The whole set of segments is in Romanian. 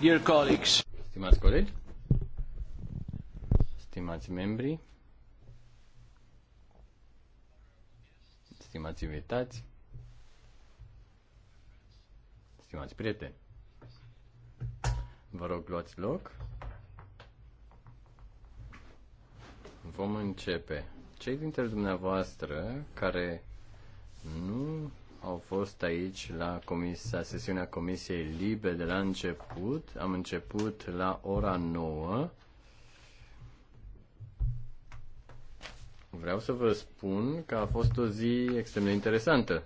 Dear colleagues. Stimați colegi, stimați membri, stimați invitați, stimați prieteni, vă rog luați loc. Vom începe. Cei dintre dumneavoastră care nu au fost aici la comisia, sesiunea Comisiei Libe de la început. Am început la ora 9. Vreau să vă spun că a fost o zi extrem de interesantă.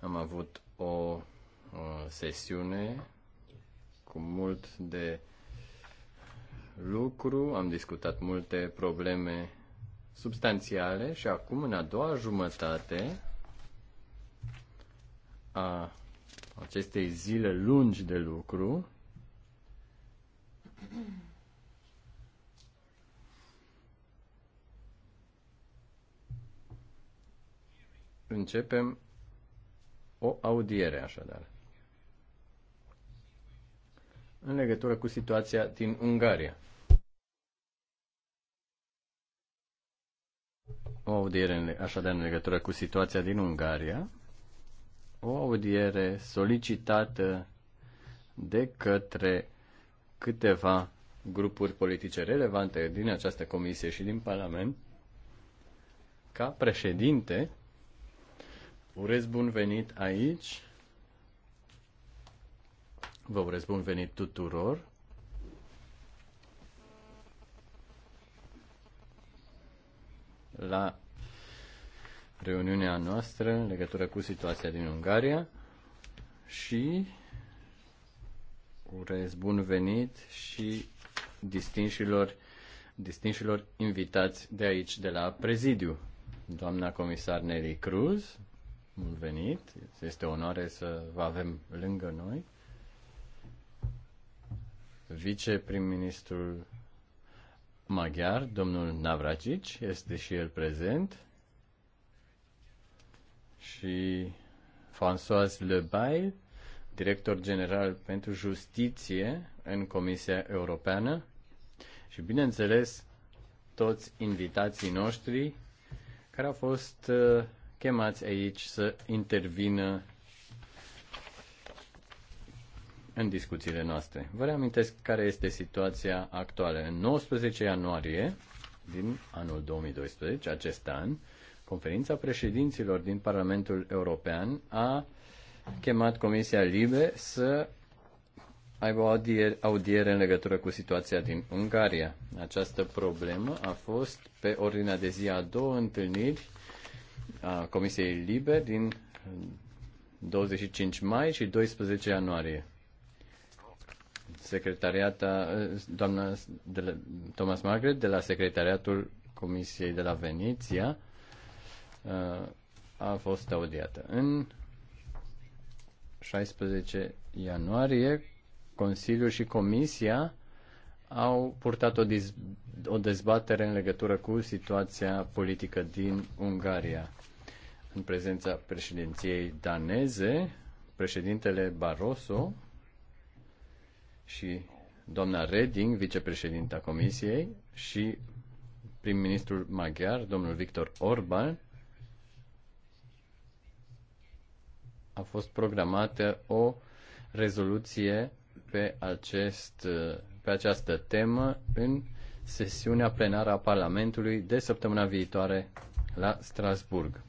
Am avut o, o sesiune cu mult de lucru, am discutat multe probleme substanțiale și acum, în a doua jumătate, a acestei zile lungi de lucru, începem o audiere așadar. În legătură cu situația din Ungaria. O audiere așadar în legătură cu situația din Ungaria o audiere solicitată de către câteva grupuri politice relevante din această comisie și din Parlament, ca președinte, urez bun venit aici. Vă urez bun venit tuturor. La reuniunea noastră în legătură cu situația din Ungaria și urez bun venit și distinșilor, distinșilor invitați de aici, de la prezidiu. Doamna comisar Nelly Cruz, bun venit, este o onoare să vă avem lângă noi. Viceprim-ministrul maghiar, domnul Navracici, este și el prezent și François Lebail, director general pentru justiție în Comisia Europeană și, bineînțeles, toți invitații noștri care au fost uh, chemați aici să intervină în discuțiile noastre. Vă reamintesc care este situația actuală. În 19 ianuarie din anul 2012, acest an, Conferința președinților din Parlamentul European a chemat Comisia Libe să aibă o audiere, audiere în legătură cu situația din Ungaria. Această problemă a fost pe ordinea de zi a două întâlniri a Comisiei Libe din 25 mai și 12 ianuarie. Secretariata, doamna de la, Thomas Margaret de la Secretariatul Comisiei de la Veneția a fost audiată. În 16 ianuarie, Consiliul și Comisia au purtat o, diz- o dezbatere în legătură cu situația politică din Ungaria. În prezența președinției daneze, președintele Barroso și doamna Reding, vicepreședinta Comisiei, și prim-ministrul maghiar, domnul Victor Orban, a fost programată o rezoluție pe, acest, pe această temă în sesiunea plenară a Parlamentului de săptămâna viitoare la Strasburg.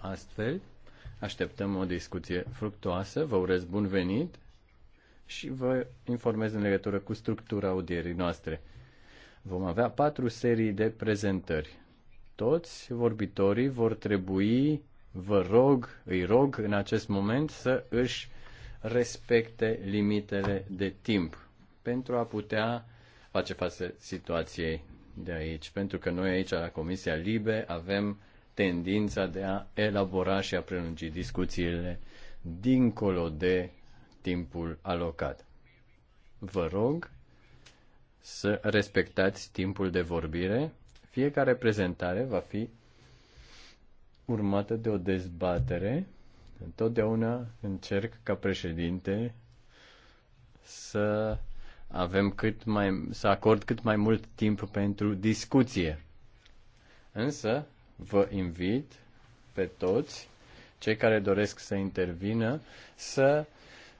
Astfel, așteptăm o discuție fructoasă, vă urez bun venit și vă informez în legătură cu structura audierii noastre. Vom avea patru serii de prezentări. Toți vorbitorii vor trebui vă rog, îi rog în acest moment să își respecte limitele de timp pentru a putea face față situației de aici. Pentru că noi aici, la Comisia Libe, avem tendința de a elabora și a prelungi discuțiile dincolo de timpul alocat. Vă rog să respectați timpul de vorbire. Fiecare prezentare va fi urmată de o dezbatere. Întotdeauna încerc ca președinte să avem cât mai, să acord cât mai mult timp pentru discuție. Însă, vă invit pe toți cei care doresc să intervină să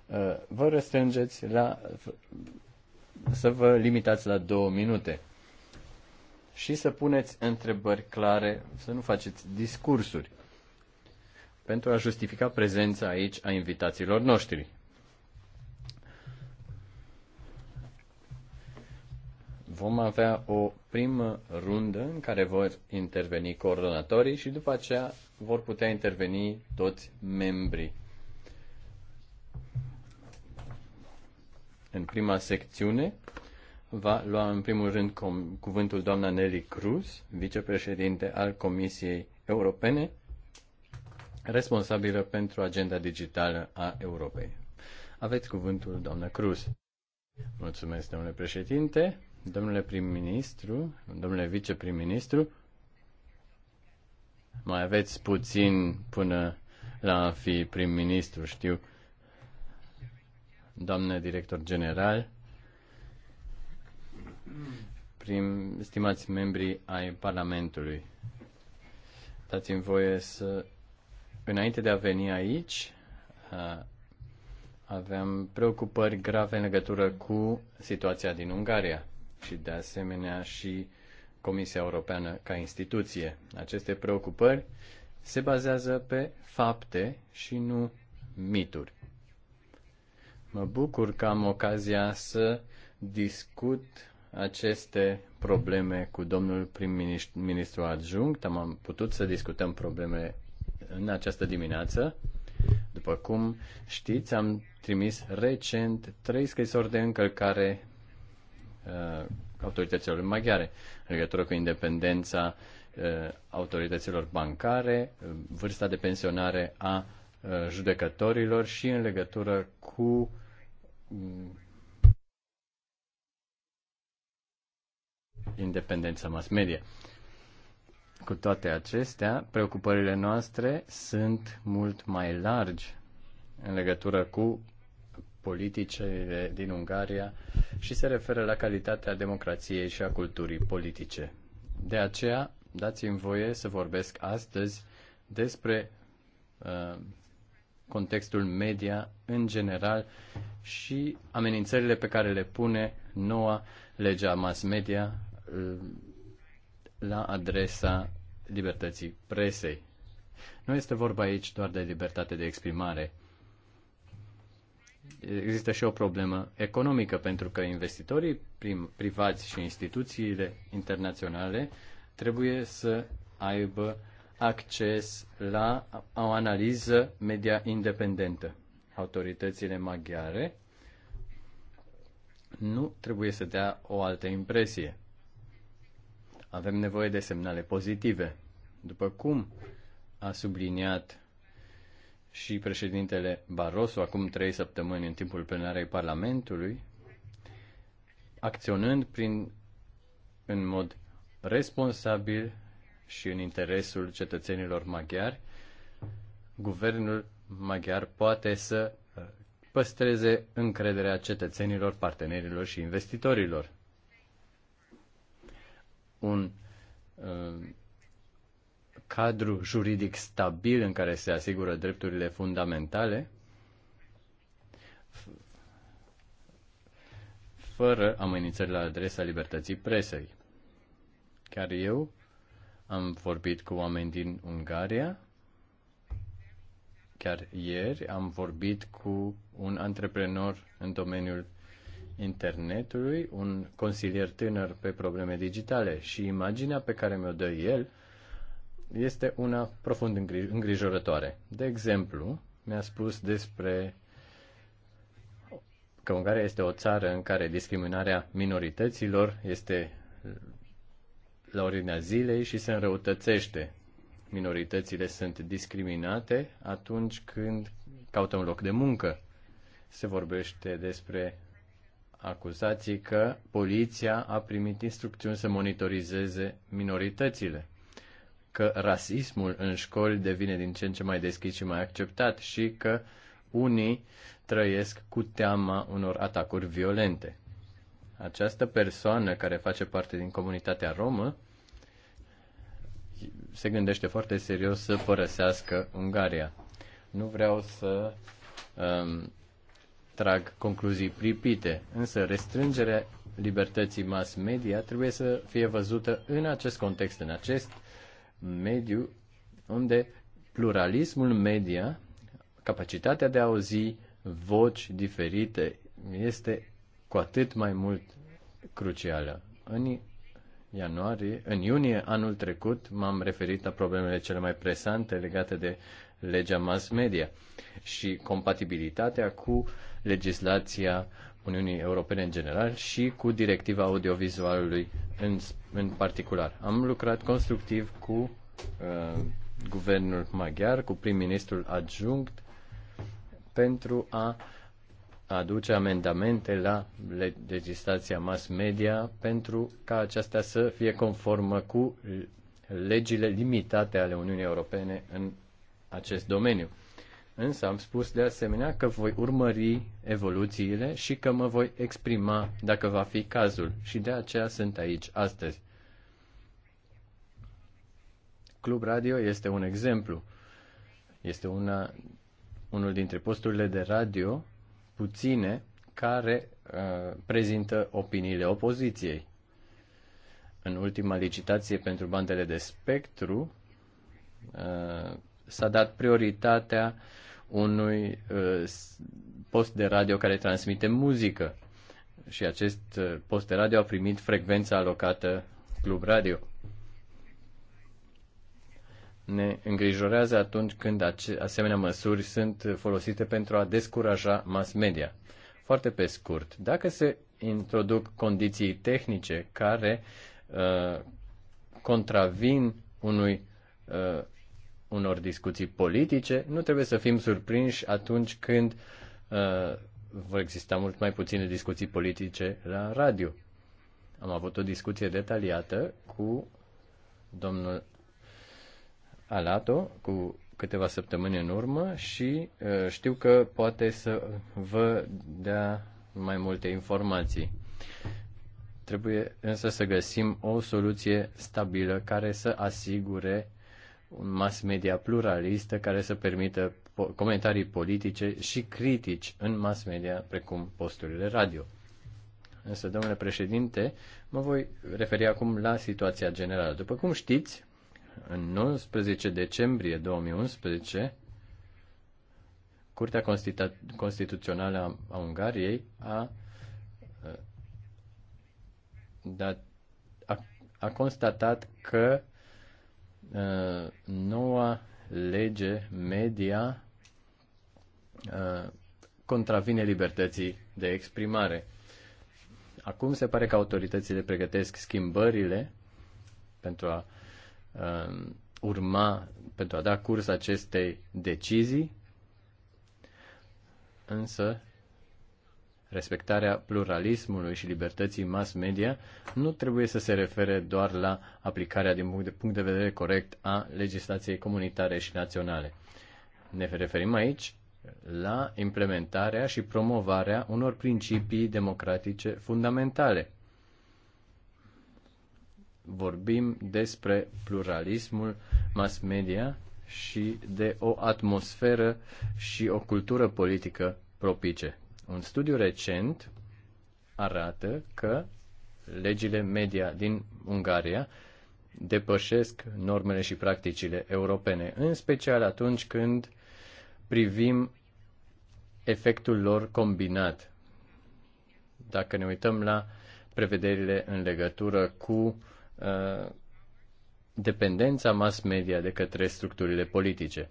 uh, vă restrângeți la să vă limitați la două minute și să puneți întrebări clare, să nu faceți discursuri pentru a justifica prezența aici a invitațiilor noștri. Vom avea o primă rundă în care vor interveni coordonatorii și după aceea vor putea interveni toți membrii. În prima secțiune va lua în primul rând cuvântul doamna Nelly Cruz, vicepreședinte al Comisiei Europene, responsabilă pentru agenda digitală a Europei. Aveți cuvântul, doamna Cruz. Mulțumesc, domnule președinte, domnule prim-ministru, domnule viceprim-ministru. Mai aveți puțin până la a fi prim-ministru, știu. Doamne director general, prim, stimați membrii ai Parlamentului. Dați-mi voie să, înainte de a veni aici, aveam preocupări grave în legătură cu situația din Ungaria și de asemenea și Comisia Europeană ca instituție. Aceste preocupări se bazează pe fapte și nu mituri. Mă bucur că am ocazia să discut aceste probleme cu domnul prim-ministru adjunct. Am putut să discutăm probleme în această dimineață. După cum știți, am trimis recent trei scrisori de încălcare uh, autorităților maghiare în legătură cu independența uh, autorităților bancare, vârsta de pensionare a uh, judecătorilor și în legătură cu mm, independența mass media. Cu toate acestea, preocupările noastre sunt mult mai largi în legătură cu politicile din Ungaria și se referă la calitatea democrației și a culturii politice. De aceea, dați-mi voie să vorbesc astăzi despre uh, contextul media în general și amenințările pe care le pune noua legea mass media Uh, la adresa libertății presei. Nu este vorba aici doar de libertate de exprimare. Există și o problemă economică, pentru că investitorii prim, privați și instituțiile internaționale trebuie să aibă acces la o analiză media independentă. Autoritățile maghiare nu trebuie să dea o altă impresie. Avem nevoie de semnale pozitive. După cum a subliniat și președintele Barroso acum trei săptămâni în timpul plenarei Parlamentului, acționând prin, în mod responsabil și în interesul cetățenilor maghiari, guvernul maghiar poate să păstreze încrederea cetățenilor, partenerilor și investitorilor un uh, cadru juridic stabil în care se asigură drepturile fundamentale, fără amenințări la adresa libertății presei. Chiar eu am vorbit cu oameni din Ungaria, chiar ieri am vorbit cu un antreprenor în domeniul internetului, un consilier tânăr pe probleme digitale și imaginea pe care mi-o dă el este una profund îngrijorătoare. De exemplu, mi-a spus despre că Ungaria este o țară în care discriminarea minorităților este la ordinea zilei și se înrăutățește. Minoritățile sunt discriminate atunci când caută un loc de muncă. Se vorbește despre acuzații că poliția a primit instrucțiuni să monitorizeze minoritățile, că rasismul în școli devine din ce în ce mai deschis și mai acceptat și că unii trăiesc cu teama unor atacuri violente. Această persoană care face parte din comunitatea romă se gândește foarte serios să părăsească Ungaria. Nu vreau să um, trag concluzii pripite, însă restrângerea libertății mass media trebuie să fie văzută în acest context, în acest mediu unde pluralismul media, capacitatea de a auzi voci diferite este cu atât mai mult crucială. În ianuarie, în iunie anul trecut m-am referit la problemele cele mai presante legate de legea mass media și compatibilitatea cu legislația Uniunii Europene în general și cu directiva audiovizualului în, în particular. Am lucrat constructiv cu uh, guvernul maghiar, cu prim-ministrul adjunct pentru a aduce amendamente la legislația mass media pentru ca aceasta să fie conformă cu legile limitate ale Uniunii Europene în acest domeniu. Însă am spus de asemenea că voi urmări evoluțiile și că mă voi exprima dacă va fi cazul și de aceea sunt aici astăzi. Club Radio este un exemplu. Este una, unul dintre posturile de radio puține care uh, prezintă opiniile opoziției. În ultima licitație pentru bandele de spectru, uh, s-a dat prioritatea unui uh, post de radio care transmite muzică și acest uh, post de radio a primit frecvența alocată Club Radio. Ne îngrijorează atunci când ace asemenea măsuri sunt folosite pentru a descuraja mass media. Foarte pe scurt, dacă se introduc condiții tehnice care uh, contravin unui uh, unor discuții politice, nu trebuie să fim surprinși atunci când uh, vor exista mult mai puține discuții politice la radio. Am avut o discuție detaliată cu domnul Alato, cu câteva săptămâni în urmă și uh, știu că poate să vă dea mai multe informații. Trebuie însă să găsim o soluție stabilă care să asigure un mass media pluralistă care să permită comentarii politice și critici în mass media, precum posturile radio. Însă, domnule președinte, mă voi referi acum la situația generală. După cum știți, în 19 decembrie 2011, Curtea Constitu- Constituțională a Ungariei a, dat, a, a constatat că Uh, noua lege media uh, contravine libertății de exprimare. Acum se pare că autoritățile pregătesc schimbările pentru a uh, urma, pentru a da curs acestei decizii, însă Respectarea pluralismului și libertății mass media nu trebuie să se refere doar la aplicarea din punct de vedere corect a legislației comunitare și naționale. Ne referim aici la implementarea și promovarea unor principii democratice fundamentale. Vorbim despre pluralismul mass media și de o atmosferă și o cultură politică propice. Un studiu recent arată că legile media din Ungaria depășesc normele și practicile europene, în special atunci când privim efectul lor combinat. Dacă ne uităm la prevederile în legătură cu uh, dependența mass media de către structurile politice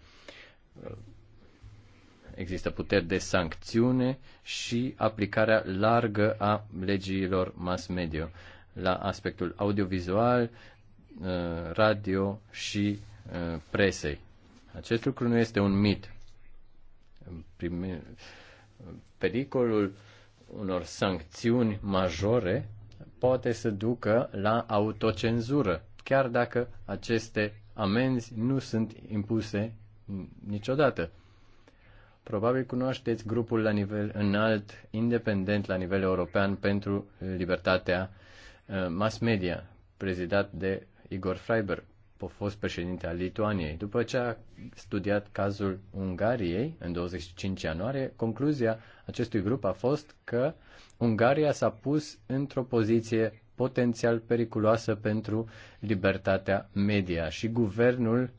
există puteri de sancțiune și aplicarea largă a legilor mass media la aspectul audiovizual, uh, radio și uh, presei. Acest lucru nu este un mit. Pericolul unor sancțiuni majore poate să ducă la autocenzură, chiar dacă aceste amenzi nu sunt impuse niciodată. Probabil cunoașteți grupul la nivel înalt, independent la nivel european pentru libertatea uh, mass media, prezidat de Igor Freiberg, fost președinte al Lituaniei. După ce a studiat cazul Ungariei în 25 ianuarie, concluzia acestui grup a fost că Ungaria s-a pus într-o poziție potențial periculoasă pentru libertatea media și guvernul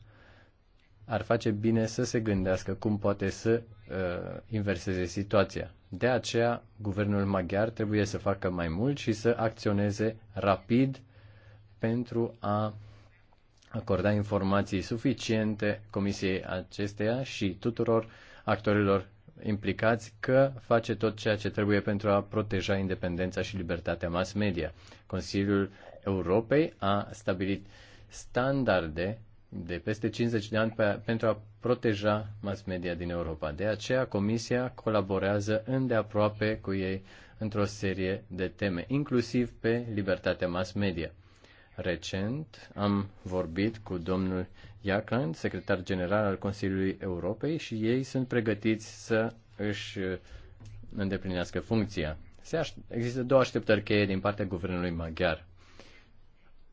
ar face bine să se gândească cum poate să uh, inverseze situația. De aceea, guvernul maghiar trebuie să facă mai mult și să acționeze rapid pentru a acorda informații suficiente comisiei acesteia și tuturor actorilor implicați că face tot ceea ce trebuie pentru a proteja independența și libertatea mass media. Consiliul Europei a stabilit standarde de peste 50 de ani pe, pentru a proteja mass media din Europa. De aceea, Comisia colaborează îndeaproape cu ei într-o serie de teme, inclusiv pe libertatea mass media. Recent am vorbit cu domnul Iacland, secretar general al Consiliului Europei, și ei sunt pregătiți să își uh, îndeplinească funcția. Se aș- există două așteptări cheie din partea guvernului maghiar.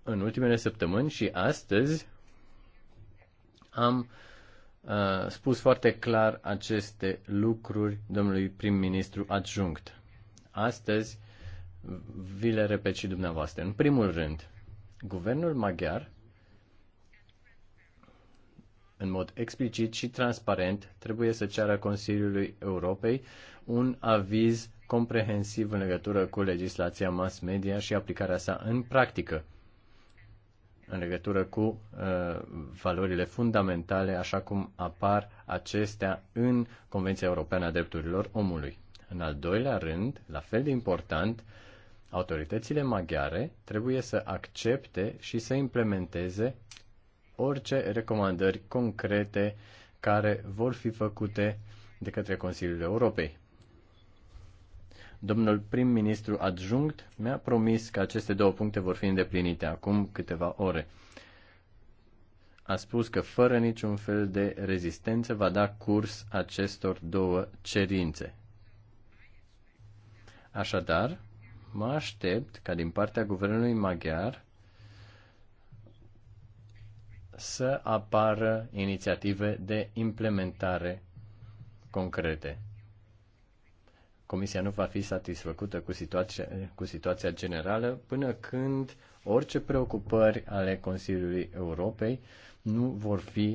În ultimele săptămâni și astăzi am uh, spus foarte clar aceste lucruri domnului prim-ministru adjunct. Astăzi vi le repet și dumneavoastră. În primul rând, guvernul maghiar în mod explicit și transparent, trebuie să ceară Consiliului Europei un aviz comprehensiv în legătură cu legislația mass media și aplicarea sa în practică în legătură cu uh, valorile fundamentale, așa cum apar acestea în Convenția Europeană a Drepturilor Omului. În al doilea rând, la fel de important, autoritățile maghiare trebuie să accepte și să implementeze orice recomandări concrete care vor fi făcute de către Consiliul Europei. Domnul prim-ministru adjunct mi-a promis că aceste două puncte vor fi îndeplinite acum câteva ore. A spus că fără niciun fel de rezistență va da curs acestor două cerințe. Așadar, mă aștept ca din partea guvernului maghiar să apară inițiative de implementare concrete. Comisia nu va fi satisfăcută cu situația, cu situația generală până când orice preocupări ale Consiliului Europei nu vor fi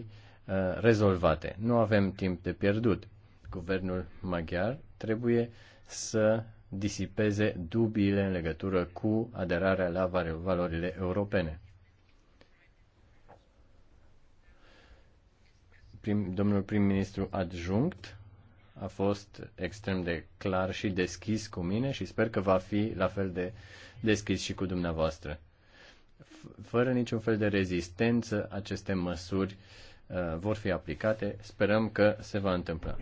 uh, rezolvate. Nu avem timp de pierdut. Guvernul maghiar trebuie să disipeze dubiile în legătură cu aderarea la valorile europene. Prim, domnul prim-ministru adjunct a fost extrem de clar și deschis cu mine și sper că va fi la fel de deschis și cu dumneavoastră. Fără niciun fel de rezistență, aceste măsuri uh, vor fi aplicate. Sperăm că se va întâmpla.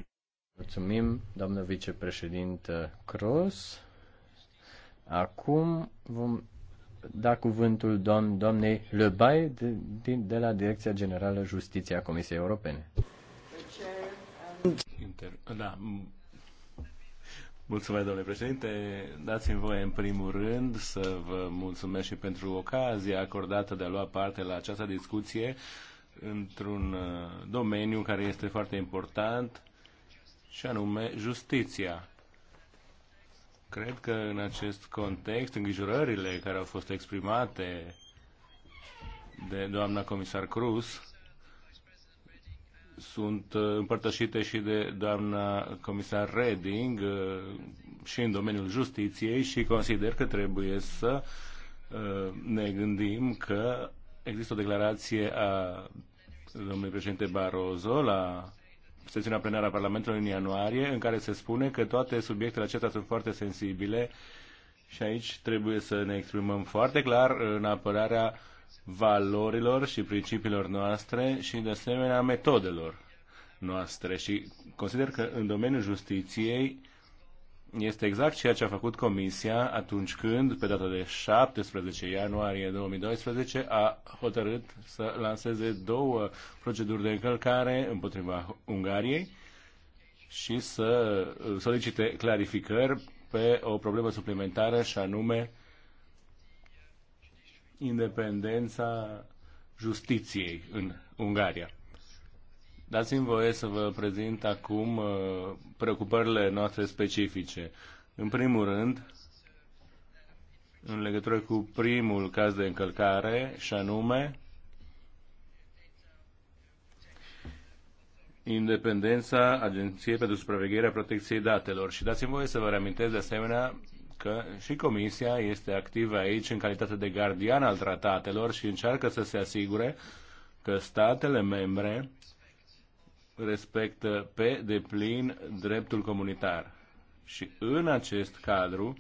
Mulțumim, doamnă vicepreședintă Cross. Acum vom da cuvântul doamnei Lebay de, de, de la Direcția Generală Justiție a Comisiei Europene. Inter- da. Mulțumesc, domnule președinte. Dați-mi voie, în primul rând, să vă mulțumesc și pentru ocazia acordată de a lua parte la această discuție într-un uh, domeniu care este foarte important, și anume justiția. Cred că în acest context, îngrijorările care au fost exprimate de doamna comisar Cruz sunt uh, împărtășite și de doamna comisar Reding uh, și în domeniul justiției și consider că trebuie să uh, ne gândim că există o declarație a domnului președinte Barroso la sesiunea plenară a Parlamentului în ianuarie, în care se spune că toate subiectele acestea sunt foarte sensibile și aici trebuie să ne exprimăm foarte clar în apărarea uh, valorilor și principiilor noastre și, de asemenea, metodelor noastre. Și consider că în domeniul justiției este exact ceea ce a făcut Comisia atunci când, pe data de 17 ianuarie 2012, a hotărât să lanseze două proceduri de încălcare împotriva Ungariei și să solicite clarificări pe o problemă suplimentară și anume independența justiției în Ungaria. Dați-mi voie să vă prezint acum uh, preocupările noastre specifice. În primul rând, în legătură cu primul caz de încălcare, și anume independența Agenției pentru Supravegherea Protecției Datelor. Și dați-mi voie să vă reamintesc de asemenea că și Comisia este activă aici în calitate de gardian al tratatelor și încearcă să se asigure că statele membre respectă pe deplin dreptul comunitar. Și în acest cadru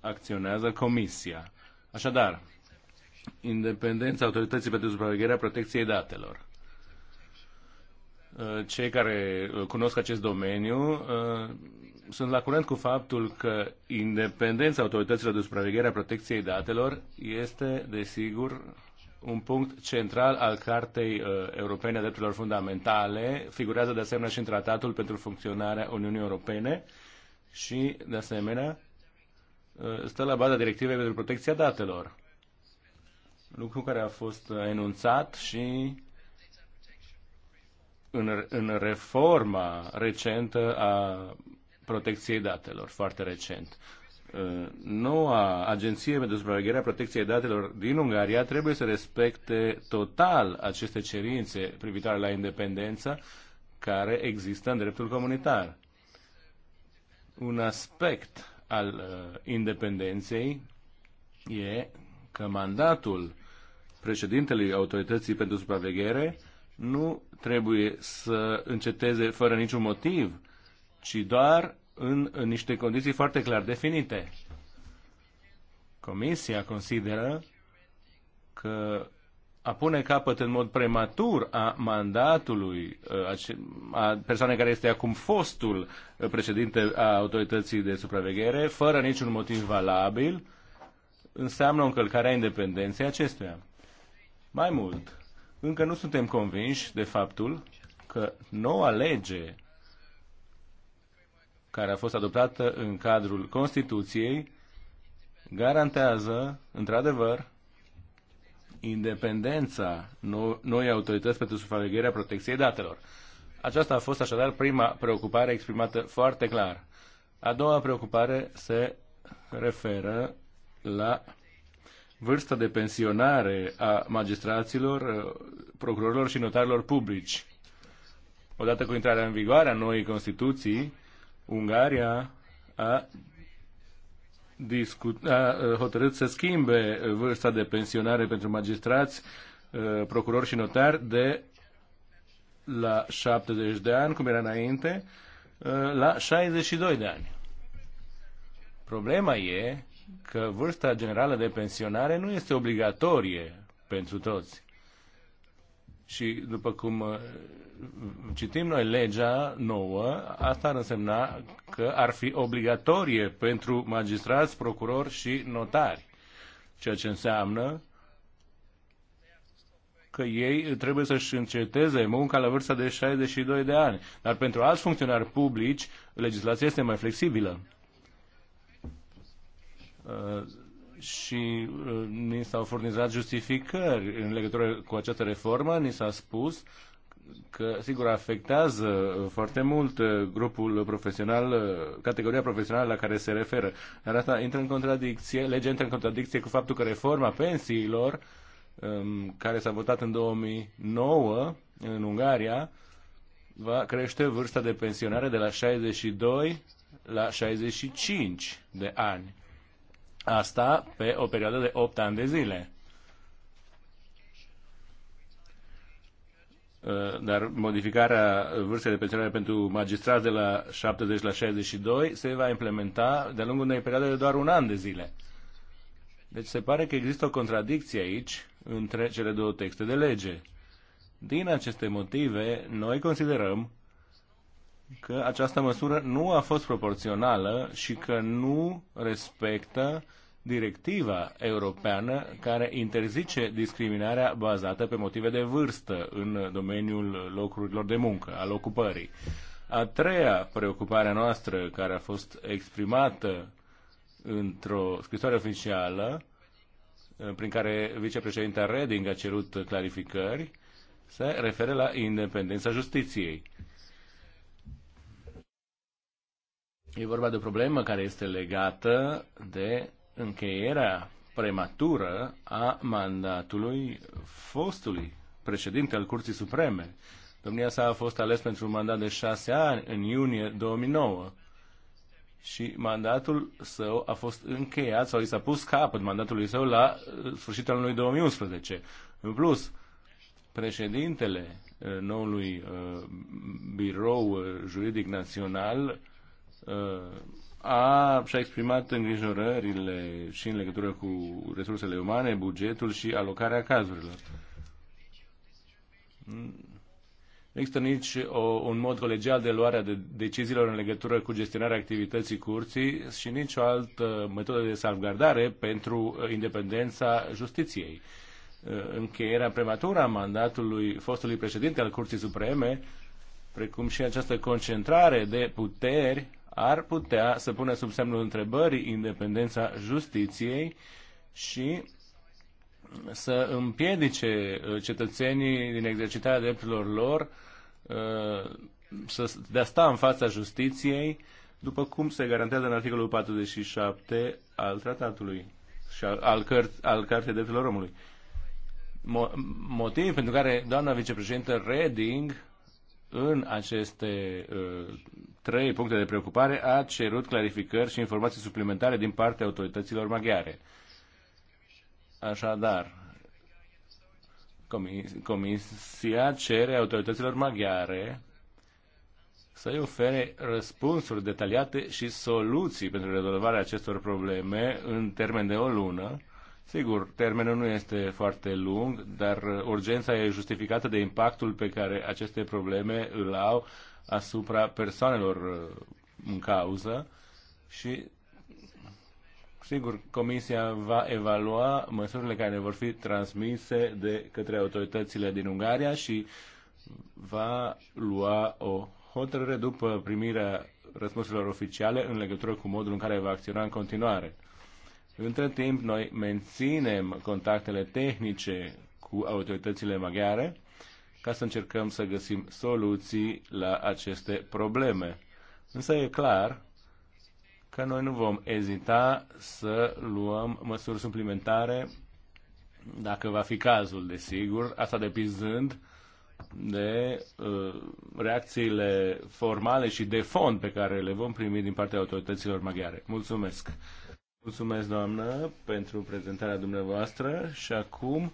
acționează Comisia. Așadar, independența Autorității pentru Supravegherea Protecției Datelor. Cei care cunosc acest domeniu sunt la curent cu faptul că independența autorităților de supraveghere a protecției datelor este, desigur, un punct central al Cartei uh, Europene a Drepturilor Fundamentale, figurează de asemenea și în Tratatul pentru funcționarea Uniunii Europene și, de asemenea, uh, stă la baza directivei pentru protecția datelor, lucru care a fost enunțat și în, în reforma recentă a protecției datelor, foarte recent. Uh, noua Agenție pentru Supravegherea Protecției Datelor din Ungaria trebuie să respecte total aceste cerințe privitoare la independență care există în dreptul comunitar. Un aspect al uh, independenței e că mandatul președintelui Autorității pentru Supraveghere nu trebuie să înceteze fără niciun motiv, ci doar în, în niște condiții foarte clar definite. Comisia consideră că a pune capăt în mod prematur a mandatului uh, a persoanei care este acum fostul uh, președinte a autorității de supraveghere, fără niciun motiv valabil, înseamnă o încălcare a independenței acestuia. Mai mult, încă nu suntem convinși de faptul că noua lege care a fost adoptată în cadrul Constituției garantează, într-adevăr, independența noi autorități pentru sufragerea protecției datelor. Aceasta a fost așadar prima preocupare exprimată foarte clar. A doua preocupare se referă la vârsta de pensionare a magistraților, uh, procurorilor și notarilor publici. Odată cu intrarea în vigoare a noii Constituții, Ungaria a, discut, a hotărât să schimbe vârsta de pensionare pentru magistrați, procurori și notari de la 70 de ani, cum era înainte, la 62 de ani. Problema e că vârsta generală de pensionare nu este obligatorie pentru toți. Și după cum citim noi legea nouă, asta ar însemna că ar fi obligatorie pentru magistrați, procurori și notari, ceea ce înseamnă că ei trebuie să-și înceteze munca la vârsta de 62 de ani. Dar pentru alți funcționari publici, legislația este mai flexibilă. Uh, și uh, ni s-au furnizat justificări în legătură cu această reformă, ni s-a spus că, sigur, afectează foarte mult uh, grupul profesional, uh, categoria profesională la care se referă. Dar asta intră în contradicție, legea intră în contradicție cu faptul că reforma pensiilor, um, care s-a votat în 2009 în Ungaria, va crește vârsta de pensionare de la 62 la 65 de ani. Asta pe o perioadă de 8 ani de zile. Uh, dar modificarea vârstei de pensionare pentru magistrați de la 70 la 62 se va implementa de-a lungul unei perioade de doar un an de zile. Deci se pare că există o contradicție aici între cele două texte de lege. Din aceste motive, noi considerăm că această măsură nu a fost proporțională și că nu respectă uh, directiva europeană care interzice discriminarea bazată pe motive de vârstă în domeniul locurilor de muncă, al ocupării. A treia preocupare noastră care a fost exprimată într-o scrisoare oficială eh, prin care vicepreședinta Reding a cerut clarificări se referă la independența justiției. E vorba de o problemă care este legată de încheierea prematură a mandatului fostului președinte al Curții Supreme. Domnia sa a fost ales pentru un mandat de șase ani în iunie 2009 și mandatul său a fost încheiat sau i s-a pus capăt mandatului său la uh, sfârșitul anului 2011. În plus, președintele uh, noului uh, birou juridic național a, și-a exprimat îngrijorările și în legătură cu resursele umane, bugetul și alocarea cazurilor. Există nici o, un mod colegial de luare a de deciziilor în legătură cu gestionarea activității curții și nici o altă metodă de salvgardare pentru independența justiției. Încheierea prematură a mandatului fostului președinte al Curții Supreme, precum și această concentrare de puteri ar putea să pună sub semnul întrebării independența justiției și să împiedice uh, cetățenii din exercitarea drepturilor lor uh, să de a sta în fața justiției, după cum se garantează în articolul 47 al tratatului și al, al, căr- al Cartei Drepturilor Omului. Mo- motiv pentru care doamna vicepreședintă Reding în aceste uh, trei puncte de preocupare, a cerut clarificări și informații suplimentare din partea autorităților maghiare. Așadar, Comisia cere autorităților maghiare să îi ofere răspunsuri detaliate și soluții pentru rezolvarea acestor probleme în termen de o lună. Sigur, termenul nu este foarte lung, dar urgența e justificată de impactul pe care aceste probleme îl au asupra persoanelor uh, în cauză și Sigur, Comisia va evalua măsurile care vor fi transmise de către autoritățile din Ungaria și va lua o hotărâre după primirea răspunsurilor oficiale în legătură cu modul în care va acționa în continuare. Între timp, noi menținem contactele tehnice cu autoritățile maghiare ca să încercăm să găsim soluții la aceste probleme. Însă e clar că noi nu vom ezita să luăm măsuri suplimentare dacă va fi cazul, desigur, asta depinzând de uh, reacțiile formale și de fond pe care le vom primi din partea autorităților maghiare. Mulțumesc! Mulțumesc, doamnă, pentru prezentarea dumneavoastră și acum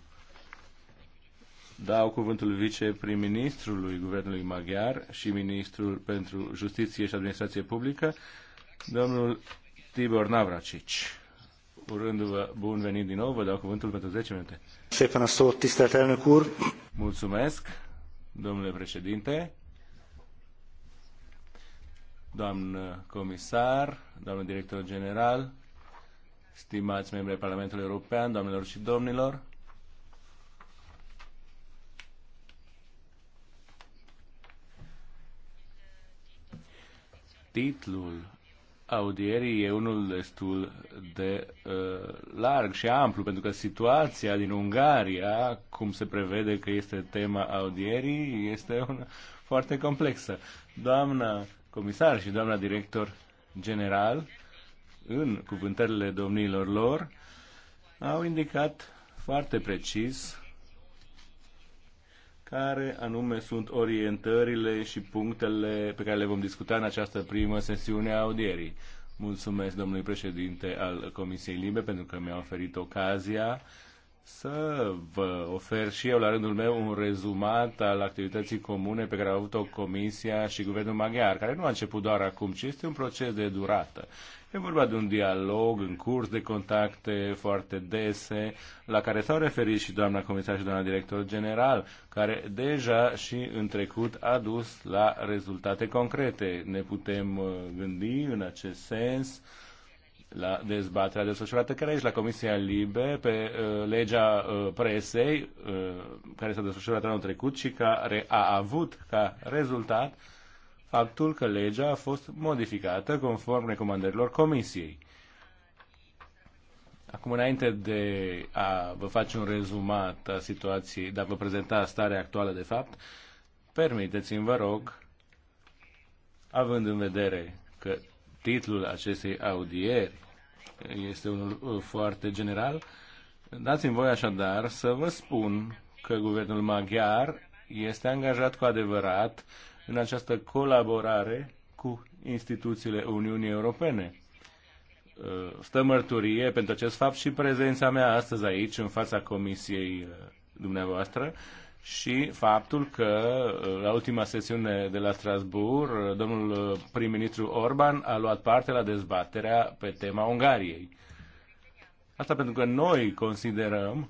dau cuvântul viceprim-ministrului Guvernului Maghiar și ministrul pentru Justiție și Administrație Publică, domnul Tibor Navracici. Urându-vă bun venit din nou, vă dau cuvântul pentru 10 minute. Șefen Asot, Mulțumesc, domnule președinte, doamnă comisar, doamnă director general, stimați membri ai Parlamentului European, doamnelor și domnilor, titlul audierii e unul destul de uh, larg și amplu, pentru că situația din Ungaria, cum se prevede că este tema audierii, este una foarte complexă. Doamna comisar și doamna director general, în cuvântările domnilor lor, au indicat foarte precis care anume sunt orientările și punctele pe care le vom discuta în această primă sesiune a audierii. Mulțumesc domnului președinte al Comisiei Libe pentru că mi-a oferit ocazia să vă ofer și eu la rândul meu un rezumat al activității comune pe care a avut-o Comisia și Guvernul Maghiar, care nu a început doar acum, ci este un proces de durată. E vorba de un dialog în curs de contacte foarte dese, la care s-au referit și doamna comisar și doamna director general, care deja și în trecut a dus la rezultate concrete. Ne putem uh, gândi în acest sens la dezbaterea desfășurată care aici la Comisia Libe pe uh, legea uh, presei uh, care s-a desfășurat anul trecut și care a avut ca rezultat uh, faptul că legea a fost modificată conform recomandărilor Comisiei. Acum, înainte de a vă face un rezumat a situației, de a vă prezenta starea actuală de fapt, permiteți-mi, vă rog, având în vedere că titlul acestei audieri este unul uh, foarte general, dați-mi voi așadar să vă spun că guvernul maghiar este angajat cu adevărat în această colaborare cu instituțiile Uniunii Europene. Uh, Stă mărturie pentru acest fapt și prezența mea astăzi aici, în fața Comisiei uh, dumneavoastră, și faptul că uh, la ultima sesiune de la Strasbourg, domnul prim-ministru Orban a luat parte la dezbaterea pe tema Ungariei. Asta pentru că noi considerăm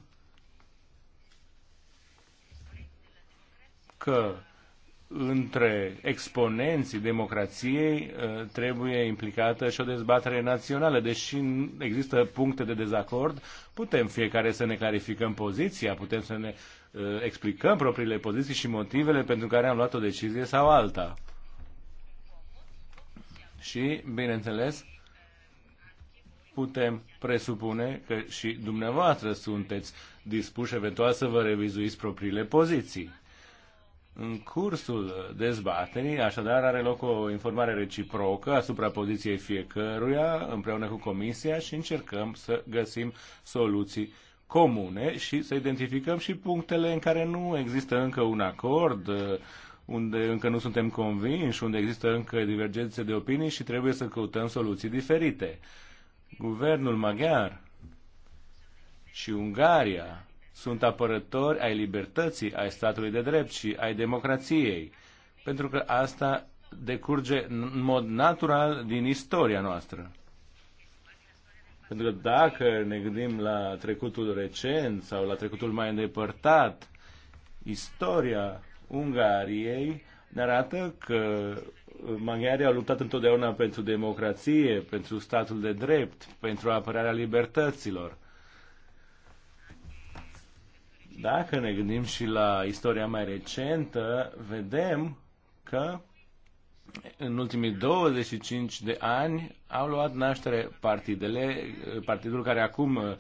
că între exponenții democrației uh, trebuie implicată și o dezbatere națională. Deși există puncte de dezacord, putem fiecare să ne clarificăm poziția, putem să ne uh, explicăm propriile poziții și motivele pentru care am luat o decizie sau alta. Și, bineînțeles, putem presupune că și dumneavoastră sunteți dispuși eventual să vă revizuiți propriile poziții. În cursul dezbaterii, așadar, are loc o informare reciprocă asupra poziției fiecăruia, împreună cu Comisia, și încercăm să găsim soluții comune și să identificăm și punctele în care nu există încă un acord, unde încă nu suntem convinși, unde există încă divergențe de opinii și trebuie să căutăm soluții diferite. Guvernul maghiar și Ungaria sunt apărători ai libertății, ai statului de drept și ai democrației, pentru că asta decurge în mod natural din istoria noastră. Pentru că dacă ne gândim la trecutul recent sau la trecutul mai îndepărtat, istoria Ungariei ne arată că maghiarii au luptat întotdeauna pentru democrație, pentru statul de drept, pentru apărarea libertăților. Dacă ne gândim și la istoria mai recentă, vedem că în ultimii 25 de ani au luat naștere partidele, partidul care acum uh,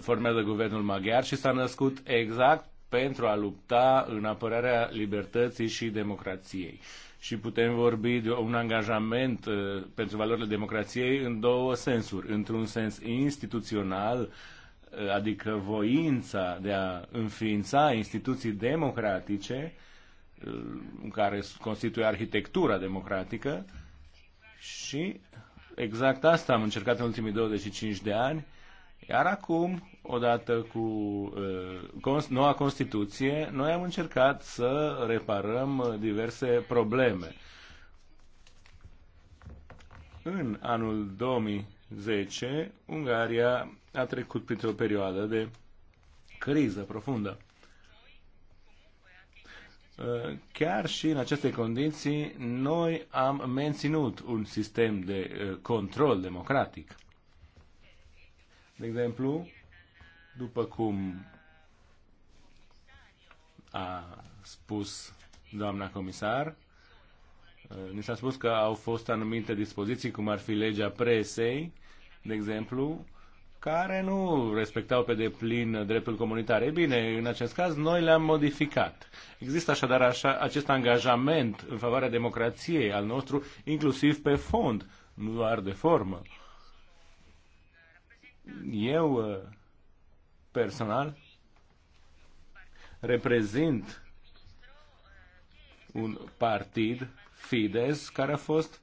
formează guvernul maghiar și s-a născut exact pentru a lupta în apărarea libertății și democrației. Și putem vorbi de un angajament uh, pentru valorile democrației în două sensuri. Într-un sens instituțional, adică voința de a înființa instituții democratice uh, care constituie arhitectura democratică și exact asta am încercat în ultimii 25 de ani, iar acum, odată cu uh, noua Constituție, noi am încercat să reparăm uh, diverse probleme. În anul 2000 2010, Ungaria a trecut printr-o perioadă de criză profundă. Uh, chiar și în aceste condiții, noi am menținut un sistem de uh, control democratic. De exemplu, după cum a spus doamna comisar, uh, ni s-a spus că au fost anumite dispoziții, cum ar fi legea presei, de exemplu, care nu respectau pe deplin dreptul comunitar. E bine, în acest caz noi le-am modificat. Există așadar așa, acest angajament în favoarea democrației al nostru, inclusiv pe fond, nu doar de formă. Eu uh, personal reprezint un partid, Fides, care a fost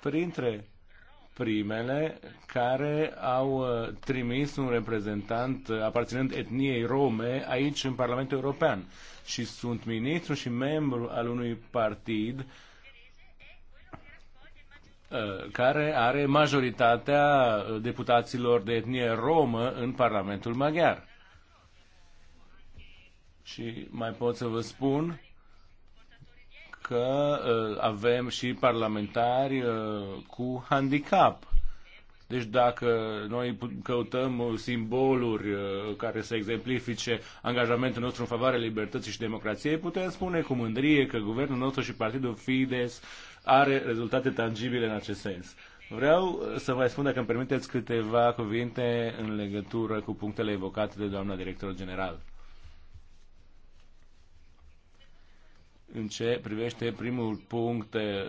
printre primele care au uh, trimis un reprezentant uh, aparținând etniei rome aici în Parlamentul European și sunt ministru și membru al unui partid uh, care are majoritatea deputaților de etnie romă în Parlamentul Maghiar. Și mai pot să vă spun că uh, avem și parlamentari uh, cu handicap. Deci dacă noi căutăm simboluri uh, care să exemplifice angajamentul nostru în favoarea libertății și democrației, putem spune cu mândrie că guvernul nostru și partidul Fides are rezultate tangibile în acest sens. Vreau să vă spun, dacă îmi permiteți, câteva cuvinte în legătură cu punctele evocate de doamna director general. în ce privește primul punct eh,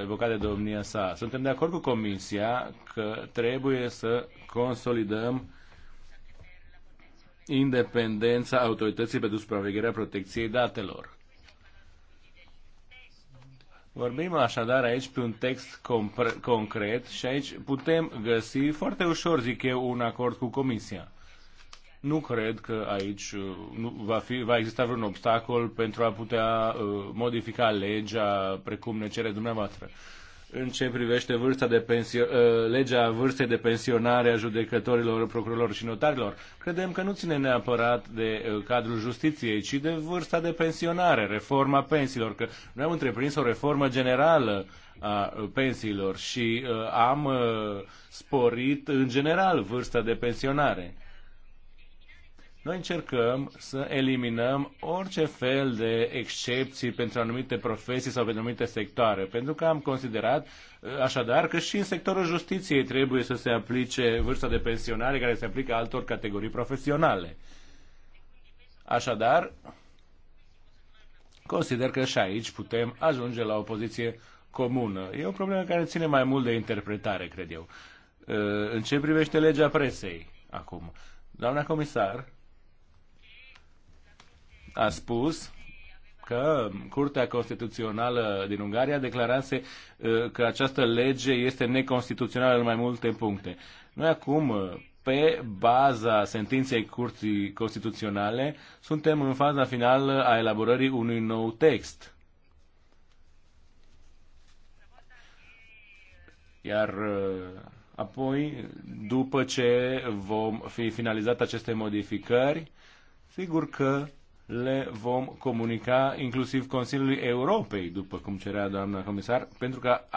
evocat de domnia sa. Suntem de acord cu Comisia că trebuie să consolidăm independența autorității pentru supravegherea protecției datelor. Vorbim așadar aici pe un text concret și aici putem găsi foarte ușor, zic eu, un acord cu Comisia. Nu cred că aici uh, nu va, fi, va exista vreun obstacol pentru a putea uh, modifica legea precum ne cere dumneavoastră. În ce privește vârsta de pensio- uh, legea vârstei de pensionare a judecătorilor, procurorilor și notarilor, credem că nu ține neapărat de cadrul justiției, ci de vârsta de pensionare, reforma pensiilor, că noi am întreprins o reformă generală a pensiilor și am sporit în general vârsta de pensionare. Noi încercăm să eliminăm orice fel de excepții pentru anumite profesii sau pentru anumite sectoare, pentru că am considerat uh, așadar că și în sectorul justiției trebuie să se aplice vârsta de pensionare care se aplică altor categorii profesionale. Așadar, consider că și aici putem ajunge la o poziție comună. E o problemă care ține mai mult de interpretare, cred eu. Uh, în ce privește legea presei acum? Doamna comisar a spus că Curtea Constituțională din Ungaria declarase uh, că această lege este neconstituțională în mai multe puncte. Noi acum, uh, pe baza sentinței Curții Constituționale, suntem în faza finală a elaborării unui nou text. Iar uh, apoi, după ce vom fi finalizat aceste modificări, sigur că le vom comunica inclusiv Consiliului Europei, după cum cerea doamna comisar, pentru ca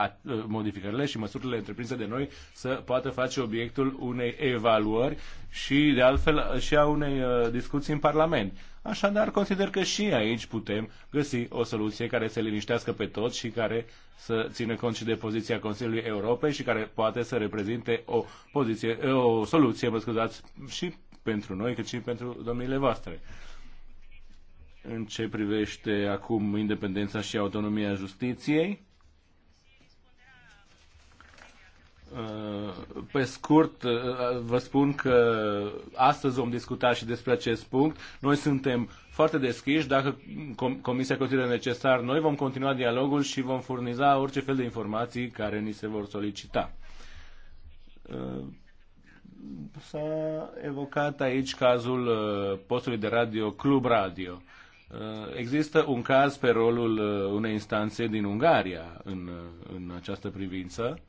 modificările și măsurile întreprinse de noi să poată face obiectul unei evaluări și, de altfel, și a unei uh, discuții în Parlament. Așadar, consider că și aici putem găsi o soluție care să liniștească pe toți și care să țină cont și de poziția Consiliului Europei și care poate să reprezinte o, poziție, o soluție, mă scuzați, și pentru noi, cât și pentru domnile voastre în ce privește acum independența și autonomia justiției. Uh, pe scurt, uh, vă spun că astăzi vom discuta și despre acest punct. Noi suntem foarte deschiși. Dacă Comisia consideră necesar, noi vom continua dialogul și vom furniza orice fel de informații care ni se vor solicita. Uh, s-a evocat aici cazul postului de radio Club Radio. Uh, există un caz pe rolul uh, unei instanțe din Ungaria în, uh, în această privință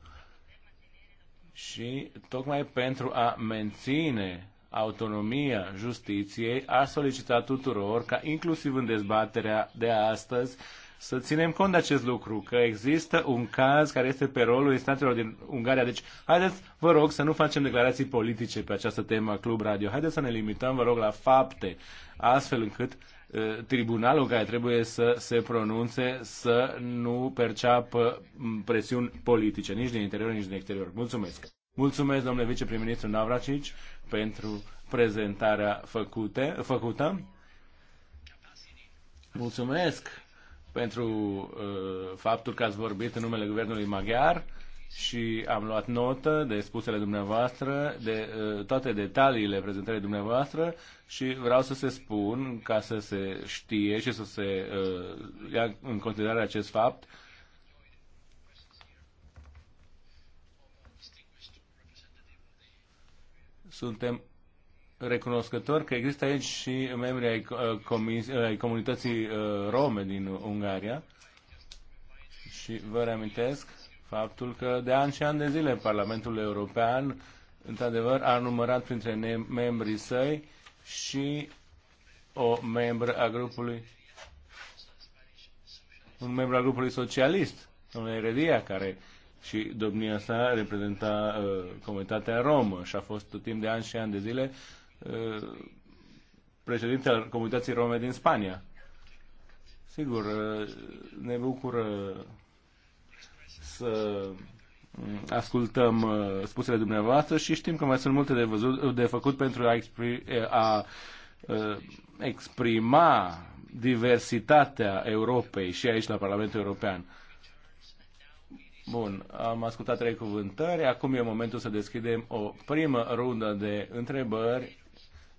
și tocmai pentru a menține autonomia justiției a solicitat tuturor ca inclusiv în dezbaterea de astăzi să ținem cont de acest lucru, că există un caz care este pe rolul instanțelor din Ungaria. Deci, haideți, vă rog, să nu facem declarații politice pe această temă Club Radio. Haideți să ne limităm, vă rog, la fapte, astfel încât tribunalul care trebuie să se pronunțe să nu perceapă presiuni politice, nici din interior, nici din exterior. Mulțumesc! Mulțumesc, domnule viceprim-ministru Navracici, pentru prezentarea făcute, făcută. Mulțumesc pentru uh, faptul că ați vorbit în numele Guvernului Maghiar și am luat notă de spusele dumneavoastră, de ă, toate detaliile prezentării dumneavoastră și vreau să se spun, ca să se știe și să se ă, ia în considerare acest fapt, suntem recunoscători că există aici și membri ai, ă, comis, ai comunității rome din Ungaria și vă reamintesc faptul că de ani și ani de zile Parlamentul European, într-adevăr, a numărat printre membrii săi și o membră a grupului un membru al grupului socialist, domnul Eredia, care și domnia sa reprezenta uh, comunitatea romă și a fost timp de ani și ani de zile uh, președinte al comunității rome din Spania. Sigur, uh, ne bucură să mm, ascultăm uh, spusele dumneavoastră și știm că mai sunt multe de, văzut, de făcut pentru a, expri, eh, a eh, exprima diversitatea Europei și aici la Parlamentul European. Bun, am ascultat trei cuvântări. Acum e momentul să deschidem o primă rundă de întrebări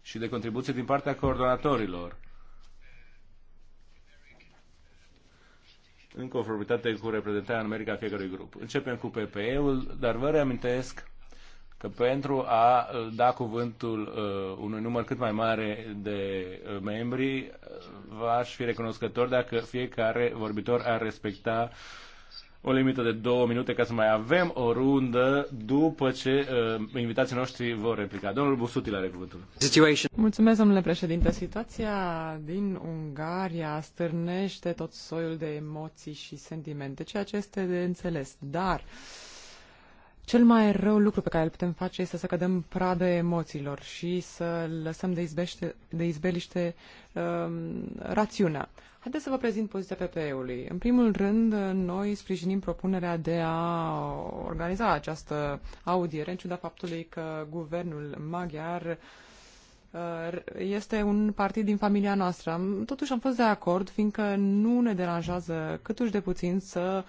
și de contribuții din partea coordonatorilor. în conformitate cu reprezentarea numerică a fiecărui grup. Începem cu PPE-ul, dar vă reamintesc că pentru a uh, da cuvântul uh, unui număr cât mai mare de uh, membri, uh, v-aș fi recunoscător dacă fiecare vorbitor ar respecta uh, o limită de două minute ca să mai avem o rundă după ce uh, invitații noștri vor replica. Domnul Busuti la cuvântul. Situation. Mulțumesc, domnule președinte. Situația din Ungaria stârnește tot soiul de emoții și sentimente, ceea ce este de înțeles. Dar cel mai rău lucru pe care îl putem face este să cădem pradă emoțiilor și să lăsăm de, izbește, de izbeliște uh, rațiunea. Haideți să vă prezint poziția PPE-ului. În primul rând, noi sprijinim propunerea de a organiza această audiere, în ciuda faptului că guvernul maghiar uh, este un partid din familia noastră. Totuși am fost de acord, fiindcă nu ne deranjează câtuși de puțin să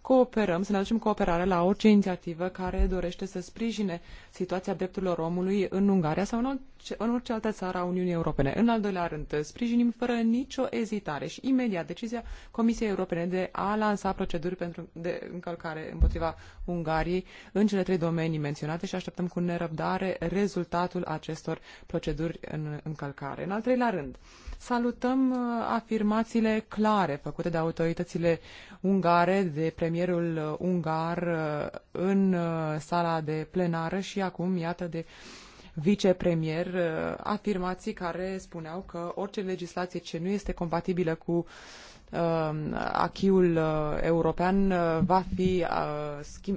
cooperăm, să ne aducem cooperare la orice inițiativă care dorește să sprijine situația drepturilor omului în Ungaria sau în în orice altă țară a Uniunii Europene. În al doilea rând, sprijinim fără nicio ezitare și imediat decizia Comisiei Europene de a lansa proceduri pentru de încălcare împotriva Ungariei în cele trei domenii menționate și așteptăm cu nerăbdare rezultatul acestor proceduri în încălcare. În al treilea rând, salutăm uh, afirmațiile clare făcute de autoritățile ungare, de premierul uh, ungar uh, în sala de plenară și acum, iată, de uh, vicepremier uh, afirmații care spuneau că orice legislație ce nu este compatibilă cu um, achiul uh, european uh, va fi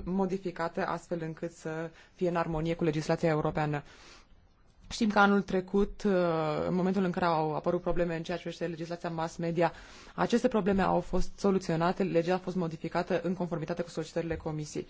modificată astfel încât să fie în armonie cu legislația europeană. Știm că anul trecut, în momentul în care au apărut probleme în ceea ce privește legislația mass media, aceste probleme au fost soluționate, legea a fost modificată în conformitate cu solicitările Comisiei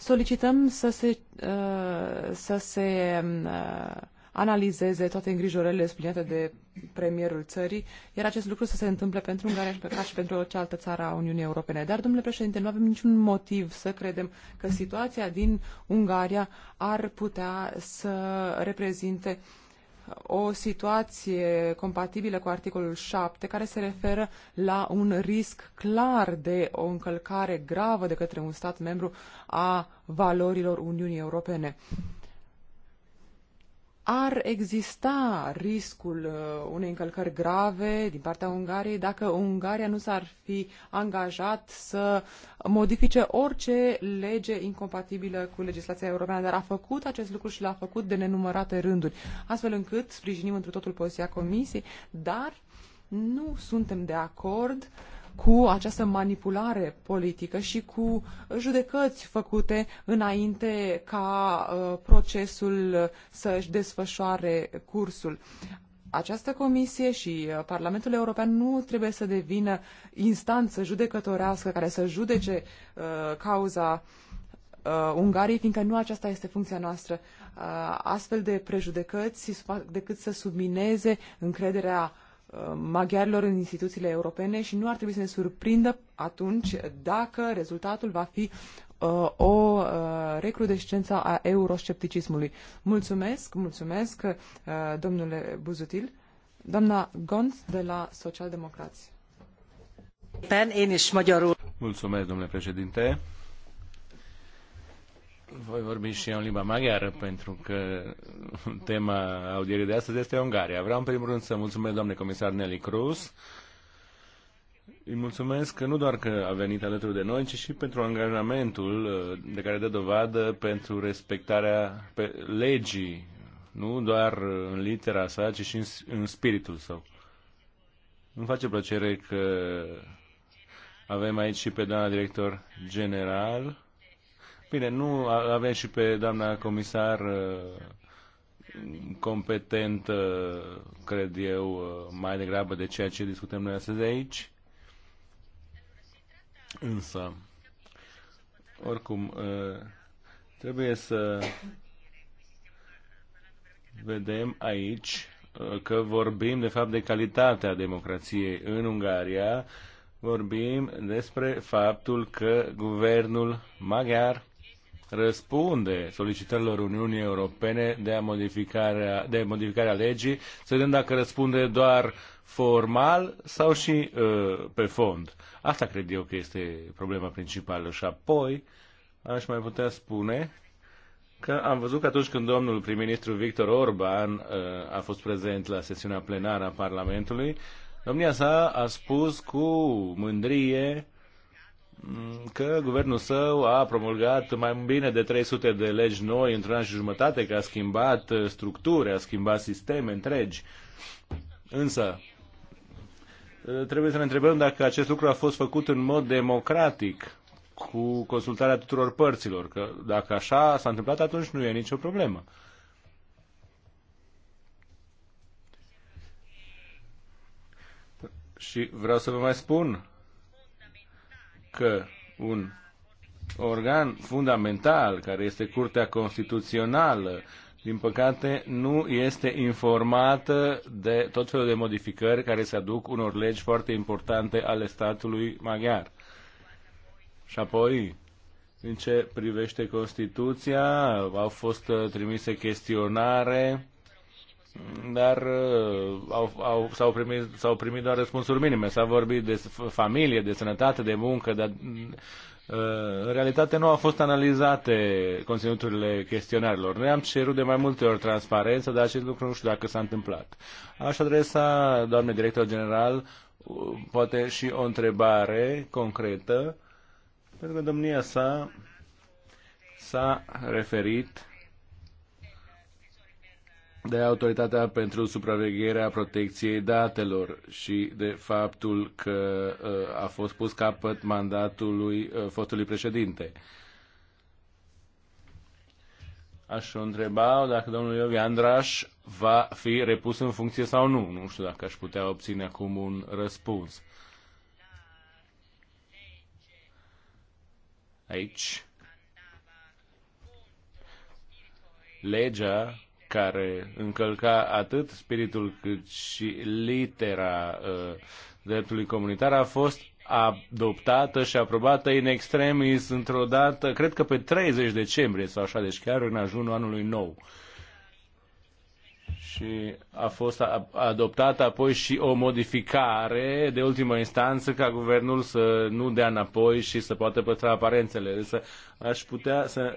solicităm să se, uh, să se uh, analizeze toate îngrijorările subliniate de premierul țării, iar acest lucru să se întâmple pentru Ungaria și pe, ca și pentru orice altă țară a Uniunii Europene. Dar, domnule președinte, nu avem niciun motiv să credem că situația din Ungaria ar putea să reprezinte o situație compatibilă cu articolul 7, care se referă la un risc clar de o încălcare gravă de către un stat membru a valorilor Uniunii Europene ar exista riscul uh, unei încălcări grave din partea Ungariei dacă Ungaria nu s-ar fi angajat să modifice orice lege incompatibilă cu legislația europeană, dar a făcut acest lucru și l-a făcut de nenumărate rânduri, astfel încât sprijinim întru totul poziția Comisiei, dar nu suntem de acord uh, cu această manipulare politică și cu judecăți făcute înainte ca uh, procesul să își desfășoare cursul. Această comisie și uh, Parlamentul European nu trebuie să devină instanță judecătorească care să judece uh, cauza uh, Ungariei, fiindcă nu aceasta este funcția noastră. Uh, astfel de prejudecăți fac decât să submineze încrederea uh, maghiarilor în instituțiile europene și nu ar trebui să ne surprindă atunci dacă rezultatul va fi uh, o uh, recrudescență a euroscepticismului. Mulțumesc, mulțumesc, uh, domnule Buzutil. Doamna Gonț de la Socialdemocrați. Mulțumesc, domnule președinte. Voi vorbi și eu în limba maghiară, pentru că tema audierii de astăzi este Ungaria. Vreau în primul rând să mulțumesc doamne comisar Nelly Cruz. Îi mulțumesc că nu doar că a venit alături de noi, ci și pentru angajamentul uh, de care dă dovadă pentru respectarea pe legii, nu doar în litera sa, ci și în, spiritul său. Îmi face plăcere că avem aici și pe doamna director general, Bine, nu avem și pe doamna comisar uh, competentă, cred eu, uh, mai degrabă de ceea ce discutăm noi astăzi aici. Însă, oricum, uh, trebuie să vedem aici că vorbim, de fapt, de calitatea democrației în Ungaria. Vorbim despre faptul că guvernul maghiar răspunde solicitărilor Uniunii Europene de, a modificarea, de modificarea legii, să vedem dacă răspunde doar formal sau și uh, pe fond. Asta cred eu că este problema principală. Și apoi aș mai putea spune că am văzut că atunci când domnul prim-ministru Victor Orban uh, a fost prezent la sesiunea plenară a Parlamentului, domnia sa a spus cu mândrie uh, că guvernul său a promulgat mai bine de 300 de legi noi într-un an și jumătate, că a schimbat uh, structuri, a schimbat sisteme întregi. Însă, uh, trebuie să ne întrebăm dacă acest lucru a fost făcut în mod democratic, cu consultarea tuturor părților, că dacă așa s-a întâmplat, atunci nu e nicio problemă. Și vreau să vă mai spun că un organ fundamental, care este Curtea Constituțională, din păcate, nu este informată de tot felul de modificări care se aduc unor legi foarte importante ale statului maghiar. Și apoi, în ce privește Constituția, au fost trimise chestionare dar uh, au, au, s-au, primit, s-au primit doar răspunsuri minime. S-a vorbit de familie, de sănătate, de muncă, dar mm, uh, în realitate nu au fost analizate conținuturile chestionarilor. Noi am cerut de mai multe ori transparență, dar acest lucru nu știu dacă s-a întâmplat. Aș adresa, doamne director general, uh, poate și o întrebare concretă, pentru că domnia sa s-a referit de Autoritatea pentru Supravegherea Protecției Datelor și de faptul că uh, a fost pus capăt mandatului uh, fostului președinte. Aș o întreba dacă domnul Iovi Andraș va fi repus în funcție sau nu. Nu știu dacă aș putea obține acum un răspuns. Aici. Legea care încălca atât spiritul cât și litera uh, dreptului comunitar a fost adoptată și aprobată în extremis într-o dată, cred că pe 30 decembrie sau așa, deci chiar în ajunul anului nou. Și a fost adoptată apoi și o modificare de ultimă instanță ca guvernul să nu dea înapoi și să poată păstra aparențele. Însă aș putea să,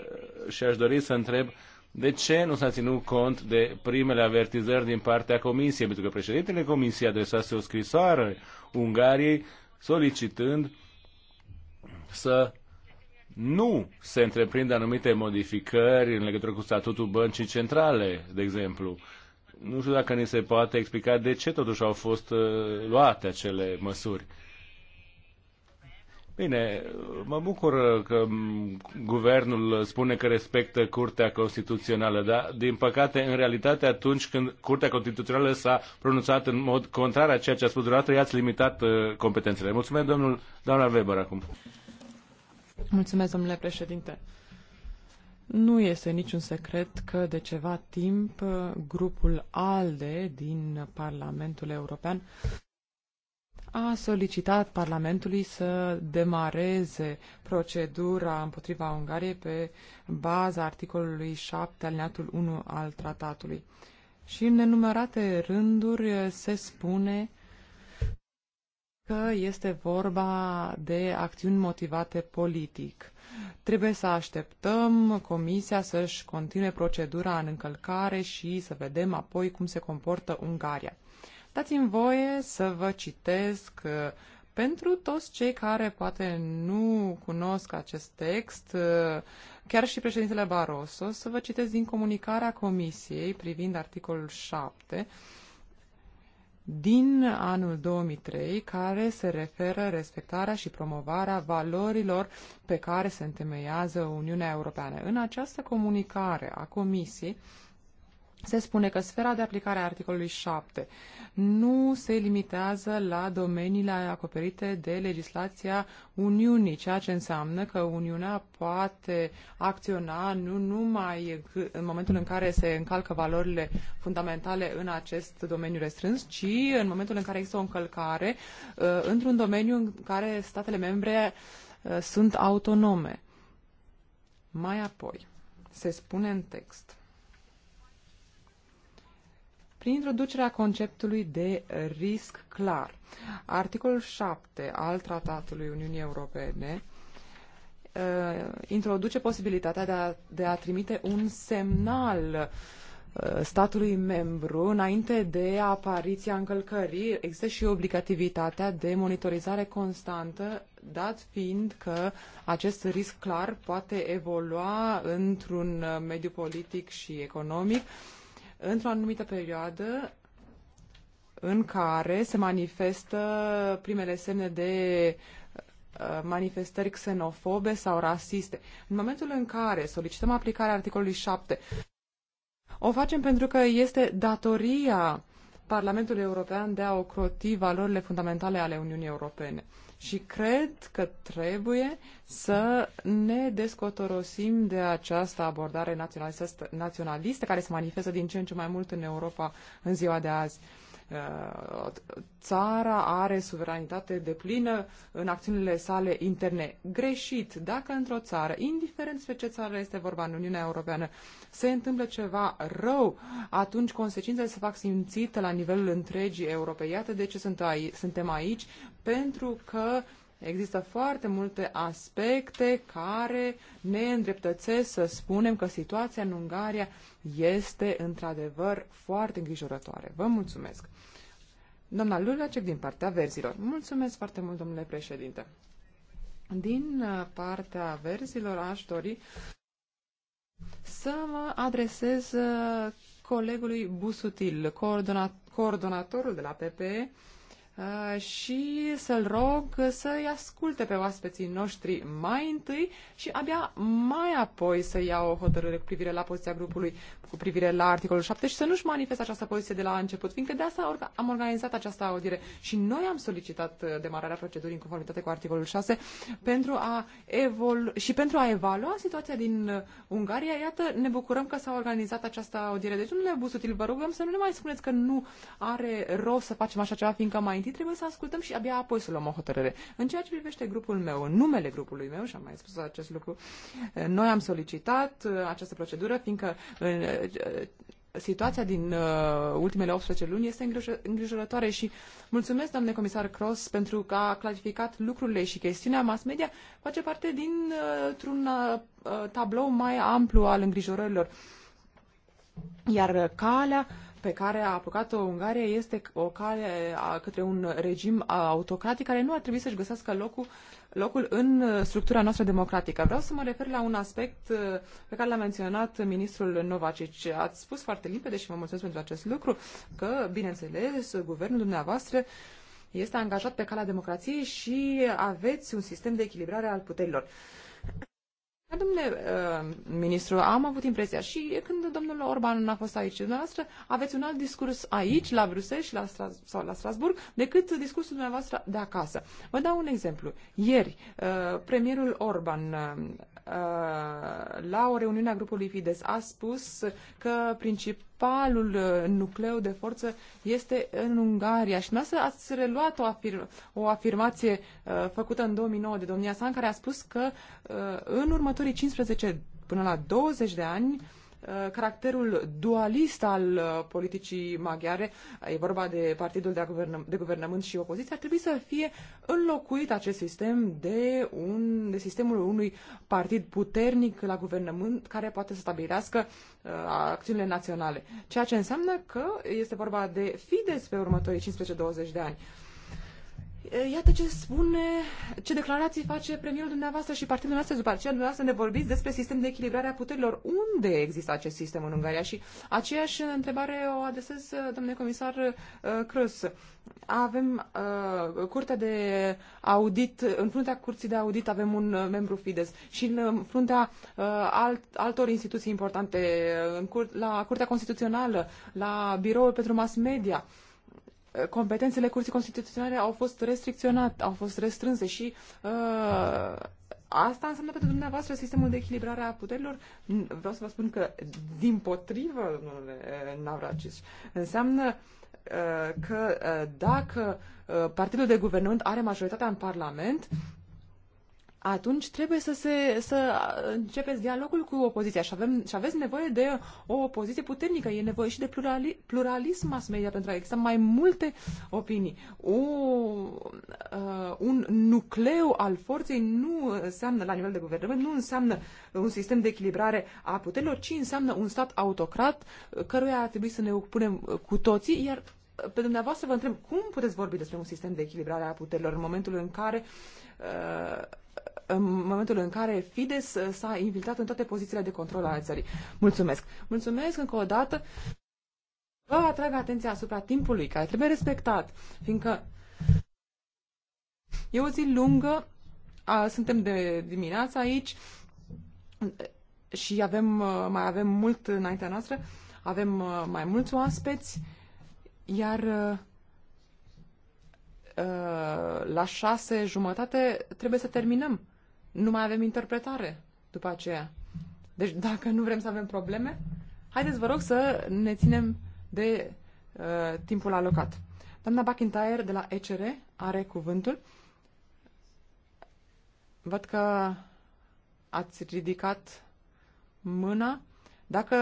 și aș dori să întreb uh, de ce nu s-a ținut cont de primele avertizări din partea Comisiei? Pentru că președintele Comisiei adresase o scrisoare Ungariei solicitând să nu se întreprindă anumite modificări în legătură cu statutul băncii centrale, de exemplu. Nu știu dacă ni se poate explica de ce totuși au fost uh, luate acele măsuri. Bine, mă bucur că guvernul spune că respectă Curtea Constituțională, dar din păcate, în realitate, atunci când Curtea Constituțională s-a pronunțat în mod contrar a ceea ce a spus dumneavoastră, i-ați limitat uh, competențele. Mulțumesc, domnul, doamna Weber, acum. Mulțumesc, domnule președinte. Nu este niciun secret că de ceva timp uh, grupul ALDE din Parlamentul European a solicitat Parlamentului să demareze procedura împotriva Ungariei pe baza articolului 7 alineatul 1 al tratatului. Și în nenumărate rânduri se spune că este vorba de acțiuni motivate politic. Trebuie să așteptăm Comisia să-și continue procedura în încălcare și să vedem apoi cum se comportă Ungaria. Dați-mi voie să vă citesc uh, pentru toți cei care poate nu cunosc acest text, uh, chiar și președintele Barroso, să vă citesc din comunicarea Comisiei privind articolul 7 din anul 2003, care se referă respectarea și promovarea valorilor pe care se întemeiază Uniunea Europeană. În această comunicare a Comisiei, se spune că sfera de aplicare a articolului 7 nu se limitează la domeniile acoperite de legislația Uniunii, ceea ce înseamnă că Uniunea poate acționa nu numai în momentul în care se încalcă valorile fundamentale în acest domeniu restrâns, ci în momentul în care există o încălcare uh, într-un domeniu în care statele membre uh, sunt autonome. Mai apoi, se spune în text prin introducerea conceptului de risc clar. Articolul 7 al Tratatului Uniunii Europene uh, introduce posibilitatea de a, de a trimite un semnal uh, statului membru înainte de apariția încălcării. Există și obligativitatea de monitorizare constantă, dat fiind că acest risc clar poate evolua într-un mediu politic și economic uh, într-o anumită perioadă în care se manifestă primele semne de uh, manifestări xenofobe sau rasiste. În momentul în care solicităm aplicarea articolului 7, o facem pentru că este datoria Parlamentului European de a ocroti valorile fundamentale ale Uniunii Europene și cred că trebuie să ne descotorosim de această abordare naționalistă, naționalistă care se manifestă din ce în ce mai mult în Europa în ziua de azi. Uh, țara are suveranitate de plină în acțiunile sale interne. Greșit, dacă într-o țară, indiferent despre ce țară este vorba în Uniunea Europeană, se întâmplă ceva rău, atunci consecințele se fac simțite la nivelul întregii Europei. Iată de ce sunt aici, suntem aici, pentru că Există foarte multe aspecte care ne îndreptățesc să spunem că situația în Ungaria este într-adevăr foarte îngrijorătoare. Vă mulțumesc! Doamna Lulacek din partea verzilor. Mulțumesc foarte mult, domnule președinte. Din uh, partea verzilor aș dori să mă adresez uh, colegului Busutil, coordonat, coordonatorul de la PPE, Uh, și să-l rog să-i asculte pe oaspeții noștri mai întâi și abia mai apoi să ia o hotărâre cu privire la poziția grupului, cu privire la articolul 7 și să nu-și manifeste această poziție de la început, fiindcă de asta am organizat această audiere și noi am solicitat uh, demararea procedurii în conformitate cu articolul 6 pentru a evolu- și pentru a evalua situația din uh, Ungaria. Iată, ne bucurăm că s-a organizat această audiere. Deci, nu ne Busutil, vă rugăm să nu ne mai spuneți că nu are rost să facem așa ceva, fiindcă mai întâi trebuie să ascultăm și abia apoi să luăm o hotărâre. În ceea ce privește grupul meu, numele grupului meu, și am mai spus acest lucru, noi am solicitat uh, această procedură, fiindcă uh, uh, situația din uh, ultimele 18 luni este îngrijorătoare și mulțumesc, doamne comisar Cross, pentru că a clarificat lucrurile și chestiunea mass media face parte dintr-un uh, tablou mai amplu al îngrijorărilor. Iar calea pe care a apucat-o Ungaria este o cale către un regim autocratic care nu ar trebui să-și găsească locul, locul în uh, structura noastră democratică. Vreau să mă refer la un aspect uh, pe care l-a menționat ministrul Novacic. Ați spus foarte limpede și vă mulțumesc pentru acest lucru că, bineînțeles, guvernul dumneavoastră este angajat pe calea democrației și aveți un sistem de echilibrare al puterilor. Da, domnule uh, ministru, am avut impresia și când domnul Orban a fost aici, dumneavoastră aveți un alt discurs aici, la Bruxelles și la Stras- sau la Strasburg, decât discursul dumneavoastră de acasă. Vă dau un exemplu. Ieri, uh, premierul Orban uh, Uh, la o reuniune a grupului Fides a spus că principalul uh, nucleu de forță este în Ungaria și noastră ați reluat o, afir- o afirmație uh, făcută în 2009 de domnia sa în care a spus că în următorii 15 până la 20 de ani Uh, caracterul dualist al uh, politicii maghiare, e vorba de partidul de, guvern- de guvernământ și opoziție, ar trebui să fie înlocuit acest sistem de, un, de sistemul unui partid puternic la guvernământ care poate să stabilească uh, acțiunile naționale. Ceea ce înseamnă că este vorba de Fides pe următorii 15-20 de ani. Uh, Iată ce spune, ce declarații face premierul dumneavoastră și partidul dumneavoastră. După aceea dumneavoastră ne vorbiți despre sistem de echilibrare a puterilor. Unde există acest sistem în Ungaria? Și aceeași întrebare o adresez, uh, domnule comisar Crăs. Uh, avem uh, curtea de audit, în fruntea curții de audit avem un uh, membru Fides și în fruntea uh, alt, altor instituții importante, în cur- la Curtea Constituțională, la Biroul pentru Mass Media. Uh, competențele Curții Constituționale au fost restricționate, au fost restrânse și uh, asta înseamnă pentru dumneavoastră sistemul de echilibrare a puterilor. Vreau să vă spun că, din potrivă, domnule uh, Navracis, înseamnă uh, că uh, dacă uh, partidul de guvernământ are majoritatea în Parlament, atunci trebuie să, se, să începeți dialogul cu opoziția și, avem, și aveți nevoie de o opoziție puternică. E nevoie și de plurali, pluralism mass media pentru a exista mai multe opinii. O, uh, un nucleu al forței nu înseamnă, la nivel de guvernament, nu înseamnă un sistem de echilibrare a puterilor, ci înseamnă un stat autocrat căruia ar trebui să ne opunem cu toții, iar pe dumneavoastră vă întreb cum puteți vorbi despre un sistem de echilibrare a puterilor în momentul în care uh, în momentul în care Fides uh, s-a invitat în toate pozițiile de control ale țării. Mulțumesc! Mulțumesc încă o dată! Vă atrag atenția asupra timpului care trebuie respectat, fiindcă e o zi lungă, a, suntem de dimineață aici uh, și avem, uh, mai avem mult înaintea noastră, avem mai mulți oaspeți, iar la șase jumătate trebuie să terminăm nu mai avem interpretare după aceea. Deci dacă nu vrem să avem probleme, haideți vă rog să ne ținem de uh, timpul alocat. Doamna McIntyre de la ECR are cuvântul. Văd că ați ridicat mâna. Dacă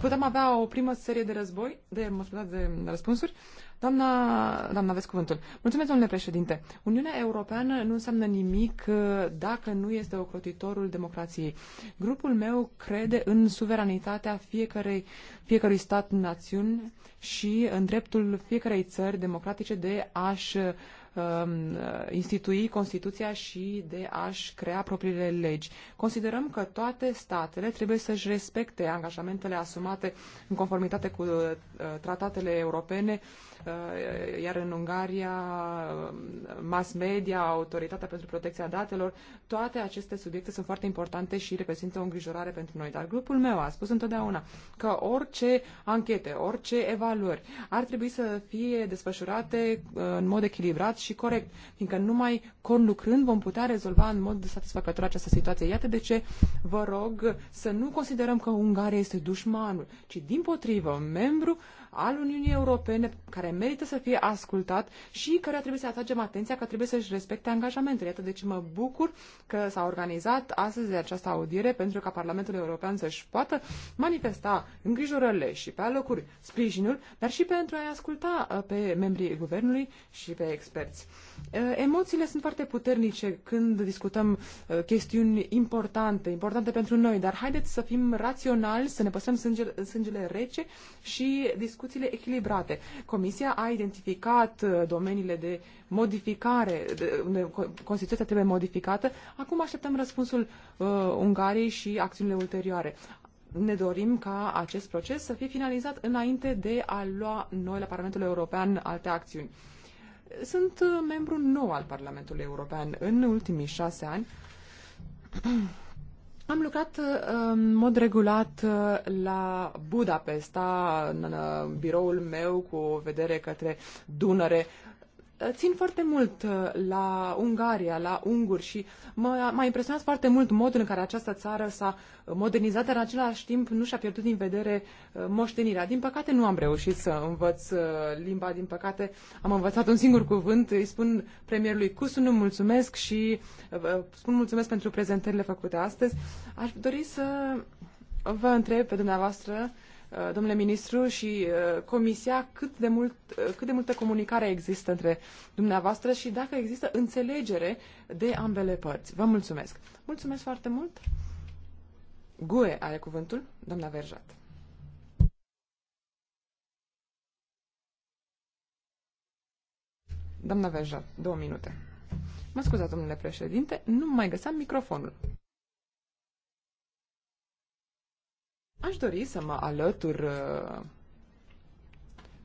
putem avea o primă serie de război, de, mă scuzați, de răspunsuri, Doamna, doamna, aveți cuvântul. Mulțumesc, domnule președinte. Uniunea Europeană nu înseamnă nimic uh, dacă nu este ocrotitorul democrației. Grupul meu crede în suveranitatea fiecărei, fiecărui stat-națiune și în dreptul fiecărei țări democratice de a-și uh, um, institui Constituția și de a-și crea propriile legi. Considerăm că toate statele trebuie să-și respecte angajamentele asumate în conformitate cu uh, tratatele europene Uh, iar în Ungaria uh, mass media, autoritatea pentru protecția datelor, toate aceste subiecte sunt foarte importante și reprezintă o îngrijorare pentru noi. Dar grupul meu a spus întotdeauna că orice anchete, orice evaluări ar trebui să fie desfășurate uh, în mod echilibrat și corect, fiindcă numai conlucrând vom putea rezolva în mod satisfăcător această situație. Iată de ce vă rog să nu considerăm că Ungaria este dușmanul, ci din potrivă, membru al Uniunii Europene care merită să fie ascultat și care trebuie să atragem atenția că trebuie să-și respecte angajamentele. Iată de ce mă bucur că s-a organizat astăzi această audiere pentru ca Parlamentul European să-și poată manifesta îngrijorările și pe alocuri sprijinul, dar și pentru a-i asculta uh, pe membrii guvernului și pe experți. Eh, emoțiile sunt foarte puternice când discutăm eh, chestiuni importante, importante pentru noi, dar haideți să fim raționali, să ne păstrăm sângele, sângele rece și discuțiile echilibrate. Comisia a identificat eh, domeniile de modificare, unde Constituția trebuie modificată. Acum așteptăm răspunsul uh, Ungariei și acțiunile ulterioare ne dorim ca acest proces să fie finalizat înainte de a lua noi la Parlamentul European alte acțiuni. Sunt uh, membru nou al Parlamentului European. În ultimii șase ani am lucrat uh, în mod regulat uh, la Budapesta, în biroul meu cu vedere către Dunăre, țin foarte mult uh, la Ungaria, la unguri și mă, m-a impresionat foarte mult modul în care această țară s-a modernizat, dar în același timp nu și-a pierdut din vedere uh, moștenirea. Din păcate nu am reușit să învăț uh, limba, din păcate am învățat un singur cuvânt, îi spun premierului nu mulțumesc și spun mulțumesc pentru prezentările făcute astăzi. Aș dori să vă întreb pe dumneavoastră uh, Uh, domnule ministru și uh, comisia, cât de, mult, uh, cât de multă comunicare există între dumneavoastră și dacă există înțelegere de ambele părți. Vă mulțumesc. Mulțumesc foarte mult. Gue are cuvântul, doamna Verjat. Doamna Verjat, două minute. Mă scuzați, domnule președinte, nu mai găseam microfonul. Aș dori să mă alătur uh,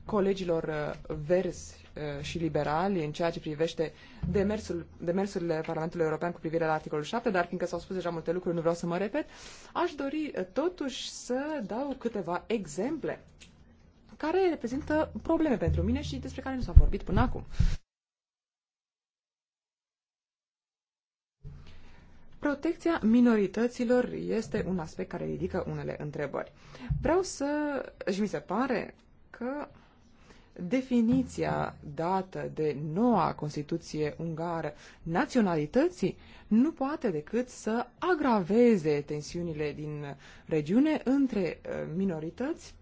colegilor uh, verzi uh, și liberali în ceea ce privește demersul, demersurile Parlamentului European cu privire la articolul 7, dar fiindcă s-au spus deja multe lucruri, nu vreau să mă repet, aș dori totuși să dau câteva exemple care reprezintă probleme pentru mine și despre care nu s-a vorbit până acum. Protecția minorităților este un aspect care ridică unele întrebări. Vreau să... și mi se pare că definiția dată de noua Constituție ungară naționalității nu poate decât să agraveze tensiunile din regiune între uh, minorități,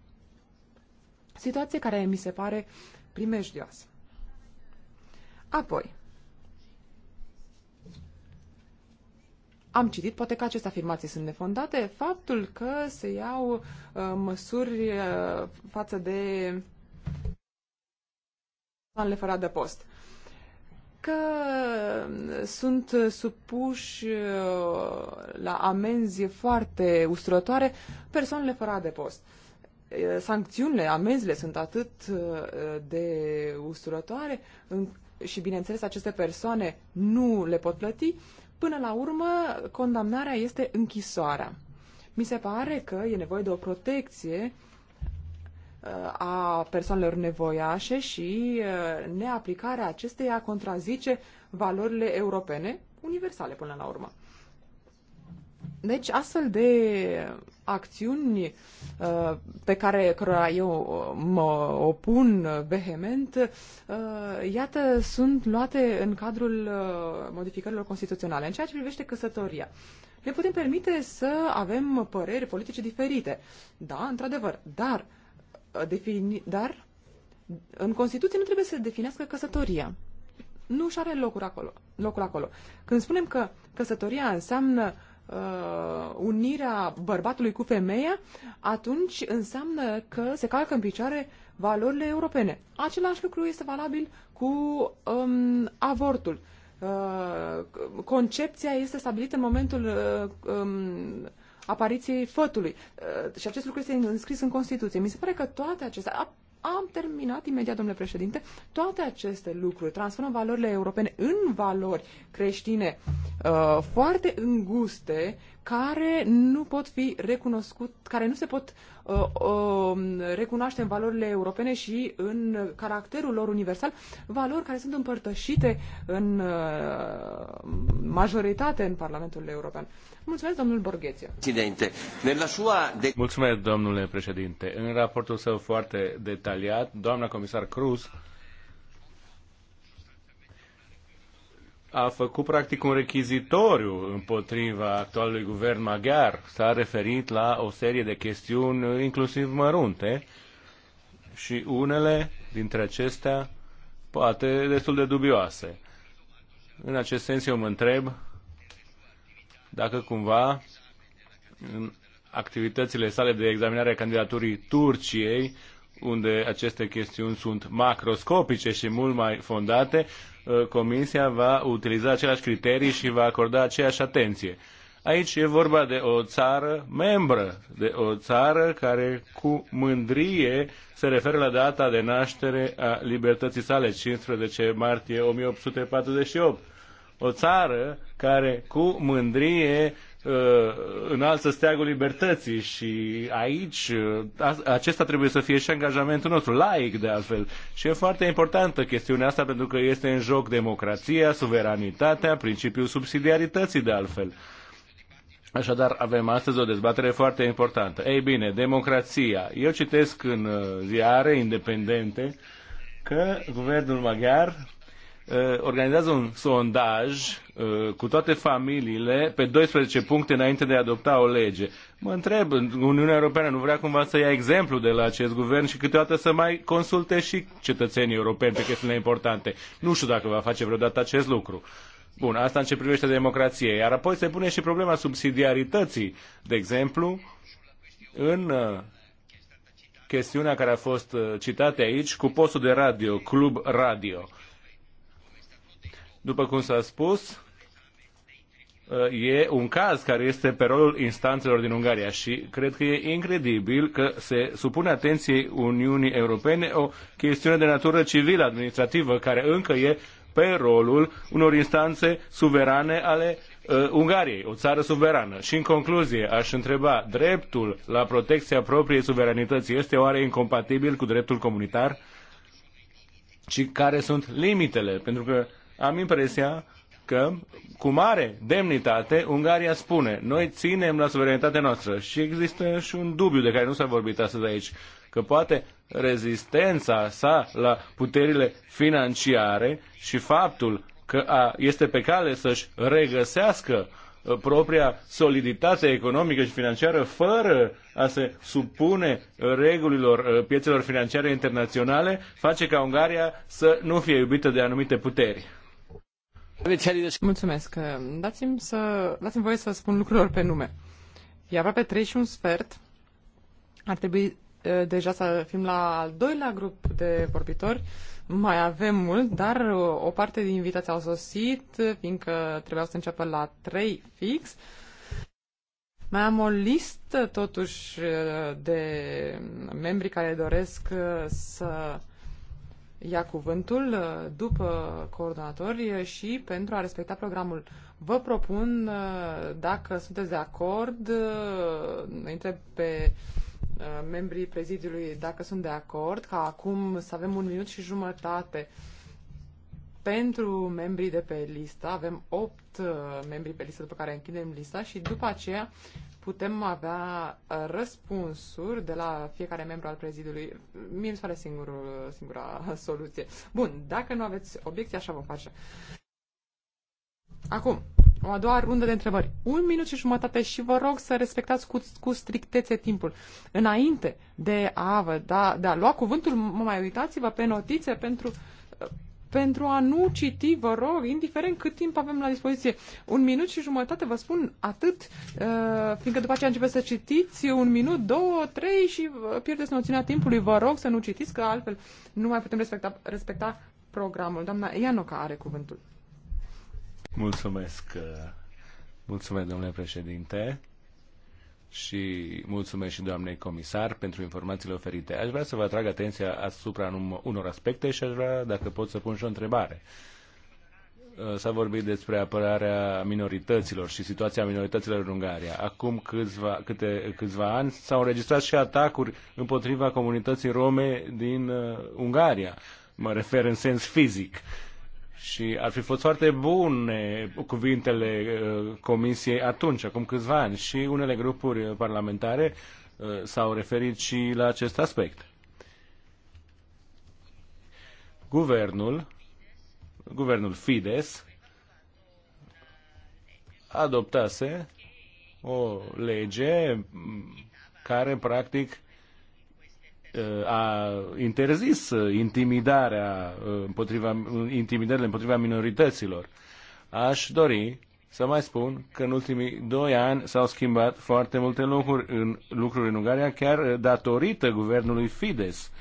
situație care mi se pare primejdioasă. Apoi, am citit, poate că aceste afirmații sunt nefondate, faptul că se iau uh, măsuri uh, față de persoanele fără adăpost. post că sunt supuși uh, la amenzi foarte usturătoare persoanele fără adăpost. Uh, sancțiunile, amenzile sunt atât uh, de usturătoare și, bineînțeles, aceste persoane nu le pot plăti Până la urmă, condamnarea este închisoarea. Mi se pare că e nevoie de o protecție uh, a persoanelor nevoiașe și uh, neaplicarea acesteia contrazice valorile europene universale până la urmă. Deci, astfel de acțiuni uh, pe care cărora eu uh, mă opun vehement, uh, iată, sunt luate în cadrul modificărilor constituționale. În ceea ce privește căsătoria, ne putem permite să avem păreri politice diferite. Da, într-adevăr, dar, defini, dar în Constituție nu trebuie să definească căsătoria. Nu și are locul acolo, locul acolo. Când spunem că căsătoria înseamnă uh, uh, unirea bărbatului cu femeia, atunci înseamnă că se calcă în picioare valorile europene. Același lucru este valabil cu um, avortul. Uh, concepția este stabilită în momentul uh, um, apariției fătului. Uh, și acest lucru este înscris în Constituție. Mi se pare că toate acestea, am terminat imediat, domnule președinte, toate aceste lucruri. Transformăm valorile europene în valori creștine uh, foarte înguste, care nu pot fi recunoscute, care nu se pot Uh, um, recunoaștem valorile europene și în caracterul lor universal, valori care sunt împărtășite în uh, majoritate în Parlamentul European. Mulțumesc, domnul Borghețiu. Mulțumesc, domnule președinte. În raportul său foarte detaliat, doamna comisar Cruz a făcut practic un rechizitoriu împotriva actualului guvern maghiar. S-a referit la o serie de chestiuni, inclusiv mărunte, și unele dintre acestea poate destul de dubioase. În acest sens eu mă întreb dacă cumva în activitățile sale de examinare a candidaturii Turciei, unde aceste chestiuni sunt macroscopice și mult mai fondate, Uh, comisia va utiliza aceleași criterii și va acorda aceeași atenție. Aici e vorba de o țară membră, de o țară care cu mândrie se referă la data de naștere a libertății sale, 15 martie 1848. O țară care cu mândrie Uh, în steagul libertății și aici uh, acesta trebuie să fie și angajamentul nostru, laic de altfel. Și e foarte importantă chestiunea asta pentru că este în joc democrația, suveranitatea, principiul subsidiarității de altfel. Așadar, avem astăzi o dezbatere foarte importantă. Ei bine, democrația. Eu citesc în uh, ziare independente că guvernul maghiar Eh, organizează un sondaj eh, cu toate familiile pe 12 puncte înainte de a adopta o lege. Mă întreb, Uniunea Europeană nu vrea cumva să ia exemplu de la acest guvern și câteodată să mai consulte și cetățenii europeni pe chestiile importante. Nu știu dacă va face vreodată acest lucru. Bun, asta în ce privește democrație. Iar apoi se pune și problema subsidiarității. De exemplu, în eh, chestiunea care a fost citată aici cu postul de radio, Club Radio. După cum s-a spus, e un caz care este pe rolul instanțelor din Ungaria și cred că e incredibil că se supune atenției Uniunii Europene o chestiune de natură civilă administrativă care încă e pe rolul unor instanțe suverane ale uh, Ungariei, o țară suverană. Și în concluzie, aș întreba, dreptul la protecția propriei suveranități este oare incompatibil cu dreptul comunitar? Și care sunt limitele? Pentru că uh, am impresia că, cu mare demnitate, Ungaria spune, noi ținem la suveranitatea noastră. Și există și un dubiu de care nu s-a vorbit astăzi aici, că poate rezistența sa la puterile financiare și faptul că a, este pe cale să-și regăsească uh, propria soliditate economică și financiară fără a se supune uh, regulilor uh, piețelor financiare internaționale face ca Ungaria să nu fie iubită de anumite puteri. Mulțumesc. Dați-mi, să, dați-mi voie să spun lucrurilor pe nume. E aproape 3 și un sfert. Ar trebui eh, deja să fim la al doilea grup de vorbitori. Mai avem mult, dar eh, o parte din invitați au sosit, fiindcă trebuiau să înceapă la 3 fix. Mai am o listă, totuși, eh, de membri care doresc să ia cuvântul uh, după coordonatori uh, și pentru a respecta programul. Vă propun, uh, dacă sunteți de acord, întreb pe membrii prezidiului dacă sunt de acord, ca acum să avem un minut și jumătate pentru membrii de pe listă. Avem opt membri pe listă după care închidem lista și după aceea putem avea uh, răspunsuri de la fiecare membru al prezidiului. Mi se pare singurul, singura soluție. Bun, dacă nu aveți obiecții, așa vom face. Acum, o a doua rundă de întrebări. Un minut și jumătate și vă rog să respectați cu, cu strictețe timpul. Înainte de a, vă da, de a lua cuvântul, mă mai uitați-vă pe notițe pentru uh, pentru a nu citi, vă rog, indiferent cât timp avem la dispoziție. Un minut și jumătate, vă spun atât, uh, fiindcă după aceea începeți să citiți un minut, două, trei și uh, pierdeți noțiunea timpului. Vă rog să nu citiți, că altfel nu mai putem respecta, respecta programul. Doamna Ianoca are cuvântul. Mulțumesc. Uh, mulțumesc, domnule președinte și mulțumesc și doamnei comisar pentru informațiile oferite. Aș vrea să vă atrag atenția asupra unor aspecte și aș vrea, dacă pot, să pun și o întrebare. Uh, s-a vorbit despre apărarea minorităților și situația minorităților în Ungaria. Acum câțiva, câte, câțiva ani s-au înregistrat și atacuri împotriva comunității rome din uh, Ungaria. Mă refer în sens fizic. Uh, și ar fi fost foarte bune cuvintele uh, Comisiei atunci, acum câțiva ani, și unele grupuri parlamentare uh, s-au referit și la acest aspect. Guvernul, guvernul Fides, adoptase o lege care practic Uh, a interzis uh, intimidarea uh, împotriva, intimidările împotriva minorităților. Aș dori să mai spun că în ultimii doi ani s-au schimbat foarte multe lucruri în, lucruri în Ungaria, chiar datorită guvernului Fides.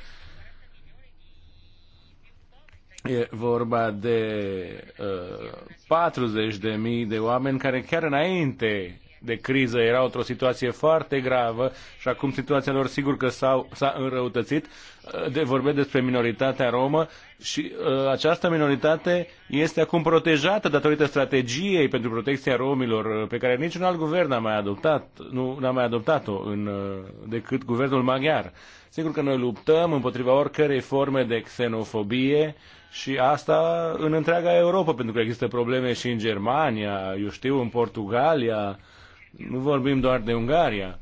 E vorba de uh, 40.000 de oameni care chiar înainte de criză era într-o situație foarte gravă și acum situația lor sigur că s-a, s-a înrăutățit. De, vorbesc despre minoritatea romă și uh, această minoritate este acum protejată datorită strategiei pentru protecția romilor uh, pe care niciun alt guvern n-a mai adoptat, nu n-a mai adoptat-o în, uh, decât guvernul maghiar. Sigur că noi luptăm împotriva oricărei forme de xenofobie și asta în întreaga Europa, pentru că există probleme și în Germania, eu știu, în Portugalia, nu vorbim doar de Ungaria.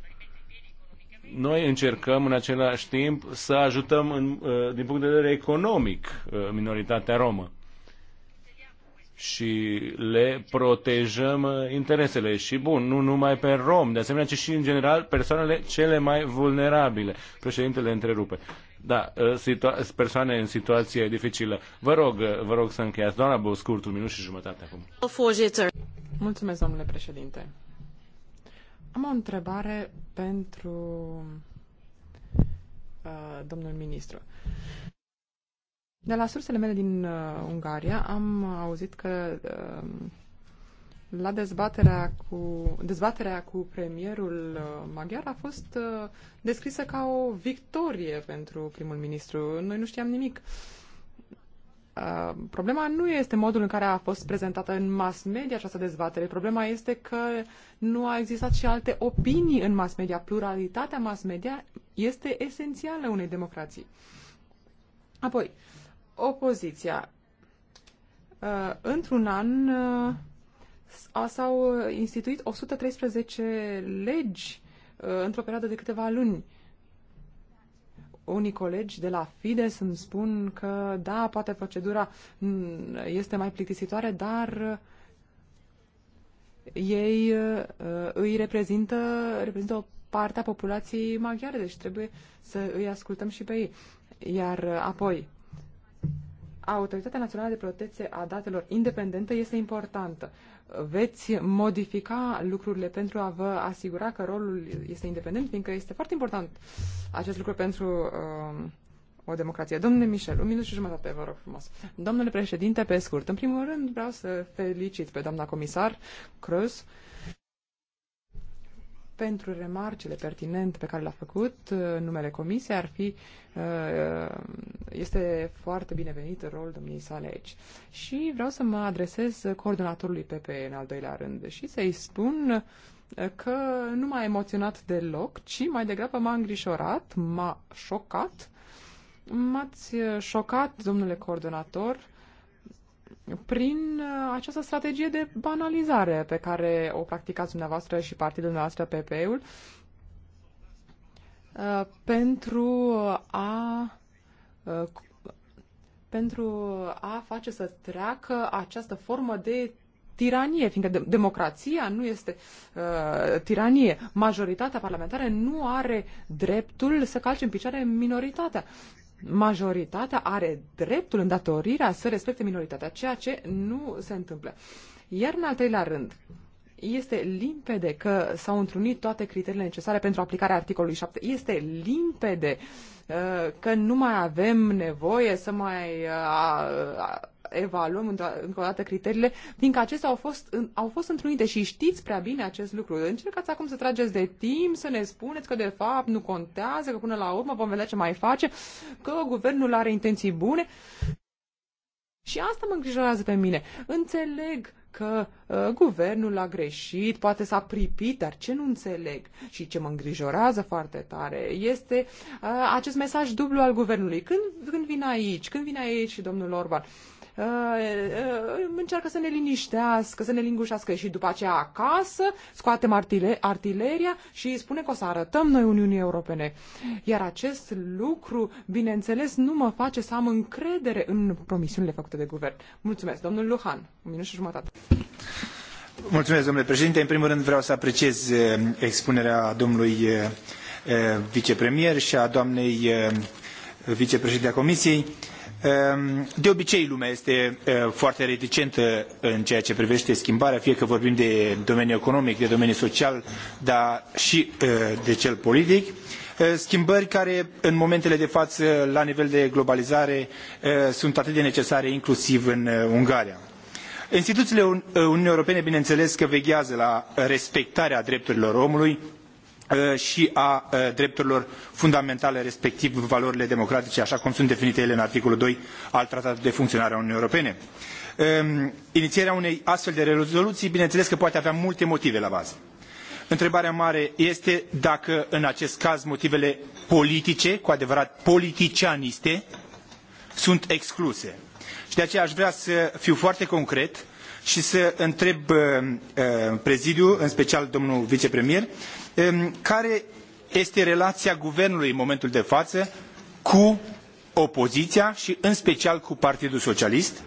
Noi încercăm în același timp să ajutăm în, uh, din punct de vedere economic uh, minoritatea romă și le protejăm uh, interesele. Și bun, nu numai pe rom, de asemenea, ci și în general persoanele cele mai vulnerabile. Președintele întrerupe. Da, persoane în situație dificilă. Vă rog, vă rog să încheiați. Doamna Boscurt, un minut și jumătate acum. Mulțumesc, domnule președinte. Am o întrebare pentru uh, domnul ministru. De la sursele mele din uh, Ungaria am auzit că uh, la dezbaterea cu, dezbaterea cu premierul uh, maghiar a fost uh, descrisă ca o victorie pentru primul ministru. Noi nu știam nimic. Uh, Uh, problema nu este modul în care a fost prezentată în mass media această dezbatere. Problema este că nu a existat și alte opinii în mass media. Pluralitatea mass media este esențială unei democrații. Apoi, opoziția. Uh, într-un an uh, s-au instituit 113 legi într-o perioadă de câteva luni unii colegi de la Fides îmi spun că, da, poate procedura este mai plictisitoare, dar uh, ei uh, îi reprezintă, reprezintă o parte a populației maghiare, deci trebuie să îi ascultăm și pe ei. Iar uh, apoi, Autoritatea Națională de Protecție a Datelor Independentă este importantă veți modifica lucrurile pentru a vă asigura că rolul este independent, fiindcă este foarte important acest lucru pentru uh, o democrație. Domnule Michel, un minut și jumătate, vă rog frumos. Domnule președinte, pe scurt, în primul rând vreau să felicit pe doamna comisar Cruz pentru remarcele pertinente pe care le-a făcut uh, numele comisiei. Ar fi, uh, uh, este foarte binevenit rolul domniei sale aici. Și vreau să mă adresez coordonatorului PPE în al doilea rând și să-i spun că nu m-a emoționat deloc, ci mai degrabă m-a îngrișorat, m-a șocat. M-ați șocat, domnule coordonator, prin uh, această strategie de banalizare pe care o practicați dumneavoastră și partidul dumneavoastră PP-ul uh, pentru a uh, pentru a face să treacă această formă de tiranie, fiindcă democrația nu este uh, tiranie. Majoritatea parlamentară nu are dreptul să calce în picioare minoritatea majoritatea are dreptul, îndatorirea să respecte minoritatea, ceea ce nu se întâmplă. Iar în al treilea rând, este limpede că s-au întrunit toate criteriile necesare pentru aplicarea articolului 7. Este limpede uh, că nu mai avem nevoie să mai uh, evaluăm încă o dată criteriile, fiindcă acestea au fost, au fost întrunite și știți prea bine acest lucru. Încercați acum să trageți de timp, să ne spuneți că de fapt nu contează, că până la urmă vom vedea ce mai face, că guvernul are intenții bune. Și asta mă îngrijorează pe mine. Înțeleg că uh, guvernul a greșit, poate s-a pripit, dar ce nu înțeleg și ce mă îngrijorează foarte tare este uh, acest mesaj dublu al guvernului. Când, când vine aici, când vine aici domnul Orban, uh, Uh, uh, încearcă să ne liniștească, să ne lingușească și după aceea acasă scoatem artile- artileria și spune că o să arătăm noi Uniunii Europene. Iar acest lucru, bineînțeles, nu mă face să am încredere în promisiunile făcute de guvern. Mulțumesc, domnul Luhan. Un minut și jumătate. Mulțumesc, domnule președinte. În primul rând vreau să apreciez uh, expunerea domnului vicepremier și a doamnei vicepreședinte a Comisiei. Ehm, de obicei, lumea este foarte reticentă în ceea ce privește schimbarea, fie că vorbim de domeniul economic, de domeniul social, dar și de cel politic. Schimbări care, în momentele de față, la nivel de globalizare, sunt atât de necesare, inclusiv în Ungaria. Instituțiile Uniunii Europene, bineînțeles că veghează la respectarea drepturilor omului, Uh, și a uh, drepturilor fundamentale, respectiv valorile democratice, așa cum sunt definite ele în articolul 2 al Tratatului de Funcționare a Uniunii Europene. Um, inițierea unei astfel de rezoluții, bineînțeles că poate avea multe motive la bază. Întrebarea mare este dacă în acest caz motivele politice, cu adevărat politicianiste, sunt excluse. Și de aceea aș vrea să fiu foarte concret și să întreb uh, prezidiu, în special domnul vicepremier, care este relația guvernului în momentul de față cu opoziția și în special cu Partidul Socialist,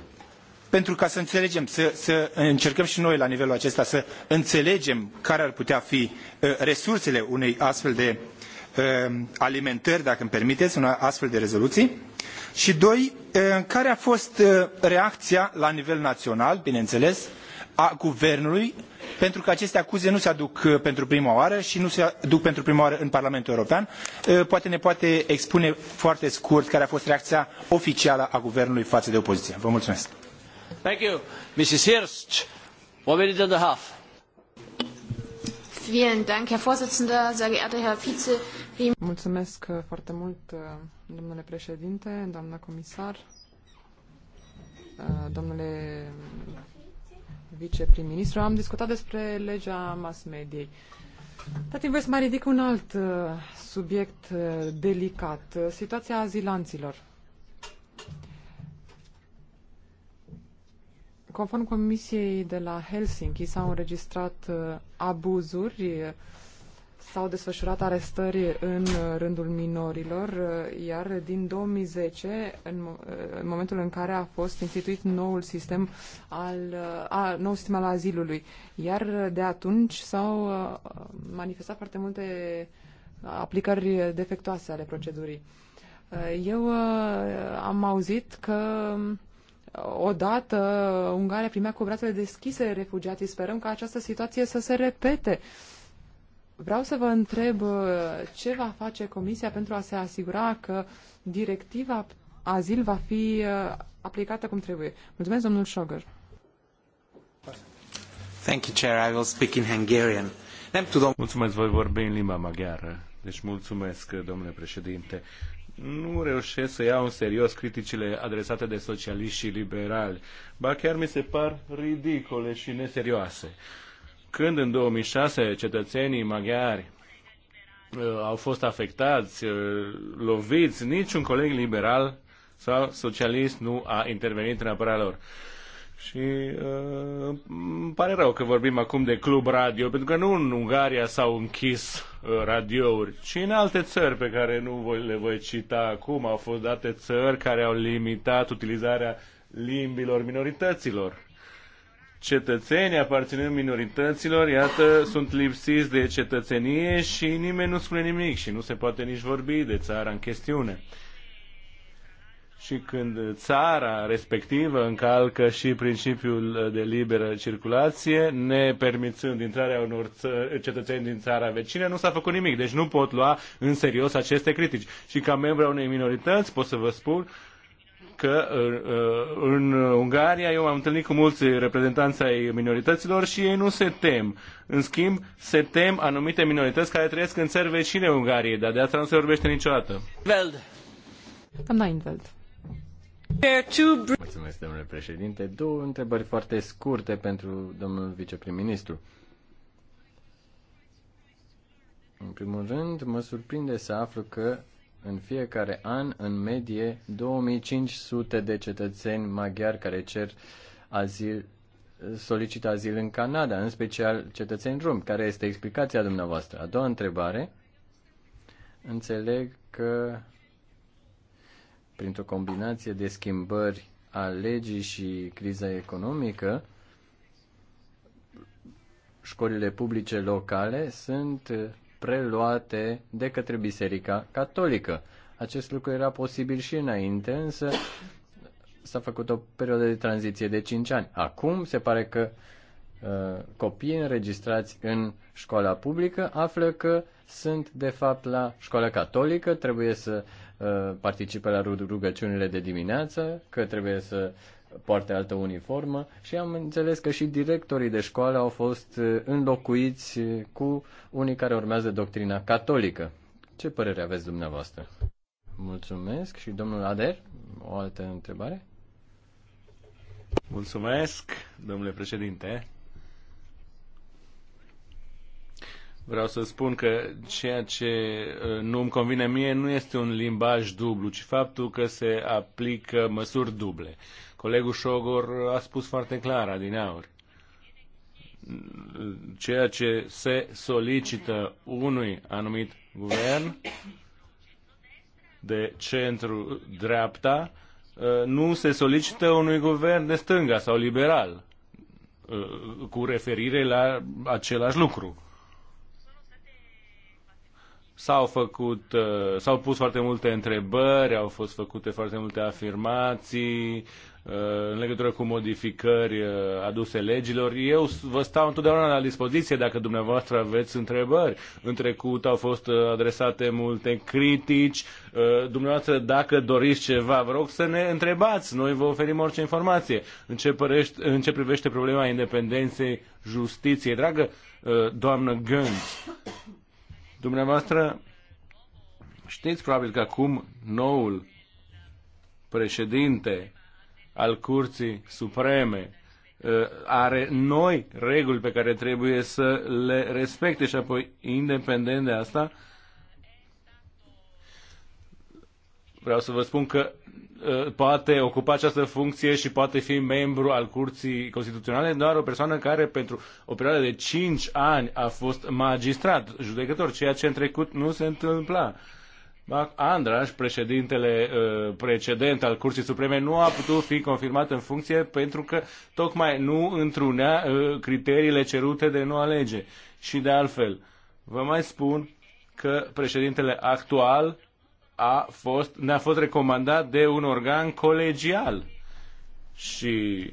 pentru ca să înțelegem, să, să încercăm și noi la nivelul acesta să înțelegem care ar putea fi uh, resursele unei astfel de uh, alimentări, dacă îmi permiteți, unei astfel de rezoluții. Și doi, uh, care a fost reacția la nivel național, bineînțeles, a guvernului pentru că aceste acuze nu se aduc uh, pentru prima oară și nu se aduc pentru prima oară în Parlamentul European. Uh, poate ne poate expune foarte scurt care a fost reacția oficială a guvernului față de opoziție. Vă mulțumesc. Thank you. Mrs. Hirst, one minute and a half. Vielen Dank, Herr Vorsitzender, sehr geehrter Herr Vize. Mulțumesc uh, foarte mult, domnule președinte, doamna comisar, domnule viceprim-ministru, am discutat despre legea mass-mediei. Tatăl mi voi să mai ridic un alt uh, subiect uh, delicat, uh, situația azilanților. Conform Comisiei de la Helsinki s-au înregistrat abuzuri s-au desfășurat arestări în uh, rândul minorilor, uh, iar din 2010, în, uh, în momentul în care a fost instituit noul sistem al, a, nou sistem al azilului, iar de atunci s-au manifestat foarte multe aplicări defectoase ale procedurii. Eu am auzit că um, odată Ungaria primea cu brațele deschise refugiații. Sperăm ca această situație să se repete. Uh, Vreau să vă întreb uh, ce va face Comisia pentru a se asigura că directiva azil va fi uh, aplicată cum trebuie. Mulțumesc, domnul Șogăr. Thank you, Chair. I will speak in Hungarian. Mulțumesc, voi vorbi în limba maghiară. Deci mulțumesc, domnule președinte. Nu reușesc să iau în serios criticile adresate de socialiști și liberali. Ba chiar mi se par ridicole și neserioase. Uh, când în 2006 cetățenii maghiari uh, au fost afectați, uh, loviți, niciun coleg liberal sau socialist nu a intervenit în apărarea lor. Și uh, îmi pare rău că vorbim acum de club radio, pentru că nu în Ungaria s-au închis uh, radiouri, ci în alte țări pe care nu voi, le voi cita acum. Au fost date țări care au limitat utilizarea limbilor minorităților cetățeni aparținând minorităților, iată, sunt lipsiți de cetățenie și nimeni nu spune nimic și nu se poate nici vorbi de țara în chestiune. Și când țara respectivă încalcă și principiul de liberă circulație, ne permițând intrarea unor cetățeni din țara vecină, nu s-a făcut nimic. Deci nu pot lua în serios aceste critici. Și ca membru a unei minorități pot să vă spun că uh, în Ungaria eu m-am întâlnit cu mulți reprezentanți ai minorităților și ei nu se tem. În schimb, se tem anumite minorități care trăiesc în țări vecine Ungariei, dar de asta nu se vorbește niciodată. Veld. Doamna Inveld. Mulțumesc, domnule președinte. Două întrebări foarte scurte pentru domnul viceprim-ministru. În primul rând, mă surprinde să aflu că în fiecare an, în medie, 2500 de cetățeni maghiari care cer azil, solicită azil în Canada, în special cetățeni romi. Care este explicația dumneavoastră? A doua întrebare. Înțeleg că printr-o combinație de schimbări a legii și criza economică, școlile publice locale sunt preluate de către Biserica Catolică. Acest lucru era posibil și înainte, însă s-a făcut o perioadă de tranziție de 5 ani. Acum se pare că uh, copiii înregistrați în școala publică află că sunt de fapt la școala catolică, trebuie să uh, participe la rugăciunile de dimineață, că trebuie să poartă altă uniformă și am înțeles că și directorii de școală au fost uh, înlocuiți uh, cu unii care urmează doctrina catolică. Ce părere aveți dumneavoastră? Mulțumesc. Și domnul Ader, o altă întrebare? Mulțumesc, domnule președinte. Vreau să spun că ceea ce uh, nu îmi convine mie nu este un limbaj dublu, ci faptul că se aplică măsuri duble. Colegul Șogor a spus foarte clar Adinaur, Ceea ce se solicită unui anumit guvern de centru-dreapta uh, nu se solicită unui guvern de stânga sau liberal uh, cu referire la același lucru. S-au făcut, uh, s-au pus foarte multe întrebări, au fost făcute foarte multe afirmații, Uh, în legătură cu modificări uh, aduse legilor. Eu vă stau întotdeauna la dispoziție dacă dumneavoastră aveți întrebări. În trecut au fost uh, adresate multe critici. Dumneavoastră, dacă doriți ceva, vă rog să ne întrebați. Noi vă oferim orice informație. În ce, părești, în ce privește problema independenței justiției, dragă doamnă Gând, dumneavoastră știți probabil că acum noul președinte al Curții Supreme uh, are noi reguli pe care trebuie să le respecte și apoi, independent de asta, vreau să vă spun că uh, poate ocupa această funcție și poate fi membru al Curții Constituționale doar o persoană care pentru o perioadă de 5 ani a fost magistrat, judecător, ceea ce în trecut nu se întâmpla. Uh, Andraș, președintele uh, precedent al Curții Supreme, nu a putut fi confirmat în funcție pentru că tocmai nu întrunea uh, criteriile cerute de noua lege. Și de altfel, vă mai spun că președintele actual a fost, ne-a fost recomandat de un organ colegial. Și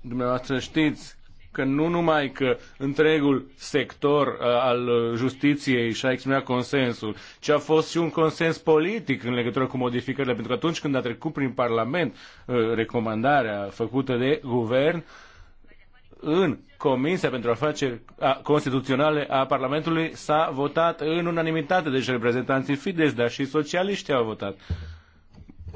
dumneavoastră știți că nu numai că întregul sector uh, al justiției și-a exprimat consensul, ci a fost și un consens politic în legătură cu modificările, pentru că atunci când a trecut prin Parlament uh, recomandarea făcută de guvern, în Comisia pentru Afaceri Constituționale a Parlamentului s-a votat în unanimitate, deci reprezentanții Fidesz, dar și socialiștii au votat.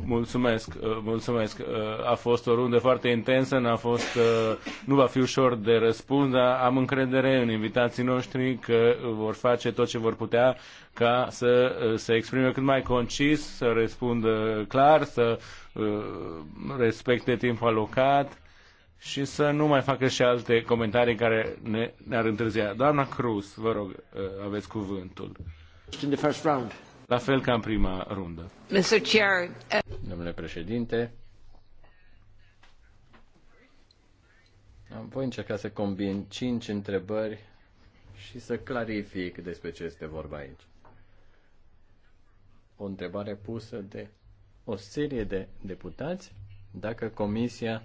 Mulțumesc, uh, mulțumesc. Uh, a fost o rundă foarte intensă, n-a fost, uh, nu va fi ușor de răspuns, dar am încredere în invitații noștri că vor face tot ce vor putea ca să se exprime cât mai concis, să răspundă clar, să respecte timpul alocat și să nu mai facă și alte comentarii care ne, ne-ar întârzia. Doamna Cruz, vă rog, aveți cuvântul. In the first round la fel ca în prima rundă. Mr. Uh, Domnule președinte, voi încerca să combin cinci întrebări și să clarific despre ce este vorba aici. O întrebare pusă de o serie de deputați dacă Comisia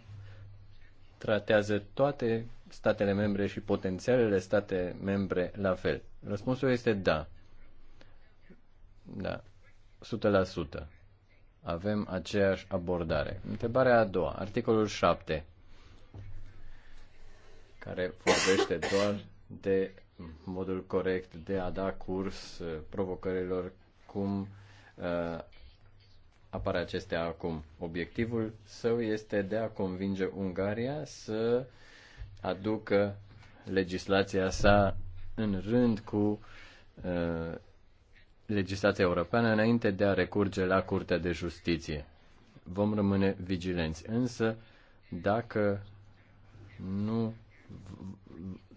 tratează toate statele membre și potențialele state membre la fel. Răspunsul este da. Da, 100%. Avem aceeași abordare. Întrebarea a doua, articolul 7, care vorbește doar de modul corect de a da curs uh, provocărilor cum uh, apare acestea acum. Obiectivul său este de a convinge Ungaria să aducă legislația sa în rând cu uh, legislația europeană înainte de a recurge la Curtea de Justiție. Vom rămâne vigilenți. Însă, dacă nu,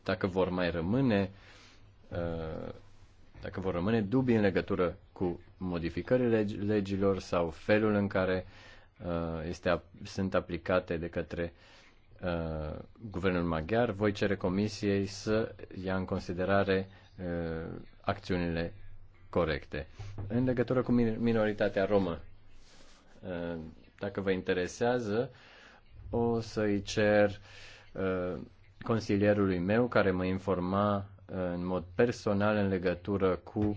dacă vor mai rămâne, uh, dacă vor rămâne dubii în legătură cu modificările legilor sau felul în care uh, este, sunt aplicate de către uh, guvernul maghiar, voi cere comisiei să ia în considerare acțiunile corecte. În legătură cu minoritatea romă, uh, dacă vă interesează, o să-i cer uh, consilierului meu care mă informa uh, în mod personal în legătură cu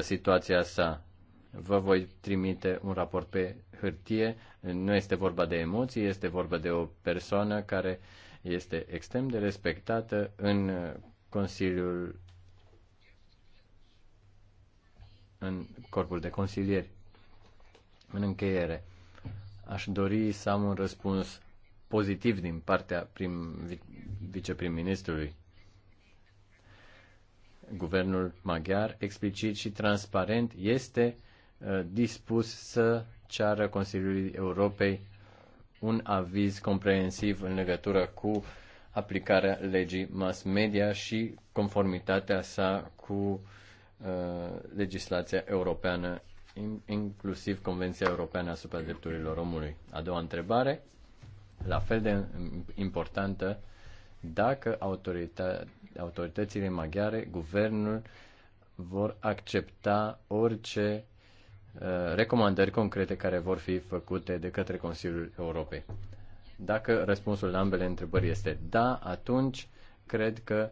situația sa. Vă voi trimite un raport pe hârtie. Nu este vorba de emoții, este vorba de o persoană care este extrem de respectată în Consiliul în corpul de consilieri. În încheiere, aș dori să am un răspuns pozitiv din partea prim, viceprim-ministrului. Guvernul maghiar, explicit și transparent, este uh, dispus să ceară Consiliului Europei un aviz comprehensiv în legătură cu aplicarea legii mass media și conformitatea sa cu uh, Uh, legislația europeană, inclusiv Convenția Europeană asupra drepturilor omului. A doua întrebare, la fel de importantă, dacă autorita- autoritățile maghiare, guvernul, vor accepta orice uh, recomandări concrete care vor fi făcute de către Consiliul Europei. Dacă răspunsul la ambele întrebări este da, atunci cred că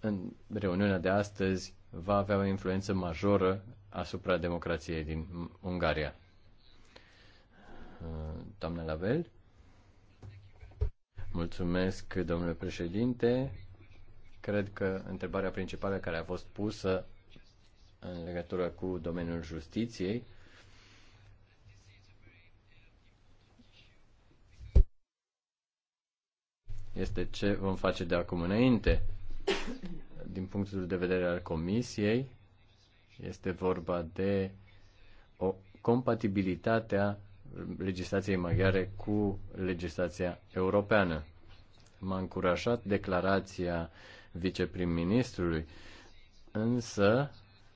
în reuniunea de astăzi va avea o influență majoră asupra democrației din Ungaria. Doamna Lavel? Mulțumesc, domnule președinte. Cred că întrebarea principală care a fost pusă în legătură cu domeniul justiției este ce vom face de acum înainte din punctul de vedere al Comisiei, este vorba de o compatibilitate a legislației maghiare cu legislația europeană. M-a încurajat declarația viceprim-ministrului, însă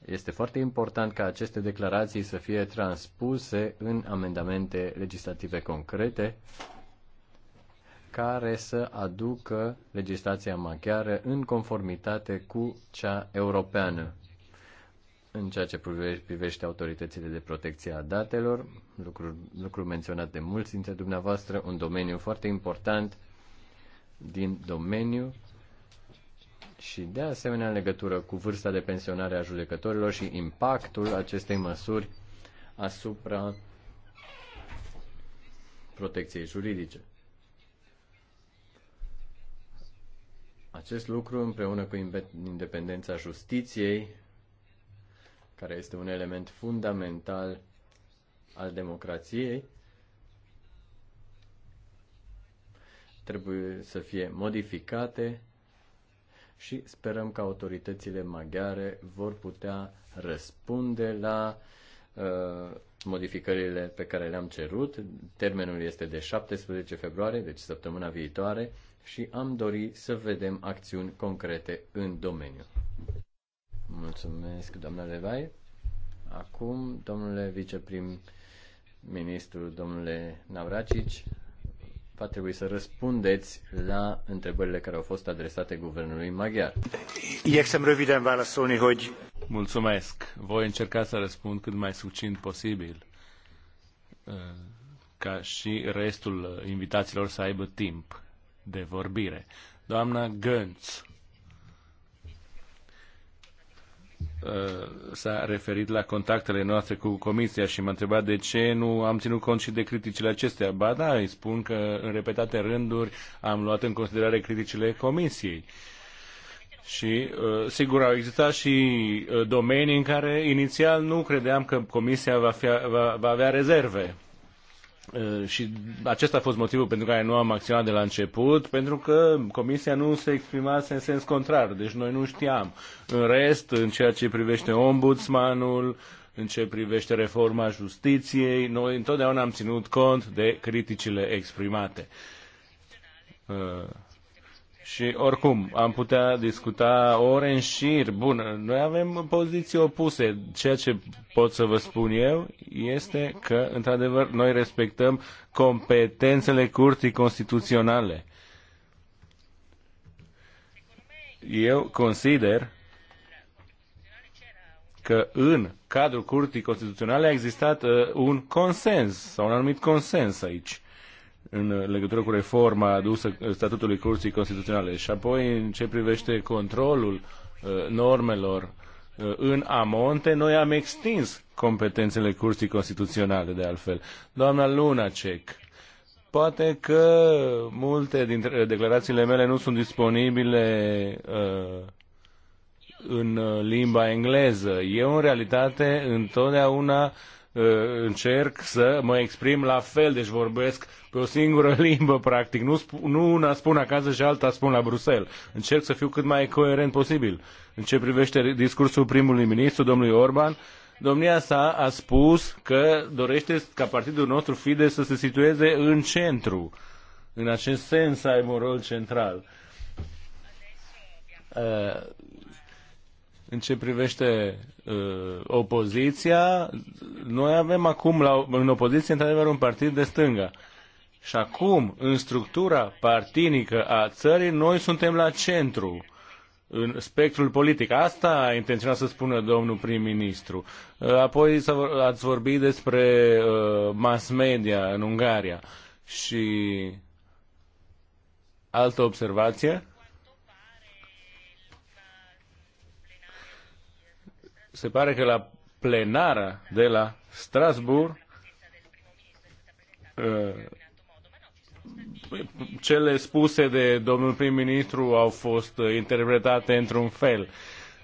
este foarte important ca aceste declarații să fie transpuse în amendamente legislative concrete care să aducă legislația maghiară în conformitate cu cea europeană. În ceea ce privește autoritățile de protecție a datelor, lucru, lucru menționat de mulți dintre dumneavoastră, un domeniu foarte important din domeniu și de asemenea în legătură cu vârsta de pensionare a judecătorilor și impactul acestei măsuri asupra protecției juridice. Acest lucru, împreună cu independența justiției, care este un element fundamental al democrației, trebuie să fie modificate și sperăm că autoritățile maghiare vor putea răspunde la uh, modificările pe care le-am cerut. Termenul este de 17 februarie, deci săptămâna viitoare și am dori să vedem acțiuni concrete în domeniu. Mulțumesc, doamna Levai. Acum, domnule viceprim ministru, domnule Navracici, va trebui să răspundeți la întrebările care au fost adresate guvernului maghiar. Mulțumesc. Voi încerca să răspund cât mai succint posibil eh, ca și restul invitaților să aibă timp de vorbire. Doamna Gânț uh, s-a referit la contactele noastre cu Comisia și m-a întrebat de ce nu am ținut cont și de criticile acestea. Ba da, îi spun că în repetate rânduri am luat în considerare criticile Comisiei. Și uh, sigur au existat și uh, domenii în care inițial nu credeam că Comisia va, fi, va, va avea rezerve Uh, și acesta a fost motivul pentru care nu am acționat de la început, pentru că Comisia nu se exprimase în sens contrar, deci noi nu știam. În rest, în ceea ce privește ombudsmanul, în ce privește reforma justiției, noi întotdeauna am ținut cont de criticile exprimate. Uh, și oricum, am putea discuta ore în șir. Bun, noi avem poziții opuse. Ceea ce pot să vă spun eu este că, într-adevăr, noi respectăm competențele curții constituționale. Eu consider că în cadrul curții constituționale a existat uh, un consens sau un anumit consens aici în legătură cu reforma adusă statutului Curții Constituționale. Și apoi, în ce privește controlul uh, normelor uh, în amonte, noi am extins competențele Curții Constituționale, de altfel. Doamna Lunacek, poate că multe dintre declarațiile mele nu sunt disponibile uh, în limba engleză. Eu, în realitate, întotdeauna Uh, încerc să mă exprim la fel, deci vorbesc pe o singură limbă, practic. Nu, sp- nu una spun acasă și alta spun la Bruxelles. Încerc să fiu cât mai coerent posibil. În ce privește discursul primului ministru, domnului Orban, domnia sa a spus că dorește ca partidul nostru FIDE să se situeze în centru. În acest sens să aibă un rol central. Uh, în ce privește uh, opoziția, noi avem acum la, în opoziție, într-adevăr, un partid de stânga. Și acum, în structura partinică a țării, noi suntem la centru, în spectrul politic. Asta a intenționat să spună domnul prim-ministru. Uh, apoi ați vorbit despre uh, mass media în Ungaria. Și altă observație? se pare că la plenara de la Strasbourg uh, cele spuse de domnul prim-ministru au fost uh, interpretate într-un fel.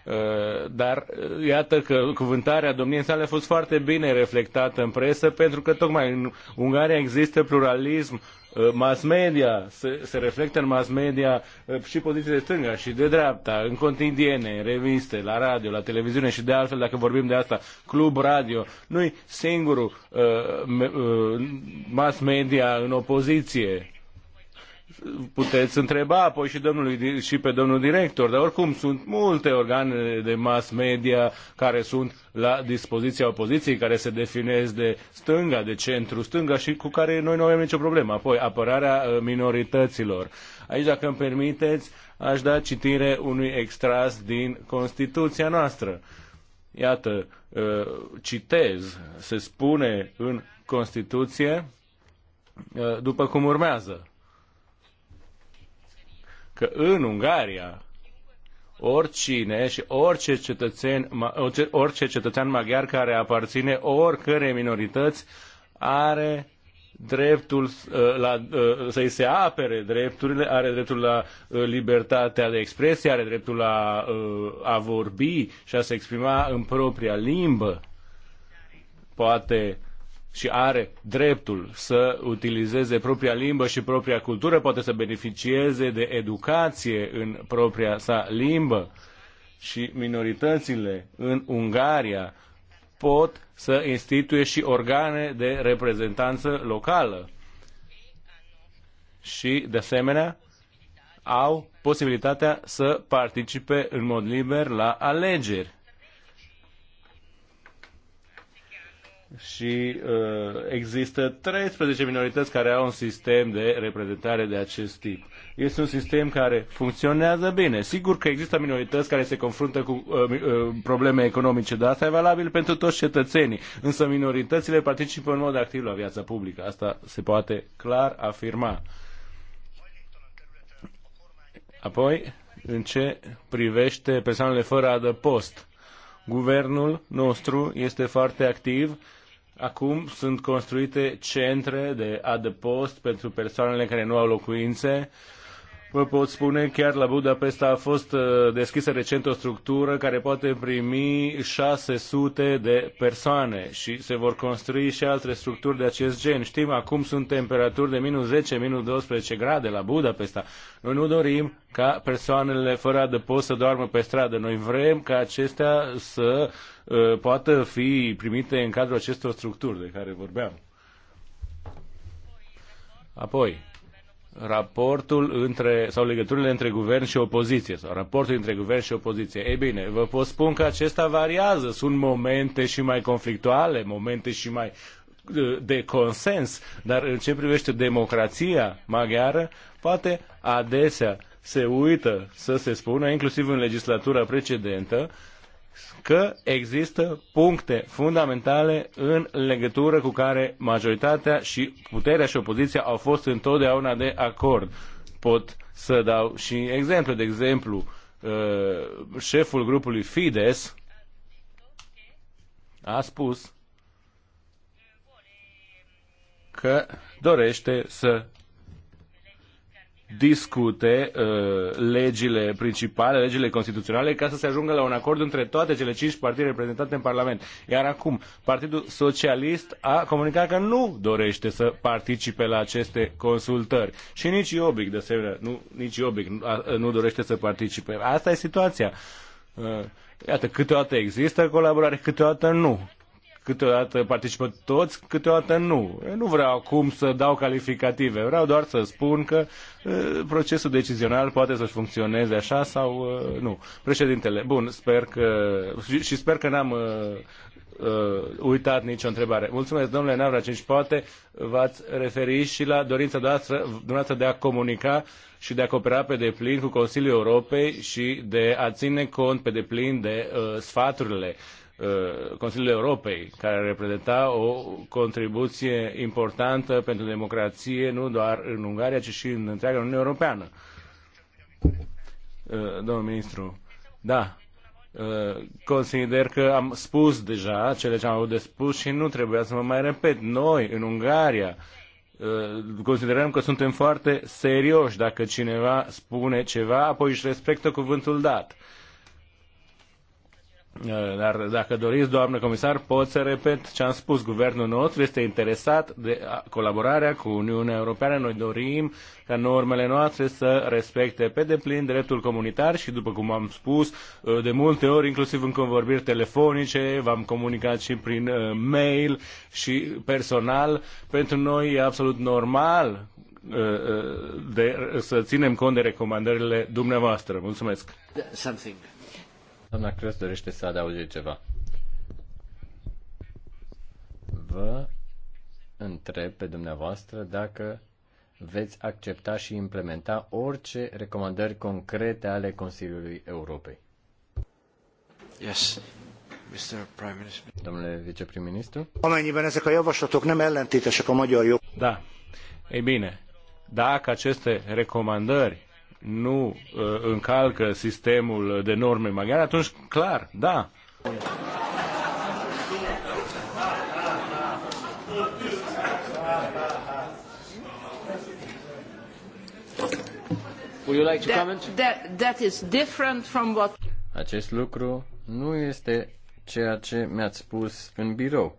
Uh, dar iată că cuvântarea domniei sale a fost foarte bine reflectată în presă pentru că tocmai în Ungaria există pluralism Uh, mass media, se, se reflectă în mass media uh, și poziții de stânga și de dreapta, în contindiene, în reviste, la radio, la televiziune și de altfel, dacă vorbim de asta, club radio, nu-i singurul uh, uh mass media în opoziție puteți întreba apoi și, domnului, și pe domnul director, dar oricum sunt multe organe de mass media care sunt la dispoziția opoziției, care se definez de stânga, de centru stânga și cu care noi nu avem nicio problemă. Apoi, apărarea uh, minorităților. Aici, dacă îmi permiteți, aș da citire unui extras din Constituția noastră. Iată, uh, citez, se spune în Constituție, uh, după cum urmează că în Ungaria oricine și orice cetățen, orice, cetățean maghiar care aparține oricărei minorități are dreptul uh, la, uh, să-i se apere drepturile, are dreptul la uh, libertatea de expresie, are dreptul la a vorbi și a se exprima în propria limbă. Poate și are dreptul să utilizeze propria limbă și propria cultură, poate să beneficieze de educație în propria sa limbă și minoritățile în Ungaria pot să instituie și organe de reprezentanță locală. Și, de asemenea, au posibilitatea să participe în mod liber la alegeri. și uh, există 13 minorități care au un sistem de reprezentare de acest tip. Este un sistem care funcționează bine. Sigur că există minorități care se confruntă cu uh, uh, probleme economice, dar asta e valabil pentru toți cetățenii. Însă minoritățile participă în mod activ la viața publică. Asta se poate clar afirma. Apoi, în ce privește persoanele fără adăpost, guvernul nostru este foarte activ Acum sunt construite centre de adăpost pentru persoanele care nu au locuințe. Vă pot spune, chiar la Budapesta a fost uh, deschisă recent o structură care poate primi 600 de persoane și se vor construi și alte structuri de acest gen. Știm, acum sunt temperaturi de minus 10, minus 12 grade la Budapesta. Noi nu dorim ca persoanele fără adăpost să doarmă pe stradă. Noi vrem ca acestea să Uh, poată fi primite în cadrul acestor structuri de care vorbeam. Apoi, raportul între, sau legăturile între guvern și opoziție, sau raportul între guvern și opoziție. Ei bine, vă pot spun că acesta variază. Sunt momente și mai conflictuale, momente și mai uh, de consens, dar în ce privește democrația maghiară, poate adesea se uită să se spună, inclusiv în legislatura precedentă, că există puncte fundamentale în legătură cu care majoritatea și puterea și opoziția au fost întotdeauna de acord. Pot să dau și exemple. De exemplu, uh, șeful grupului Fides a spus că dorește să discute uh, legile principale, legile constituționale, ca să se ajungă la un acord între toate cele cinci partide reprezentate în Parlament. Iar acum, Partidul Socialist a comunicat că nu dorește să participe la aceste consultări. Și nici Iobic, de asemenea, nu, nici Iobic nu, a, nu dorește să participe. Asta e situația. Uh, iată, câteodată există colaborare, câteodată nu. Câteodată participă toți, câteodată nu. Eu nu vreau acum să dau calificative, vreau doar să spun că uh, procesul decizional poate să funcționeze așa sau uh, nu. Președintele, bun, sper că și sper că n-am uh, uh, uitat nicio întrebare. Mulțumesc, domnule și deci Poate v-ați referit și la dorința noastră, dumneavoastră de a comunica și de a coopera pe deplin cu Consiliul Europei și de a ține cont pe deplin de uh, sfaturile Uh, Consiliul Europei, care reprezenta o contribuție importantă pentru democrație, nu doar în Ungaria, ci și în întreaga Uniune Europeană. Uh, domnul ministru, da, uh, consider că am spus deja cele ce am avut de spus și nu trebuia să mă mai repet. Noi, în Ungaria, considerăm că suntem foarte serioși. Dacă cineva spune ceva, apoi își respectă cuvântul dat. Eh, dar dacă doriți, doamnă comisar, pot să repet ce am spus. Guvernul nostru este interesat de colaborarea cu Uniunea Europeană. Noi dorim ca normele noastre să respecte pe deplin dreptul comunitar și, după cum am spus, eh, de multe ori, inclusiv în convorbiri telefonice, v-am comunicat și prin eh, mail și personal. Pentru noi e absolut normal de, să ținem cont de recomandările dumneavoastră. Mulțumesc! Something. Doamna Cres dorește să adauge ceva. Vă întreb pe dumneavoastră dacă veți accepta și implementa orice recomandări concrete ale Consiliului Europei. Yes. Mr. Prime Minister. Domnule viceprim-ministru? Amennyiben ezek a javaslatok nem ellentétesek a magyar jog. Da. Ei bine, dacă aceste recomandări nu uh, încalcă sistemul de norme maghiare, atunci clar, da. Would you like to comment? That, that is different from what... Acest lucru nu este ceea ce mi-ați spus în birou.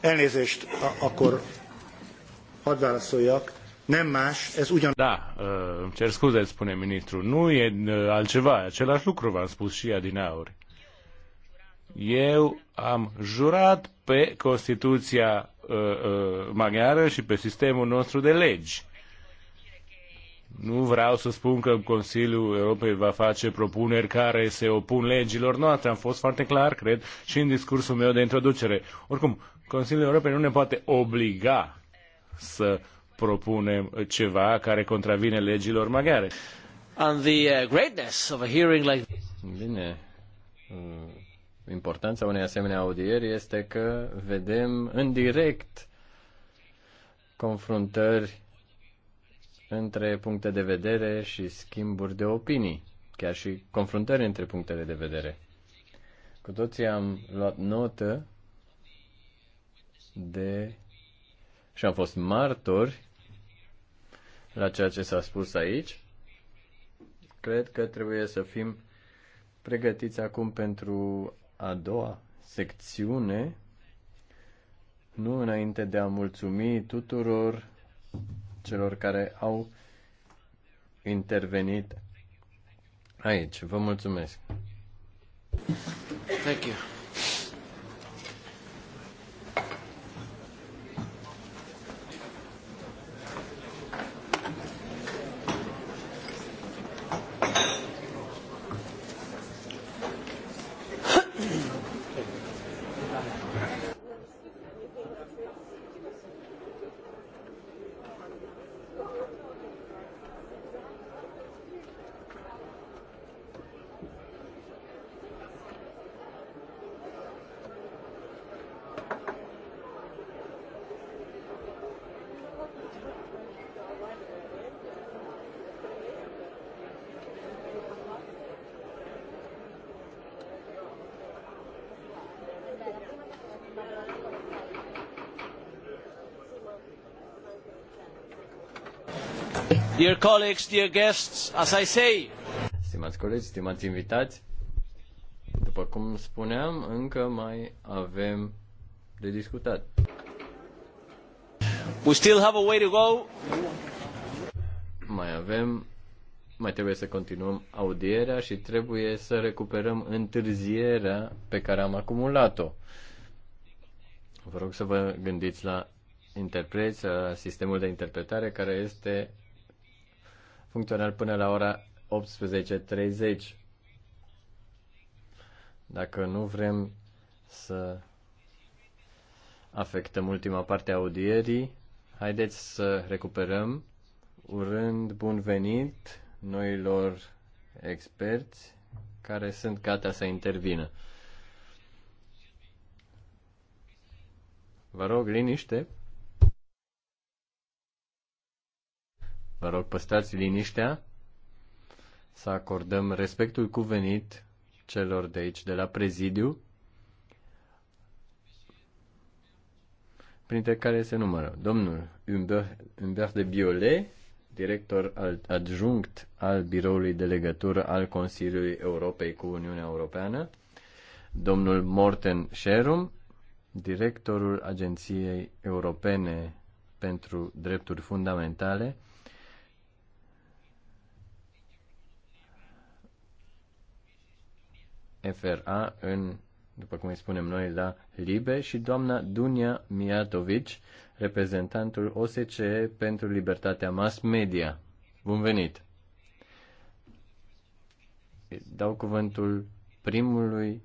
Elnézést, akkor hadd válaszoljak. Nem más, ez ugyan... Da, îmi cer scuze, spune ministrul. Nu e altceva, e același lucru, v-am spus și adinauri. Eu am jurat pe Constituția uh, uh, maghiară și pe sistemul nostru de legi. Nu vreau să spun că Consiliul Europei va face propuneri care se opun legilor noastre. Am fost foarte clar, cred, și în discursul meu de introducere. Oricum, Consiliul Europei nu ne poate obliga să propunem ceva care contravine legilor maghiare. And the uh, greatness of a hearing like Bine. Uh, importanța unei asemenea audieri este că vedem în direct confruntări între puncte de vedere și schimburi de opinii, chiar și confruntări între punctele de vedere. Cu toții am luat notă de și am fost martori la ceea ce s-a spus aici. Cred că trebuie să fim pregătiți acum pentru a doua secțiune, nu înainte de a mulțumi tuturor celor care au intervenit aici. Vă mulțumesc! Thank you. Dear colleagues, dear guests, as I say. Stimați colegi, stimați invitați, după cum spuneam, încă mai avem de discutat. We still have a way to go. Mai avem, mai trebuie să continuăm audierea și trebuie să recuperăm întârzierea pe care am acumulat-o. Vă rog să vă gândiți la interpreți, sistemul de interpretare care este funcțional până la ora 18.30. Dacă nu vrem să afectăm ultima parte a audierii, haideți să recuperăm urând bun venit noilor experți care sunt gata să intervină. Vă rog, liniște! Vă rog, păstrați liniștea să acordăm respectul cuvenit celor de aici, de la prezidiu, printre care se numără domnul Umber de Biolet, director al, adjunct al Biroului de Legătură al Consiliului Europei cu Uniunea Europeană, domnul Morten Sherum, directorul Agenției Europene pentru Drepturi Fundamentale, FRA în, după cum îi spunem noi, la LIBE și doamna Dunia Miatovici, reprezentantul OSCE pentru libertatea mass media. Bun venit! Dau cuvântul primului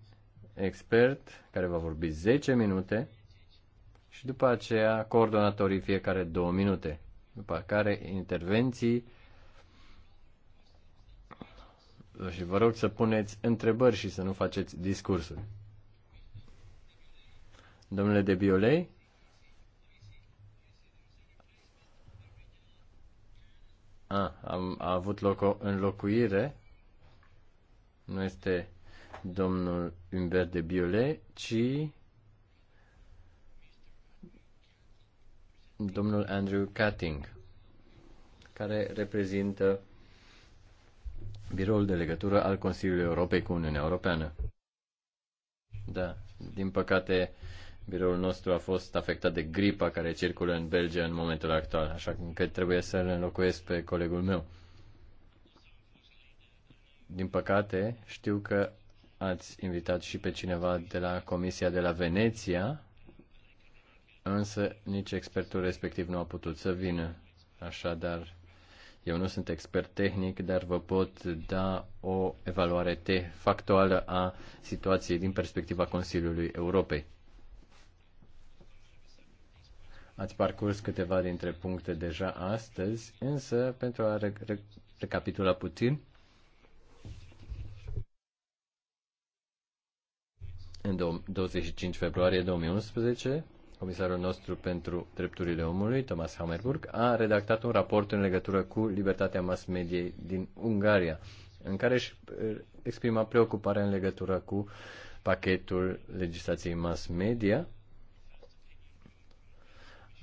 expert care va vorbi 10 minute și după aceea coordonatorii fiecare 2 minute, după care intervenții și vă rog să puneți întrebări și să nu faceți discursuri. Domnule de Biolei? A, am, a avut loc o înlocuire. Nu este domnul Umber de Biolei, ci domnul Andrew Cutting, care reprezintă Biroul de legătură al Consiliului Europei cu Uniunea Europeană. Da, din păcate, biroul nostru a fost afectat de gripa care circulă în Belgia în momentul actual, așa că trebuie să-l înlocuiesc pe colegul meu. Din păcate, știu că ați invitat și pe cineva de la Comisia de la Veneția, însă nici expertul respectiv nu a putut să vină. Așadar, eu nu sunt expert tehnic, dar vă pot da o evaluare te factuală a situației din perspectiva Consiliului Europei. Ați parcurs câteva dintre puncte deja astăzi, însă pentru a re- re- recapitula puțin, în 25 februarie 2011, comisarul nostru pentru drepturile omului, Thomas Hammerburg, a redactat un raport în legătură cu libertatea mass mediei din Ungaria, în care își exprima preocuparea în legătură cu pachetul legislației mass media.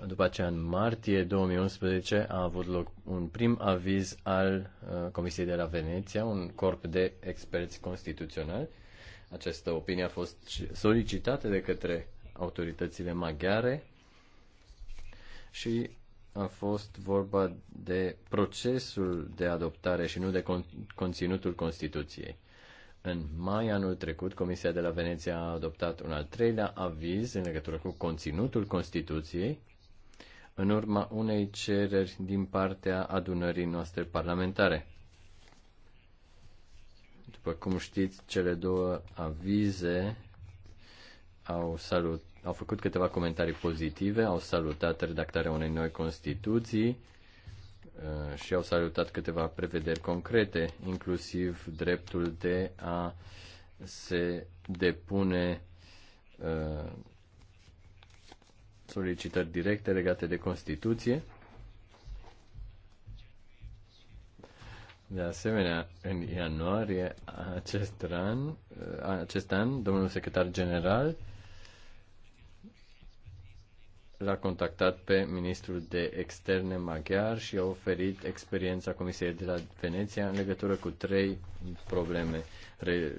După aceea, în martie 2011, a avut loc un prim aviz al uh, Comisiei de la Veneția, un corp de experți constituționali. Această opinie a fost solicitată de către autoritățile maghiare și a fost vorba de procesul de adoptare și nu de con- conținutul Constituției. În mai anul trecut, Comisia de la Veneția a adoptat un al treilea aviz în legătură cu conținutul Constituției, în urma unei cereri din partea adunării noastre parlamentare. După cum știți, cele două avize au, salut, au făcut câteva comentarii pozitive, au salutat redactarea unei noi Constituții uh, și au salutat câteva prevederi concrete, inclusiv dreptul de a se depune uh, solicitări directe legate de Constituție. De asemenea, în ianuarie acest an, uh, acest an, domnul secretar general l-a contactat pe ministrul de externe maghiar și a oferit experiența Comisiei de la Veneția în legătură cu trei probleme. Re,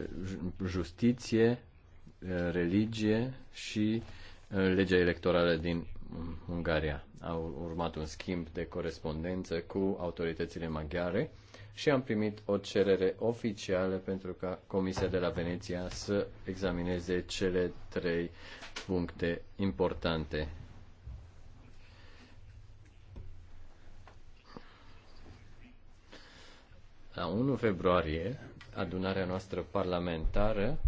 justiție, religie și uh, legea electorală din um, Ungaria. Au urmat un schimb de corespondență cu autoritățile maghiare și am primit o cerere oficială pentru ca Comisia de la Veneția să examineze cele trei puncte importante. La 1 februarie, adunarea noastră parlamentară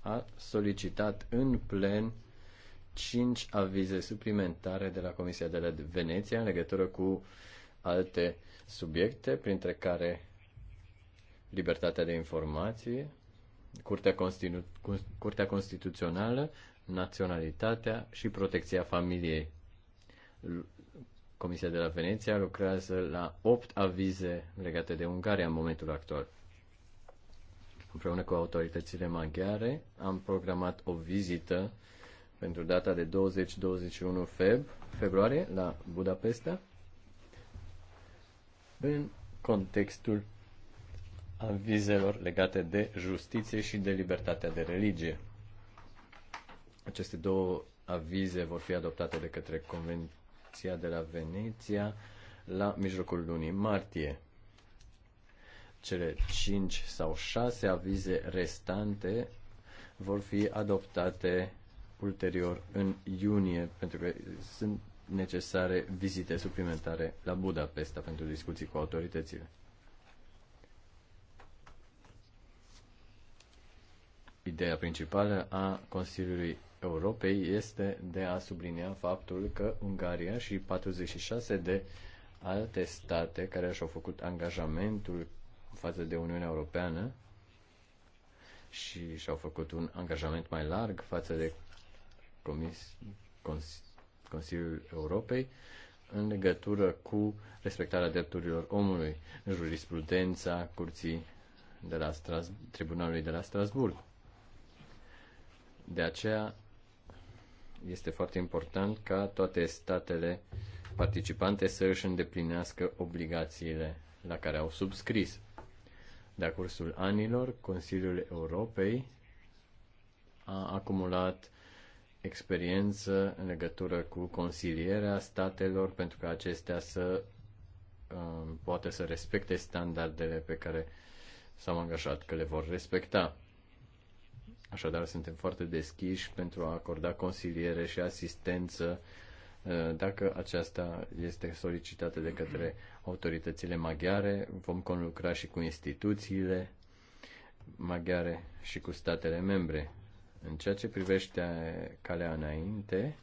a solicitat în plen cinci avize suplimentare de la Comisia de la Veneția în legătură cu alte subiecte, printre care libertatea de informație, Curtea, Constitu- Curtea Constituțională, naționalitatea și protecția familiei. Comisia de la Veneția lucrează la 8 avize legate de Ungaria în momentul actual. Împreună cu autoritățile maghiare am programat o vizită pentru data de 20-21 feb, februarie la Budapesta în contextul avizelor legate de justiție și de libertatea de religie. Aceste două avize vor fi adoptate de către reacția de la Veneția la mijlocul lunii martie. Cele 5 sau 6 avize restante vor fi adoptate ulterior în iunie, pentru că sunt necesare vizite suplimentare la Budapesta pentru discuții cu autoritățile. Ideea principală a Consiliului Europei este de a sublinia faptul că Ungaria și 46 de alte state care și-au făcut angajamentul față de Uniunea Europeană și și-au făcut un angajament mai larg față de Comis, Cons, Consiliul Europei în legătură cu respectarea drepturilor omului, jurisprudența curții de la Stras, Tribunalului de la Strasburg. De aceea este foarte important ca toate statele participante să își îndeplinească obligațiile la care au subscris. De-a cursul anilor, Consiliul Europei a acumulat experiență în legătură cu consilierea statelor pentru că acestea să um, poate să respecte standardele pe care s-au angajat că le vor respecta. Așadar, suntem foarte deschiși pentru a acorda consiliere și asistență uh, dacă aceasta este solicitată de către autoritățile maghiare. Vom conlucra și cu instituțiile maghiare și cu statele membre. În ceea ce privește calea înainte,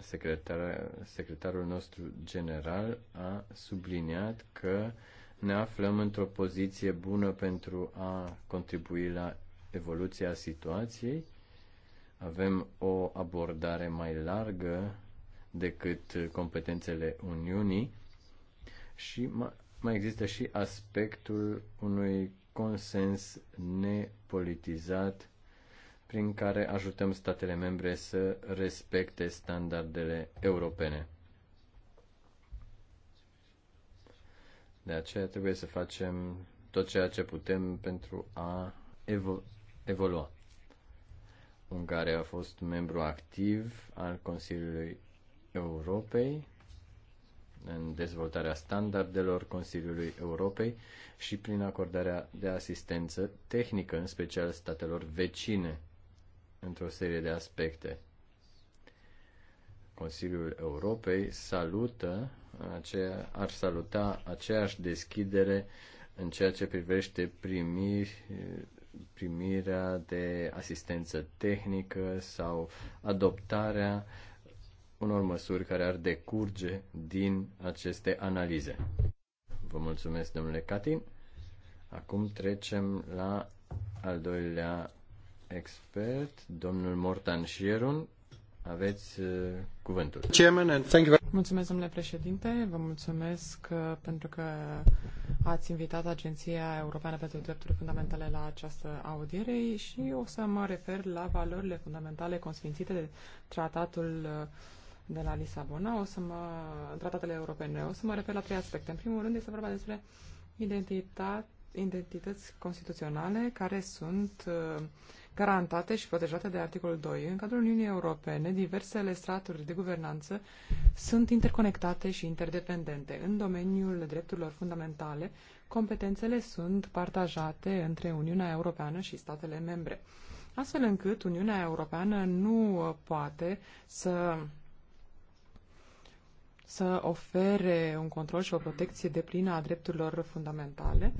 secretar, secretarul nostru general a subliniat că uh, ne aflăm într-o poziție bună pentru a contribui la evoluția situației. Avem o abordare mai largă decât competențele Uniunii și mai există și aspectul unui consens nepolitizat prin care ajutăm statele membre să respecte standardele europene. De aceea trebuie să facem tot ceea ce putem pentru a evo- evolua. Ungaria a fost membru activ al Consiliului Europei în dezvoltarea standardelor Consiliului Europei și prin acordarea de asistență tehnică, în special statelor vecine, într-o serie de aspecte. Consiliul Europei salută aceea ar saluta aceeași deschidere în ceea ce privește primiri, primirea de asistență tehnică sau adoptarea unor măsuri care ar decurge din aceste analize. Vă mulțumesc, domnule Catin. Acum trecem la al doilea expert, domnul Mortan Șierun, aveți uh, cuvântul. Mulțumesc, domnule președinte. Vă mulțumesc uh, pentru că ați invitat Agenția Europeană pentru Drepturile Fundamentale la această audiere și o să mă refer la valorile fundamentale consfințite de tratatul uh, de la Lisabona, o să mă, tratatele europene. O să mă refer la trei aspecte. În primul rând este vorba despre identitate, identități constituționale care sunt uh, garantate și protejate de articolul 2. În cadrul Uniunii Europene, diversele straturi de guvernanță sunt interconectate și interdependente. În domeniul drepturilor fundamentale, competențele sunt partajate între Uniunea Europeană și statele membre, astfel încât Uniunea Europeană nu poate să să ofere un control și o protecție deplină a drepturilor fundamentale,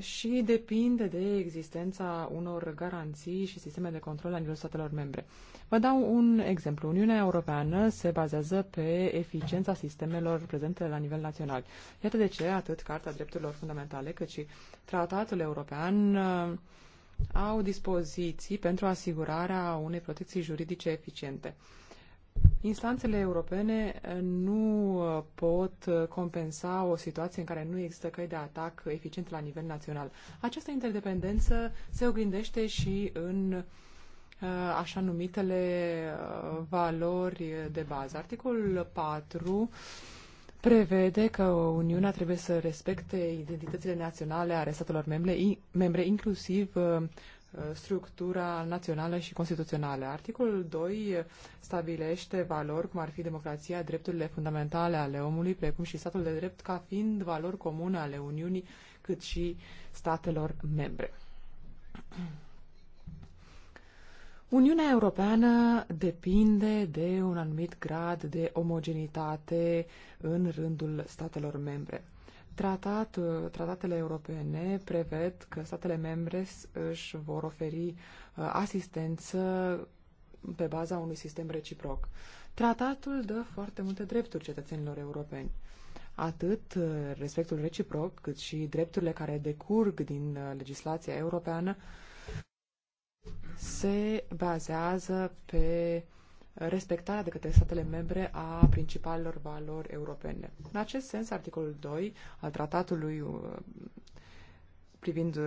și depinde de existența unor garanții și sisteme de control la nivelul statelor membre. Vă dau un exemplu. Uniunea Europeană se bazează pe eficiența sistemelor prezente la nivel național. Iată de ce atât Carta Drepturilor Fundamentale cât și Tratatul European uh, au dispoziții pentru asigurarea unei protecții juridice eficiente. Instanțele europene eh, nu eh, pot eh, compensa o situație în care nu există căi de atac eficiente la nivel național. Această interdependență se oglindește și în așa numitele valori de bază. Articolul 4 prevede că Uniunea trebuie să respecte identitățile naționale ale statelor membre, membre inclusiv structura națională și constituțională. Articolul 2 stabilește valori cum ar fi democrația, drepturile fundamentale ale omului, precum și statul de drept, ca fiind valori comune ale Uniunii, cât și statelor membre. Uniunea Europeană depinde de un anumit grad de omogenitate în rândul statelor membre. Tratat, uh, tratatele europene preved că statele membre își vor oferi uh, asistență pe baza unui sistem reciproc. Tratatul dă foarte multe drepturi cetățenilor europeni. Atât uh, respectul reciproc, cât și drepturile care decurg din legislația europeană se bazează pe uh, respectarea de către statele membre a principalelor valori europene. În acest sens, articolul 2 al tratatului uh, privind uh,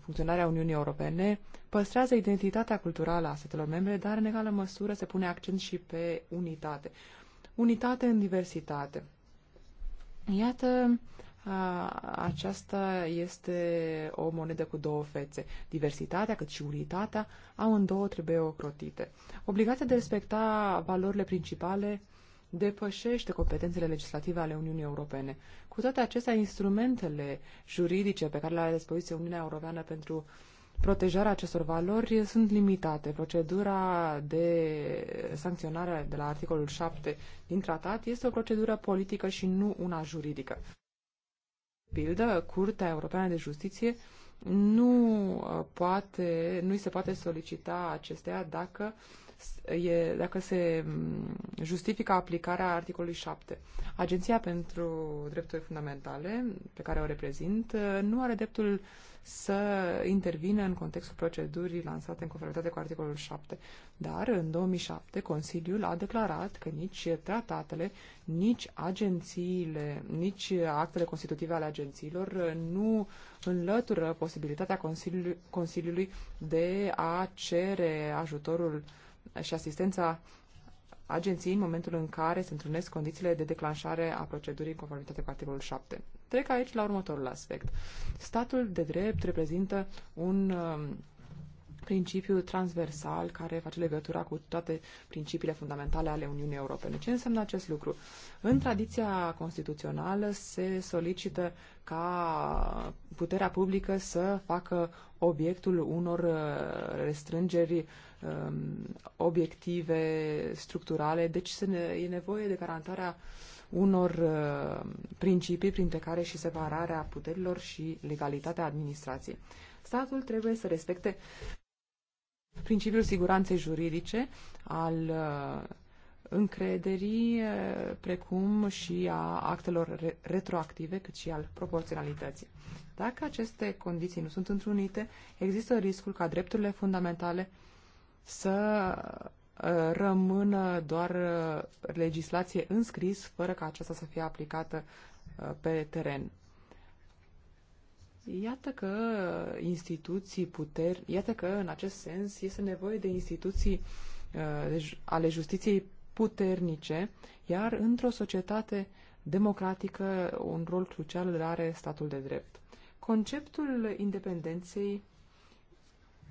funcționarea Uniunii Europene păstrează identitatea culturală a statelor membre, dar în egală măsură se pune accent și pe unitate. Unitate în diversitate. Iată aceasta este o monedă cu două fețe. Diversitatea, cât și unitatea, amândouă trebuie ocrotite. Obligația de respecta valorile principale depășește competențele legislative ale Uniunii Europene. Cu toate acestea, instrumentele juridice pe care le are dispoziție Uniunea Europeană pentru protejarea acestor valori sunt limitate. Procedura de sancționare de la articolul 7 din tratat este o procedură politică și nu una juridică pildă, Curtea Europeană de Justiție nu uh, poate, nu îi se poate solicita acestea dacă uh, e, dacă se mm, justifică aplicarea articolului 7. Agenția pentru Drepturi Fundamentale, pe care o reprezint, uh, nu are dreptul să intervină în contextul procedurii lansate în conformitate cu articolul 7. Dar, în 2007, Consiliul a declarat că nici tratatele, nici agențiile, nici actele constitutive ale agențiilor uh, nu înlătură posibilitatea Consiliului, de a cere ajutorul uh, și asistența agenției în momentul în care se întrunesc condițiile de declanșare a procedurii conformitate cu articolul 7. Trec aici la următorul aspect. Statul de drept reprezintă un um, principiu transversal care face legătura cu toate principiile fundamentale ale Uniunii Europene. Ce înseamnă acest lucru? În tradiția constituțională se solicită ca puterea publică să facă obiectul unor uh, restrângeri um, obiective, structurale, deci se ne, e nevoie de garantarea unor uh, principii, printre care și separarea puterilor și legalitatea administrației. Statul trebuie să respecte Principiul siguranței juridice al uh, încrederii, uh, precum și a actelor retroactive, cât și al proporționalității. Dacă aceste condiții nu sunt întrunite, există riscul ca drepturile fundamentale să uh, rămână doar legislație înscris, fără ca aceasta să fie aplicată pe teren. Iată că instituții puteri, iată că în acest sens este nevoie de instituții uh, ale justiției puternice, iar într-o societate democratică un rol crucial îl are statul de drept. Conceptul independenței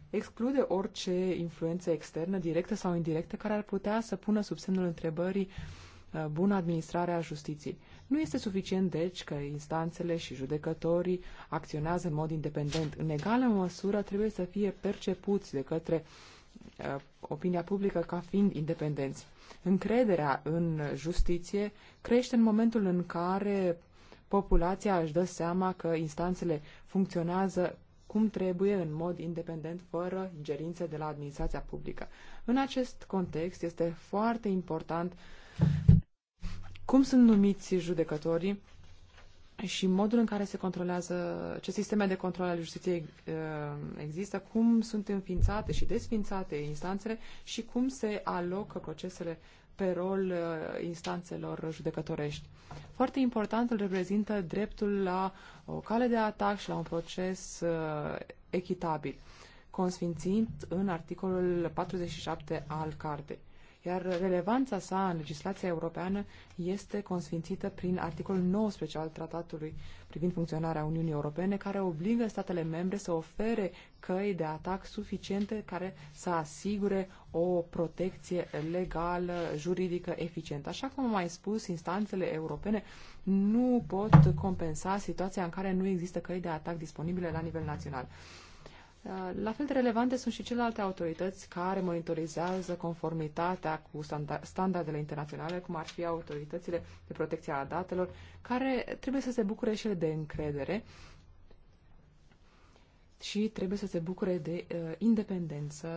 exclude orice influență externă, directă sau indirectă, care ar putea să pună sub semnul întrebării uh, bună administrare a justiției. Nu este suficient, deci, că instanțele și judecătorii acționează în mod independent. În egală măsură trebuie să fie percepuți de către uh, opinia publică ca fiind independenți. Încrederea în justiție crește în momentul în care populația își dă seama că instanțele funcționează cum trebuie, în mod independent, fără ingerințe de la administrația publică. În acest context este foarte important cum sunt numiți judecătorii și modul în care se controlează, ce sisteme de control al justiției uh, există, cum sunt înființate și desfințate instanțele și cum se alocă procesele pe rol uh, instanțelor judecătorești. Foarte important îl reprezintă dreptul la o cale de atac și la un proces uh, echitabil, consfințind în articolul 47 al cartei iar relevanța sa în legislația europeană este consfințită prin articolul 19 al tratatului privind funcționarea Uniunii Europene, care obligă statele membre să ofere căi de atac suficiente care să asigure o protecție legală, juridică, eficientă. Așa cum am mai spus, instanțele europene nu pot compensa situația în care nu există căi de atac disponibile la nivel național. La fel de relevante sunt și celelalte autorități care monitorizează conformitatea cu standardele internaționale, cum ar fi autoritățile de protecție a datelor, care trebuie să se bucure și ele de încredere și trebuie să se bucure de uh, independență,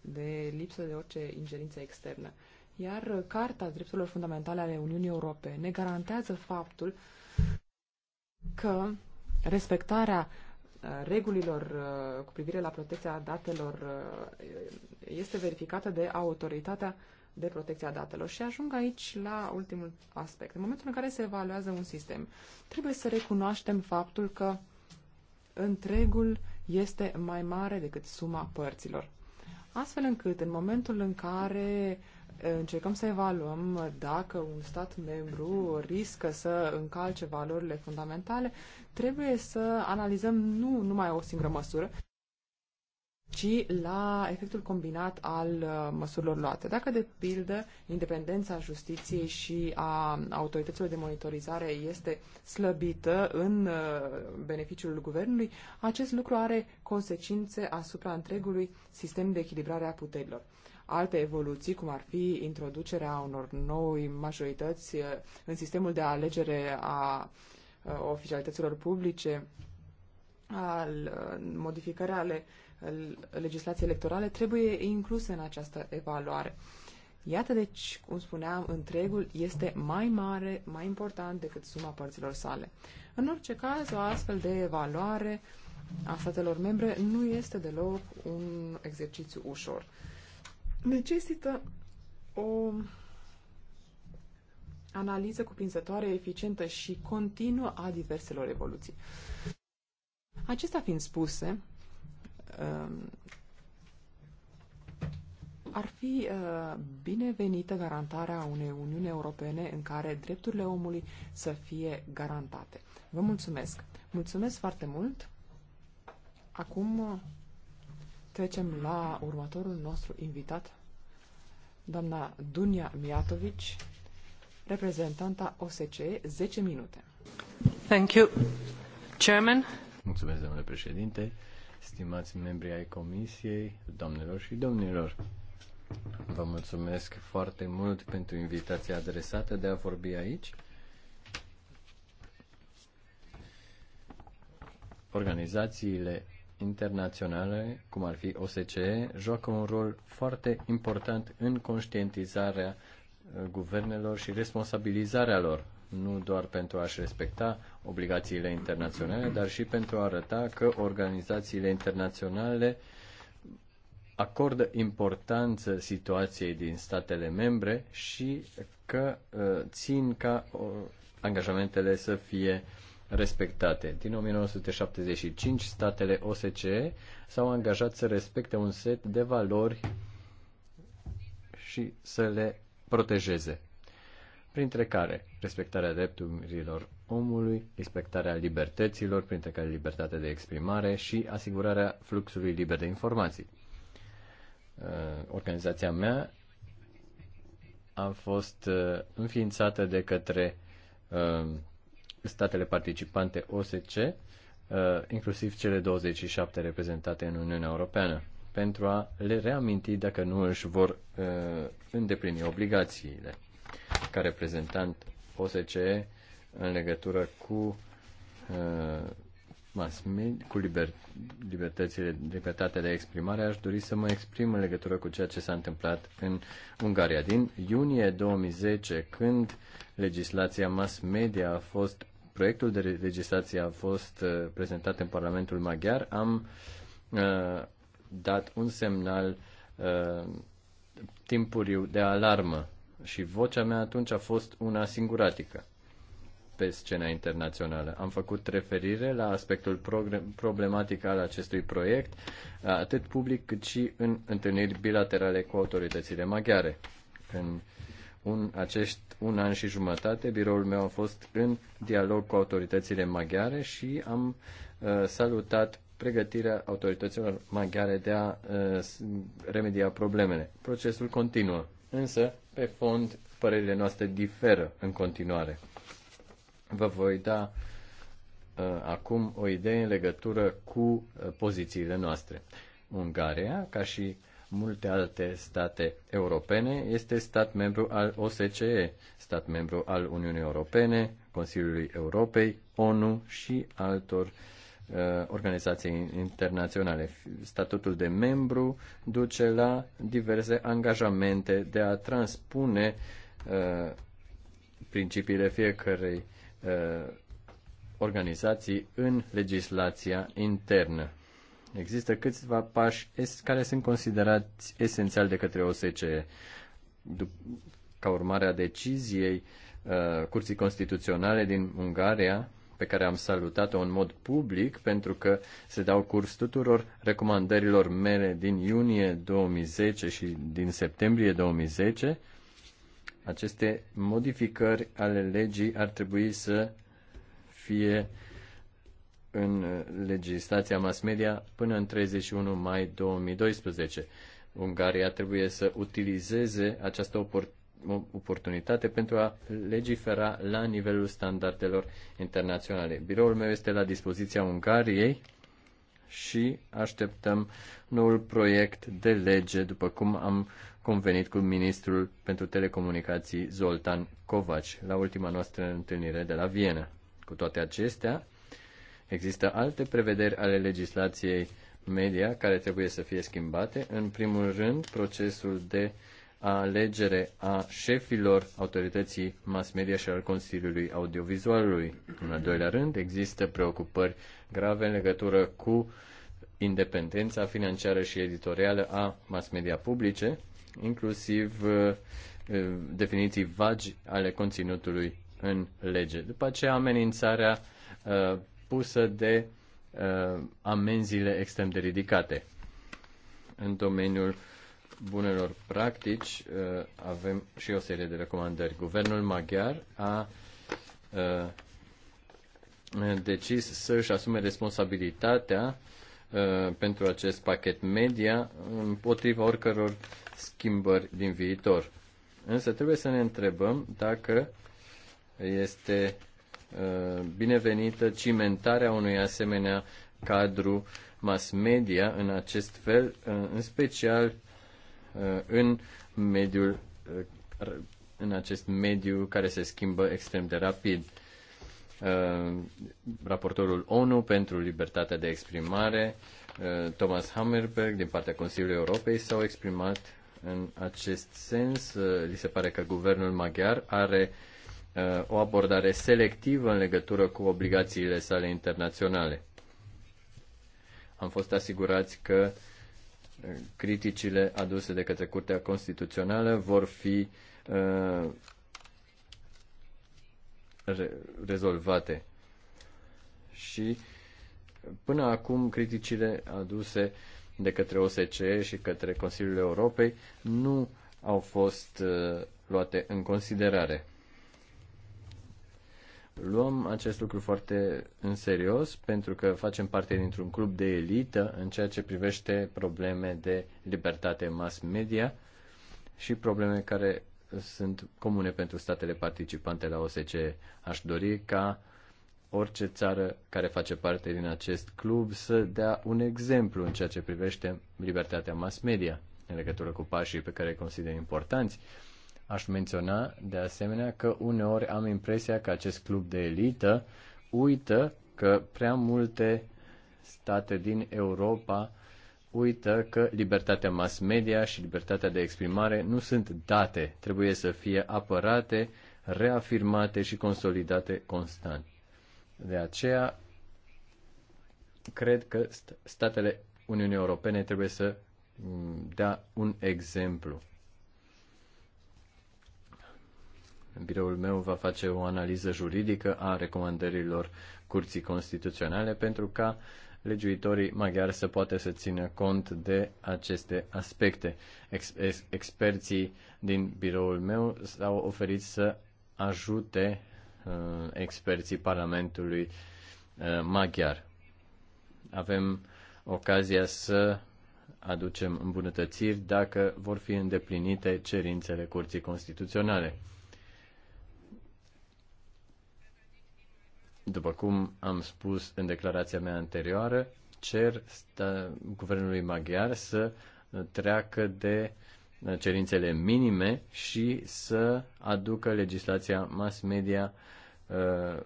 de lipsă de orice ingerință externă. Iar Carta Drepturilor Fundamentale ale Uniunii Europene garantează faptul că respectarea regulilor uh, cu privire la protecția datelor uh, este verificată de autoritatea de protecția datelor. Și ajung aici la ultimul aspect. În momentul în care se evaluează un sistem, trebuie să recunoaștem faptul că întregul este mai mare decât suma părților. Astfel încât, în momentul în care uh, încercăm să evaluăm dacă un stat membru riscă să încalce valorile fundamentale, trebuie să analizăm nu numai o singură măsură, ci la efectul combinat al uh, măsurilor luate. Dacă, de pildă, independența justiției și a autorităților de monitorizare este slăbită în uh, beneficiul guvernului, acest lucru are consecințe asupra întregului sistem de echilibrare a puterilor alte evoluții, cum ar fi introducerea unor noi majorități eh, în sistemul de alegere a eh, oficialităților publice, al eh, modificării ale legislației electorale, trebuie incluse în această evaluare. Iată deci, cum spuneam, întregul este mai mare, mai important decât suma părților sale. În orice caz, o astfel de evaluare a statelor membre nu este deloc un exercițiu ușor necesită o analiză cuprinzătoare, eficientă și continuă a diverselor evoluții. Acestea fiind spuse, um, ar fi uh, binevenită garantarea unei Uniuni Europene în care drepturile omului să fie garantate. Vă mulțumesc! Mulțumesc foarte mult! Acum Trecem la următorul nostru invitat, doamna Dunia Miatovici, reprezentanta OSCE, 10 minute. Thank you. Chairman. Mulțumesc, domnule președinte, stimați membri ai comisiei, doamnelor și domnilor. Vă mulțumesc foarte mult pentru invitația adresată de a vorbi aici. Organizațiile internaționale, cum ar fi OSCE, joacă un rol foarte important în conștientizarea uh, guvernelor și responsabilizarea lor, nu doar pentru a-și respecta obligațiile internaționale, dar și pentru a arăta că organizațiile internaționale acordă importanță situației din statele membre și că uh, țin ca uh, angajamentele să fie uh, respectate. Din 1975, statele OSCE s-au angajat să respecte un set de valori și să le protejeze, printre care respectarea drepturilor omului, respectarea libertăților, printre care libertatea de exprimare și asigurarea fluxului liber de informații. Uh, organizația mea a fost uh, înființată de către uh, statele participante OSCE, uh, inclusiv cele 27 reprezentate în Uniunea Europeană, pentru a le reaminti dacă nu își vor uh, îndeplini obligațiile. Ca reprezentant OSCE în legătură cu uh, mass media, cu liber, libertățile, libertatea de exprimare, aș dori să mă exprim în legătură cu ceea ce s-a întâmplat în Ungaria. Din iunie 2010, când legislația mass media a fost proiectul de legislație a fost uh, prezentat în Parlamentul Maghiar, am uh, dat un semnal uh, timpuriu de alarmă și vocea mea atunci a fost una singuratică pe scena internațională. Am făcut referire la aspectul problematic al acestui proiect, atât public cât și în întâlniri bilaterale cu autoritățile maghiare. În un, acești un an și jumătate, biroul meu a fost în dialog cu autoritățile maghiare și am uh, salutat pregătirea autorităților maghiare de a uh, remedia problemele. Procesul continuă, însă, pe fond, părerile noastre diferă în continuare. Vă voi da uh, acum o idee în legătură cu uh, pozițiile noastre. Ungaria, ca și uh, multe alte state europene, este stat membru al OSCE, stat membru al Uniunii Europene, Consiliului Europei, ONU și altor uh, organizații internaționale. Statutul de membru duce la diverse angajamente de a transpune uh, principiile fiecărei uh, organizații în legislația internă. Există câțiva pași care sunt considerați esențiali de către OSCE. Ca urmare a deciziei uh, Curții Constituționale din Ungaria, pe care am salutat-o în mod public, pentru că se dau curs tuturor recomandărilor mele din iunie 2010 și din septembrie 2010, aceste modificări ale legii ar trebui să fie uh, în legislația mass media până în 31 mai 2012. Ungaria trebuie să utilizeze această oportunitate pentru a legifera la nivelul standardelor internaționale. Biroul meu este la dispoziția Ungariei și așteptăm noul proiect de lege, după cum am convenit cu ministrul pentru telecomunicații Zoltan Covaci la ultima noastră întâlnire de la Viena. Cu toate acestea, Există alte prevederi ale legislației media care trebuie să fie schimbate. În primul rând, procesul de alegere a șefilor autorității mass media și al Consiliului Audiovizualului. În al doilea rând, există preocupări grave în legătură cu independența financiară și editorială a mass media publice, inclusiv uh, definiții vagi ale conținutului în lege. După aceea, amenințarea uh, supusă de uh, amenziile extrem de ridicate. În domeniul bunelor practici uh, avem și o serie de recomandări. Guvernul maghiar a uh, decis să-și asume responsabilitatea uh, pentru acest pachet media împotriva oricăror schimbări din viitor. Însă trebuie să ne întrebăm dacă este Uh, binevenită cimentarea unui asemenea cadru mass media în acest fel, uh, în special uh, în mediul în acest mediu care se schimbă extrem de rapid. Raportorul ONU pentru libertatea de exprimare, Thomas Hammerberg, din partea Consiliului Europei, s-au exprimat în acest sens. Li se pare că guvernul maghiar are uh, Uh, o abordare selectivă în legătură cu obligațiile sale internaționale. Am fost asigurați că uh, criticile aduse de către Curtea Constituțională vor fi uh, re rezolvate. Și până acum criticile aduse de către OSCE și către Consiliul Europei nu au fost uh, luate în considerare luăm acest lucru foarte în serios pentru că facem parte dintr-un club de elită în ceea ce privește probleme de libertate mass media și probleme care sunt comune pentru statele participante la OSCE. Aș dori ca orice țară care face parte din acest club să dea un exemplu în ceea ce privește libertatea mass media în legătură cu pașii pe care îi consider importanți Aș menționa de asemenea că uneori am impresia că acest club de elită uită că prea multe state din Europa uită că libertatea mass media și libertatea de exprimare nu sunt date, trebuie să fie apărate, reafirmate și consolidate constant. De aceea, cred că statele Uniunii Europene trebuie să mm, dea un exemplu. biroul meu va face o analiză juridică a recomandărilor Curții Constituționale pentru ca legiuitorii maghiari să poată să țină cont de aceste aspecte. Ex- ex- experții din biroul meu s-au oferit să ajute uh, experții Parlamentului uh, maghiar. Avem ocazia să aducem îmbunătățiri dacă vor fi îndeplinite cerințele Curții Constituționale. După cum am spus în declarația mea anterioară, cer sta, guvernului maghiar să treacă de uh, cerințele minime și să aducă legislația mass media uh,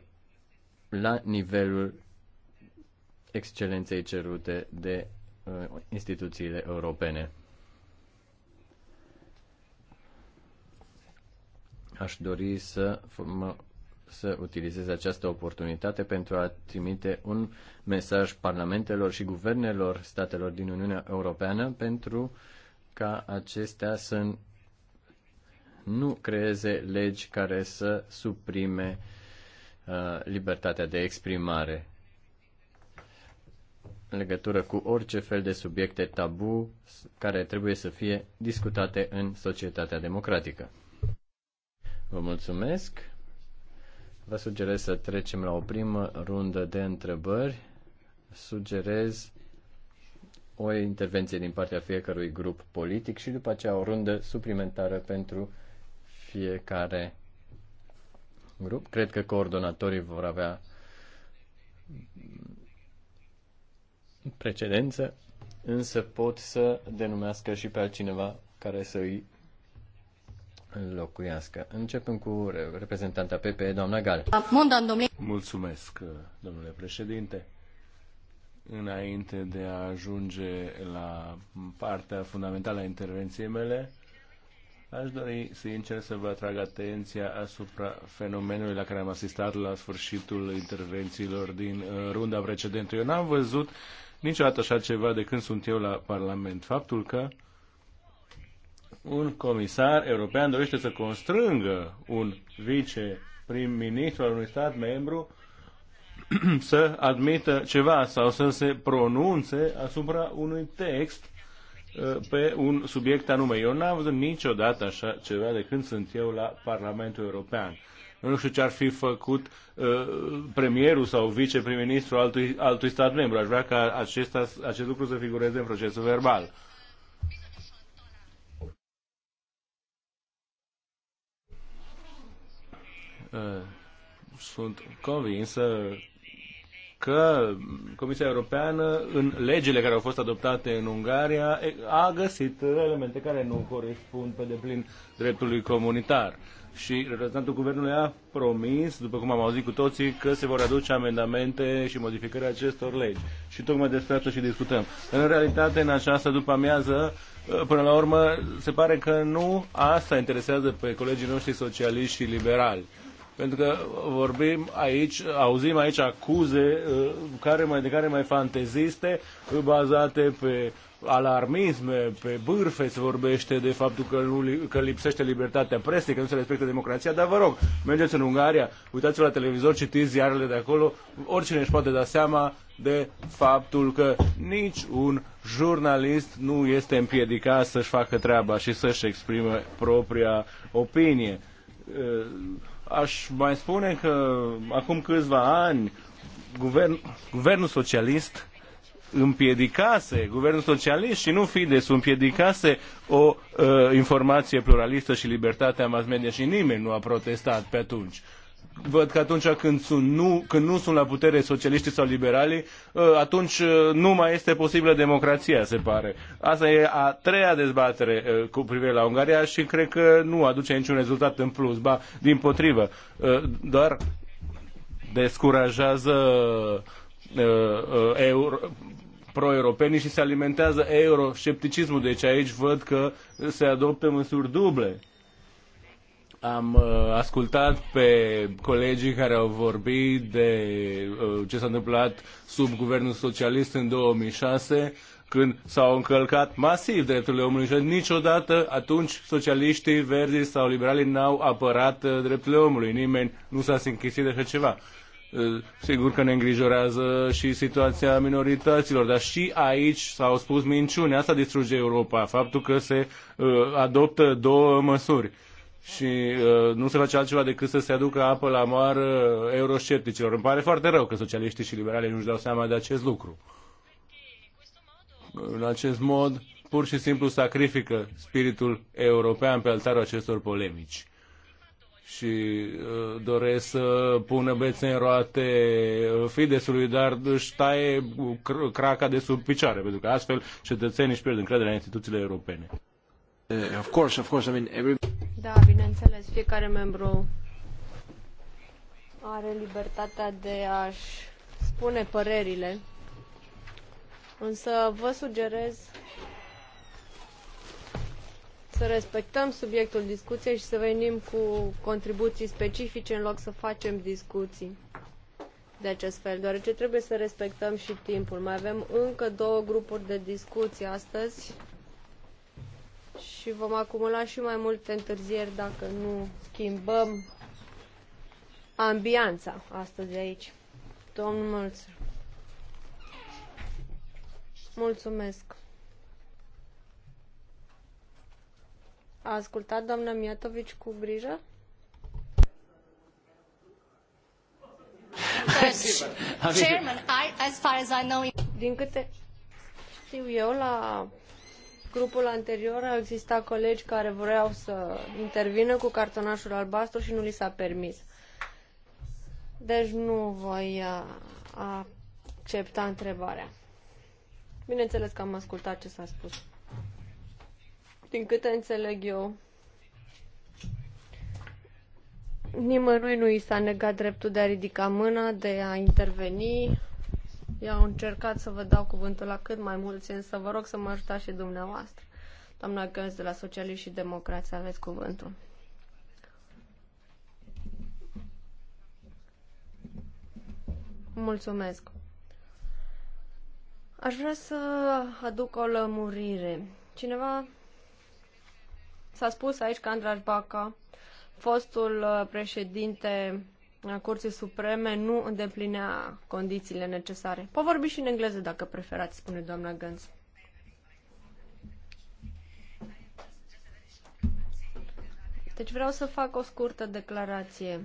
la nivelul excelenței cerute de uh, instituțiile europene. Aș dori să mă să utilizeze această oportunitate pentru a trimite un mesaj parlamentelor și guvernelor statelor din Uniunea Europeană pentru ca acestea să nu creeze legi care să suprime uh, libertatea de exprimare în legătură cu orice fel de subiecte tabu care trebuie să fie discutate în societatea democratică. Vă mulțumesc! Vă sugerez să trecem la o primă rundă de întrebări. Sugerez o intervenție din partea fiecărui grup politic și după aceea o rundă suplimentară pentru fiecare grup. Cred că coordonatorii vor avea precedență, însă pot să denumească și pe altcineva care să îi înlocuiască. Începem cu reprezentanta PP, doamna Gal. Mulțumesc, domnule președinte. Înainte de a ajunge la partea fundamentală a intervenției mele, aș dori sincer să vă atrag atenția asupra fenomenului la care am asistat la sfârșitul intervențiilor din uh, runda precedentă. Eu n-am văzut niciodată așa ceva de când sunt eu la Parlament. Faptul că un comisar european dorește să constrângă un vice prim-ministru al unui stat membru să admită ceva sau să se pronunțe asupra unui text uh, pe un subiect anume. Eu n-am văzut niciodată așa ceva de când sunt eu la Parlamentul European. Nu știu ce ar fi făcut uh, premierul sau viceprim ministru altui, altui stat membru. Aș vrea ca acesta, acest lucru să figureze în procesul verbal. Uh, sunt convinsă uh, că Comisia Europeană, în legile care au fost adoptate în Ungaria, a găsit elemente care nu corespund pe deplin dreptului comunitar. Și reprezentantul guvernului a promis, după cum am auzit cu toții, că se vor aduce amendamente și modificări acestor legi. Și tocmai despre asta și discutăm. În realitate, în această după amiază, uh, până la urmă, se pare că nu asta interesează pe colegii noștri socialiști și liberali pentru că vorbim aici, auzim aici acuze uh, care mai, de care mai fanteziste, bazate pe alarmisme, pe bârfe se vorbește de faptul că, nu, că lipsește libertatea presei, că nu se respectă democrația, dar vă rog, mergeți în Ungaria, uitați-vă la televizor, citiți ziarele de acolo, oricine își poate da seama de faptul că nici un jurnalist nu este împiedicat să-și facă treaba și să-și exprime propria opinie uh, Aș mai spune că acum câțiva ani guvern, guvernul socialist împiedicase, guvernul socialist și nu Fides, împiedicase o uh, informație pluralistă și libertatea mass media și nimeni nu a protestat pe atunci văd că atunci când, sunt nu, când nu sunt la putere socialiștii sau liberalii, ă, atunci ă, nu mai este posibilă democrația, se pare. Asta e a treia dezbatere ă, cu privire la Ungaria și cred că nu aduce niciun rezultat în plus, ba, din potrivă, doar descurajează euro, pro-europenii și se alimentează euroscepticismul. Deci aici văd că se adoptă măsuri duble am uh, ascultat pe colegii care au vorbit de uh, ce s-a întâmplat sub guvernul socialist în 2006, când s-au încălcat masiv drepturile omului și niciodată atunci socialiștii, verzi sau liberalii n-au apărat uh, drepturile omului. Nimeni nu s-a închisit de așa ceva. Uh, sigur că ne îngrijorează și situația minorităților, dar și aici s-au spus minciuni. Asta distruge Europa, faptul că se uh, adoptă două măsuri. Uh, și uh, nu se face altceva decât să se aducă apă la moară euroscepticilor. Îmi pare foarte rău că socialiștii și liberalii nu-și dau seama de acest lucru. În acest mod, pur și simplu sacrifică spiritul european pe altarul acestor polemici. Și uh, doresc să pună bețe în roate Fidesului, dar își taie craca de sub picioare, pentru că astfel cetățenii își pierd încrederea în instituțiile europene. Uh, of course, of course, I mean, every... Da, bineînțeles, fiecare membru are libertatea de a-și spune părerile, însă vă sugerez să respectăm subiectul discuției și să venim cu contribuții specifice în loc să facem discuții de acest fel, deoarece trebuie să respectăm și timpul. Mai avem încă două grupuri de discuții astăzi și vom acumula și mai multe întârzieri dacă nu schimbăm ambianța astăzi aici. Domnul Mulț. Mulțumesc. A ascultat doamna Miatovici cu grijă? Din câte știu eu, la grupul anterior au existat colegi care vreau să intervină cu cartonașul albastru și nu li s-a permis. Deci nu voi accepta întrebarea. Bineînțeles că am ascultat ce s-a spus. Din câte înțeleg eu, nimănui nu i s-a negat dreptul de a ridica mâna, de a interveni, eu am încercat să vă dau cuvântul la cât mai mulți, însă vă rog să mă ajutați și dumneavoastră. Doamna Gânz de la Socialiști și Democrați, aveți cuvântul. Mulțumesc. Aș vrea să aduc o lămurire. Cineva s-a spus aici că Andraș Baca, fostul uh, președinte a Curții Supreme nu îndeplinea condițiile necesare. Poți vorbi și în engleză dacă preferați, spune doamna Gânz. Deci vreau să fac o scurtă declarație.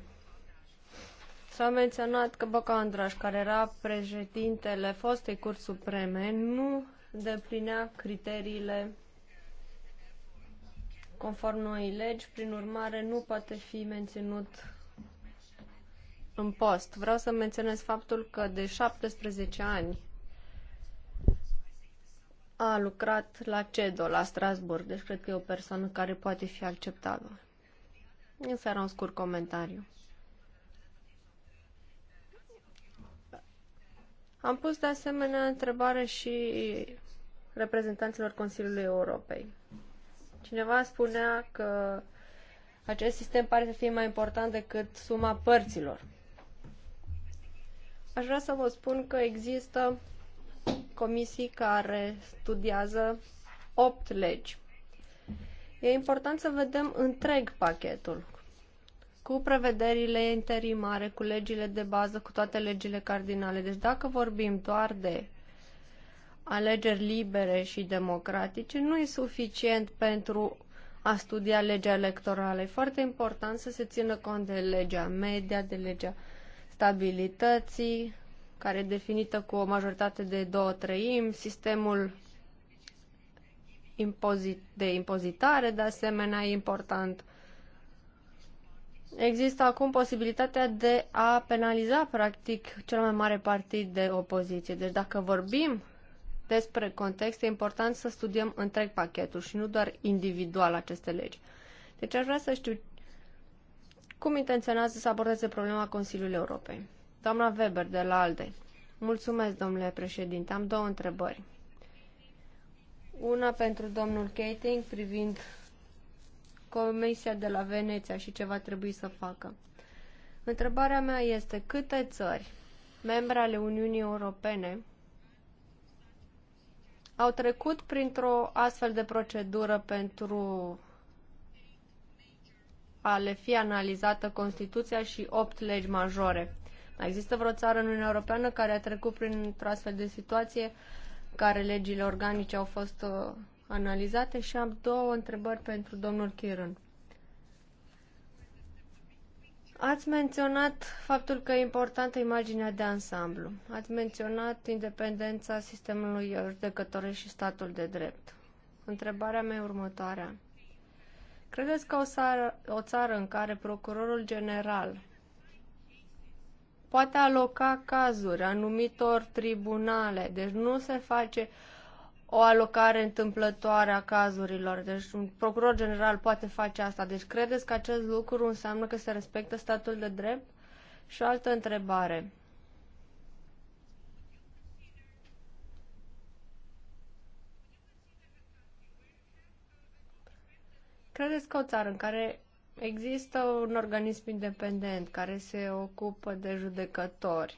S-a menționat că Boca Andraș, care era președintele fostei Curți Supreme, nu îndeplinea criteriile conform noii legi, prin urmare nu poate fi menținut în post. Vreau să menționez faptul că de 17 ani a lucrat la CEDO, la Strasburg, deci cred că e o persoană care poate fi acceptabilă. Însă era un scurt comentariu. Am pus de asemenea întrebare și reprezentanților Consiliului Europei. Cineva spunea că acest sistem pare să fie mai important decât suma părților. Aș vrea să vă spun că există comisii care studiază 8 legi. E important să vedem întreg pachetul cu prevederile interimare, cu legile de bază, cu toate legile cardinale. Deci dacă vorbim doar de alegeri libere și democratice, nu e suficient pentru a studia legea electorală. E foarte important să se țină cont de legea media, de legea uh, stabilității, care e definită cu o majoritate de două treimi, sistemul de impozitare, de asemenea, e important. Există acum posibilitatea de a penaliza, practic, cel mai mare partid de opoziție. Deci, dacă vorbim despre context, e important să studiem întreg pachetul și nu doar individual aceste legi. Deci, aș vrea să știu cum intenționează să abordeze problema Consiliului Europei. Doamna Weber de la ALDE. Mulțumesc, domnule președinte. Am două întrebări. Una pentru domnul Keating privind Comisia de la Veneția și ce va trebui să facă. Întrebarea mea este câte țări, membre ale Uniunii Europene, au trecut printr-o astfel de procedură pentru a le fi analizată Constituția și opt legi majore. Mai există vreo țară în Uniunea Europeană care a trecut printr-o astfel de situație, care legile organice au fost uh, analizate și am două întrebări pentru domnul Chiron. Ați menționat faptul că e importantă imaginea de ansamblu. Ați menționat independența sistemului judecătoresc și statul de drept. Întrebarea mea e următoarea. Credeți că o țară, o țară în care procurorul general poate aloca cazuri anumitor tribunale, deci nu se face o alocare întâmplătoare a cazurilor, deci un procuror general poate face asta. Deci credeți că acest lucru înseamnă că se respectă statul de drept? Și o altă întrebare. Credeți că o țară în care există un organism independent care se ocupă de judecători,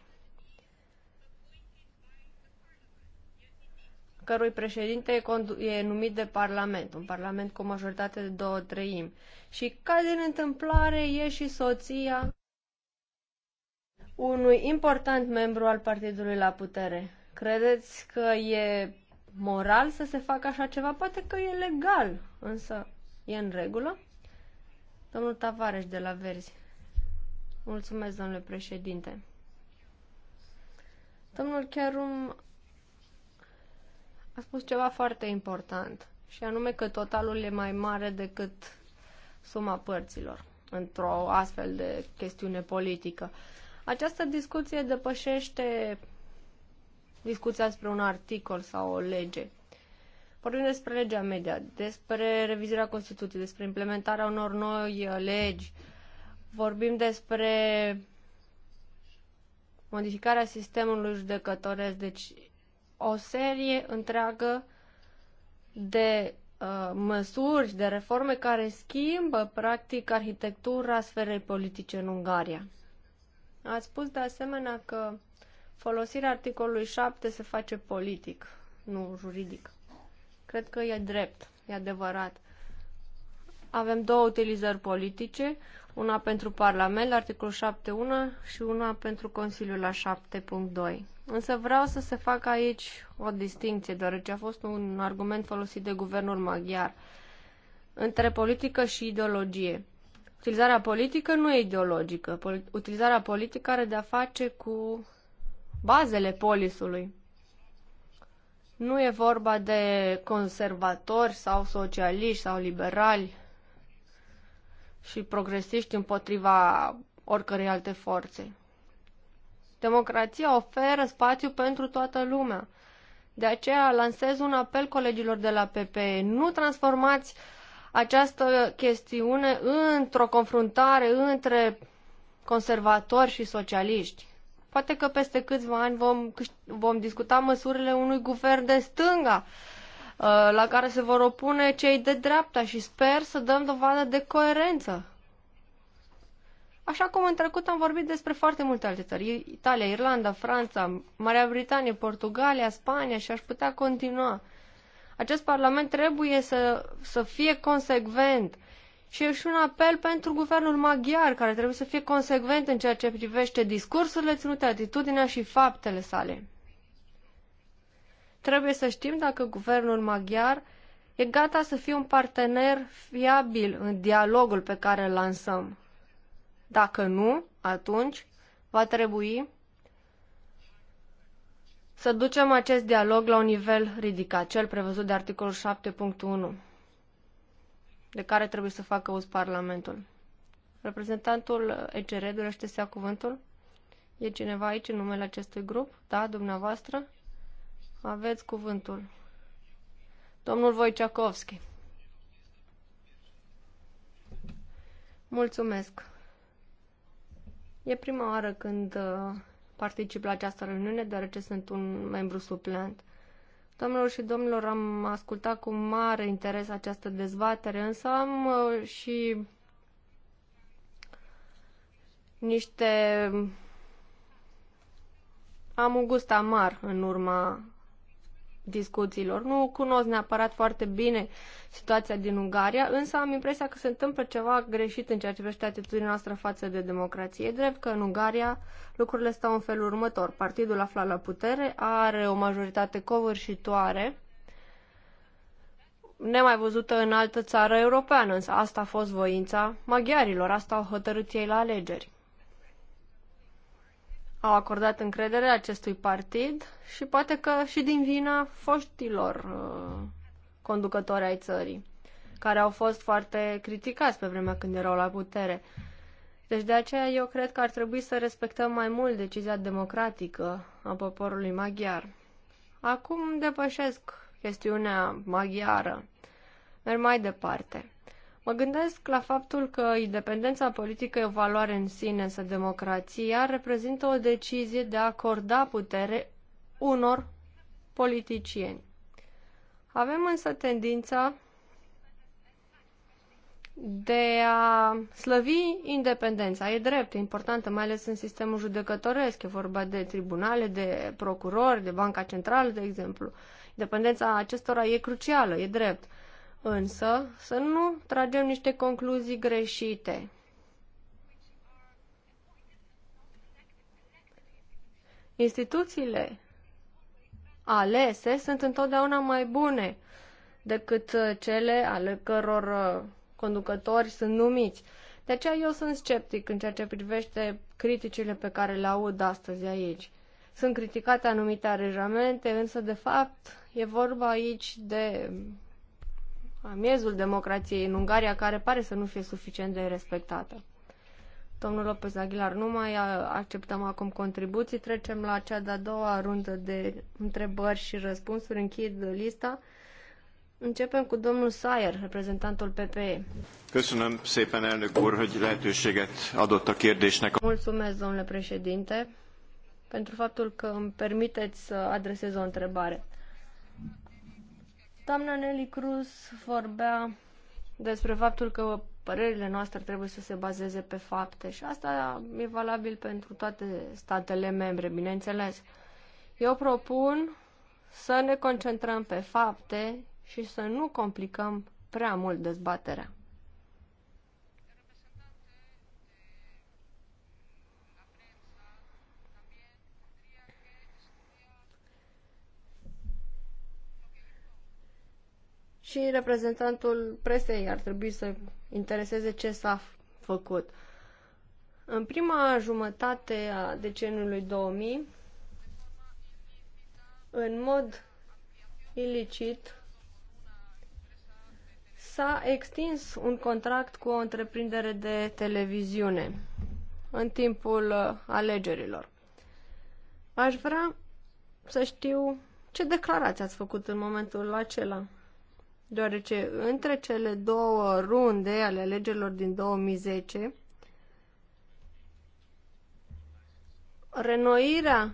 cărui președinte e numit de Parlament, un Parlament cu majoritate de două treimi, și ca din întâmplare e și soția unui important membru al partidului la putere. Credeți că e moral să se facă așa ceva? Poate că e legal, însă E în regulă? Domnul Tavares de la Verzi. Mulțumesc, domnule președinte. Domnul Chiarum a spus ceva foarte important, și anume că totalul e mai mare decât suma părților într-o astfel de chestiune politică. Această discuție depășește discuția despre un articol sau o lege. Vorbim despre legea media, despre revizuirea Constituției, despre implementarea unor noi uh, legi, vorbim despre modificarea sistemului judecătoresc, deci o serie întreagă de uh, măsuri, de reforme care schimbă practic arhitectura sferei politice în Ungaria. Ați spus de asemenea că folosirea articolului 7 se face politic, nu juridic. Cred că e drept, e adevărat. Avem două utilizări politice, una pentru Parlament la articolul 7.1 și una pentru Consiliul la 7.2. Însă vreau să se facă aici o distinție, deoarece a fost un argument folosit de guvernul maghiar între politică și ideologie. Utilizarea politică nu e ideologică. Utilizarea politică are de-a face cu bazele polisului. Nu e vorba de conservatori sau socialiști sau liberali și progresiști împotriva oricărei alte forțe. Democrația oferă spațiu pentru toată lumea. De aceea lansez un apel colegilor de la PPE. Nu transformați această chestiune într-o confruntare între conservatori și socialiști. Poate că peste câțiva ani vom, vom discuta măsurile unui guvern de stânga uh, la care se vor opune cei de dreapta și sper să dăm dovadă de coerență. Așa cum în trecut am vorbit despre foarte multe alte țări, Italia, Irlanda, Franța, Marea Britanie, Portugalia, Spania și aș putea continua. Acest parlament trebuie să, să fie consecvent, și e și un apel pentru guvernul maghiar, care trebuie să fie consecvent în ceea ce privește discursurile ținute, atitudinea și faptele sale. Trebuie să știm dacă guvernul maghiar e gata să fie un partener fiabil în dialogul pe care îl lansăm. Dacă nu, atunci va trebui să ducem acest dialog la un nivel ridicat, cel prevăzut de articolul 7.1 de care trebuie să facă uz Parlamentul. Reprezentantul ECR dorește să ia cuvântul? E cineva aici în numele acestui grup? Da, dumneavoastră? Aveți cuvântul. Domnul Wojciechowski. Mulțumesc. E prima oară când uh, particip la această reuniune, deoarece sunt un membru suplant. Domnilor și domnilor, am ascultat cu mare interes această dezbatere, însă am uh, și niște... Am un gust amar în urma discuțiilor. Nu cunosc neapărat foarte bine situația din Ungaria, însă am impresia că se întâmplă ceva greșit în ceea ce privește atitudinea noastră față de democrație. E drept că în Ungaria lucrurile stau în felul următor. Partidul aflat la putere are o majoritate covârșitoare, nemai văzută în altă țară europeană, însă asta a fost voința maghiarilor, asta au hotărât ei la alegeri au acordat încredere acestui partid și poate că și din vina foștilor uh, conducători ai țării, care au fost foarte criticați pe vremea când erau la putere. Deci de aceea eu cred că ar trebui să respectăm mai mult decizia democratică a poporului maghiar. Acum depășesc chestiunea maghiară. Merg mai departe. Mă gândesc la faptul că independența politică e o valoare în sine, însă democrația reprezintă o decizie de a acorda putere unor politicieni. Avem însă tendința de a slăvi independența. E drept, e importantă, mai ales în sistemul judecătoresc. E vorba de tribunale, de procurori, de Banca Centrală, de exemplu. Independența acestora e crucială, e drept însă să nu tragem niște concluzii greșite. Instituțiile alese sunt întotdeauna mai bune decât uh, cele ale căror uh, conducători sunt numiți. De aceea eu sunt sceptic în ceea ce privește criticile pe care le aud astăzi aici. Sunt criticate anumite arejamente, însă de fapt e vorba aici de miezul democrației în Ungaria, care pare să nu fie suficient de respectată. Domnul Lopez Aguilar, nu mai acceptăm acum contribuții. Trecem la cea de-a doua rundă de întrebări și răspunsuri. Închid lista. Începem cu domnul Sayer, reprezentantul PPE. Köszönöm szépen, elnök úr, hogy lehetőséget adott a kérdésnek. Mulțumesc, domnule președinte, pentru faptul că îmi permiteți să adresez o întrebare. Doamna Nelly Cruz vorbea despre faptul că părerile noastre trebuie să se bazeze pe fapte și asta e valabil pentru toate statele membre, bineînțeles. Eu propun să ne concentrăm pe fapte și să nu complicăm prea mult dezbaterea. și reprezentantul presei ar trebui să intereseze ce s-a făcut. În prima jumătate a deceniului 2000, în mod ilicit, s-a extins un contract cu o întreprindere de televiziune în timpul uh, alegerilor. Aș vrea să știu ce declarații ați făcut în momentul acela deoarece între cele două runde ale alegerilor din 2010, renoirea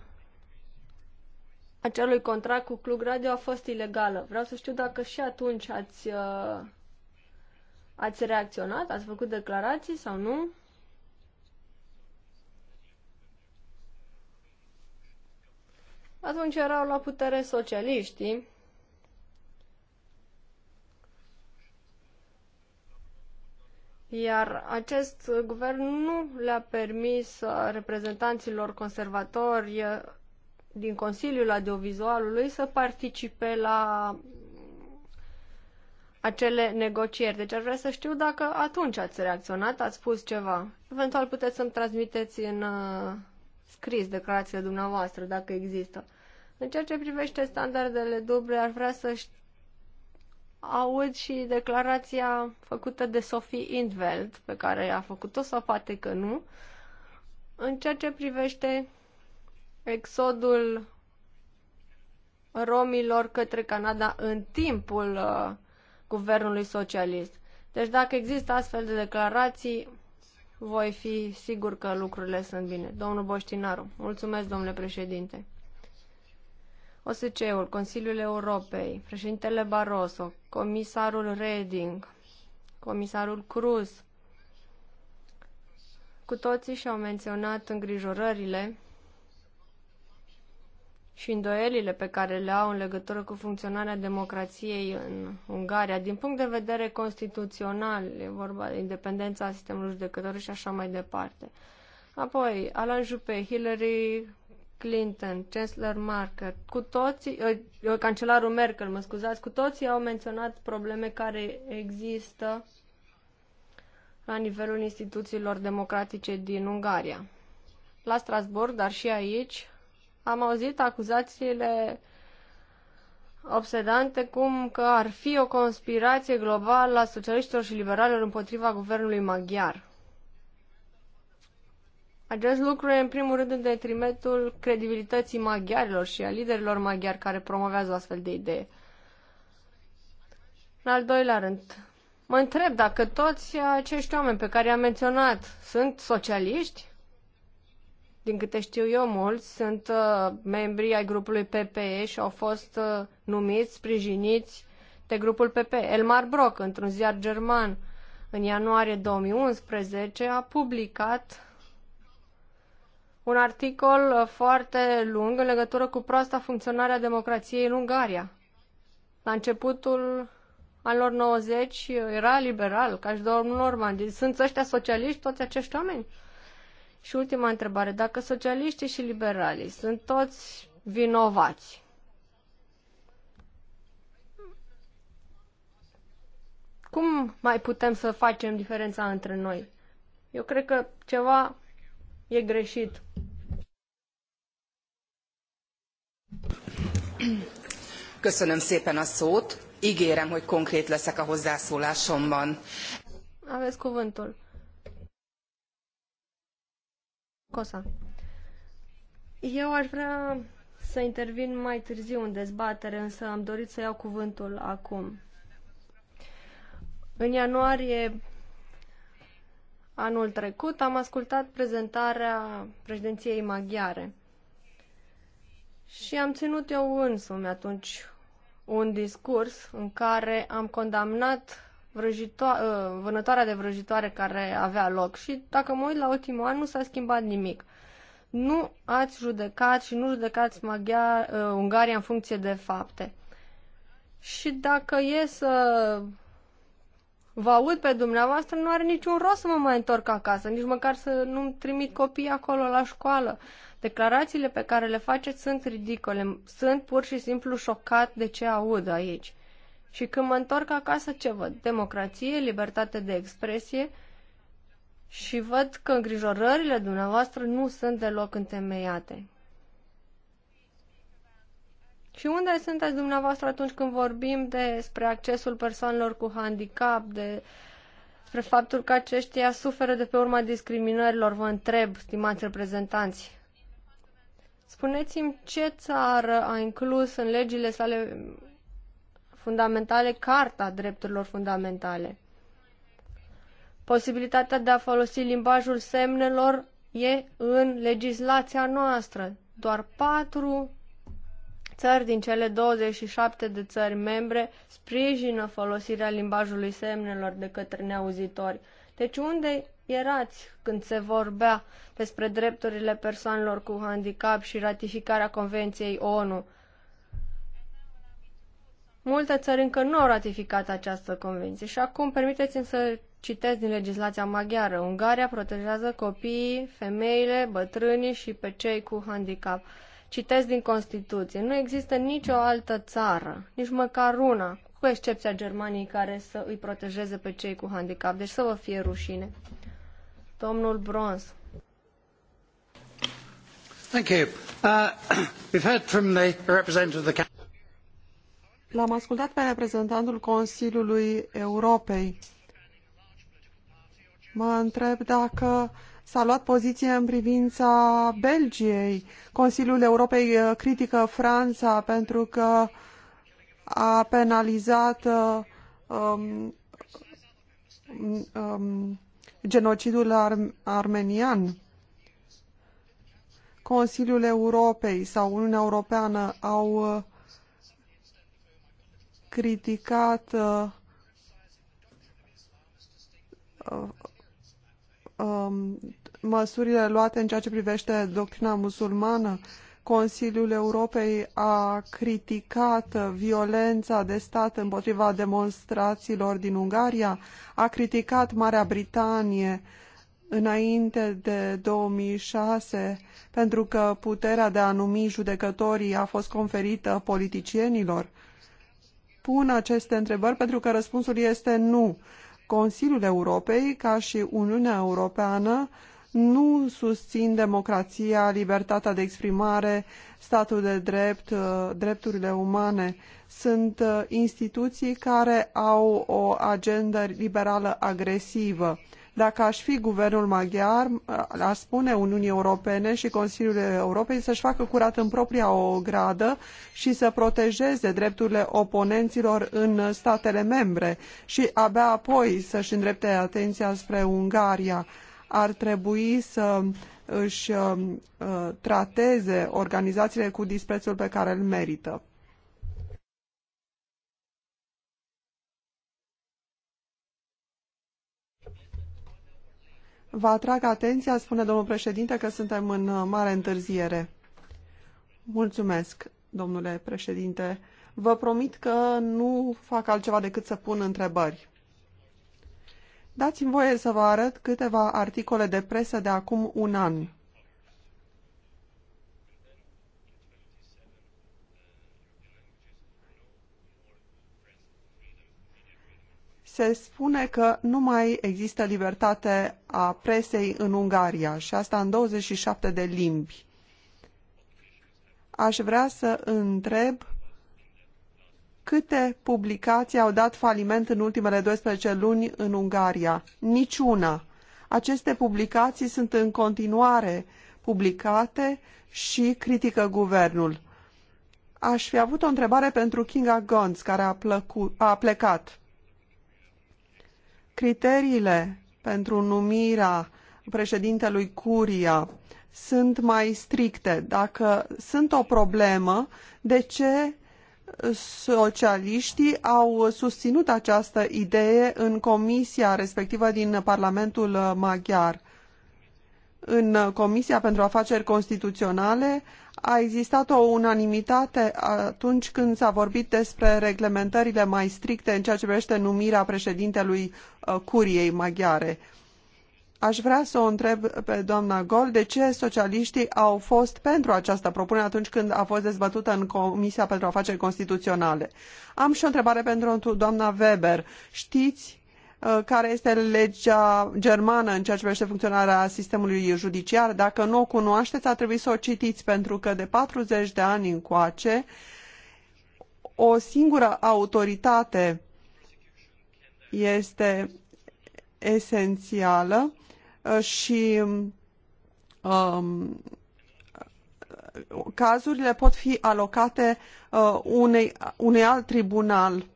acelui contract cu Club Radio a fost ilegală. Vreau să știu dacă și atunci ați, uh, ați reacționat, ați făcut declarații sau nu. Atunci erau la putere socialiștii iar acest guvern nu le-a permis uh, reprezentanților conservatori uh, din Consiliul Audiovizualului să participe la mm, acele negocieri. Deci ar vrea să știu dacă atunci ați reacționat, ați spus ceva. Eventual puteți să-mi transmiteți în uh, scris declarațiile dumneavoastră, dacă există. În ceea ce privește standardele duble, ar vrea să știu aud și declarația făcută de Sophie Indveld, pe care a făcut-o sau poate că nu, în ceea ce privește exodul romilor către Canada în timpul uh, guvernului socialist. Deci dacă există astfel de declarații, voi fi sigur că lucrurile sunt bine. Domnul Boștinaru, mulțumesc, domnule președinte. OSCE-ul, Consiliul Europei, președintele Barroso, comisarul Reding, comisarul Cruz, cu toții și-au menționat îngrijorările și îndoielile pe care le au în legătură cu funcționarea democrației în Ungaria. Din punct de vedere constituțional, e vorba de independența sistemului judecător și așa mai departe. Apoi, Alan Jupe, Hillary Clinton, Chancellor Marker, cu toții, uh, cancelarul Merkel, mă scuzați, cu toții au menționat probleme care există la nivelul instituțiilor democratice din Ungaria. La Strasbourg, dar și aici, am auzit acuzațiile obsedante cum că ar fi o conspirație globală a socialiștilor și liberalilor împotriva guvernului maghiar. Acest lucru e în primul rând în detrimentul credibilității maghiarilor și a liderilor maghiari care promovează astfel de idee. În al doilea rând, mă întreb dacă toți acești oameni pe care i-am menționat sunt socialiști? Din câte știu eu, mulți sunt uh, membri ai grupului PPE și au fost uh, numiți, sprijiniți de grupul PPE. Elmar Brock, într-un ziar german, în ianuarie 2011, a publicat un articol uh, foarte lung în legătură cu proasta funcționare a democrației în Ungaria. La începutul anilor 90 uh, era liberal, ca și domnul Orban. Deci sunt ăștia socialiști, toți acești oameni? Și ultima întrebare, dacă socialiștii și liberalii sunt toți vinovați, cum mai putem să facem diferența între noi? Eu cred că ceva e greșit. Köszönöm szépen a szót. Ígérem, hogy konkrét leszek a hozzászólásomban. Aveți cuvântul. Cosa. Eu aș vrea să intervin mai târziu în dezbatere, însă am dorit să iau cuvântul acum. În ianuarie anul trecut am ascultat prezentarea președinției maghiare. Și am ținut eu însumi atunci un discurs în care am condamnat ă, vânătoarea de vrăjitoare care avea loc și dacă mă uit la ultimul an nu s-a schimbat nimic. Nu ați judecat și nu judecați Maghia, uh, ă, Ungaria în funcție de fapte. Și dacă e să vă aud pe dumneavoastră, nu are niciun rost să mă mai întorc acasă, nici măcar să nu-mi trimit copiii acolo la școală. Declarațiile pe care le faceți sunt ridicole. Sunt pur și simplu șocat de ce aud aici. Și când mă întorc acasă, ce văd? Democrație, libertate de expresie și văd că îngrijorările dumneavoastră nu sunt deloc întemeiate. Și unde sunteți dumneavoastră atunci când vorbim despre accesul persoanelor cu handicap, de, despre faptul că aceștia suferă de pe urma discriminărilor? Vă întreb, stimați reprezentanți, Spuneți-mi ce țară a inclus în legile sale fundamentale Carta Drepturilor Fundamentale. Posibilitatea de a folosi limbajul semnelor e în legislația noastră. Doar patru țări din cele 27 de țări membre sprijină folosirea limbajului semnelor de către neauzitori. Deci unde erați când se vorbea despre drepturile persoanelor cu handicap și ratificarea Convenției ONU. Multe țări încă nu au ratificat această convenție și acum permiteți-mi să citesc din legislația maghiară. Ungaria protejează copiii, femeile, bătrânii și pe cei cu handicap. Citesc din Constituție. Nu există nicio altă țară, nici măcar una, cu excepția Germaniei, care să îi protejeze pe cei cu handicap. Deci să vă fie rușine. Domnul Bronz. Uh, L-am ascultat pe reprezentantul Consiliului Europei. Mă întreb dacă s-a luat poziție în privința Belgiei. Consiliul Europei uh, critică Franța pentru că a penalizat uh, um, um, genocidul ar armenian. Consiliul Europei sau Uniunea Europeană au uh, criticat uh, uh, um, măsurile luate în ceea ce privește doctrina musulmană. Consiliul Europei a criticat violența de stat împotriva demonstrațiilor din Ungaria, a criticat Marea Britanie înainte de 2006 pentru că puterea de a numi judecătorii a fost conferită politicienilor? Pun aceste întrebări pentru că răspunsul este nu. Consiliul Europei, ca și Uniunea Europeană, nu susțin democrația, libertatea de exprimare, statul de drept, uh, drepturile umane. Sunt uh, instituții care au o agendă liberală agresivă. Dacă aș fi guvernul maghiar, uh, aș spune Uniunii Europene și Consiliul Europei să-și facă curat în propria o gradă și să protejeze drepturile oponenților în statele membre și abia apoi să-și îndrepte atenția spre Ungaria ar trebui să își uh, trateze organizațiile cu disprețul pe care îl merită. Vă atrag atenția, spune domnul președinte, că suntem în uh, mare întârziere. Mulțumesc, domnule președinte. Vă promit că nu fac altceva decât să pun întrebări. Dați-mi voie să vă arăt câteva articole de presă de acum un an. se spune că nu mai există libertate a presei în Ungaria și asta în 27 de limbi. Aș vrea să întreb Câte publicații au dat faliment în ultimele 12 luni în Ungaria? Niciuna. Aceste publicații sunt în continuare publicate și critică guvernul. Aș fi avut o întrebare pentru Kinga Gons, care a, plăcu- a plecat. Criteriile pentru numirea președintelui Curia sunt mai stricte. Dacă sunt o problemă, de ce socialiștii au susținut această idee în comisia respectivă din Parlamentul Maghiar. În Comisia pentru Afaceri Constituționale a existat o unanimitate atunci când s-a vorbit despre reglementările mai stricte în ceea ce privește numirea președintelui uh, Curiei Maghiare. Aș vrea să o întreb pe doamna Gol de ce socialiștii au fost pentru această propunere atunci când a fost dezbătută în Comisia pentru Afaceri Constituționale. Am și o întrebare pentru doamna Weber. Știți uh, care este legea germană în ceea ce privește funcționarea sistemului judiciar. Dacă nu o cunoașteți, ar trebui să o citiți, pentru că de 40 de ani încoace, o singură autoritate este esențială Uh, și um, cazurile pot fi alocate uh, unei, unui alt tribunal.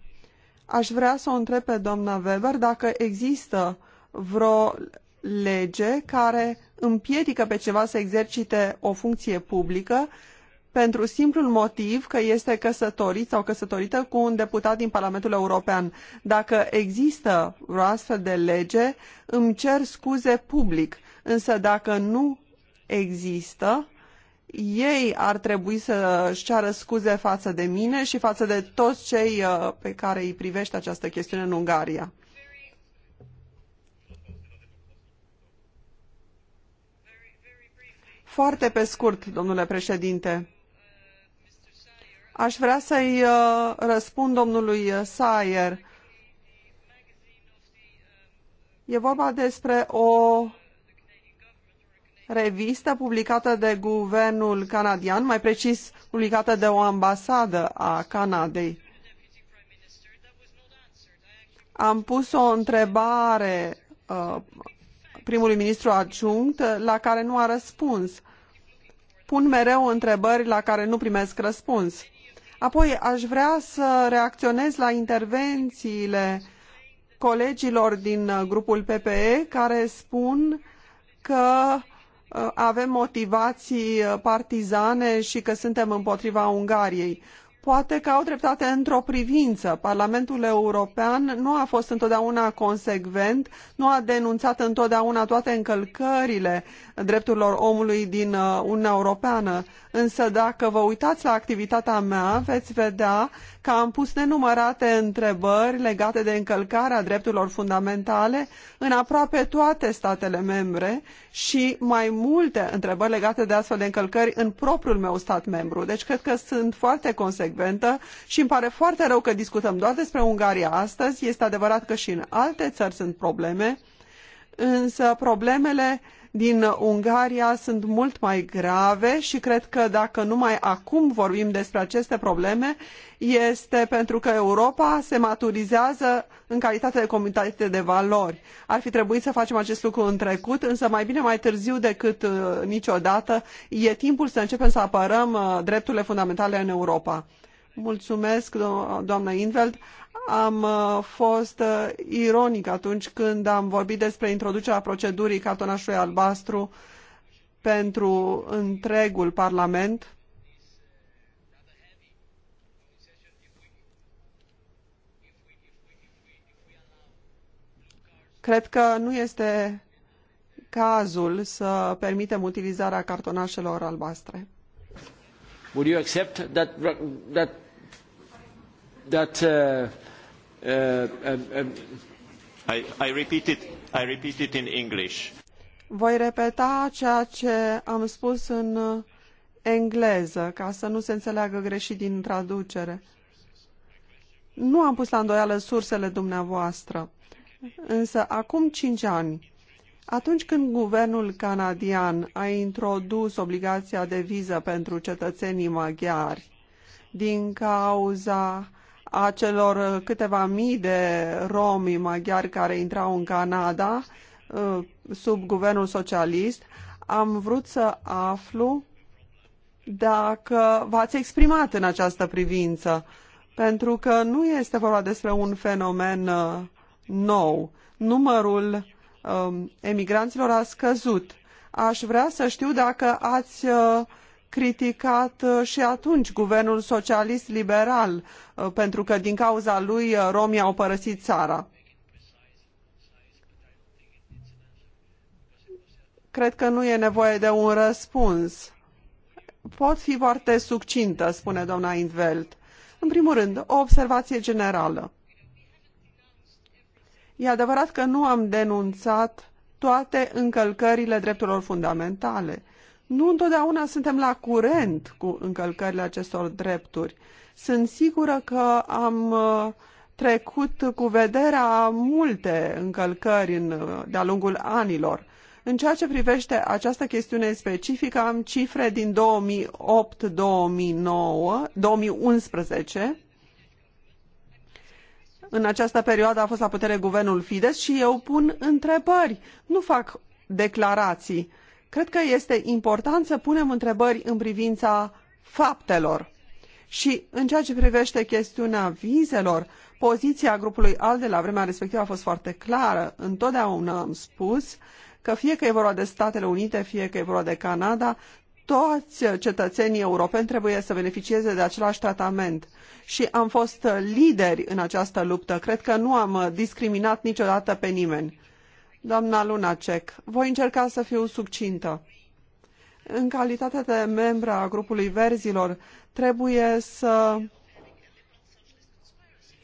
Aș vrea să o întreb pe doamna Weber dacă există vreo lege care împiedică pe ceva să exercite o funcție publică pentru simplul motiv că este căsătorit sau căsătorită cu un deputat din Parlamentul European. Dacă există o astfel de lege, îmi cer scuze public, însă dacă nu există, ei ar trebui să-și ceară scuze față de mine și față de toți cei uh, pe care îi privește această chestiune în Ungaria. Foarte pe scurt, domnule președinte. Aș vrea să-i uh, răspund domnului Sayer. E vorba despre o revistă publicată de guvernul canadian, mai precis publicată de o ambasadă a Canadei. Am pus o întrebare uh, primului ministru adjunct la care nu a răspuns. Pun mereu întrebări la care nu primesc răspuns. Apoi aș vrea să reacționez la intervențiile colegilor din uh, grupul PPE care spun că uh, avem motivații uh, partizane și că suntem împotriva Ungariei. Poate că au dreptate într-o privință. Parlamentul European nu a fost întotdeauna consecvent, nu a denunțat întotdeauna toate încălcările drepturilor omului din Uniunea Europeană însă dacă vă uitați la activitatea mea, veți vedea că am pus nenumărate întrebări legate de încălcarea drepturilor fundamentale în aproape toate statele membre și mai multe întrebări legate de astfel de încălcări în propriul meu stat membru. Deci cred că sunt foarte consecventă și îmi pare foarte rău că discutăm doar despre Ungaria astăzi. Este adevărat că și în alte țări sunt probleme însă problemele din Ungaria sunt mult mai grave și cred că dacă numai acum vorbim despre aceste probleme, este pentru că Europa se maturizează în calitate de comunitate de valori. Ar fi trebuit să facem acest lucru în trecut, însă mai bine mai târziu decât uh, niciodată e timpul să începem să apărăm uh, drepturile fundamentale în Europa. Mulțumesc, doamnă Inveld am uh, fost uh, ironic atunci când am vorbit despre introducerea procedurii cartonașului albastru pentru întregul Parlament. Cred că nu este cazul să permitem utilizarea cartonașelor albastre. Would you accept that, that, that uh... Uh, um, um, I, I, repeat it, I repeat it in English. Voi repeta ceea ce am spus în uh, engleză, ca să nu se înțeleagă greșit din traducere. Nu am pus la îndoială sursele dumneavoastră, însă acum cinci ani, atunci când guvernul canadian a introdus obligația de viză pentru cetățenii maghiari din cauza a celor câteva mii de romi maghiari care intrau în Canada uh, sub guvernul socialist, am vrut să aflu dacă v-ați exprimat în această privință, pentru că nu este vorba despre un fenomen uh, nou. Numărul um, emigranților a scăzut. Aș vrea să știu dacă ați uh, criticat uh, și atunci guvernul socialist-liberal, uh, pentru că din cauza lui uh, romii au părăsit țara. Cred că nu e nevoie de un răspuns. Pot fi foarte succintă, spune doamna Indveld. În primul rând, o observație generală. E adevărat că nu am denunțat toate încălcările drepturilor fundamentale – nu întotdeauna suntem la curent cu încălcările acestor drepturi. Sunt sigură că am uh, trecut cu vederea multe încălcări în, uh, de-a lungul anilor. În ceea ce privește această chestiune specifică, am cifre din 2008, 2009, 2011. În această perioadă a fost la putere guvernul Fides și eu pun întrebări, nu fac declarații. Cred că este important să punem întrebări în privința faptelor. Și în ceea ce privește chestiunea vizelor, poziția grupului ALDE la vremea respectivă a fost foarte clară. Întotdeauna am spus că fie că e vorba de Statele Unite, fie că e vorba de Canada, toți cetățenii europeni trebuie să beneficieze de același tratament. Și am fost lideri în această luptă. Cred că nu am discriminat niciodată pe nimeni. Doamna Lunacek, voi încerca să fiu succintă. În calitate de membra a grupului verzilor, trebuie să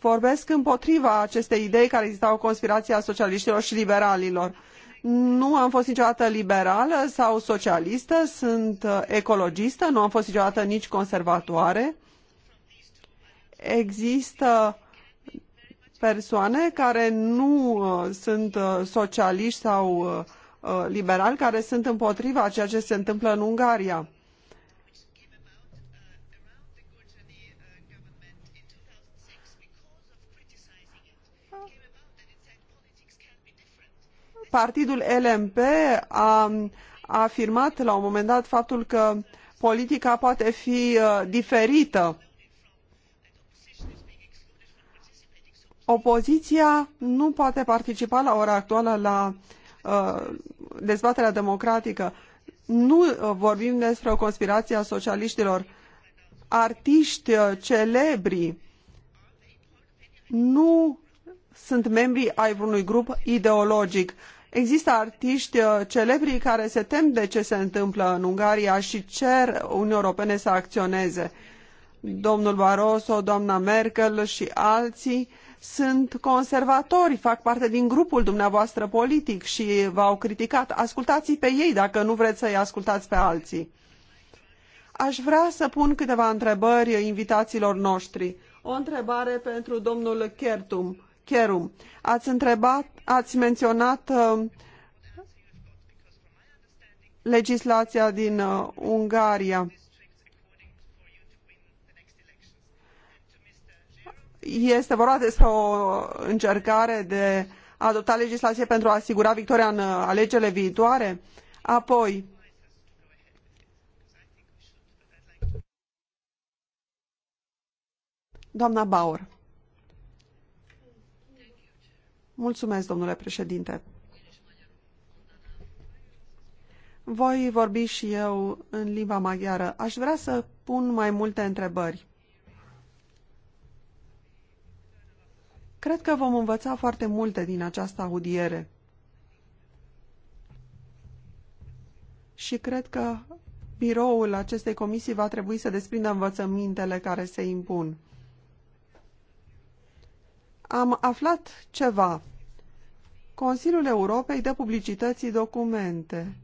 vorbesc împotriva acestei idei care exista o conspirație a socialiștilor și liberalilor. Nu am fost niciodată liberală sau socialistă, sunt uh, ecologistă, nu am fost niciodată nici conservatoare. Există persoane care nu uh, sunt uh, socialiști sau uh, liberali, care sunt împotriva ceea ce se întâmplă în Ungaria. Partidul LMP a afirmat la un moment dat faptul că politica poate fi diferită Opoziția nu poate participa la ora actuală la uh, dezbaterea democratică. Nu uh, vorbim despre o conspirație a socialiștilor. Artiști uh, celebri nu sunt membri ai unui grup ideologic. Există artiști uh, celebri care se tem de ce se întâmplă în Ungaria și cer Uniunii Europene să acționeze. Domnul Barroso, doamna Merkel și alții sunt conservatori, fac parte din grupul dumneavoastră politic și v-au criticat. Ascultați-i pe ei dacă nu vreți să-i ascultați pe alții. Aș vrea să pun câteva întrebări invitațiilor noștri. O întrebare pentru domnul Kertum. Cherum. Ați întrebat, ați menționat uh, legislația din uh, Ungaria. Este vorba despre o încercare de a adopta legislație pentru a asigura victoria în uh, alegerile viitoare. Apoi, doamna Bauer. Mulțumesc, domnule președinte. Voi vorbi și eu în limba maghiară. Aș vrea să pun mai multe întrebări. Cred că vom învăța foarte multe din această audiere. Și cred că biroul acestei comisii va trebui să desprindă învățămintele care se impun. Am aflat ceva. Consiliul Europei dă publicității documente.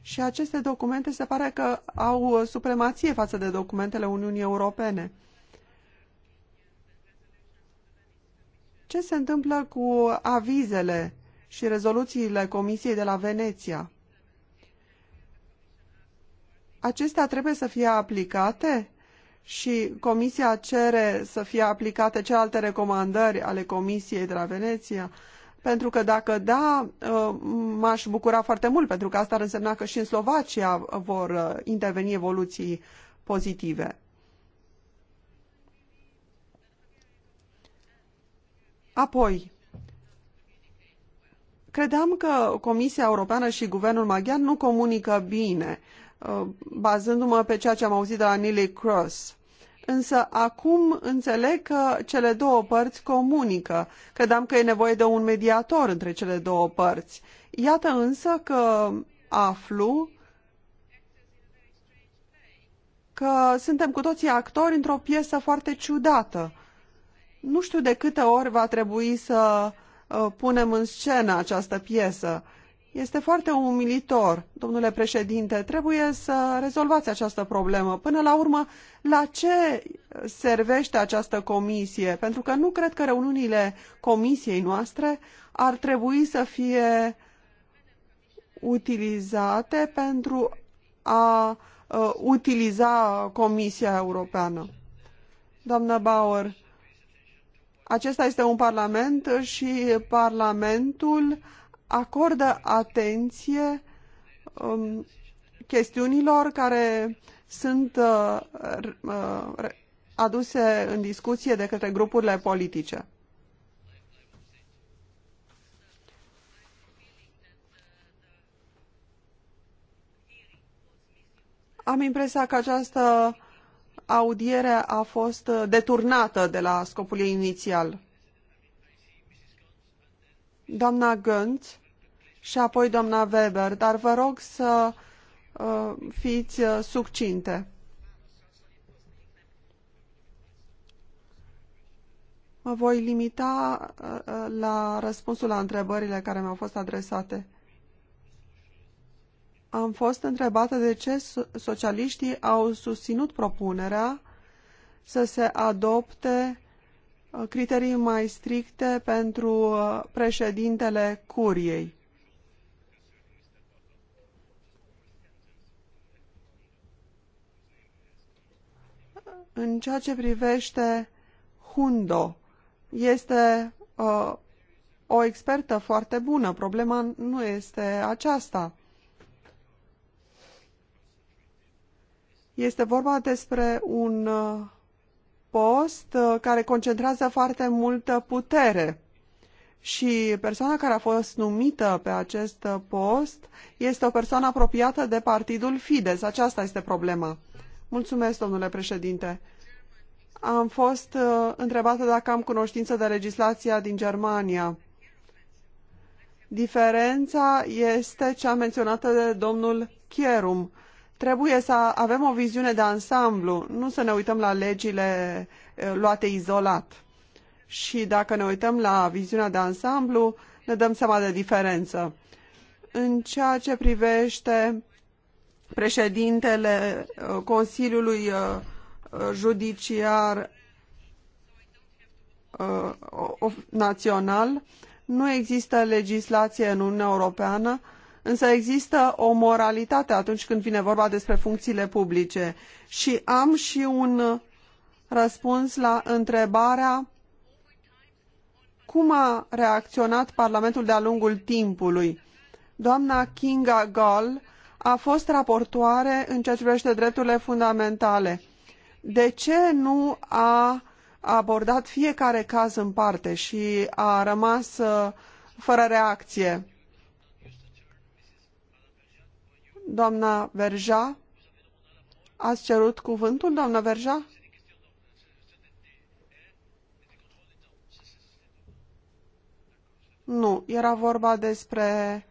Și aceste documente se pare că au supremație față de documentele Uniunii Europene. Ce se întâmplă cu avizele și rezoluțiile Comisiei de la Veneția? Acestea trebuie să fie aplicate și Comisia cere să fie aplicate celelalte recomandări ale Comisiei de la Veneția, pentru că dacă da, ă, m-aș bucura foarte mult, pentru că asta ar însemna că și în Slovacia vor ă, interveni evoluții pozitive. Apoi, credeam că Comisia Europeană și guvernul maghiar nu comunică bine, uh, bazându-mă pe ceea ce am auzit de la Neelie Cross. Însă acum înțeleg că cele două părți comunică. Credeam că e nevoie de un mediator între cele două părți. Iată însă că aflu că suntem cu toții actori într-o piesă foarte ciudată. Nu știu de câte ori va trebui să uh, punem în scenă această piesă. Este foarte umilitor, domnule președinte. Trebuie să rezolvați această problemă. Până la urmă, la ce servește această comisie? Pentru că nu cred că reuniunile comisiei noastre ar trebui să fie utilizate pentru a uh, utiliza Comisia Europeană. Doamnă Bauer, acesta este un parlament și parlamentul acordă atenție um, chestiunilor care sunt uh, uh, aduse în discuție de către grupurile politice. Am impresia că această audierea a fost uh, deturnată de la scopul ei inițial. Doamna Gânț și apoi doamna Weber, dar vă rog să uh, fiți uh, succinte. Mă voi limita uh, la răspunsul la întrebările care mi-au fost adresate am fost întrebată de ce socialiștii au susținut propunerea să se adopte uh, criterii mai stricte pentru uh, președintele curiei. În ceea ce privește Hundo, este uh, o expertă foarte bună. Problema nu este aceasta. Este vorba despre un uh, post uh, care concentrează foarte multă putere și persoana care a fost numită pe acest uh, post este o persoană apropiată de partidul Fides. Aceasta este problema. Mulțumesc, domnule președinte. Am fost întrebată dacă am cunoștință de legislația din Germania. Diferența este cea menționată de domnul Chierum Trebuie să avem o viziune de ansamblu, nu să ne uităm la legile eh, luate izolat. Și dacă ne uităm la viziunea de ansamblu, ne dăm seama de diferență. În ceea ce privește președintele eh, Consiliului eh, Judiciar Național, nu există legislație în Uniunea Europeană Însă există o moralitate atunci când vine vorba despre funcțiile publice. Și am și un răspuns la întrebarea cum a reacționat Parlamentul de-a lungul timpului. Doamna Kinga Gall a fost raportoare în ceea ce privește drepturile fundamentale. De ce nu a abordat fiecare caz în parte și a rămas uh, fără reacție? Doamna Verja, ați cerut cuvântul, doamna Verja? Nu, era vorba despre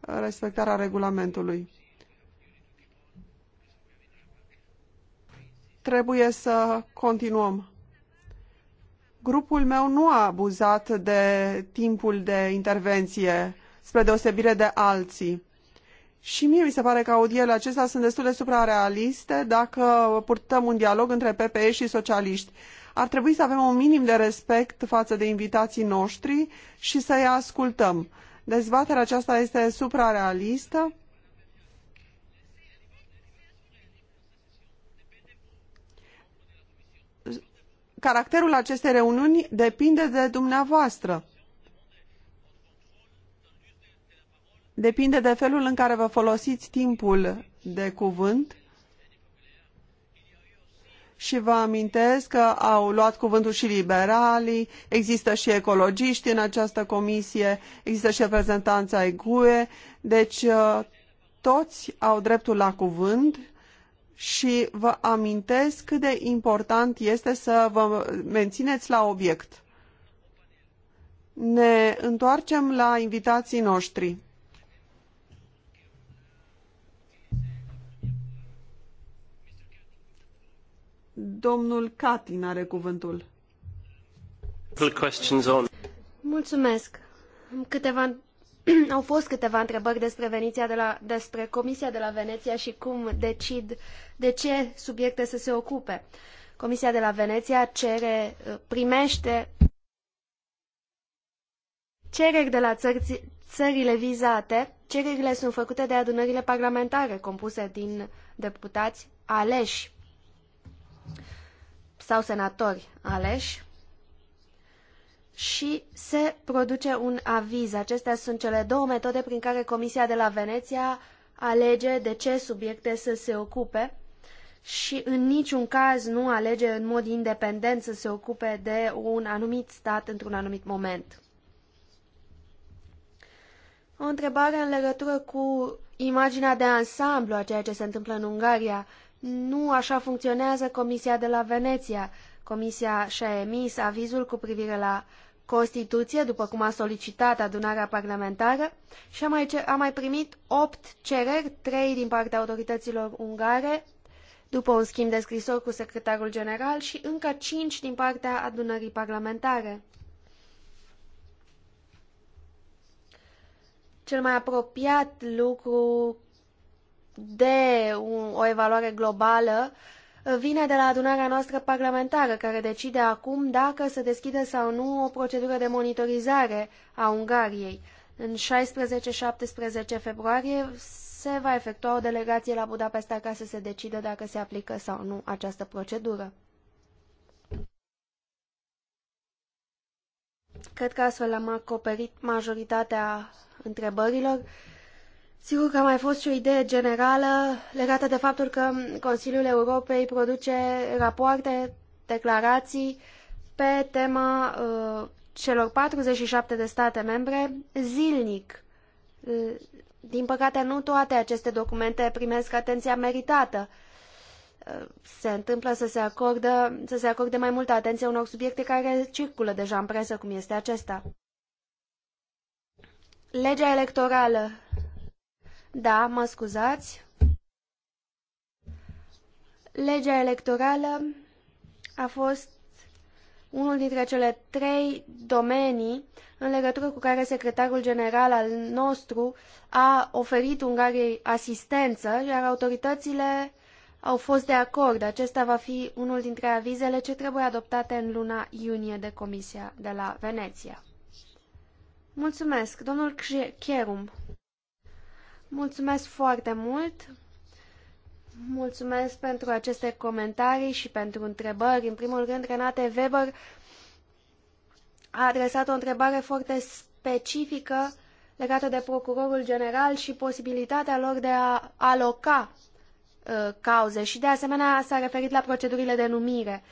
respectarea regulamentului. Trebuie să continuăm. Grupul meu nu a abuzat de timpul de intervenție, spre deosebire de alții. Și mie mi se pare că audierile acestea sunt destul de suprarealiste dacă purtăm un dialog între PPE și socialiști. Ar trebui să avem un minim de respect față de invitații noștri și să-i ascultăm. Dezbaterea aceasta este suprarealistă. Caracterul acestei reuniuni depinde de dumneavoastră. depinde de felul în care vă folosiți timpul de cuvânt și vă amintesc că au luat cuvântul și liberalii, există și ecologiști în această comisie, există și reprezentanța EGUE, deci uh, toți au dreptul la cuvânt și vă amintesc cât de important este să vă mențineți la obiect. Ne întoarcem la invitații noștri. Domnul Catlin are cuvântul. Mulțumesc. Câteva... Au fost câteva întrebări despre, Veniția de la, despre Comisia de la Veneția și cum decid de ce subiecte să se ocupe. Comisia de la Veneția cere, uh, primește cereri de la țări, țările vizate. Cererile sunt făcute de adunările parlamentare compuse din deputați aleși sau senatori aleși și se produce un aviz. Acestea sunt cele două metode prin care Comisia de la Veneția alege de ce subiecte să se ocupe și în niciun caz nu alege în mod independent să se ocupe de un anumit stat într-un anumit moment. O întrebare în legătură cu imaginea de ansamblu a ceea ce se întâmplă în Ungaria. Nu așa funcționează Comisia de la Veneția. Comisia și-a emis avizul cu privire la Constituție, după cum a solicitat adunarea parlamentară, și a mai, a mai primit opt cereri, trei din partea autorităților ungare, după un schimb de scrisori cu secretarul general și încă cinci din partea adunării parlamentare. Cel mai apropiat lucru de o evaluare globală vine de la adunarea noastră parlamentară, care decide acum dacă să deschidă sau nu o procedură de monitorizare a Ungariei. În 16-17 februarie se va efectua o delegație la Budapesta ca să se decidă dacă se aplică sau nu această procedură. Cred că astfel am acoperit majoritatea întrebărilor Sigur că a mai fost și o idee generală legată de faptul că Consiliul Europei produce rapoarte, declarații pe tema uh, celor 47 de state membre zilnic. Uh, din păcate, nu toate aceste documente primesc atenția meritată. Uh, se întâmplă să se, acordă, să se acorde mai multă atenție unor subiecte care circulă deja în presă, cum este acesta. Legea electorală da, mă scuzați. Legea electorală a fost unul dintre cele trei domenii în legătură cu care secretarul general al nostru a oferit Ungariei asistență, iar autoritățile au fost de acord. Acesta va fi unul dintre avizele ce trebuie adoptate în luna iunie de Comisia de la Veneția. Mulțumesc, domnul Chierum. Mulțumesc foarte mult! Mulțumesc pentru aceste comentarii și pentru întrebări. În primul rând, Renate Weber a adresat o întrebare foarte specifică legată de procurorul general și posibilitatea lor de a aloca uh, cauze și de asemenea s-a referit la procedurile de numire.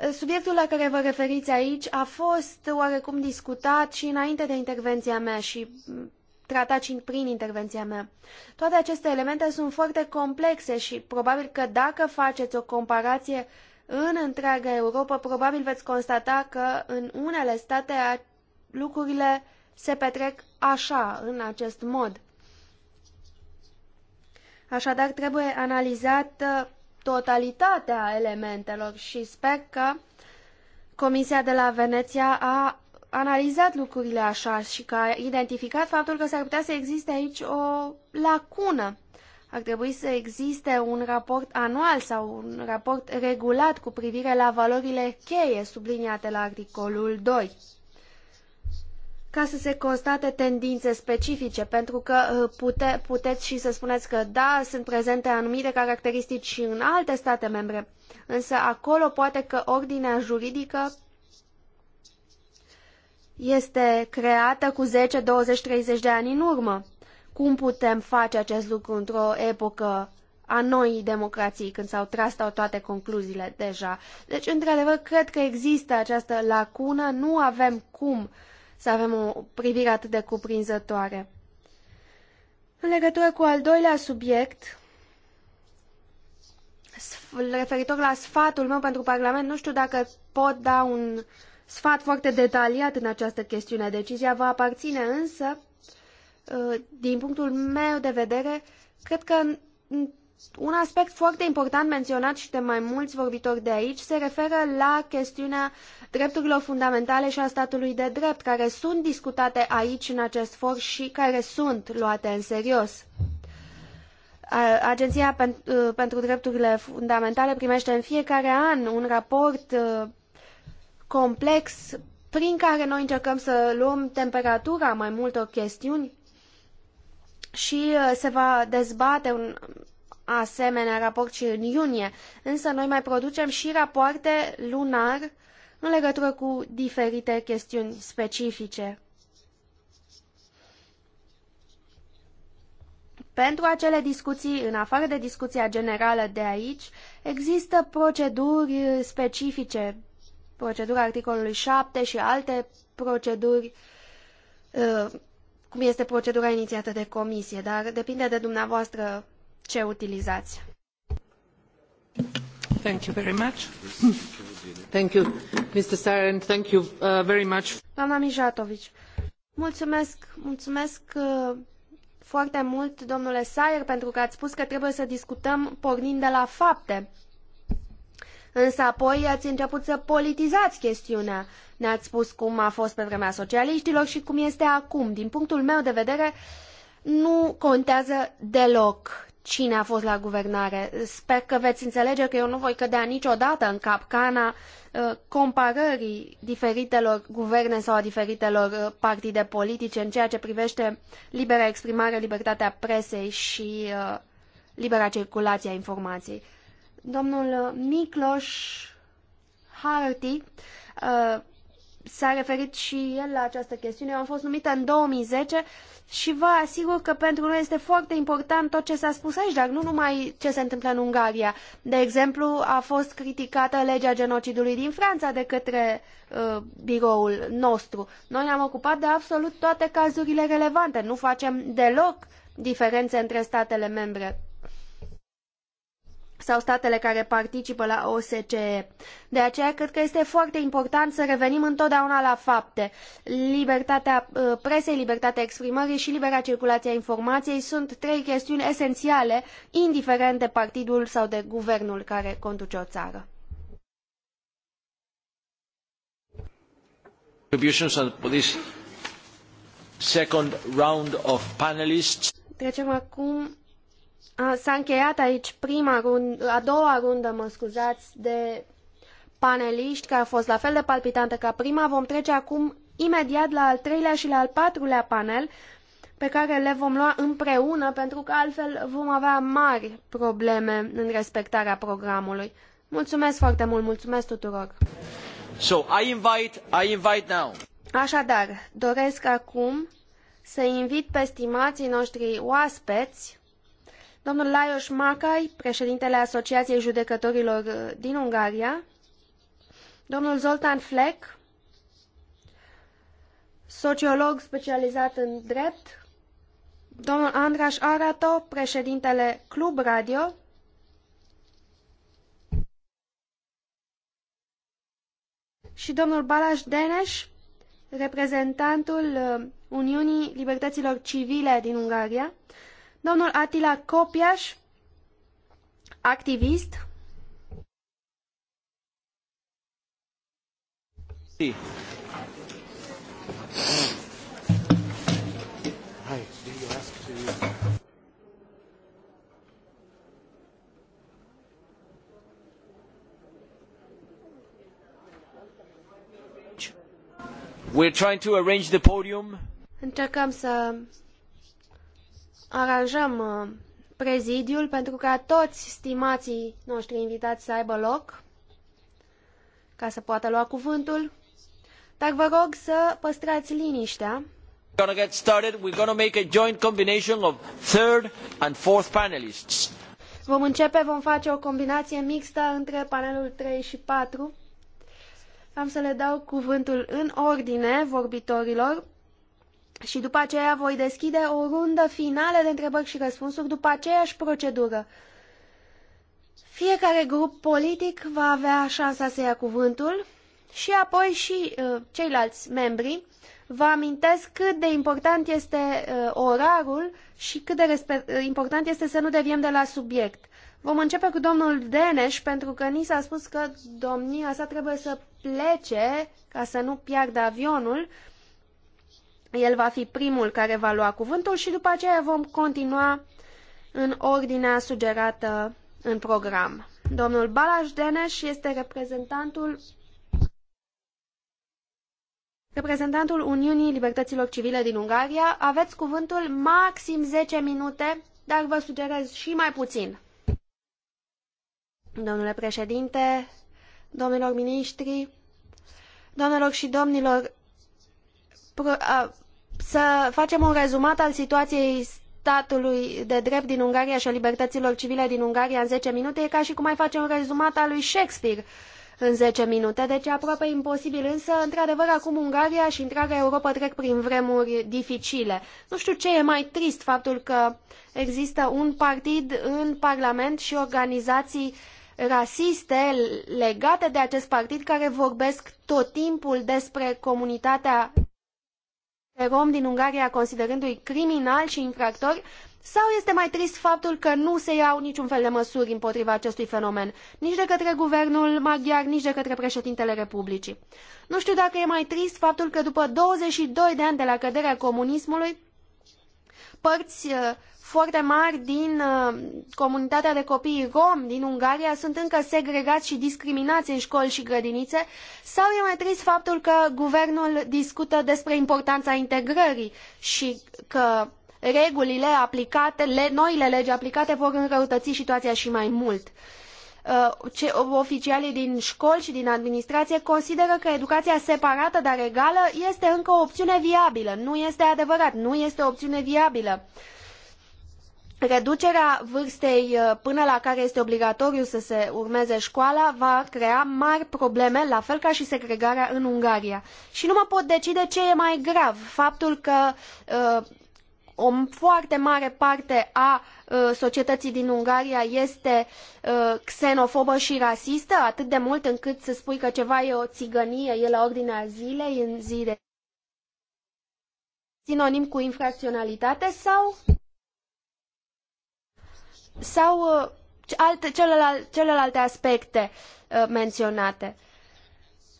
Uh, subiectul la care vă referiți aici a fost oarecum discutat și înainte de intervenția mea și mm, tratat și prin intervenția mea. Toate aceste elemente sunt foarte complexe și probabil că dacă faceți o comparație în întreaga Europa, probabil veți constata că în unele state lucrurile se petrec așa, în acest mod. Așadar, trebuie analizată totalitatea elementelor și sper că Comisia de la Veneția a analizat lucrurile așa și că a identificat faptul că s-ar putea să existe aici o lacună. Ar trebui să existe un raport anual sau un raport regulat cu privire la valorile cheie subliniate la articolul 2 ca să se constate tendințe specifice, pentru că uh, pute, puteți și să spuneți că da, sunt prezente anumite caracteristici și în alte state membre, însă acolo poate că ordinea juridică este creată cu 10, 20, 30 de ani în urmă. Cum putem face acest lucru într-o epocă a noii democrații, când s-au tras toate concluziile deja. Deci, într-adevăr, cred că există această lacună, nu avem cum să avem o privire atât de cuprinzătoare. În legătură cu al doilea subiect, referitor la sfatul meu pentru Parlament, nu știu dacă pot da un sfat foarte detaliat în această chestiune. Decizia va aparține însă, uh, din punctul meu de vedere, cred că un aspect foarte important menționat și de mai mulți vorbitori de aici se referă la chestiunea drepturilor fundamentale și a statului de drept, care sunt discutate aici în acest for și care sunt luate în serios. Agenția uh, pentru Drepturile Fundamentale primește în fiecare an un raport uh, complex prin care noi încercăm să luăm temperatura mai multor chestiuni și uh, se va dezbate un asemenea raport și în iunie, însă noi mai producem și rapoarte lunar în legătură cu diferite chestiuni specifice. Pentru acele discuții, în afară de discuția generală de aici, există proceduri uh, specifice procedura articolului 7 și alte proceduri, uh, cum este procedura inițiată de comisie, dar depinde de dumneavoastră ce utilizați. Thank you very much. Thank you, Mr. Saren. Thank you uh, very much. Doamna Mijatović. mulțumesc, mulțumesc uh, foarte mult, domnule Sayer, pentru că ați spus că trebuie să discutăm pornind de la fapte. Însă apoi ați început să politizați chestiunea. Ne-ați spus cum a fost pe vremea socialiștilor și cum este acum. Din punctul meu de vedere, nu contează deloc cine a fost la guvernare. Sper că veți înțelege că eu nu voi cădea niciodată în capcana uh, comparării diferitelor guverne sau a diferitelor uh, partide politice în ceea ce privește libera exprimare, libertatea presei și uh, libera circulație a informației. Domnul Micloș Harti uh, s-a referit și el la această chestiune. Eu am fost numită în 2010 și vă asigur că pentru noi este foarte important tot ce s-a spus aici, dar nu numai ce se întâmplă în Ungaria. De exemplu, a fost criticată legea genocidului din Franța de către uh, biroul nostru. Noi ne-am ocupat de absolut toate cazurile relevante. Nu facem deloc diferențe între statele membre sau statele care participă la OSCE. De aceea cred că este foarte important să revenim întotdeauna la fapte. Libertatea uh, presei, libertatea exprimării și libera circulație a informației sunt trei chestiuni esențiale, indiferent de partidul sau de guvernul care conduce o țară. Trecem acum S-a încheiat aici prima rundă, a doua rundă, mă scuzați, de paneliști, care a fost la fel de palpitantă ca prima. Vom trece acum imediat la al treilea și la al patrulea panel, pe care le vom lua împreună, pentru că altfel vom avea mari probleme în respectarea programului. Mulțumesc foarte mult, mulțumesc tuturor! So, I invite, I invite now. Așadar, doresc acum să invit pe stimații noștri oaspeți Domnul Lajos Macai, președintele Asociației Judecătorilor uh, din Ungaria, domnul Zoltan Fleck, sociolog specializat în drept, domnul Andras Arato, președintele Club Radio, și domnul Balazs Deneș, reprezentantul uh, Uniunii Libertăților Civile din Ungaria, Domnul Atila Copiaș, activist. Sí. Hi, do you ask to... We're trying to arrange the podium. Încercăm să aranjăm uh, prezidiul pentru ca toți stimații noștri invitați să aibă loc ca să poată lua cuvântul. Dar vă rog să păstrați liniștea. We're going to get started. We're going to make a joint combination of third and fourth panelists. Vom începe, vom face o combinație mixtă între panelul 3 și 4. Am să le dau cuvântul în ordine vorbitorilor și după aceea voi deschide o rundă finală de întrebări și răspunsuri după aceeași procedură. Fiecare grup politic va avea șansa să ia cuvântul și apoi și uh, ceilalți membri. Vă amintesc cât de important este uh, orarul și cât de uh, important este să nu deviem de la subiect. Vom începe cu domnul Deneș, pentru că ni s-a spus că domnia sa trebuie să plece ca să nu piardă avionul. Uh, el va fi primul care va lua cuvântul și după aceea vom continua în ordinea sugerată în program. Domnul Balaj Deneș este reprezentantul reprezentantul Uniunii Libertăților Civile din Ungaria. Aveți cuvântul maxim 10 minute, dar vă sugerez și mai puțin. Domnule președinte, domnilor miniștri, domnilor și domnilor, să facem un rezumat al situației statului de drept din Ungaria și a libertăților civile din Ungaria în zece minute e ca și cum ai face un rezumat al lui Shakespeare în zece minute, deci e aproape imposibil. Însă, într-adevăr, acum Ungaria și întreaga Europa trec prin vremuri dificile. Nu știu ce e mai trist, faptul că există un partid în Parlament și organizații rasiste legate de acest partid care vorbesc tot timpul despre comunitatea om din Ungaria considerându-i criminal și infractor, sau este mai trist faptul că nu se iau niciun fel de măsuri împotriva acestui fenomen, nici de către guvernul maghiar, nici de către președintele Republicii? Nu știu dacă e mai trist faptul că după 22 de ani de la căderea comunismului, părți uh, foarte mari din uh, comunitatea de copii rom din Ungaria sunt încă segregați și discriminați în școli și grădinițe sau e mai trist faptul că guvernul discută despre importanța integrării și că regulile aplicate, le, noile legi aplicate vor înrăutăți situația și mai mult. Uh, ce, oficialii din școli și din administrație consideră că educația separată dar egală este încă o opțiune viabilă. Nu este adevărat, nu este o opțiune viabilă. Uh, Reducerea vârstei uh, până la care este obligatoriu să se urmeze școala va crea mari probleme, la fel ca și segregarea în Ungaria. Și nu mă pot decide ce e mai grav, faptul că uh, o foarte mare parte a uh, societății din Ungaria este uh, xenofobă și rasistă, atât de mult încât să spui că ceva e o țigănie, e la ordinea zilei, în zile. Sinonim cu infracționalitate sau sau uh, alte, celelalte, celelalte aspecte uh, menționate.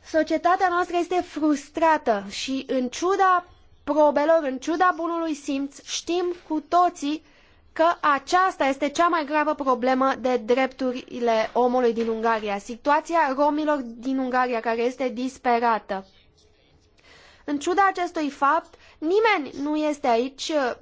Societatea noastră este frustrată și în ciuda probelor, în ciuda bunului simț, știm cu toții că aceasta este cea mai gravă problemă de drepturile omului din Ungaria, situația romilor din Ungaria, care este disperată. În ciuda acestui fapt, nimeni nu este aici uh,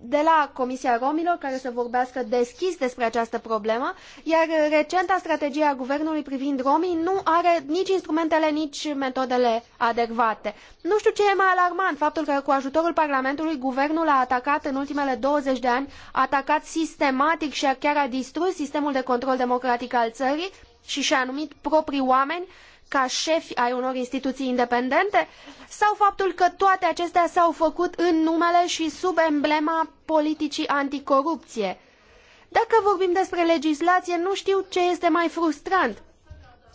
de la Comisia Romilor care să vorbească deschis despre această problemă, iar recenta strategie a guvernului privind romii nu are nici instrumentele, nici metodele adecvate. Nu știu ce e mai alarmant, faptul că cu ajutorul Parlamentului guvernul a atacat în ultimele 20 de ani, a atacat sistematic și a chiar a distrus sistemul de control democratic al țării și și-a numit proprii oameni ca șefi ai unor instituții independente sau faptul că toate acestea s-au făcut în numele și sub emblema politicii anticorupție. Dacă vorbim despre legislație, nu știu ce este mai frustrant.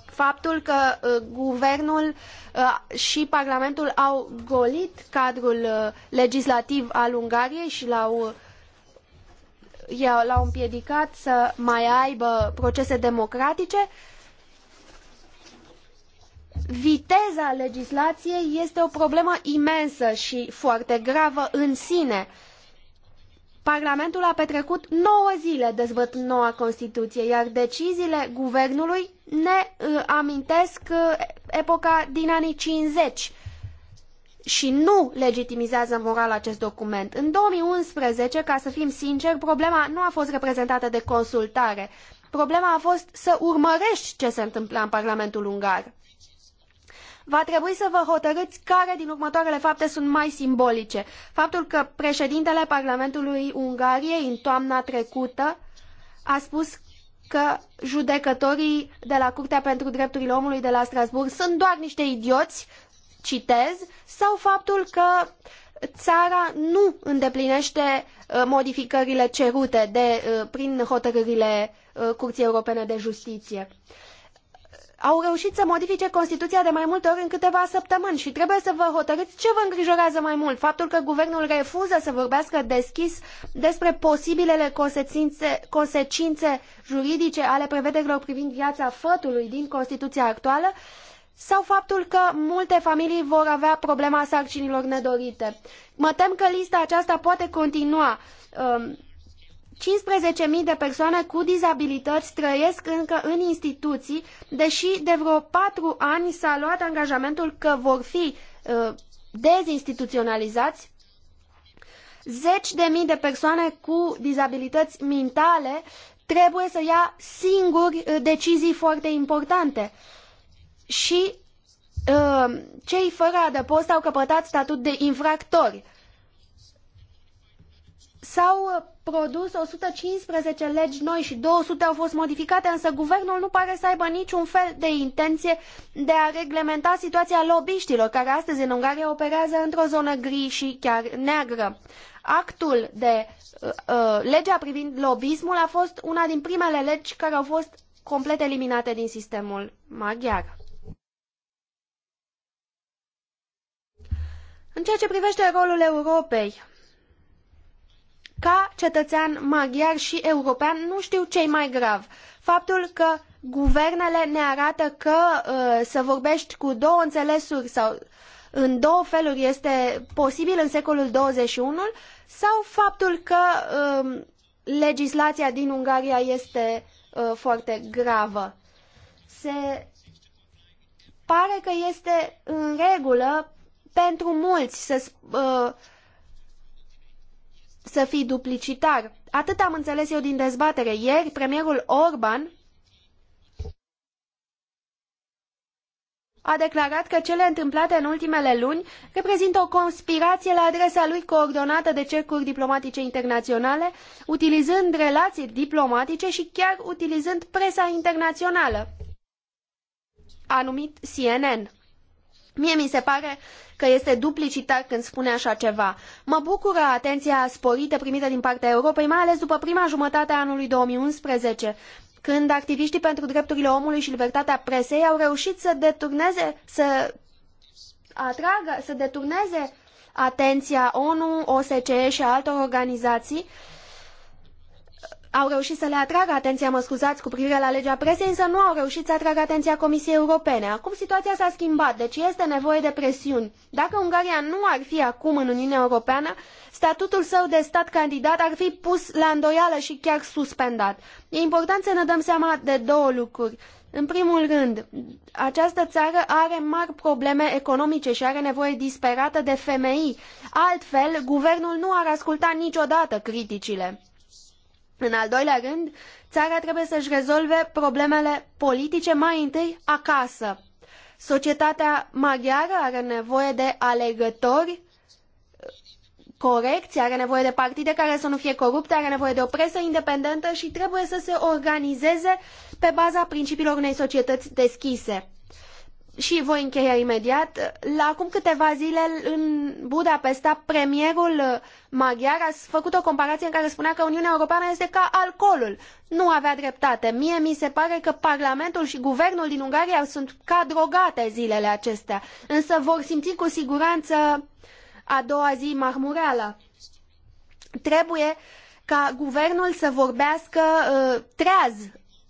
Faptul că uh, guvernul uh, și Parlamentul au golit cadrul uh, legislativ al Ungariei și l-au l-au împiedicat să mai aibă procese democratice, uh, viteza legislației este o problemă imensă și foarte gravă în sine. Parlamentul a petrecut 9 zile dezbătând noua Constituție, iar deciziile guvernului ne uh, amintesc uh, epoca din anii 50 și nu legitimizează moral acest document. În 2011, ca să fim sinceri, problema nu a fost reprezentată de consultare. Problema a fost să urmărești ce se întâmpla în Parlamentul Ungar va trebui să vă hotărâți care din următoarele fapte sunt mai simbolice. Faptul că președintele Parlamentului Ungariei în toamna trecută a spus că judecătorii de la Curtea pentru Drepturile Omului de la Strasbourg sunt doar niște idioți, citez, sau faptul că țara nu îndeplinește uh, modificările cerute de, uh, prin hotărârile uh, Curții Europene de Justiție au reușit să modifice Constituția de mai multe ori în câteva săptămâni și trebuie să vă hotărâți ce vă îngrijorează mai mult. Faptul că guvernul refuză să vorbească deschis despre posibilele consecințe, consecințe juridice ale prevederilor privind viața fătului din Constituția actuală sau faptul că multe familii vor avea problema sarcinilor nedorite. Mă tem că lista aceasta poate continua. Um, 15.000 de persoane cu dizabilități trăiesc încă în instituții, deși de vreo patru ani s-a luat angajamentul că vor fi uh, dezinstituționalizați. Zeci de mii de persoane cu dizabilități mentale trebuie să ia singuri uh, decizii foarte importante. Și uh, cei fără adăpost au căpătat statut de infractori. Sau uh, produs 115 legi noi și 200 au fost modificate, însă guvernul nu pare să aibă niciun fel de intenție de a reglementa situația lobiștilor, care astăzi în Ungaria operează într-o zonă gri și chiar neagră. Actul de uh, uh, legea privind lobismul a fost una din primele legi care au fost complet eliminate din sistemul maghiar. În ceea ce privește rolul Europei, ca cetățean maghiar și european, nu știu ce-i mai grav. Faptul că guvernele ne arată că uh, să vorbești cu două înțelesuri sau în două feluri este posibil în secolul 21 sau faptul că uh, legislația din Ungaria este uh, foarte gravă. Se pare că este în regulă pentru mulți să uh, să fii duplicitar. Atât am înțeles eu din dezbatere. Ieri, premierul Orban a declarat că cele întâmplate în ultimele luni reprezintă o conspirație la adresa lui coordonată de cercuri diplomatice internaționale, utilizând relații diplomatice și chiar utilizând presa internațională, anumit CNN. Mie mi se pare că este duplicitar când spune așa ceva. Mă bucură atenția sporită primită din partea Europei, mai ales după prima jumătate a anului 2011, când activiștii pentru drepturile omului și libertatea presei au reușit să deturneze, să atragă, să deturneze atenția ONU, OSCE și a altor organizații uh, au reușit să le atragă atenția, mă scuzați, cu privire la legea presei, însă nu au reușit să atragă atenția Comisiei Europene. Acum situația s-a schimbat, deci este nevoie de presiuni. Dacă Ungaria nu ar fi acum în Uniunea Europeană, statutul său de stat candidat ar fi pus la îndoială și chiar suspendat. E important să ne dăm seama de două lucruri. În primul rând, această țară are mari probleme economice și are nevoie disperată de femei. Altfel, guvernul nu ar asculta niciodată criticile. În al doilea rând, țara trebuie să-și rezolve problemele politice mai întâi acasă. Societatea maghiară are nevoie de alegători uh, corecți, are nevoie de partide care să nu fie corupte, are nevoie de o presă independentă și trebuie să se organizeze pe baza principiilor unei societăți deschise și voi încheia imediat. La acum câteva zile în Budapesta, premierul maghiar a făcut o comparație în care spunea că Uniunea Europeană este ca alcoolul. Nu avea dreptate. Mie mi se pare că Parlamentul și guvernul din Ungaria sunt ca drogate zilele acestea, însă vor simți cu siguranță a doua zi marmureala. Trebuie ca guvernul să vorbească uh, treaz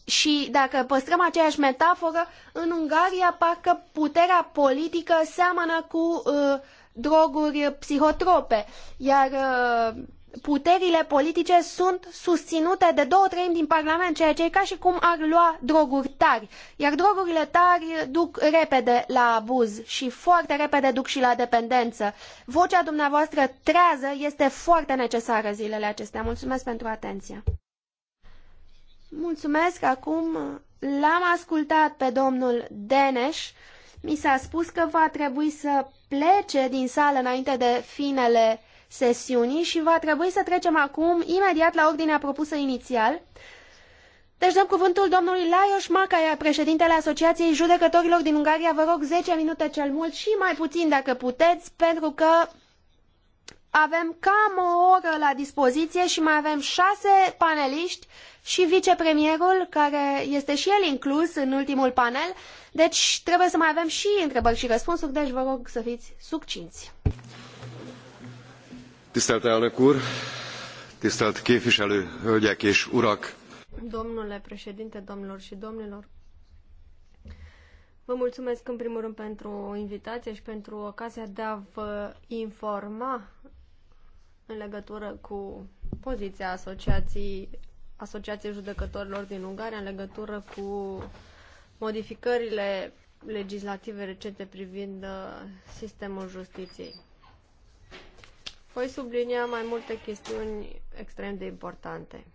și dacă păstrăm aceeași metaforă, în Ungaria parcă puterea politică seamănă cu uh, droguri psihotrope, iar uh, puterile politice sunt susținute de două treimi din Parlament, ceea ce e ca și cum ar lua droguri tari. Iar drogurile tari duc repede la abuz și foarte repede duc și la dependență. Vocea dumneavoastră trează este foarte necesară zilele acestea. Mulțumesc pentru atenție. Mulțumesc, acum l-am ascultat pe domnul Deneș. Mi s-a spus că va trebui să plece din sală înainte de finele sesiunii și va trebui să trecem acum imediat la ordinea propusă inițial. Deci dăm cuvântul domnului Laios Macaia, președintele Asociației Judecătorilor din Ungaria. Vă rog 10 minute cel mult și mai puțin dacă puteți, pentru că avem cam o oră la dispoziție și mai avem șase paneliști și vicepremierul, care este și el inclus în ultimul panel. Deci trebuie să mai avem și întrebări și răspunsuri, deci vă rog să fiți succinți. Tisztelt elnök úr, tisztelt képviselő, hölgyek és urak! Domnule președinte, domnilor și domnilor, vă mulțumesc în primul rând pentru invitație și pentru ocazia de a vă informa în legătură cu poziția Asociației Asociației Judecătorilor din Ungaria în legătură cu modificările legislative recente privind uh, sistemul justiției. Voi sublinia mai multe chestiuni extrem de importante.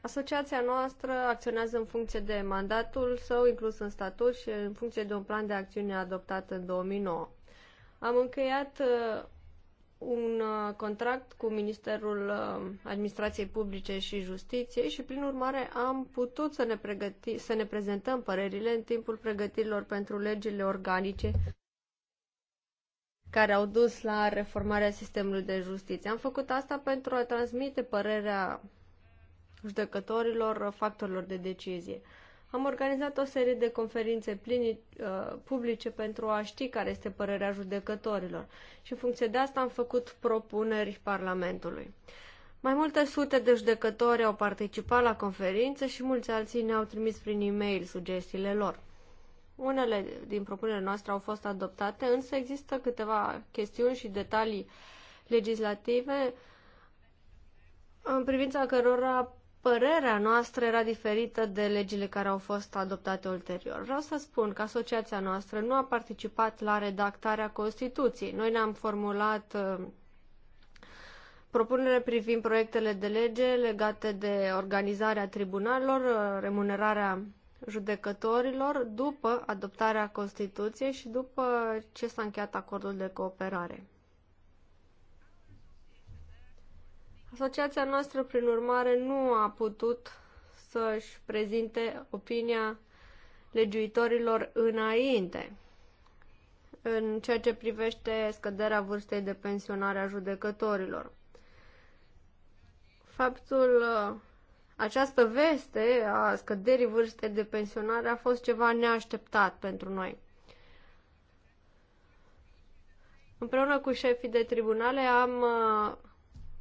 Asociația noastră acționează în funcție de mandatul său inclus în statut și în funcție de un plan de acțiune adoptat în 2009. Am încheiat uh, un uh, contract cu Ministerul uh, Administrației Publice și Justiției și, prin urmare, am putut să ne, pregăti, să ne prezentăm părerile în timpul pregătirilor pentru legile organice care au dus la reformarea sistemului de justiție. Am făcut asta pentru a transmite părerea judecătorilor, uh, factorilor de decizie. Am organizat o serie de conferințe plini, uh, publice pentru a ști care este părerea judecătorilor și în funcție de asta am făcut propuneri Parlamentului. Mai multe sute de judecători au participat la conferință și mulți alții ne-au trimis prin e-mail sugestiile lor. Unele din propunerile noastre au fost adoptate, însă există câteva chestiuni și detalii legislative în privința cărora părerea noastră era diferită de legile care au fost adoptate ulterior. Vreau să spun că asociația noastră nu a participat la redactarea Constituției. Noi ne-am formulat uh, propunere privind proiectele de lege legate de organizarea tribunalelor, uh, remunerarea judecătorilor după adoptarea Constituției și după ce s-a încheiat acordul de cooperare. Asociația noastră, prin urmare, nu a putut să-și prezinte opinia legiuitorilor înainte în ceea ce privește scăderea vârstei de pensionare a judecătorilor. Faptul, uh, această veste a scăderii vârstei de pensionare a fost ceva neașteptat pentru noi. Împreună cu șefii de tribunale am uh,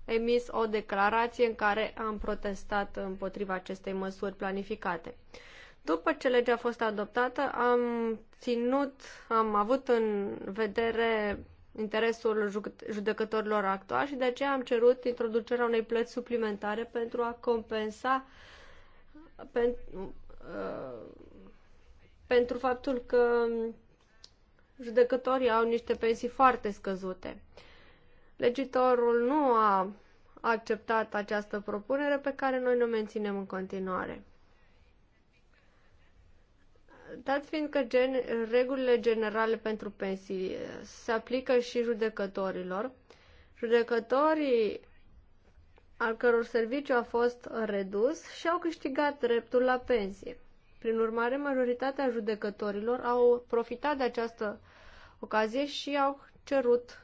emis o declarație în care am protestat împotriva acestei măsuri planificate. După ce legea a fost adoptată, am ținut, am avut în vedere interesul judecătorilor actuali și de aceea am cerut introducerea unei plăți suplimentare pentru a compensa pentru, uh, pentru faptul că judecătorii au niște pensii foarte scăzute. Uh, Legitorul nu a acceptat această propunere pe care noi ne menținem în continuare. Dat fiind că gen, regulile generale pentru pensii se aplică și judecătorilor, judecătorii al căror serviciu a fost redus și-au câștigat dreptul la pensie. Prin urmare, majoritatea judecătorilor au profitat de această ocazie și au cerut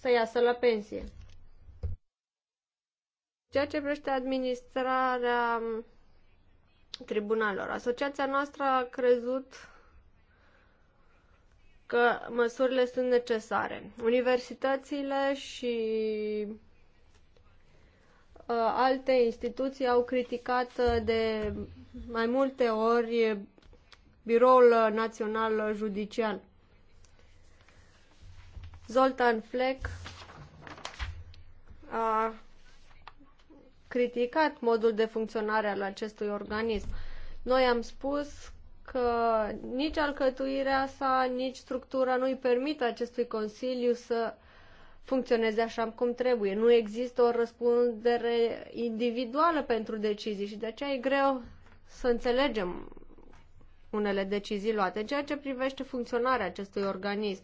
să iasă la pensie. Ceea ce privește administrarea tribunalelor. Asociația noastră a crezut că măsurile sunt necesare. Universitățile și uh, alte instituții au criticat ă, de mai multe ori Biroul Național Judiciar Zoltan Fleck a criticat modul de funcționare al acestui organism. Noi am spus că nici alcătuirea sa, nici structura nu i permite acestui Consiliu să funcționeze așa cum trebuie. Nu există o răspundere individuală pentru decizii și de aceea e greu să înțelegem unele decizii luate în ceea ce privește funcționarea acestui organism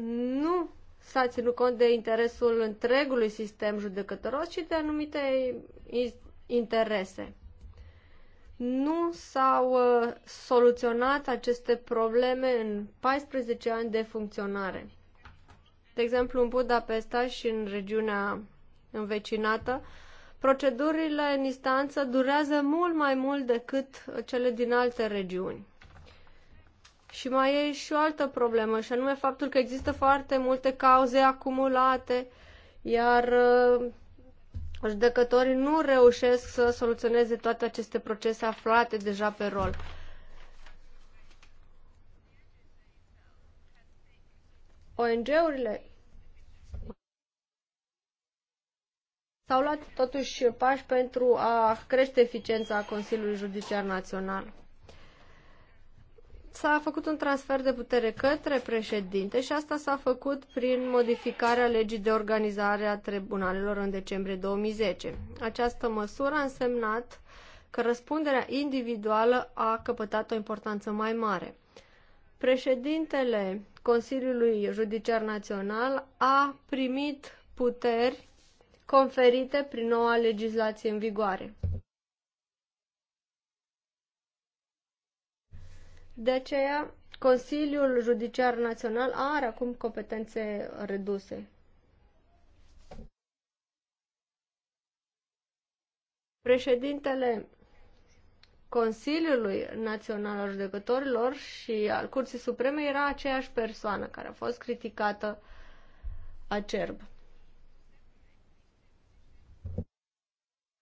nu s-a ținut cont de interesul întregului sistem judecătoros, ci de anumite interese. Nu s-au uh, soluționat aceste probleme în 14 ani de funcționare. De exemplu, în Budapesta și în regiunea învecinată, procedurile în instanță durează mult mai mult decât cele din alte regiuni. Și mai e și o altă problemă, și anume faptul că există foarte multe cauze acumulate, iar uh, judecătorii nu reușesc să soluționeze toate aceste procese aflate deja pe rol. ONG-urile s-au luat totuși pași pentru a crește eficiența Consiliului Judiciar Național s-a făcut un transfer de putere către președinte și asta s-a făcut prin modificarea legii de organizare a tribunalelor în decembrie 2010. Această măsură a însemnat că răspunderea individuală a căpătat o importanță mai mare. Președintele Consiliului Judiciar Național a primit puteri conferite prin noua legislație în vigoare. De aceea, Consiliul Judiciar Național are acum competențe reduse. Președintele Consiliului Național al Judecătorilor și al Curții Supreme era aceeași persoană care a fost criticată acerb.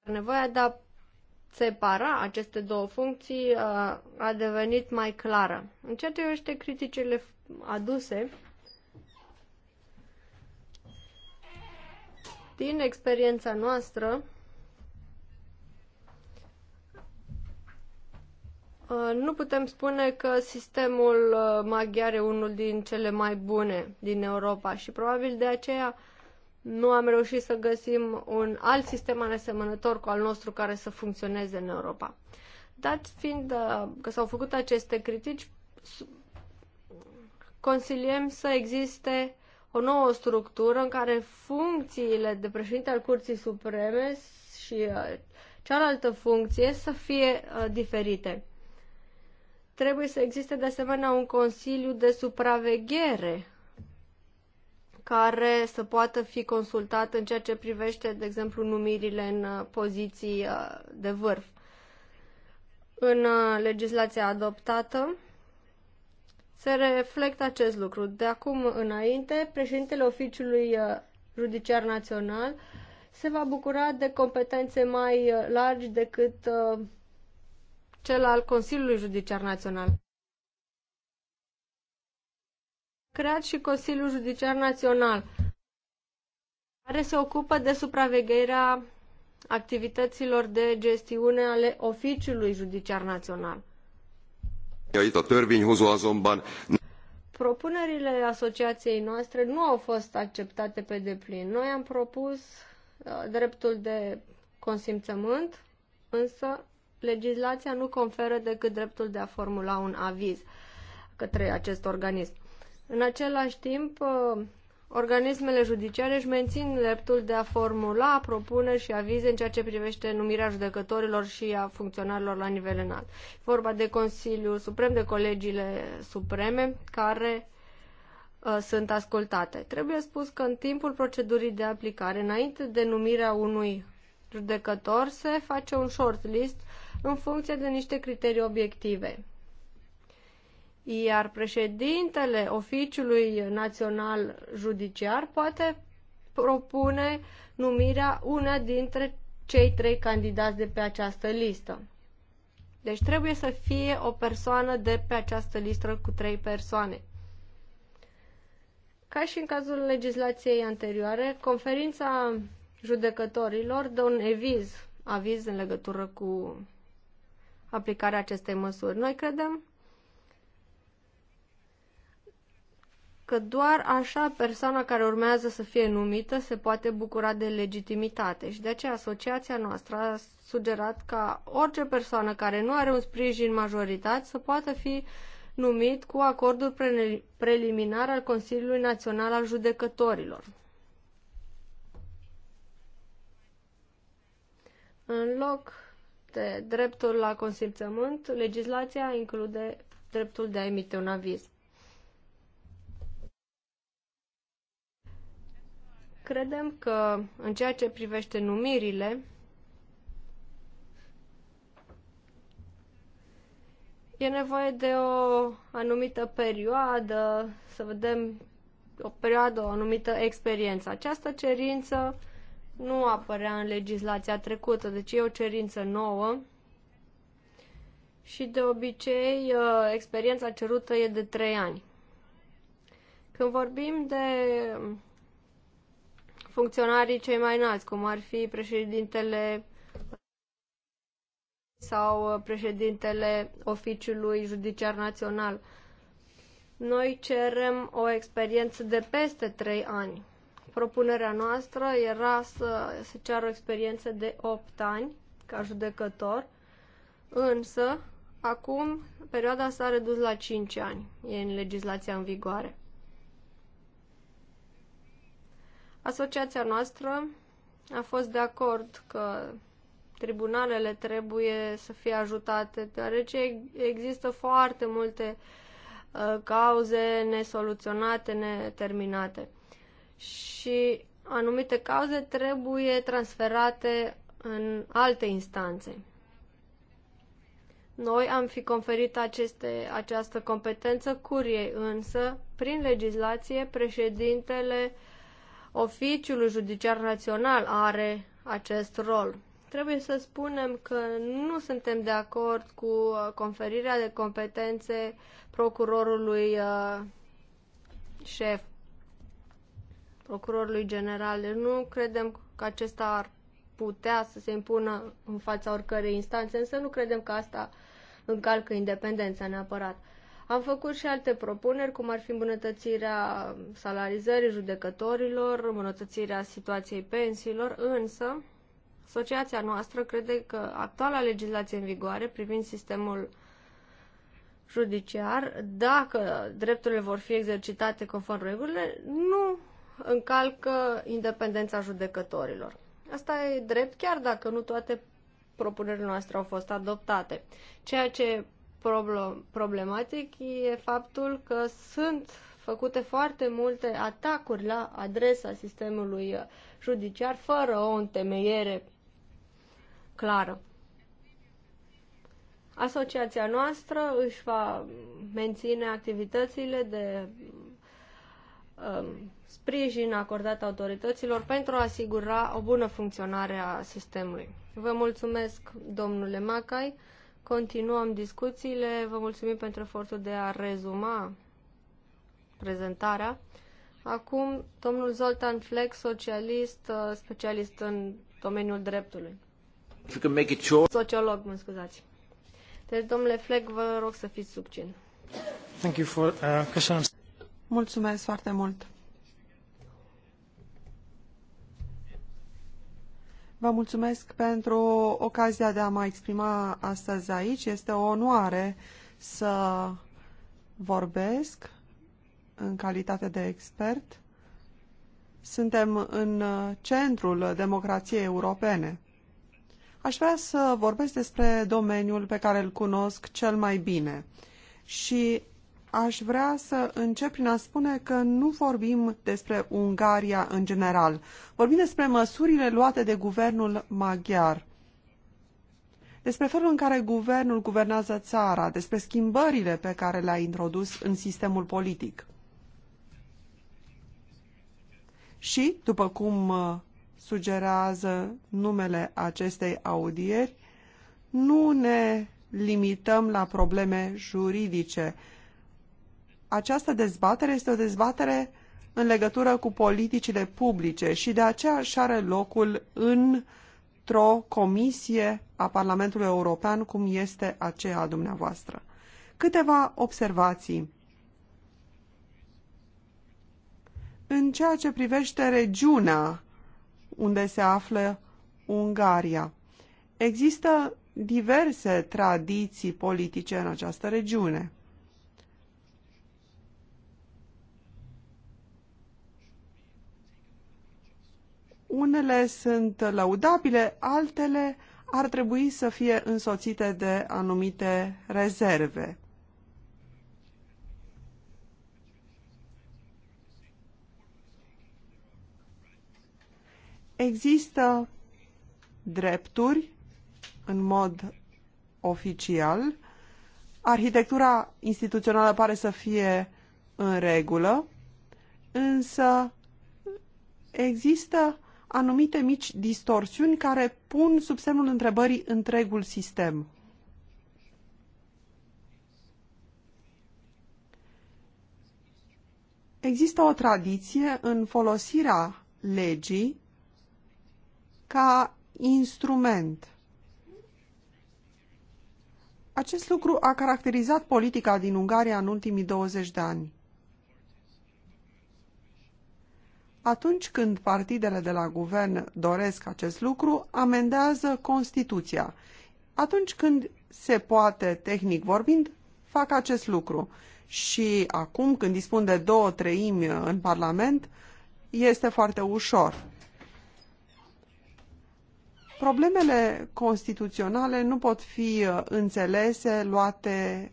Nevoia de a separa aceste două funcții uh, a devenit mai clară. În ceea ce privește criticile aduse, din experiența noastră, uh, nu putem spune că sistemul uh, maghiar e unul din cele mai bune din Europa și probabil de aceea nu am reușit să găsim un alt sistem asemănător cu al nostru care să funcționeze în Europa. Dat fiind uh, că s-au făcut aceste critici, consiliem să existe o nouă structură în care funcțiile de președinte al Curții Supreme și uh, cealaltă funcție să fie uh, diferite. Trebuie să existe de asemenea un consiliu de supraveghere care să poată fi consultat în ceea ce privește, de exemplu, numirile în uh, poziții uh, de vârf. În uh, legislația adoptată se reflectă acest lucru. De acum înainte, președintele Oficiului Judiciar Național se va bucura de competențe mai largi decât cel al Consiliului Judiciar Național creat și Consiliul Judiciar Național, care se ocupă de supravegherea activităților de gestiune ale Oficiului Judiciar Național. Propunerile asociației noastre nu au fost acceptate pe deplin. Noi am propus uh, dreptul de consimțământ, însă legislația nu conferă decât dreptul de a formula un aviz către acest organism. În același timp, uh, organismele judiciare își mențin dreptul de a formula propuneri și avize în ceea ce privește numirea judecătorilor și a funcționarilor la nivel înalt. Vorba de Consiliul Suprem, de colegiile supreme, care uh, sunt ascultate. Trebuie spus că în timpul procedurii de aplicare, înainte de numirea unui judecător, se face un shortlist în funcție de niște criterii obiective iar președintele Oficiului Național Judiciar poate propune numirea una dintre cei trei candidați de pe această listă. Deci trebuie să fie o persoană de pe această listă cu trei persoane. Ca și în cazul legislației anterioare, conferința judecătorilor dă un eviz, aviz în legătură cu aplicarea acestei măsuri. Noi credem că doar așa persoana care urmează să fie numită se poate bucura de legitimitate și de aceea asociația noastră a sugerat ca orice persoană care nu are un sprijin majoritar să poată fi numit cu acordul pre preliminar al Consiliului Național al Judecătorilor. În loc de dreptul la consimțământ, legislația include dreptul de a emite un aviz. credem că în ceea ce privește numirile, e nevoie de o anumită perioadă, să vedem o perioadă, o anumită experiență. Această cerință nu apărea în legislația trecută, deci e o cerință nouă și de obicei uh, experiența cerută e de 3 ani. Când vorbim de funcționarii cei mai înalți, cum ar fi președintele sau președintele Oficiului Judiciar Național. Noi cerem o experiență de peste 3 ani. Propunerea noastră era să se ceară o experiență de 8 ani ca judecător, însă acum perioada s-a redus la 5 ani, e în legislația în vigoare. Asociația noastră a fost de acord că tribunalele trebuie să fie ajutate, deoarece există foarte multe uh, cauze nesoluționate, neterminate. Și anumite cauze trebuie transferate în alte instanțe. Noi am fi conferit aceste, această competență curiei, însă, prin legislație, președintele uh, Oficiul Judiciar Național are acest rol. Trebuie să spunem că nu suntem de acord cu uh, conferirea de competențe procurorului uh, șef, procurorului general. Deci nu credem că acesta ar putea să se impună în fața oricărei instanțe, însă nu credem că asta încalcă independența neapărat. Uh, am făcut și alte propuneri, cum ar fi îmbunătățirea salarizării judecătorilor, îmbunătățirea situației pensiilor, însă asociația noastră crede că actuala legislație în vigoare privind sistemul judiciar, dacă drepturile vor fi exercitate conform regulile, nu încalcă independența judecătorilor. Asta e drept, chiar dacă nu toate propunerile noastre au fost adoptate. Ceea ce problematic e faptul că sunt făcute foarte multe atacuri la adresa sistemului judiciar fără o întemeiere clară. Asociația noastră își va menține activitățile de um, sprijin acordat autorităților pentru a asigura o bună funcționare a sistemului. Vă mulțumesc, domnule Macai. Continuăm discuțiile. Vă mulțumim pentru efortul de a rezuma prezentarea. Acum, domnul Zoltan Fleck, socialist, uh, specialist în domeniul dreptului. Sociolog, mă scuzați. Deci, domnule Fleck, vă rog să fiți succint. Uh, Mulțumesc foarte mult. Vă mulțumesc pentru ocazia de a mă exprima astăzi aici. Este o onoare să vorbesc în calitate de expert. Suntem în centrul democrației europene. Aș vrea să vorbesc despre domeniul pe care îl cunosc cel mai bine și aș vrea să încep prin a spune că nu vorbim despre Ungaria în general. Vorbim despre măsurile luate de guvernul maghiar, despre felul în care guvernul guvernează țara, despre schimbările pe care le-a introdus în sistemul politic. Și, după cum uh, sugerează numele acestei audieri, nu ne limităm la probleme juridice, această dezbatere este o dezbatere în legătură cu politicile publice și de aceea își are locul într-o comisie a Parlamentului European, cum este aceea a dumneavoastră. Câteva observații. În ceea ce privește regiunea unde se află Ungaria, există diverse tradiții politice în această regiune. Unele sunt laudabile, altele ar trebui să fie însoțite de anumite rezerve. Există drepturi în mod oficial. Arhitectura instituțională pare să fie în regulă, însă există anumite mici distorsiuni care pun sub semnul întrebării întregul sistem. Există o tradiție în folosirea legii ca instrument. Acest lucru a caracterizat politica din Ungaria în ultimii 20 de ani. Atunci când partidele de la guvern doresc acest lucru, amendează Constituția. Atunci când se poate, tehnic vorbind, fac acest lucru. Și acum, când dispun de două treimi în Parlament, este foarte ușor. Problemele constituționale nu pot fi uh, înțelese, luate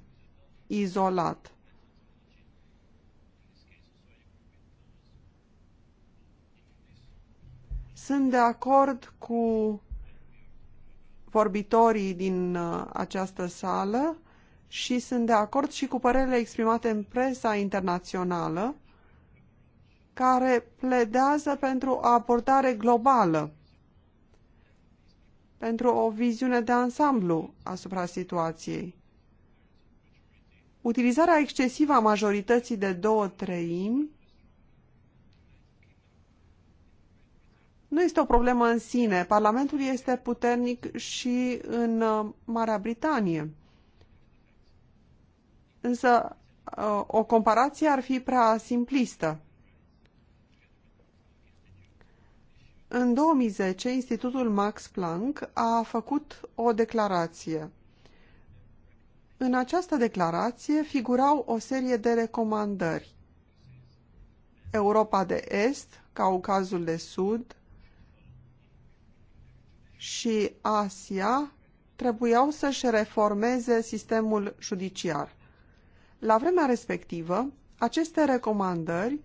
izolat. Sunt de acord cu vorbitorii din uh, această sală și sunt de acord și cu părerile exprimate în presa internațională care pledează pentru o abordare globală, pentru o viziune de ansamblu asupra situației. Utilizarea excesivă a majorității de două treimi Nu este o problemă în sine. Parlamentul este puternic și în uh, Marea Britanie. Însă uh, o comparație ar fi prea simplistă. În 2010, Institutul Max Planck a făcut o declarație. În această declarație figurau o serie de recomandări. Europa de Est, Caucazul de Sud, și Asia trebuiau să-și reformeze sistemul judiciar. La vremea respectivă, aceste recomandări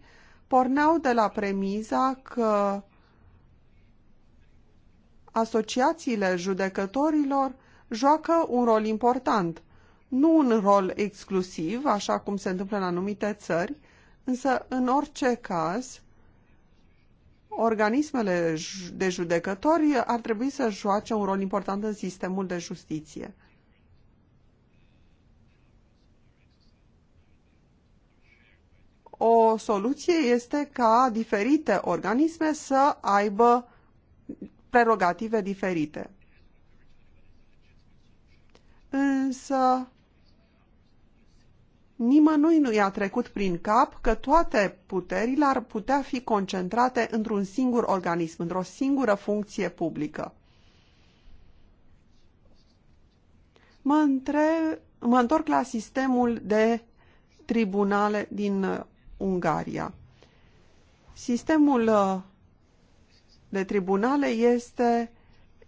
porneau de la premiza că asociațiile judecătorilor joacă un rol important, nu un rol exclusiv, așa cum se întâmplă în anumite țări, însă în orice caz organismele de judecători ar trebui să joace un rol important în sistemul de justiție. O soluție este ca diferite organisme să aibă prerogative diferite. Însă nimănui nu i-a trecut prin cap că toate puterile ar putea fi concentrate într-un singur organism, într-o singură funcție publică. Mă, între... mă întorc la sistemul de tribunale din uh, Ungaria. Sistemul uh, de tribunale este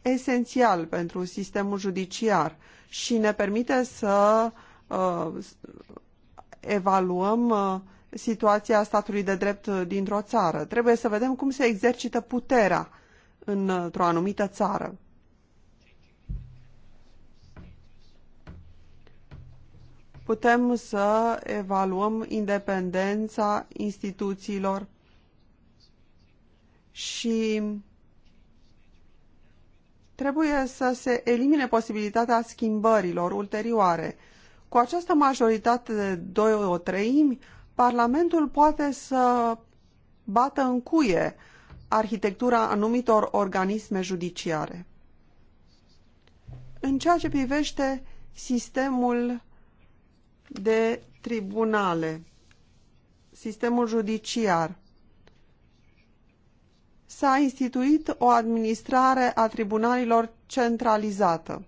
esențial pentru sistemul judiciar și ne permite să uh, evaluăm uh, situația statului de drept uh, dintr-o țară. Trebuie să vedem cum se exercită puterea uh, într-o anumită țară. Putem să evaluăm independența instituțiilor și trebuie să se elimine posibilitatea schimbărilor ulterioare. Cu această majoritate de 2 o treimi, Parlamentul poate să bată în cuie arhitectura anumitor organisme judiciare. În ceea ce privește sistemul de tribunale, sistemul judiciar, s-a instituit o administrare a tribunalilor centralizată.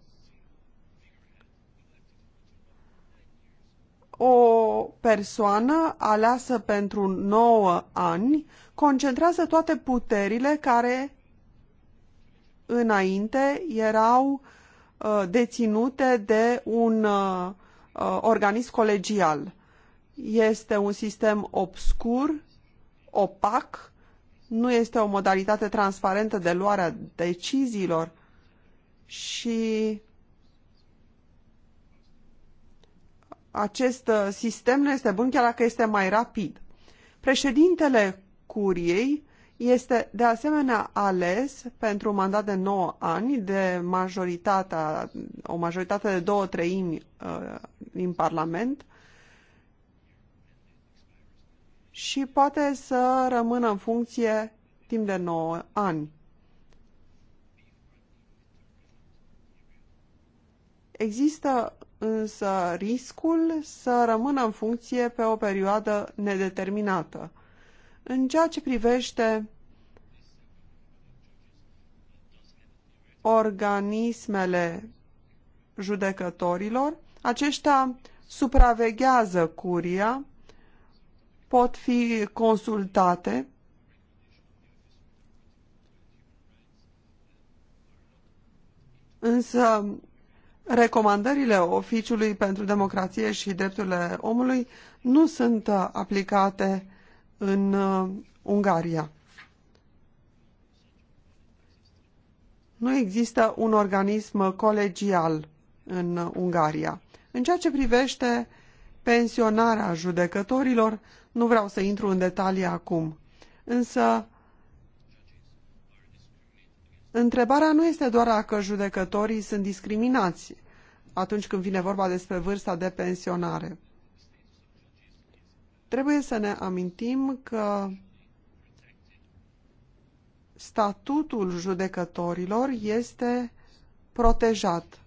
o persoană aleasă pentru 9 ani concentrează toate puterile care înainte erau uh, deținute de un uh, uh, organism colegial. Este un sistem obscur, opac, nu este o modalitate transparentă de luarea deciziilor și acest uh, sistem nu este bun chiar dacă este mai rapid. Președintele Curiei este de asemenea ales pentru un mandat de 9 ani de majoritatea, o majoritate de două treimi uh, din Parlament și poate să rămână în funcție timp de 9 ani. Există însă riscul să rămână în funcție pe o perioadă nedeterminată. În ceea ce privește organismele judecătorilor, aceștia supraveghează curia, pot fi consultate însă recomandările Oficiului pentru Democrație și Drepturile Omului nu sunt uh, aplicate în uh, Ungaria. Nu există un organism colegial în Ungaria. În ceea ce privește pensionarea judecătorilor, nu vreau să intru în detalii acum, însă Întrebarea nu este doar dacă judecătorii sunt discriminați atunci când vine vorba despre vârsta de pensionare. Trebuie să ne amintim că statutul judecătorilor este protejat.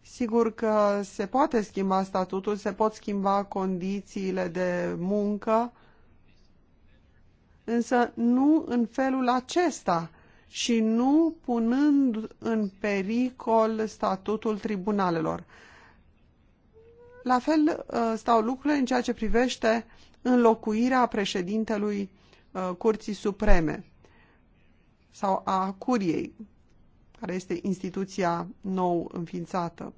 Sigur că se poate schimba statutul, se pot schimba condițiile de muncă, însă nu în felul acesta și nu punând în pericol statutul tribunalelor. La fel uh, stau lucrurile în ceea ce privește înlocuirea președintelui uh, Curții Supreme sau a Curiei, care este instituția nou înființată.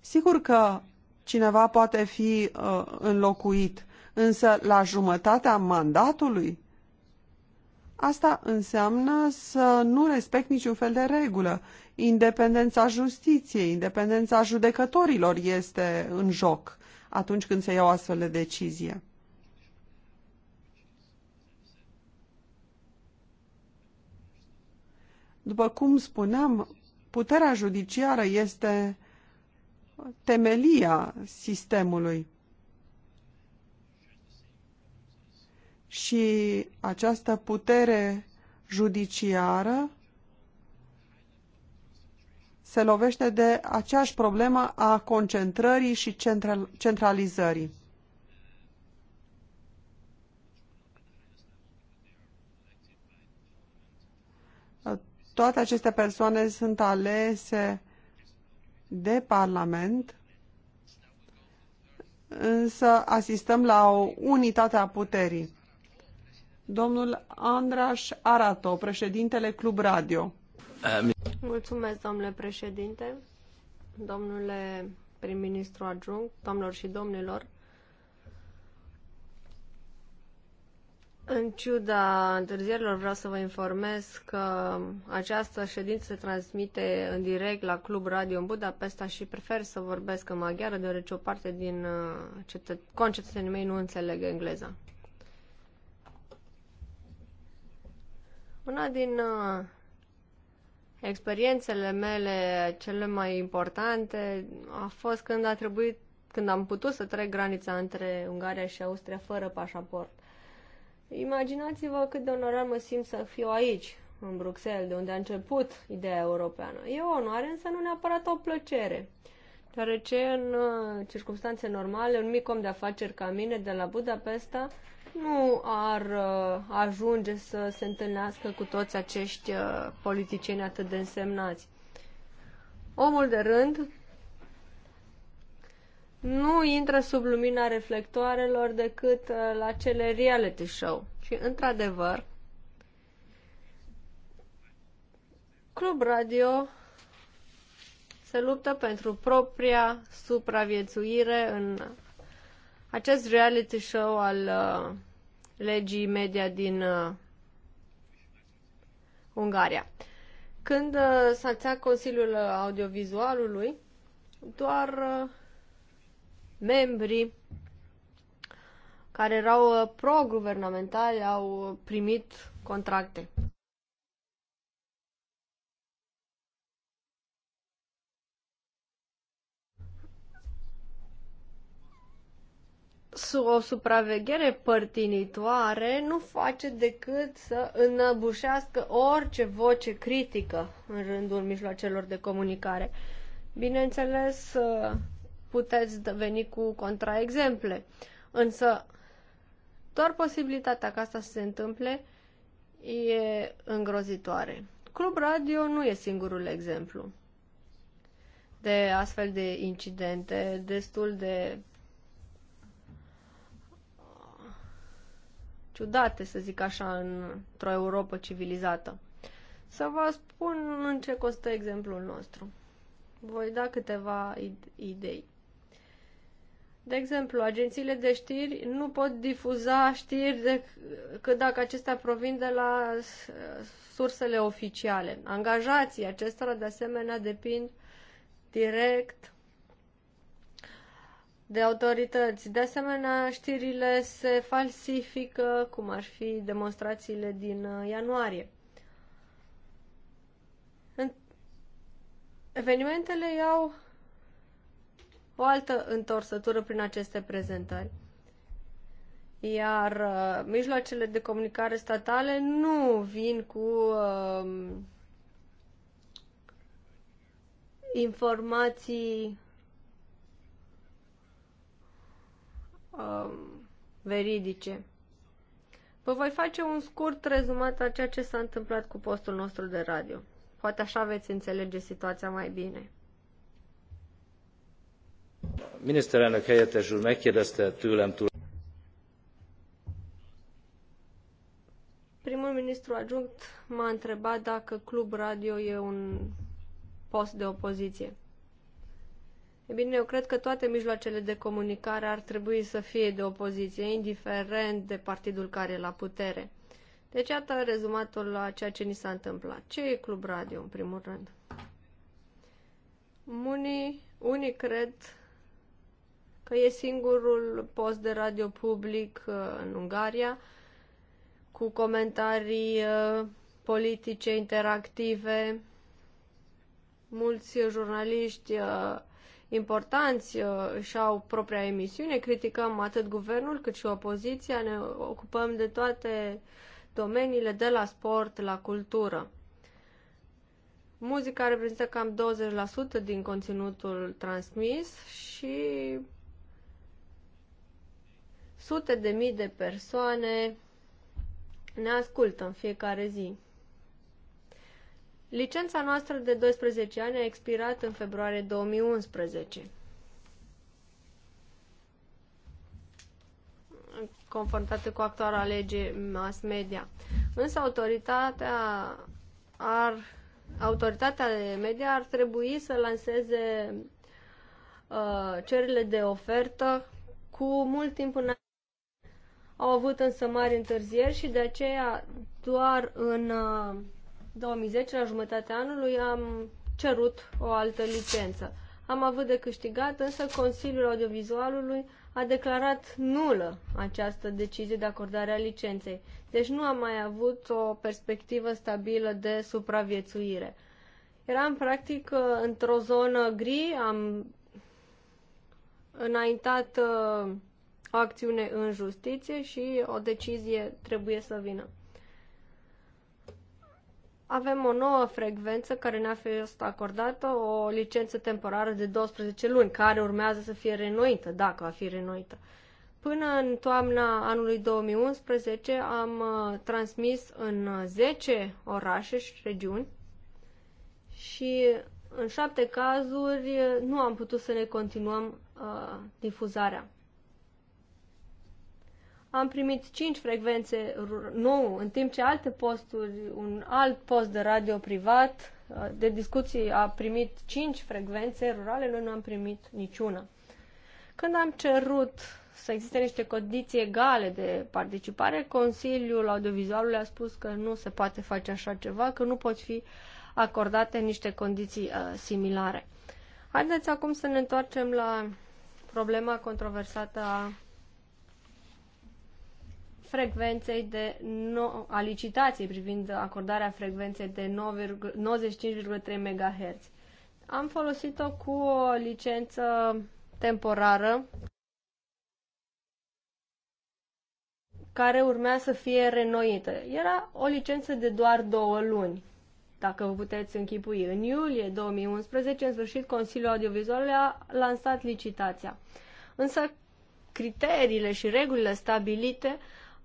Sigur că cineva poate fi uh, înlocuit, însă la jumătatea mandatului? Asta înseamnă să nu respect niciun fel de regulă. Independența justiției, independența judecătorilor este în joc atunci când se iau astfel de decizie. După cum spuneam, puterea judiciară este temelia sistemului. și această putere judiciară se lovește de aceeași problemă a concentrării și centralizării. Toate aceste persoane sunt alese de Parlament, însă asistăm la o unitate a puterii. Domnul Andraș Arato, președintele Club Radio. Mulțumesc, domnule președinte, domnule prim-ministru adjunct, domnilor și domnilor. În ciuda întârzierilor vreau să vă informez că această ședință se transmite în direct la Club Radio în Budapesta și prefer să vorbesc în maghiară deoarece o parte din uh, concetățenii mei nu înțeleg engleza. Una din uh, experiențele mele cele mai importante a fost când a trebuit, când am putut să trec granița între Ungaria și Austria fără pașaport. Imaginați-vă cât de onorat mă simt să fiu aici, în Bruxelles, de unde a început ideea europeană. E o onoare, însă nu neapărat o plăcere. Deoarece, în uh, circunstanțe normale, un mic om de afaceri ca mine de la Budapesta nu ar uh, ajunge să se întâlnească cu toți acești uh, politicieni atât de însemnați. Omul de rând nu intră sub lumina reflectoarelor decât uh, la cele reality show. Și, într-adevăr, Club Radio se luptă pentru propria supraviețuire în acest reality show al uh, legii media din uh, Ungaria. Când uh, s-a țeat Consiliul Audiovizualului, doar uh, membrii care erau uh, pro-guvernamentali au primit contracte. o supraveghere părtinitoare nu face decât să înăbușească orice voce critică în rândul mijloacelor de comunicare. Bineînțeles, ă, puteți veni cu contraexemple, însă doar posibilitatea ca asta să se întâmple e îngrozitoare. Club Radio nu e singurul exemplu de astfel de incidente destul de ciudate, să zic așa, într-o Europa civilizată. Să vă spun în ce costă exemplul nostru. Voi da câteva idei. De exemplu, agențiile de știri nu pot difuza știri decât dacă acestea provin de la sursele oficiale. Angajații acestora, de asemenea, depind direct de autorități. De asemenea, știrile se falsifică, cum ar fi demonstrațiile din uh, ianuarie. Evenimentele iau o altă întorsătură prin aceste prezentări. Iar uh, mijloacele de comunicare statale nu vin cu uh, informații uh, veridice. Vă voi face un scurt rezumat a ceea ce s-a întâmplat cu postul nostru de radio. Poate așa veți înțelege situația mai bine. Miniszterelnök helyettes úr megkérdezte tőlem túl. Primul ministru adjunct m-a întrebat dacă Club Radio e un post de opoziție. E bine, eu cred că toate mijloacele de comunicare ar trebui să fie de opoziție, indiferent de partidul care e la putere. Deci, iată rezumatul la ceea ce ni s-a întâmplat. Ce e Club Radio, în primul rând? Unii, unii cred că e singurul post de radio public uh, în Ungaria, cu comentarii uh, politice interactive. Mulți jurnaliști uh, importanți uh, și au propria emisiune, criticăm atât guvernul cât și opoziția, ne ocupăm de toate domeniile, de la sport la cultură. Muzica reprezintă cam 20% din conținutul transmis și sute de mii de persoane ne ascultă în fiecare zi. Licența noastră de 12 ani a expirat în februarie 2011. confruntate cu actuala lege mass media. Însă autoritatea ar autoritatea de media ar trebui să lanseze uh, cererile de ofertă cu mult timp în au avut însă mari întârzieri și de aceea doar în uh, 2010, la jumătatea anului, am cerut o altă licență. Am avut de câștigat, însă Consiliul Audiovizualului a declarat nulă această decizie de acordare a licenței. Deci nu am mai avut o perspectivă stabilă de supraviețuire. Eram practic într-o zonă gri, am înaintat uh, o acțiune în justiție și o decizie trebuie să vină avem o nouă frecvență care ne-a fost acordată, o licență temporară de 12 luni, care urmează să fie renoită, dacă va fi renoită. Până în toamna anului 2011 am uh, transmis în 10 uh, orașe și regiuni și în 7 cazuri uh, nu am putut să ne continuăm uh, difuzarea am primit 5 frecvențe nou, în timp ce alte posturi, un alt post de radio privat uh, de discuții a primit 5 frecvențe rurale, noi nu am primit niciuna. Când am cerut să existe niște condiții egale de participare, Consiliul Audiovizualului a spus că nu se poate face așa ceva, că nu pot fi acordate niște condiții uh, similare. Haideți acum să ne întoarcem la problema controversată a frecvenței de no, a licitației privind acordarea frecvenței de 95,3 MHz. Am folosit-o cu o licență temporară care urmea să fie renoită. Era o licență de doar două luni, dacă vă puteți închipui. În iulie 2011, în sfârșit, Consiliul Audiovizual a lansat licitația. Însă, criteriile și regulile stabilite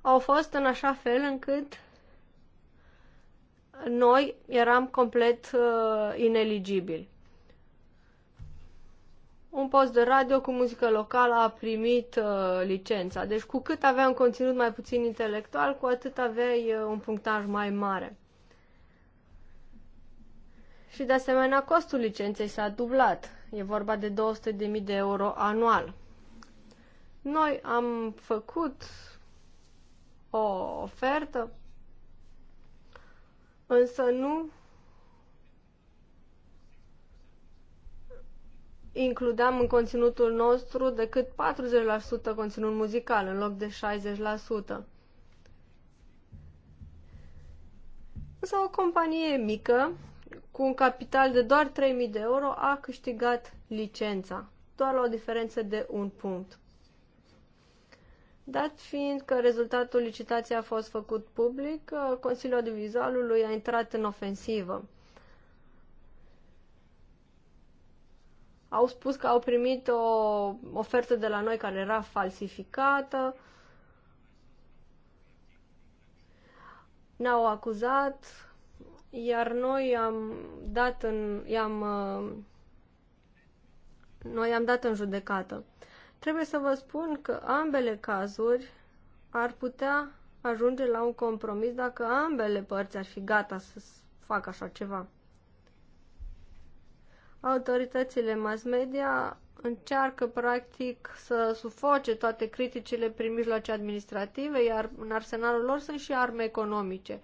au fost în așa fel încât noi eram complet uh, ineligibili. Un post de radio cu muzică locală a primit uh, licența. Deci cu cât avea un conținut mai puțin intelectual, cu atât aveai uh, un punctaj mai mare. Și de asemenea costul licenței s-a dublat. E vorba de 200.000 de euro anual. Noi am făcut o ofertă, însă nu includeam în conținutul nostru decât 40% conținut muzical în loc de 60%. Însă o companie mică, cu un capital de doar 3.000 de euro, a câștigat licența, doar la o diferență de un punct. Dat fiind că rezultatul licitației a fost făcut public, Consiliul Audiovizualului a intrat în ofensivă. Au spus că au primit o ofertă de la noi care era falsificată, ne-au acuzat, iar noi am dat în, i-am, uh, noi am dat în judecată. Trebuie să vă spun că ambele cazuri ar putea ajunge la un compromis dacă ambele părți ar fi gata să facă așa ceva. Autoritățile mass media încearcă practic să sufoce toate criticile prin mijloace administrative, iar în arsenalul lor sunt și arme economice. Uh,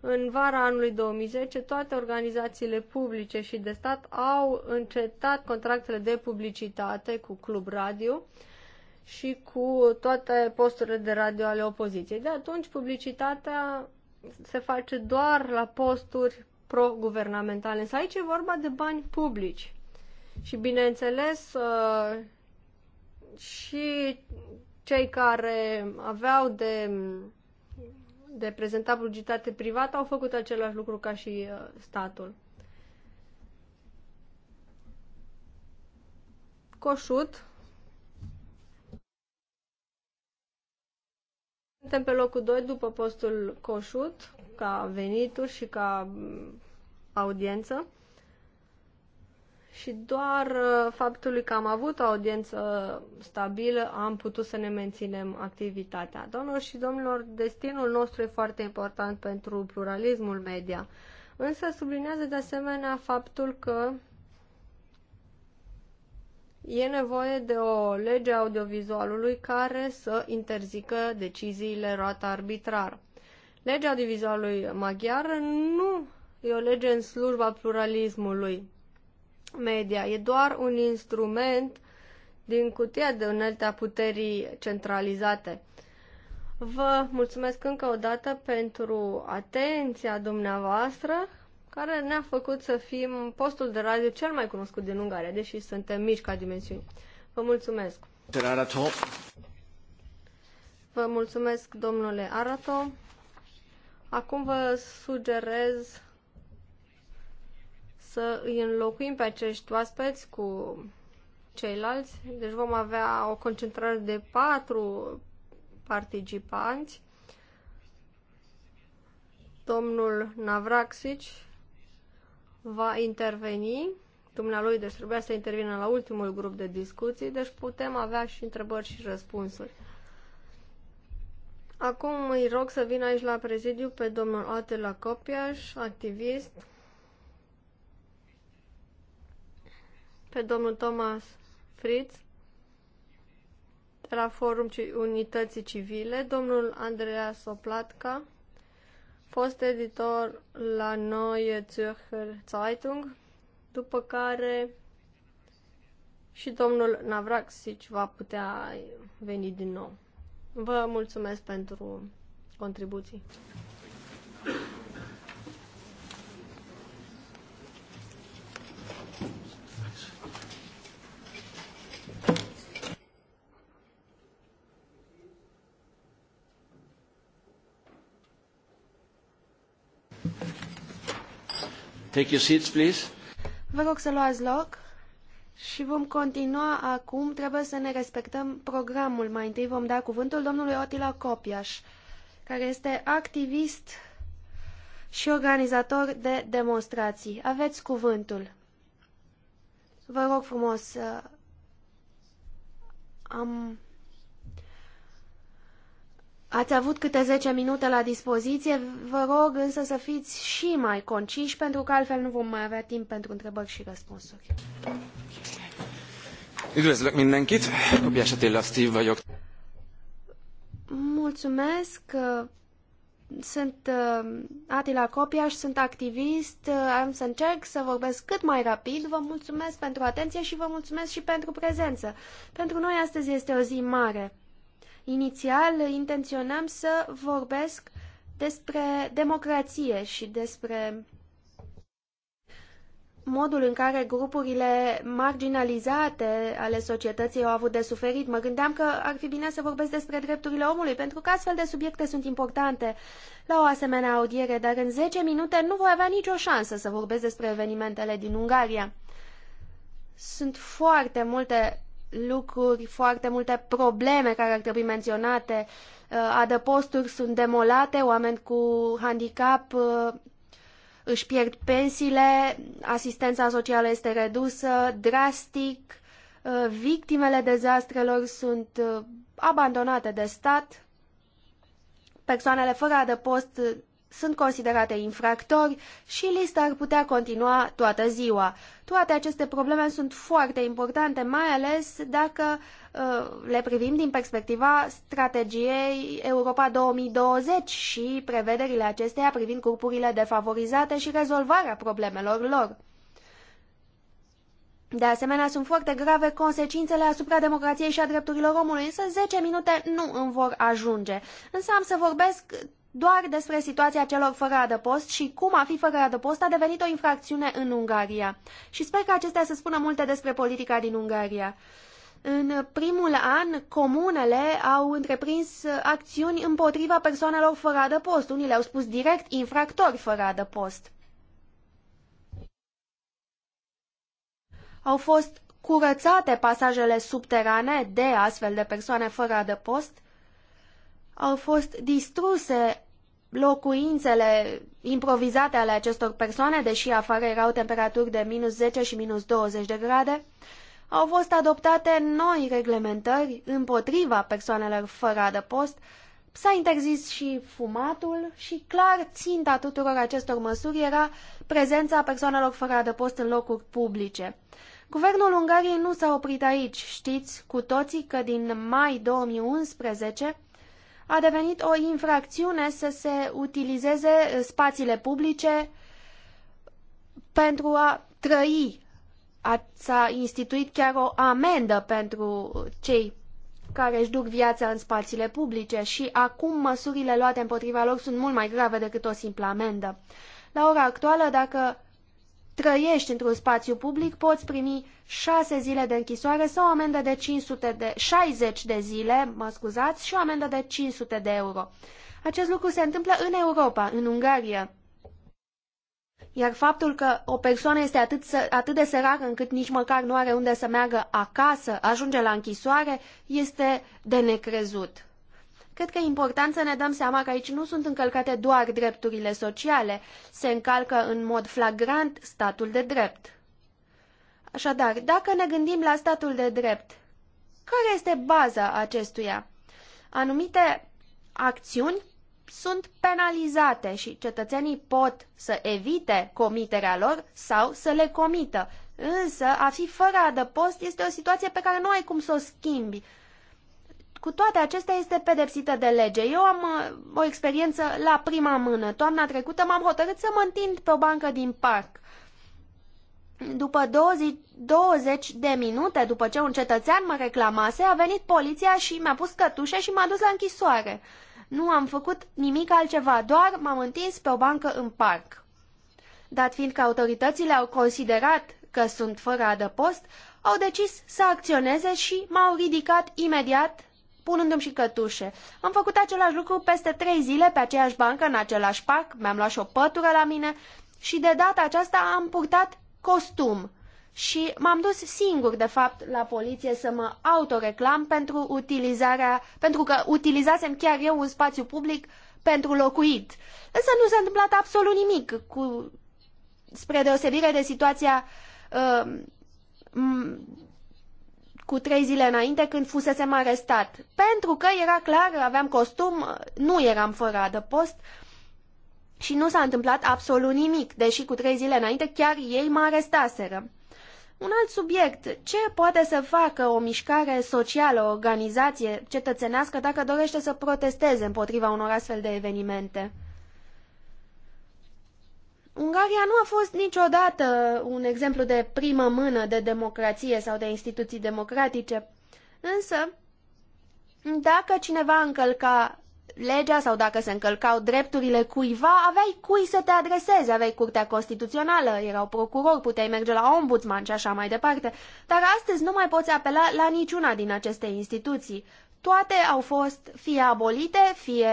în vara anului 2010, toate organizațiile publice și de stat au încetat contractele de publicitate cu Club Radio și cu toate posturile de radio ale opoziției. De atunci, publicitatea se face doar la posturi pro-guvernamentale. Însă aici e vorba de bani publici. Și bineînțeles, uh, și cei care aveau de de prezenta publicitate privată au făcut același lucru ca și uh, statul. Coșut. Suntem pe locul 2 după postul Coșut, ca venituri și ca mm, audiență și doar uh, faptului că am avut o audiență stabilă am putut să ne menținem activitatea. Domnilor și domnilor, destinul nostru e foarte important pentru pluralismul media, însă sublinează de asemenea faptul că e nevoie de o lege audiovizualului care să interzică deciziile roata arbitrar. Legea audiovizualului maghiar nu e o lege în slujba pluralismului, media. E doar un instrument din cutia de unelte a puterii centralizate. Vă mulțumesc încă o dată pentru atenția dumneavoastră care ne-a făcut să fim postul de radio cel mai cunoscut din Ungaria, deși suntem mici ca dimensiuni. Vă mulțumesc! Vă mulțumesc, domnule Arato. Acum vă sugerez să îi înlocuim pe acești oaspeți cu ceilalți. Deci vom avea o concentrare de patru participanți. Domnul Navraxic va interveni. Dumnealui, deci trebuia să intervină la ultimul grup de discuții, deci putem avea și întrebări și răspunsuri. Acum îi rog să vină aici la prezidiu pe domnul Atela Copiaș, activist, pe domnul Thomas Fritz de la Forum Unității Civile, domnul Andreea Soplatca, fost editor la Neue Zürcher Zeitung, după care și domnul Navraxic va putea veni din nou. Vă mulțumesc pentru contribuții. Take your seats, please. Vă rog să luați loc și vom continua acum. Trebuie să ne respectăm programul. Mai întâi vom da cuvântul domnului Otila Copiaș, care este activist și organizator de demonstrații. Aveți cuvântul. Vă rog frumos, uh, am Ați avut câte 10 minute la dispoziție, vă rog însă să fiți și mai conciși, pentru că altfel nu vom mai avea timp pentru întrebări și răspunsuri. Üdvözlök mindenkit, Tobias Attila Steve vagyok. Mulțumesc, sunt uh, Atila Copiaș, sunt activist, uh, am să încerc să vorbesc cât mai rapid. Vă mulțumesc pentru atenție și vă mulțumesc și pentru prezență. Pentru noi astăzi este o zi mare. Inițial intenționam să vorbesc despre democrație și despre modul în care grupurile marginalizate ale societății au avut de suferit. Mă gândeam că ar fi bine să vorbesc despre drepturile omului, pentru că astfel de subiecte sunt importante la o asemenea audiere, dar în 10 minute nu voi avea nicio șansă să vorbesc despre evenimentele din Ungaria. Sunt foarte multe lucruri, foarte multe probleme care ar trebui menționate. Uh, adăposturi sunt demolate, oameni cu handicap uh, își pierd pensiile, asistența socială este redusă drastic, uh, victimele dezastrelor sunt abandonate de stat, persoanele fără adăpost sunt considerate infractori și lista ar putea continua toată ziua. Toate aceste probleme sunt foarte importante, mai ales dacă uh, le privim din perspectiva strategiei Europa 2020 și prevederile acesteia privind grupurile defavorizate și rezolvarea problemelor lor. De asemenea, sunt foarte grave consecințele asupra democrației și a drepturilor omului, însă 10 minute nu îmi vor ajunge. Însă am să vorbesc doar despre situația celor fără adăpost și cum a fi fără adăpost a devenit o infracțiune în Ungaria. Și sper că acestea să spună multe despre politica din Ungaria. În primul an, comunele au întreprins acțiuni împotriva persoanelor fără adăpost. Unii le-au spus direct infractori fără adăpost. Au fost curățate pasajele subterane de astfel de persoane fără adăpost, au fost distruse locuințele improvizate ale acestor persoane, deși afară erau temperaturi de minus 10 și minus 20 de grade, au fost adoptate noi reglementări împotriva persoanelor fără adăpost, s-a interzis și fumatul și clar ținta tuturor acestor măsuri era prezența persoanelor fără adăpost în locuri publice. Guvernul Ungariei nu s-a oprit aici. Știți cu toții că din mai 2011 a devenit o infracțiune să se utilizeze eh, spațiile publice pentru a trăi. S-a instituit chiar o amendă pentru cei care își duc viața în spațiile publice și acum măsurile luate împotriva lor sunt mult mai grave decât o simplă amendă. La ora actuală, dacă trăiești într-un spațiu public, poți primi 6 zile de închisoare sau o amendă de 500 de, 60 de zile, mă scuzați, și o amendă de 500 de euro. Acest lucru se întâmplă în Europa, în Ungaria. Iar faptul că o persoană este atât, atât de săracă încât nici măcar nu are unde să meargă acasă, ajunge la închisoare, este de necrezut. Cred că e important să ne dăm seama că aici nu sunt încălcate doar drepturile sociale, se încalcă în mod flagrant statul de drept. Așadar, dacă ne gândim la statul de drept, care este baza acestuia? Anumite acțiuni sunt penalizate și cetățenii pot să evite comiterea lor sau să le comită. Însă, a fi fără adăpost este o situație pe care nu ai cum să o schimbi. Cu toate acestea este pedepsită de lege. Eu am uh, o experiență la prima mână. Toamna trecută m-am hotărât să mă întind pe o bancă din parc. După 20, de minute, după ce un cetățean mă reclamase, a venit poliția și mi-a pus cătușe și m-a dus la închisoare. Nu am făcut nimic altceva, doar m-am întins pe o bancă în parc. Dat fiind că autoritățile au considerat că sunt fără adăpost, au decis să acționeze și m-au ridicat imediat punându-mi și cătușe. Am făcut același lucru peste trei zile pe aceeași bancă, în același parc, mi-am luat și o pătură la mine și de data aceasta am purtat costum. Și m-am dus singur, de fapt, la poliție să mă autoreclam pentru utilizarea, pentru că utilizasem chiar eu un spațiu public pentru locuit. Însă nu s-a întâmplat absolut nimic, cu, spre deosebire de situația uh, cu trei zile înainte când fusesem arestat. Pentru că era clar, aveam costum, nu eram fără adăpost și nu s-a întâmplat absolut nimic, deși cu trei zile înainte chiar ei mă arestaseră. Un alt subiect. Ce poate să facă o mișcare socială, o organizație cetățenească dacă dorește să protesteze împotriva unor astfel de evenimente? Ungaria nu a fost niciodată un exemplu de primă mână de democrație sau de instituții democratice, însă dacă cineva încălca legea sau dacă se încălcau drepturile cuiva, aveai cui să te adresezi, aveai curtea constituțională, erau procurori, puteai merge la ombudsman și așa mai departe. Dar astăzi nu mai poți apela la niciuna din aceste instituții. Toate au fost fie abolite, fie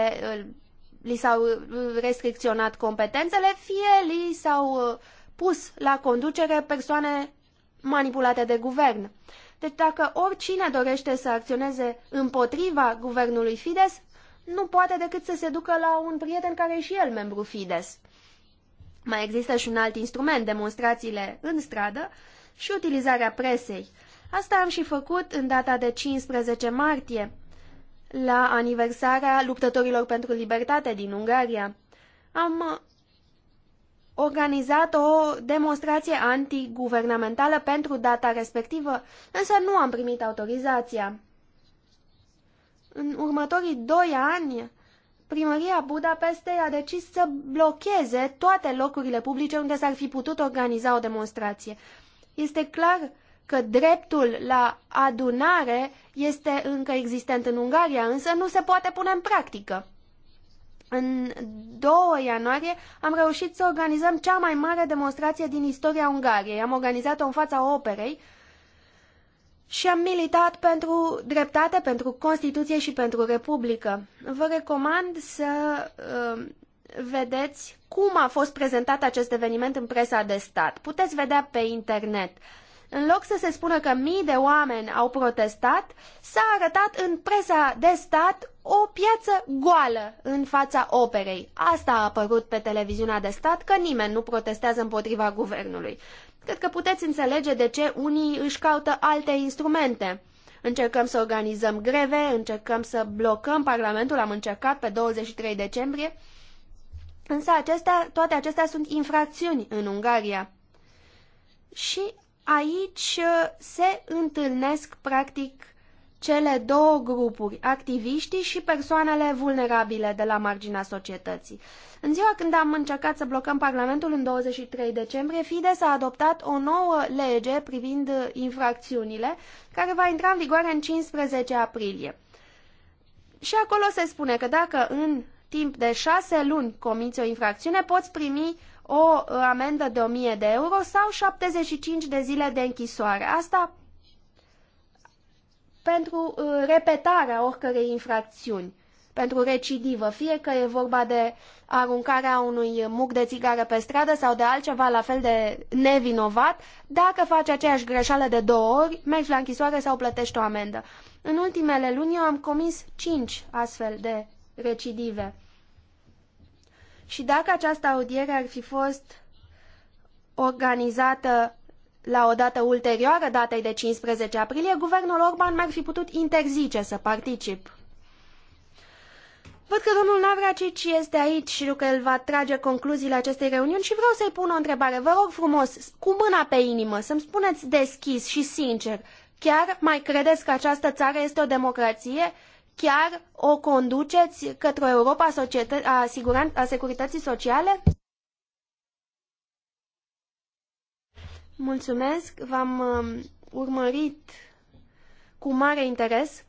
li s-au uh, restricționat competențele, fie li s-au uh, pus la conducere persoane manipulate de guvern. Deci dacă oricine dorește să acționeze împotriva guvernului Fides, nu poate decât să se ducă la un prieten care e și el membru Fides. Mai există și un alt instrument, demonstrațiile în stradă și utilizarea presei. Asta am și făcut în data de 15 martie, la aniversarea luptătorilor pentru libertate din Ungaria. Am organizat o demonstrație antiguvernamentală pentru data respectivă, însă nu am primit autorizația. În următorii doi ani, primăria Budapestei a decis să blocheze toate locurile publice unde s-ar fi putut organiza o demonstrație. Este clar că dreptul la adunare este încă existent în Ungaria, însă nu se poate pune în practică. În 2 ianuarie am reușit să organizăm cea mai mare demonstrație din istoria Ungariei. Am organizat-o în fața operei și am militat pentru dreptate, pentru Constituție și pentru Republică. Vă recomand să uh, vedeți cum a fost prezentat acest eveniment în presa de stat. Puteți vedea pe internet. Uh, în loc să se spună că mii de oameni au protestat, s-a arătat în presa de stat o piață goală în fața operei. Asta a apărut pe televiziunea de stat, că nimeni nu protestează împotriva guvernului. Cred că puteți înțelege de ce unii își caută alte instrumente. Încercăm să organizăm greve, încercăm să blocăm Parlamentul, am încercat pe 23 decembrie, însă acestea, toate acestea sunt infracțiuni în Ungaria. Și Aici uh, se întâlnesc practic cele două grupuri, activiștii și persoanele vulnerabile de la marginea societății. În ziua când am încercat să blocăm Parlamentul în 23 decembrie, Fides a adoptat o nouă lege privind uh, infracțiunile, care va intra în vigoare în 15 aprilie. Și acolo se spune că dacă în timp de șase luni comiți o infracțiune, poți primi o uh, amendă de 1000 de euro sau 75 de zile de închisoare. Asta pentru uh, repetarea oricărei infracțiuni, pentru recidivă, fie că e vorba de aruncarea unui muc de țigară pe stradă sau de altceva la fel de nevinovat, dacă faci aceeași greșeală de două ori, mergi la închisoare sau plătești o amendă. În ultimele luni eu am comis cinci astfel de recidive. Și dacă această audiere ar fi fost organizată la o dată ulterioară datei de 15 aprilie, guvernul Orban mi-ar fi putut interzice să particip. Văd că domnul Navracici este aici și că el va trage concluziile acestei reuniuni și vreau să-i pun o întrebare. Vă rog frumos, cu mâna pe inimă, să-mi spuneți deschis și sincer, chiar mai credeți că această țară este o democrație? Chiar o conduceți către o Europa a, a securității sociale? Mulțumesc, v-am um, urmărit cu mare interes.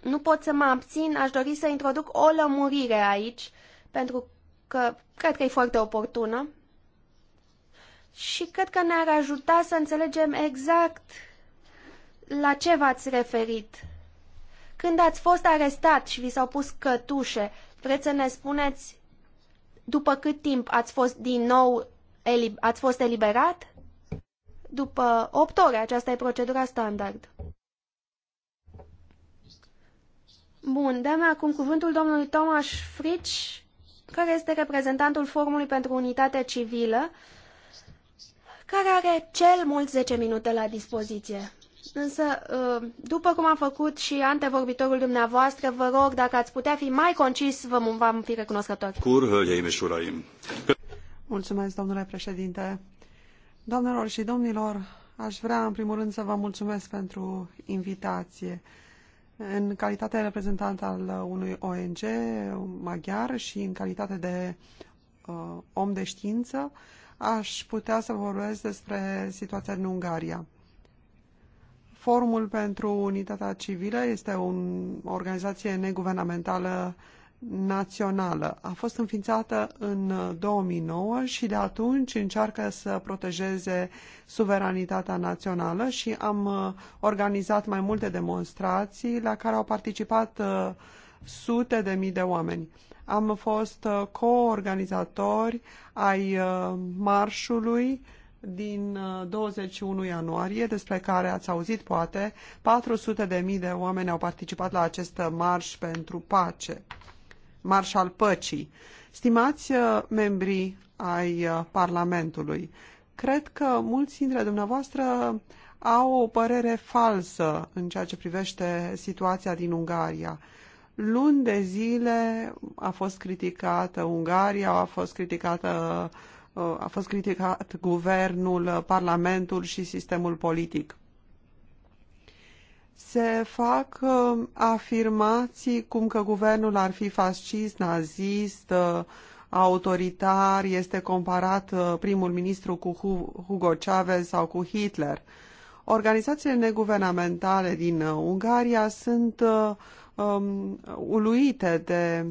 Nu pot să mă abțin, aș dori să introduc o lămurire aici, pentru că cred că e foarte oportună și cred că ne-ar ajuta să înțelegem exact la ce v-ați referit când ați fost arestat și vi s-au pus cătușe, vreți să ne spuneți după cât timp ați fost din nou elib- ați fost eliberat? După 8 ore, aceasta e procedura standard. Bun, dăm acum cuvântul domnului Tomaș Frici, care este reprezentantul Forumului pentru Unitate Civilă, care are cel mult 10 minute la dispoziție. Însă, uh, după cum am făcut și antevorbitorul dumneavoastră, vă rog, dacă ați putea fi mai concis, vă v-am fi recunoscător. Mulțumesc, domnule președinte. Doamnelor și domnilor, aș vrea în primul rând să vă mulțumesc pentru invitație. În calitate de reprezentant al unui ONG maghiar și în calitate de uh, om de știință, aș putea să vorbesc despre situația din Ungaria. Forumul pentru Unitatea Civilă este o organizație neguvernamentală națională. A fost înființată în 2009 uh, și de atunci încearcă să protejeze suveranitatea națională și am uh, organizat mai multe demonstrații la care au participat uh, sute de mii de oameni. Am fost co-organizatori ai marșului din 21 uh, ianuarie, despre care ați auzit poate, 400 de mii de oameni au participat la acest marș pentru pace, marș al păcii. Stimați uh, membrii ai uh, Parlamentului, cred că mulți dintre dumneavoastră au o părere falsă în ceea ce privește situația din Ungaria. Luni de zile a fost criticată Ungaria, a fost criticată uh, a fost criticat guvernul, parlamentul și sistemul politic. Se fac uh, afirmații cum că guvernul ar fi fascist, nazist, uh, autoritar, este comparat uh, primul ministru cu Hugo Chavez sau cu Hitler. Organizațiile neguvernamentale din Ungaria sunt um, uluite de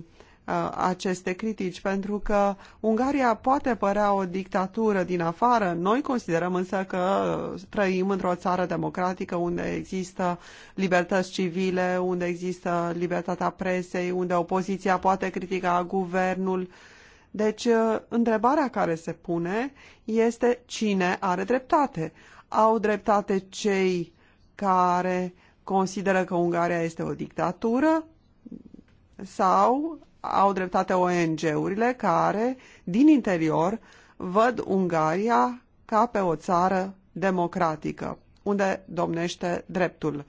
Uh, aceste critici, pentru că Ungaria poate părea o dictatură din afară. Noi considerăm însă că trăim într-o țară democratică unde există libertăți civile, unde există libertatea presei, unde opoziția poate critica guvernul. Deci, uh, întrebarea care se pune este cine are dreptate. Au dreptate cei care consideră că Ungaria este o dictatură sau au dreptate ONG-urile care, din interior, văd Ungaria ca pe o țară democratică, unde domnește dreptul.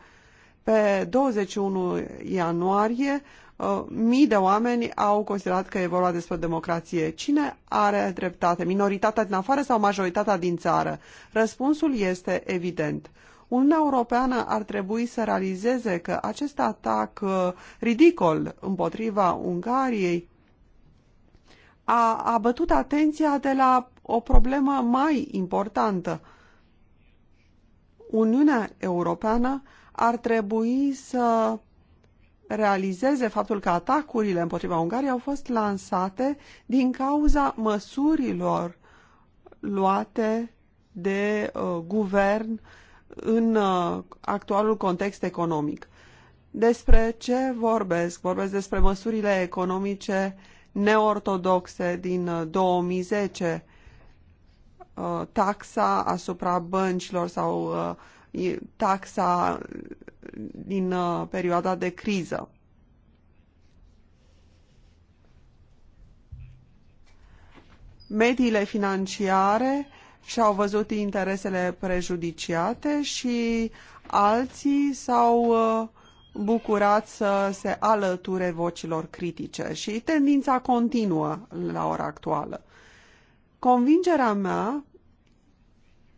Pe 21 ianuarie, uh, mii de oameni au considerat că e vorba despre democrație. Cine are dreptate? Minoritatea din afară sau majoritatea din țară? Răspunsul este evident. Uniunea Europeană ar trebui să realizeze că acest atac uh, ridicol împotriva Ungariei a abătut atenția de la o problemă mai importantă. Uniunea Europeană ar trebui să realizeze faptul că atacurile împotriva Ungariei au fost lansate din cauza măsurilor luate de uh, guvern în uh, actualul context economic. Despre ce vorbesc? Vorbesc despre măsurile economice neortodoxe din 2010, uh, uh, taxa asupra băncilor sau taxa din perioada de criză. Mediile financiare și-au văzut interesele prejudiciate și alții s-au uh, bucurat să se alăture vocilor critice și tendința continuă la ora actuală. Convingerea mea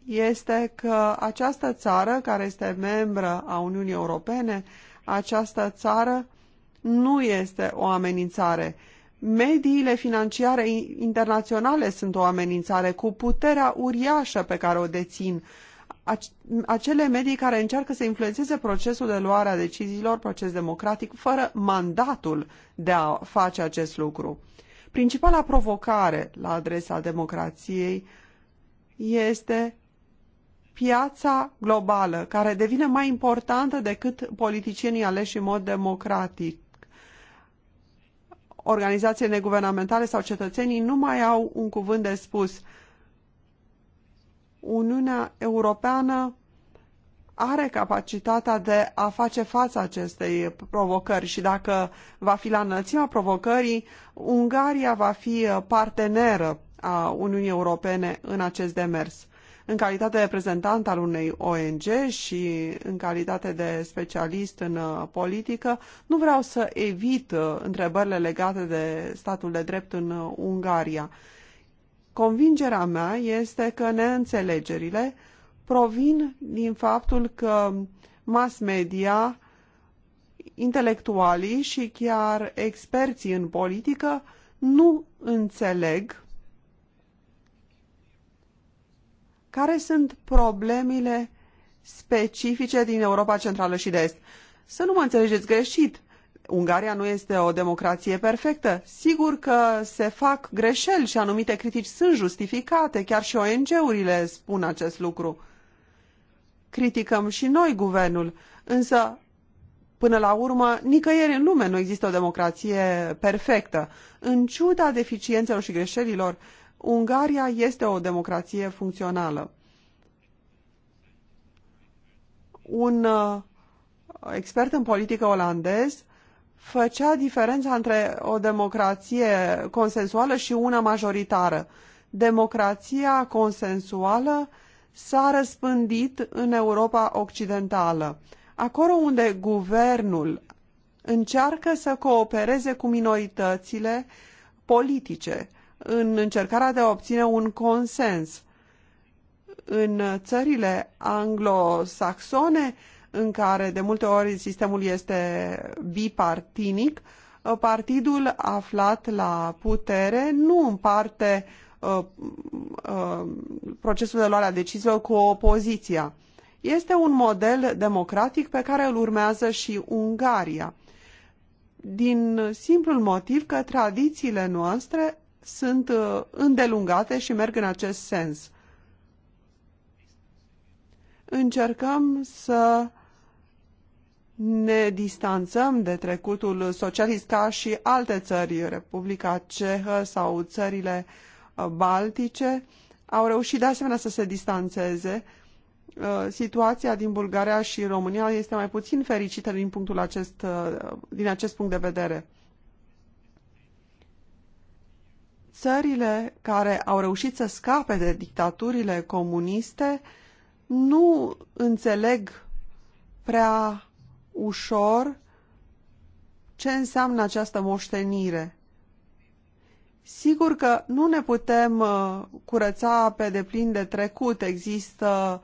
este că această țară, care este membră a Uniunii Europene, această țară nu este o amenințare, Mediile financiare internaționale sunt o amenințare cu puterea uriașă pe care o dețin. Acele medii care încearcă să influențeze procesul de luare a deciziilor, proces democratic, fără mandatul de a face acest lucru. Principala provocare la adresa democrației este piața globală, care devine mai importantă decât politicienii aleși în mod democratic organizațiile guvernamentale sau cetățenii nu mai au un cuvânt de spus. Uniunea Europeană are capacitatea de a face față acestei provocări și dacă va fi la înălțimea provocării, Ungaria va fi parteneră a Uniunii Europene în acest demers. În calitate de reprezentant al unei ONG și în calitate de specialist în uh, politică, nu vreau să evit uh, întrebările legate de statul de drept în uh, Ungaria. Convingerea mea este că neînțelegerile provin din faptul că mass media, intelectualii și chiar experții în politică nu înțeleg Care sunt problemele specifice din Europa Centrală și de Est? Să nu mă înțelegeți greșit. Ungaria nu este o democrație perfectă. Sigur că se fac greșeli și anumite critici sunt justificate, chiar și ONG-urile spun acest lucru. Criticăm și noi guvernul, însă Până la urmă, nicăieri în lume nu există o democrație perfectă. În ciuda deficiențelor și greșelilor, Ungaria este o democrație funcțională. Un uh, expert în politică olandez făcea diferența între o democrație consensuală și una majoritară. Democrația consensuală s-a răspândit în Europa Occidentală, acolo unde guvernul încearcă să coopereze cu minoritățile politice în încercarea de a obține un consens. În țările anglosaxone, în care de multe ori sistemul este bipartinic, uh, partidul aflat la putere nu împarte uh, uh, procesul de luare a deciziilor cu opoziția. Este un model democratic pe care îl urmează și Ungaria. Din simplul motiv că tradițiile noastre sunt uh, îndelungate și merg în acest sens. Încercăm să ne distanțăm de trecutul socialist ca și alte țări, Republica Cehă sau țările uh, baltice, au reușit de asemenea să se distanțeze. Uh, situația din Bulgaria și România este mai puțin fericită din, punctul acest, din acest punct de vedere. țările care au reușit să scape de dictaturile comuniste nu înțeleg prea ușor ce înseamnă această moștenire. Sigur că nu ne putem uh, curăța pe deplin de trecut. Există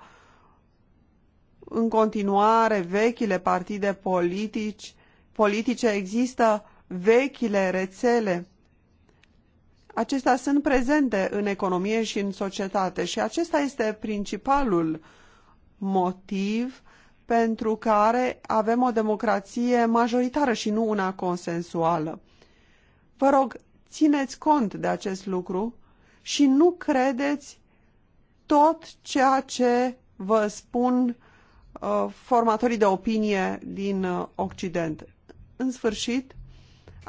în continuare vechile partide politici, politice, există vechile rețele acestea sunt prezente în economie și în societate și acesta este principalul motiv pentru care avem o democrație majoritară și nu una consensuală. Vă rog, țineți cont de acest lucru și nu credeți tot ceea ce vă spun uh, formatorii de opinie din uh, Occident. În sfârșit,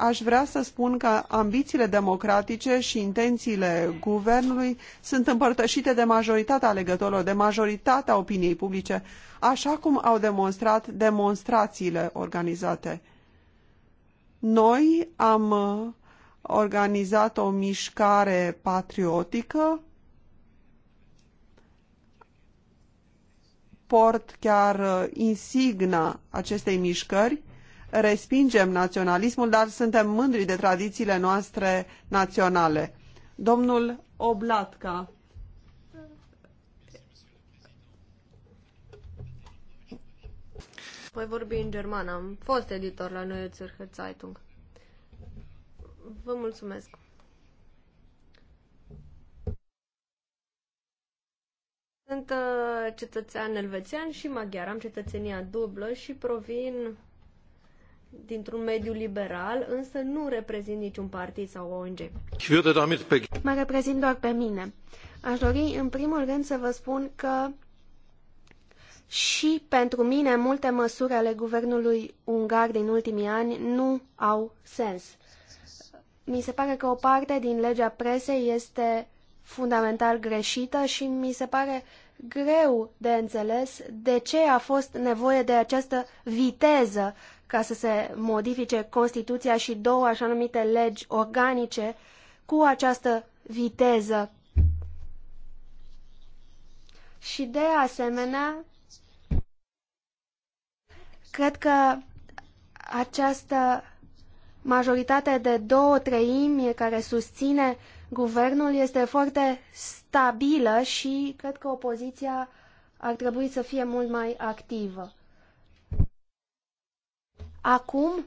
aș vrea să spun că ambițiile democratice și intențiile guvernului sunt împărtășite de majoritatea alegătorilor, de majoritatea opiniei publice, așa cum au demonstrat demonstrațiile organizate. Noi am uh, organizat o mișcare patriotică port chiar uh, insigna acestei mișcări respingem naționalismul, dar suntem mândri de tradițiile noastre naționale. Domnul Oblatca. Voi vorbi în germană. Am fost editor la Neue Zürcher Zeitung. Vă mulțumesc. Sunt uh, cetățean elvețian și maghiar. Am cetățenia dublă și provin dintr-un mediu liberal, însă nu reprezint niciun partid sau ONG. Mă reprezint doar pe mine. Aș dori în primul rând să vă spun că și pentru mine multe măsuri ale guvernului ungar din ultimii ani nu au sens. Mi se pare că o parte din legea presei este fundamental greșită și mi se pare greu de înțeles de ce a fost nevoie de această viteză ca să se modifice Constituția și două așa numite legi organice cu această viteză. Și de asemenea, cred că această majoritate de două treimi care susține guvernul este foarte stabilă și cred că opoziția ar trebui să fie mult mai activă. Acum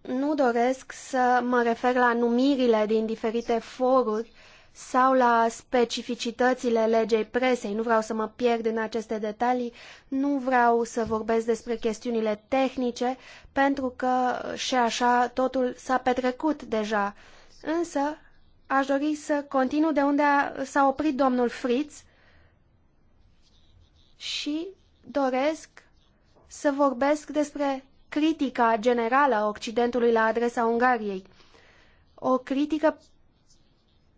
nu doresc să mă refer la numirile din diferite foruri sau la specificitățile legei presei. Nu vreau să mă pierd în aceste detalii, nu vreau să vorbesc despre chestiunile tehnice, pentru că și așa totul s-a petrecut deja. Însă aș dori să continu de unde s-a oprit domnul Fritz și doresc să vorbesc despre critica generală a Occidentului la adresa Ungariei. O critică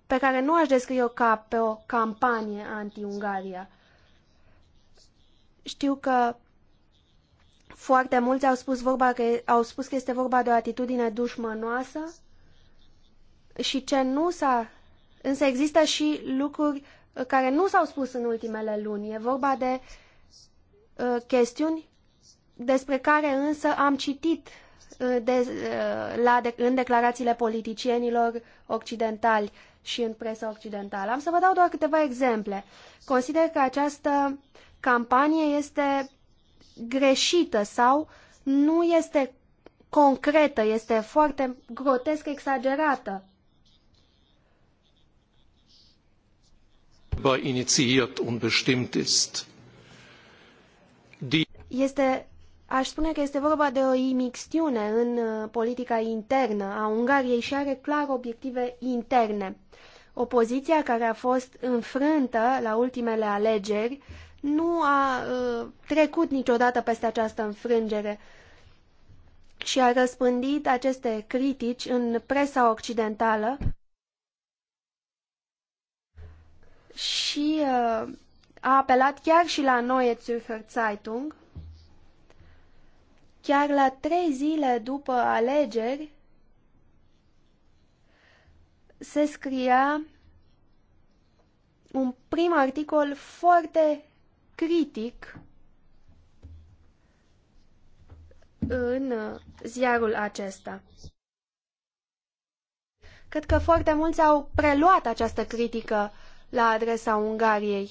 pe care nu aș descrie-o ca pe o campanie anti-Ungaria. Știu că foarte mulți au spus, vorba că, au spus că este vorba de o atitudine dușmănoasă și ce nu s-a... Însă există și lucruri care nu s-au spus în ultimele luni. E vorba de uh, chestiuni despre care însă am citit uh, de, uh, la, de, în declarațiile politicienilor occidentali și în presa occidentală. Am să vă dau doar câteva exemple. Consider că această campanie este greșită sau nu este concretă, este foarte grotesc exagerată. Este Aș spune că este vorba de o imixtiune în uh, politica internă a Ungariei și are clar obiective interne. Opoziția care a fost înfrântă la ultimele alegeri nu a uh, trecut niciodată peste această înfrângere și a răspândit aceste critici în presa occidentală și uh, a apelat chiar și la Neue Zürcher Zeitung Chiar la trei zile după alegeri se scria un prim articol foarte critic în ziarul acesta. Cred că foarte mulți au preluat această critică la adresa Ungariei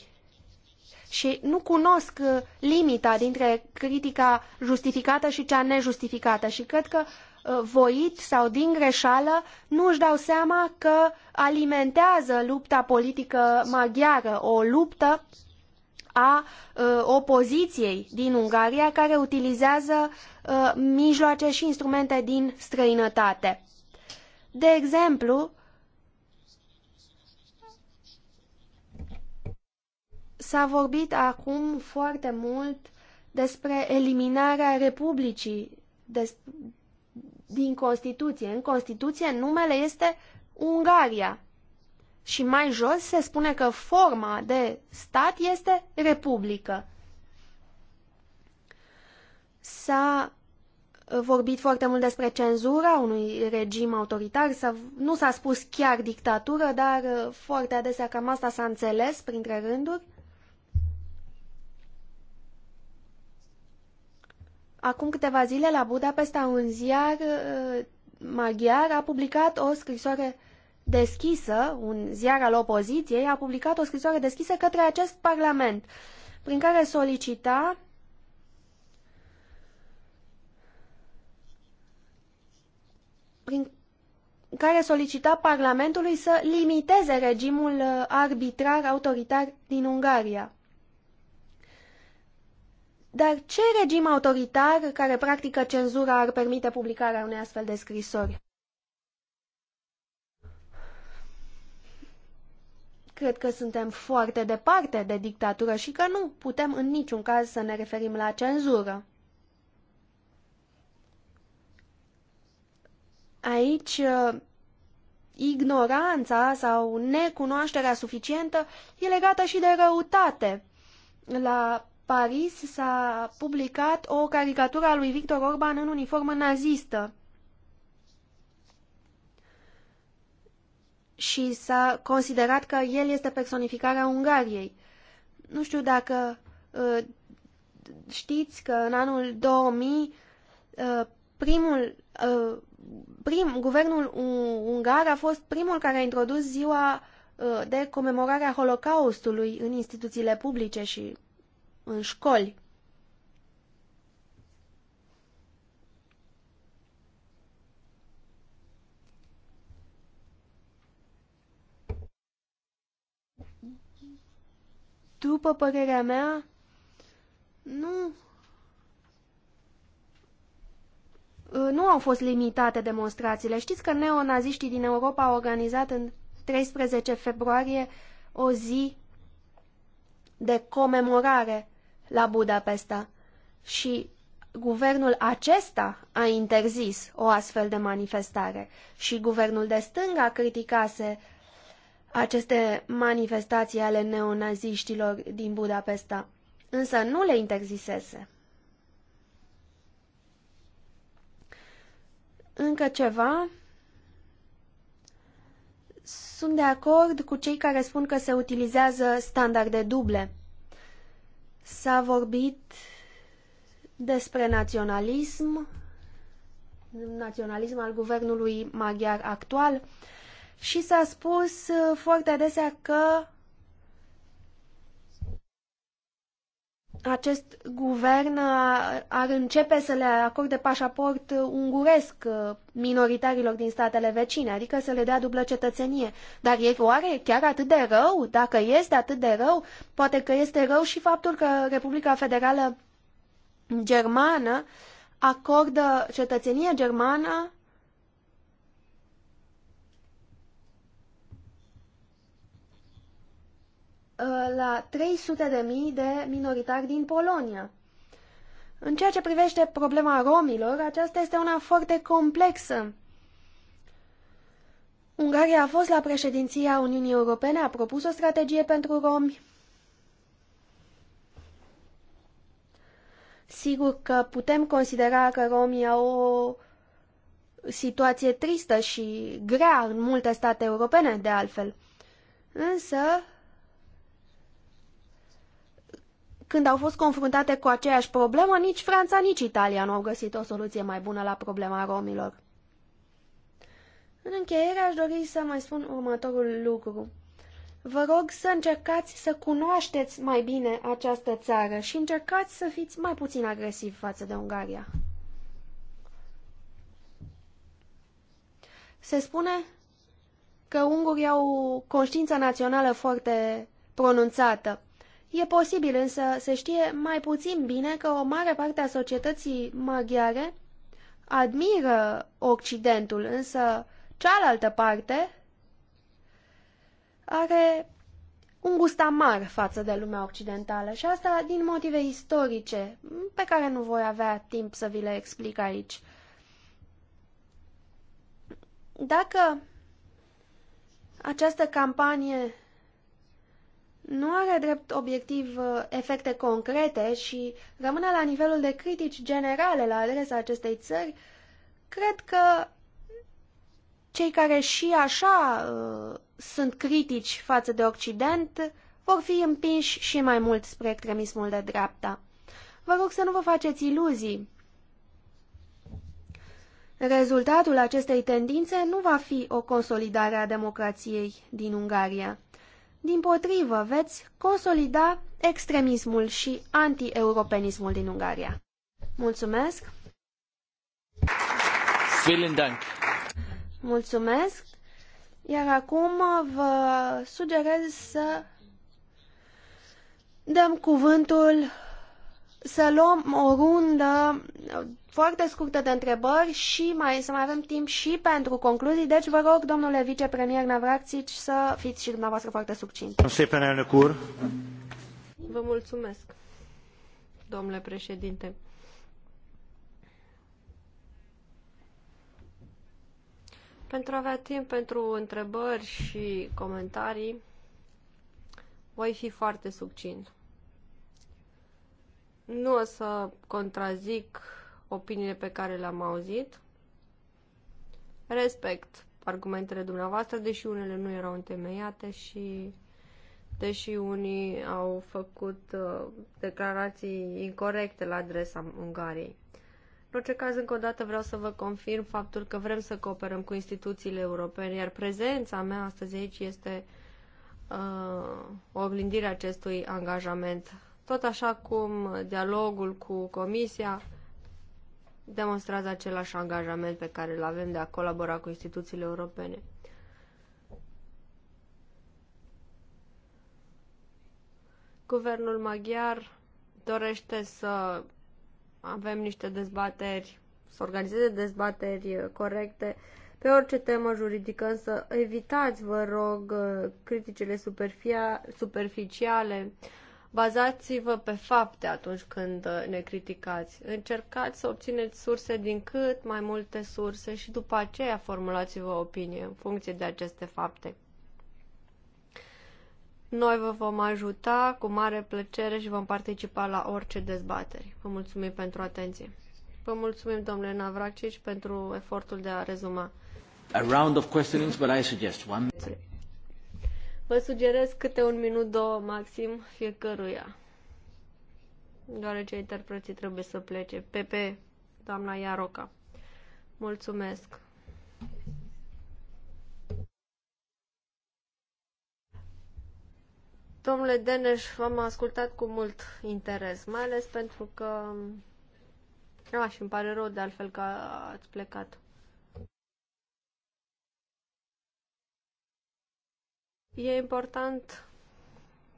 și nu cunosc uh, limita dintre critica justificată și cea nejustificată și cred că uh, voit sau din greșeală nu își dau seama că alimentează lupta politică maghiară, o luptă a uh, opoziției din Ungaria care utilizează uh, mijloace și instrumente din străinătate. De exemplu, S-a vorbit acum foarte mult despre eliminarea Republicii des, din Constituție. În Constituție numele este Ungaria. Și mai jos se spune că forma de stat este Republică. S-a vorbit foarte mult despre cenzura unui regim autoritar, s-a, nu s-a spus chiar dictatură, dar foarte adesea cam asta s-a înțeles printre rânduri. Acum câteva zile la Budapesta un ziar uh, maghiar a publicat o scrisoare deschisă, un ziar al opoziției a publicat o scrisoare deschisă către acest parlament prin care solicita prin care solicita Parlamentului să limiteze regimul uh, arbitrar autoritar din Ungaria. Dar ce regim autoritar care practică cenzura ar permite publicarea unei astfel de scrisori? Cred că suntem foarte departe de dictatură și că nu putem în niciun caz să ne referim la cenzură. Aici, ă, ignoranța sau necunoașterea suficientă e legată și de răutate. La Paris s-a publicat o caricatură a lui Victor Orban în uniformă nazistă. Și s-a considerat că el este personificarea Ungariei. Nu știu dacă ă, știți că în anul 2000 ă, primul, ă, prim, guvernul ungar a fost primul care a introdus ziua de comemorare a Holocaustului în instituțiile publice și în școli. După părerea mea, nu uh, nu au fost limitate demonstrațiile. Știți că neonaziștii din Europa au organizat în 13 februarie o zi de comemorare la Budapesta și guvernul acesta a interzis o astfel de manifestare și guvernul de stânga criticase aceste manifestații ale neonaziștilor din Budapesta, însă nu le interzisese. Încă ceva? Sunt de acord cu cei care spun că se utilizează standarde duble. S-a vorbit despre naționalism, naționalism al guvernului maghiar actual și s-a spus foarte adesea că acest guvern ar începe să le acorde pașaport unguresc uh, minoritarilor din statele vecine, adică să le dea dublă cetățenie. Dar e oare chiar atât de rău? Dacă este atât de rău, poate că este rău și faptul că Republica Federală Germană acordă cetățenia germană Uh, la 300.000 de minoritari din Polonia. În ceea ce privește problema romilor, aceasta este una foarte complexă. Ungaria a fost la președinția Uniunii Europene, a propus o strategie pentru romi. Sigur că putem considera că romii au o situație tristă și grea în multe state europene, de altfel. Însă, când au fost confruntate cu aceeași problemă, nici Franța, nici Italia nu au găsit o soluție mai bună la problema romilor. În încheiere aș dori să mai spun următorul lucru. Vă rog să încercați să cunoașteți mai bine această țară și încercați să fiți mai puțin agresivi față de Ungaria. Se spune că ungurii au conștiința națională foarte pronunțată. E posibil însă să știe mai puțin bine că o mare parte a societății maghiare admiră Occidentul, însă cealaltă parte are un gust amar față de lumea occidentală și asta din motive istorice, pe care nu voi avea timp să vi le explic aici. Dacă această campanie nu are drept obiectiv uh, efecte concrete și rămâne la nivelul de critici generale la adresa acestei țări, cred că cei care și așa uh, sunt critici față de Occident vor fi împinși și mai mult spre extremismul de dreapta. Vă rog să nu vă faceți iluzii. Rezultatul acestei tendințe nu va fi o consolidare a democrației din Ungaria. Din potrivă, veți consolida extremismul și anti-europenismul din Ungaria. Mulțumesc! Vielen Dank! Mulțumesc! Iar acum vă sugerez să dăm cuvântul, să luăm o rundă foarte scurtă de întrebări și mai, să mai avem timp și pentru concluzii. Deci vă rog, domnule vicepremier Navracic, să fiți și dumneavoastră foarte succint. Vă mulțumesc, domnule președinte. Pentru a avea timp pentru întrebări și comentarii, voi fi foarte succint. Nu o să contrazic opiniile pe care le-am auzit. Respect argumentele dumneavoastră, deși unele nu erau întemeiate și deși unii au făcut uh, declarații incorrecte la adresa Ungariei. În orice caz, încă o dată vreau să vă confirm faptul că vrem să cooperăm cu instituțiile europene, iar prezența mea astăzi aici este uh, o acestui angajament. Tot așa cum dialogul cu Comisia demonstrează același angajament pe care îl avem de a colabora cu instituțiile europene. Guvernul maghiar dorește să avem niște dezbateri, să organizeze dezbateri corecte pe orice temă juridică, însă evitați, vă rog, criticile superficiale, Bazați-vă pe fapte atunci când uh, ne criticați. Încercați să obțineți surse din cât mai multe surse și după aceea formulați-vă opinie în funcție de aceste fapte. Noi vă vom ajuta cu mare plăcere și vom participa la orice dezbateri. Vă mulțumim pentru atenție. Vă mulțumim, domnule Navracici, pentru efortul de a rezuma. A round of questions, but I suggest one. Vă sugerez câte un minut, două maxim fiecăruia. Deoarece interpreții trebuie să plece. Pepe, doamna Iaroca. Mulțumesc. Domnule Deneș, v-am ascultat cu mult interes, mai ales pentru că... A, și îmi pare rău de altfel că ați plecat. E important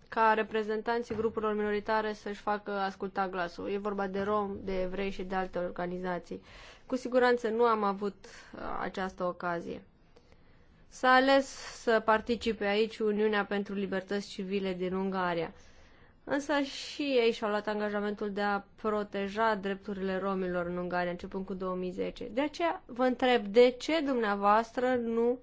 ca reprezentanții grupurilor minoritare să-și facă asculta glasul. E vorba de rom, de evrei și de alte organizații. Cu siguranță nu am avut uh, această ocazie. S-a ales să participe aici Uniunea pentru Libertăți Civile din Ungaria. Însă și ei și-au luat angajamentul de a proteja drepturile romilor în Ungaria, începând cu 2010. De aceea vă întreb, de ce dumneavoastră nu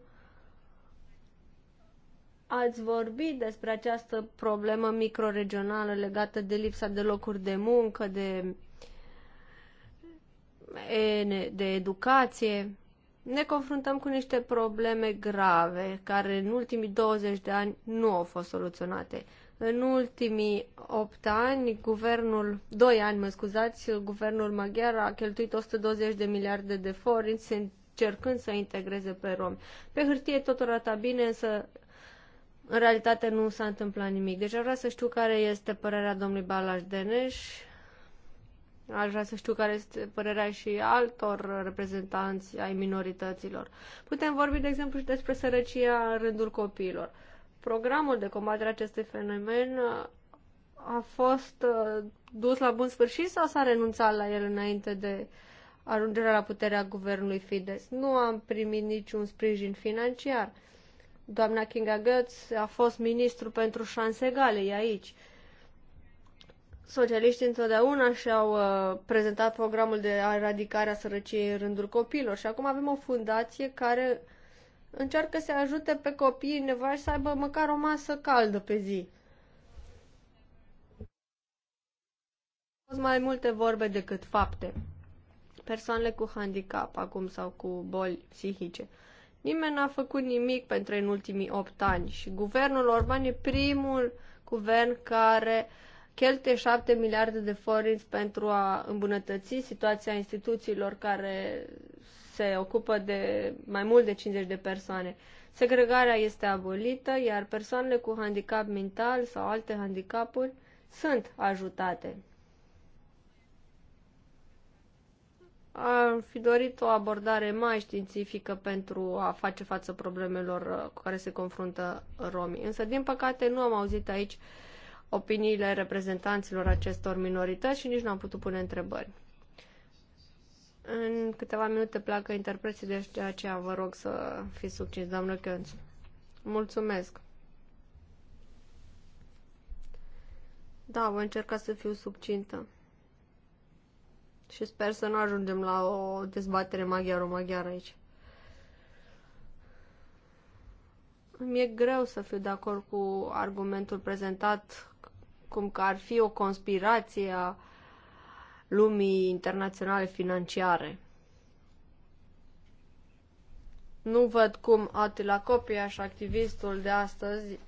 Ați vorbit despre această problemă microregională legată de lipsa de locuri de muncă, de, de educație. Ne confruntăm cu niște probleme grave care în ultimii 20 de ani nu au fost soluționate. În ultimii 8 ani, guvernul, 2 ani, mă scuzați, guvernul maghiar a cheltuit 120 de miliarde de forinți încercând să integreze pe romi. Pe hârtie tot arată bine, însă în realitate nu s-a întâmplat nimic. Deci vrea să știu care este părerea domnului Balaș Deneș. Aș vrea să știu care este părerea și altor reprezentanți ai minorităților. Putem vorbi, de exemplu, și despre sărăcia în rândul copiilor. Programul de combatere a acestui fenomen a fost uh, dus la bun sfârșit sau s-a renunțat la el înainte de ajungerea la puterea guvernului Fides? Nu am primit niciun sprijin financiar. Doamna Kinga Götz a fost ministru pentru șanse egale, e aici. Socialiștii întotdeauna și-au uh, prezentat programul de eradicare a sărăciei în rândul copiilor și acum avem o fundație care încearcă să ajute pe copiii nevoiași să aibă măcar o masă caldă pe zi. Au fost mai multe vorbe decât fapte. Persoanele cu handicap acum sau cu boli psihice. Uh, Nimeni n-a făcut nimic pentru ei în ultimii 8 ani și guvernul Orban e primul guvern care cheltuie 7 miliarde de forinți pentru a îmbunătăți situația instituțiilor care se ocupă de mai mult de 50 de persoane. Segregarea este abolită, iar persoanele cu handicap mental sau alte handicapuri sunt ajutate. am fi dorit o abordare mai științifică pentru a face față problemelor uh, cu care se confruntă romii. Însă, din păcate, nu am auzit aici opiniile reprezentanților acestor minorități și nici nu am putut pune întrebări. În câteva minute pleacă interpreții, deci de aceea vă rog să fiți succinți, doamnă Chionț. Mulțumesc! Da, voi încerca să fiu subcintă. Și sper să nu ajungem la o dezbatere maghiaro-maghiară aici. Mi-e greu să fiu de acord cu argumentul prezentat cum că ar fi o conspirație a lumii internaționale financiare. Nu văd cum Atila și activistul de astăzi,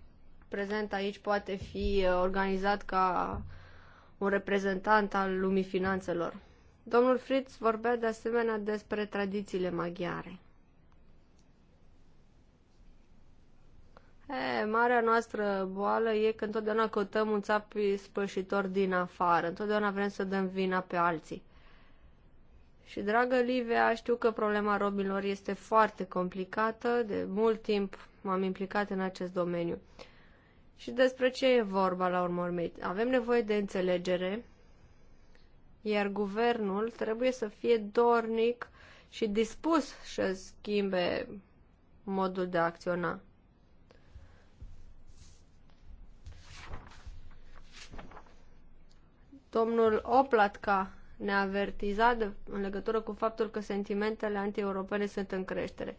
prezent aici, poate fi uh, organizat ca un reprezentant al lumii finanțelor. Domnul Fritz vorbea de asemenea despre tradițiile maghiare. E, marea noastră boală e că întotdeauna căutăm un țap spășitor din afară, întotdeauna vrem să dăm vina pe alții. Și, dragă Livea, știu că problema robilor este foarte complicată, de mult timp m-am implicat în acest domeniu. Și despre ce e vorba la urmă? Avem nevoie de înțelegere, iar guvernul trebuie să fie dornic și dispus să schimbe modul de a acționa. Domnul Oplatca ne-a avertizat de, în legătură cu faptul că sentimentele anti-europene sunt în creștere.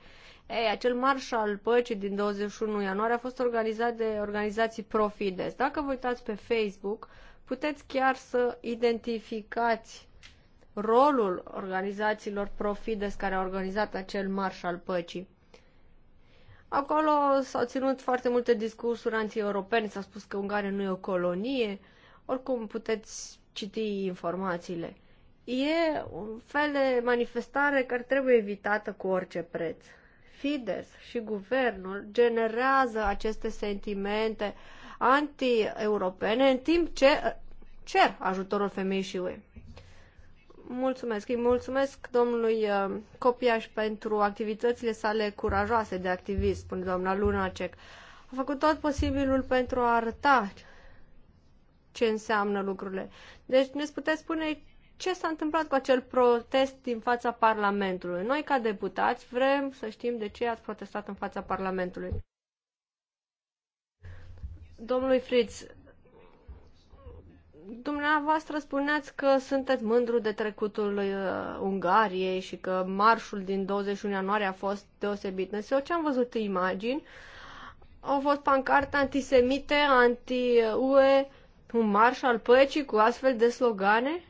Ei, acel marș al păcii din 21 ianuarie a fost organizat de organizații Profides. Dacă vă uitați pe Facebook, puteți chiar să identificați rolul organizațiilor profides care au organizat acel marș al păcii. Acolo s-au ținut foarte multe discursuri anti-europene, s-a spus că Ungaria nu e o colonie, oricum puteți citi informațiile. E un fel de manifestare care trebuie evitată cu orice preț. Fides și guvernul generează aceste sentimente uh, anti-europene, în timp ce uh, cer ajutorul femeii și UE. Mulțumesc. Îi mulțumesc domnului uh, Copiaș pentru activitățile sale curajoase de activist, spune doamna Lunacek. A făcut tot posibilul pentru a arăta ce înseamnă lucrurile. Deci ne puteți spune ce s-a întâmplat cu acel protest din fața Parlamentului. Noi, ca deputați, vrem să știm de ce ați protestat în fața Parlamentului domnului Fritz, dumneavoastră spuneați că sunteți mândru de trecutul uh, Ungariei și că marșul din 21 ianuarie a fost deosebit. Însă eu ce am văzut imagini, au fost pancarte antisemite, anti-UE, un marș al păcii cu astfel de slogane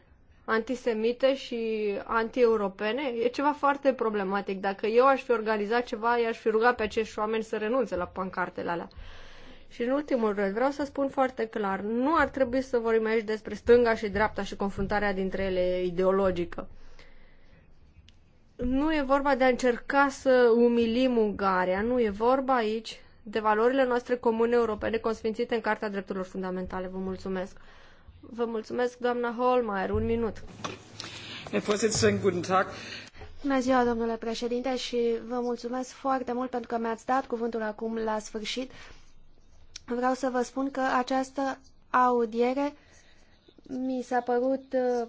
antisemite și anti-europene. E ceva foarte problematic. Dacă eu aș fi organizat ceva, i-aș fi rugat pe acești oameni să renunțe la pancartele alea. Uh, și în ultimul rând, vreau să spun foarte clar, nu ar trebui să vorbim aici despre stânga și dreapta și confruntarea dintre ele ideologică. Nu e vorba de a încerca să umilim Ungaria, nu e vorba aici de valorile noastre comune europene consfințite în Carta Drepturilor Fundamentale. Vă mulțumesc. Vă mulțumesc, doamna Holmeier. Un minut. Bună ziua, domnule președinte, și vă mulțumesc foarte mult pentru că mi-ați dat cuvântul acum la sfârșit. Vreau să vă spun că această audiere mi s-a părut uh,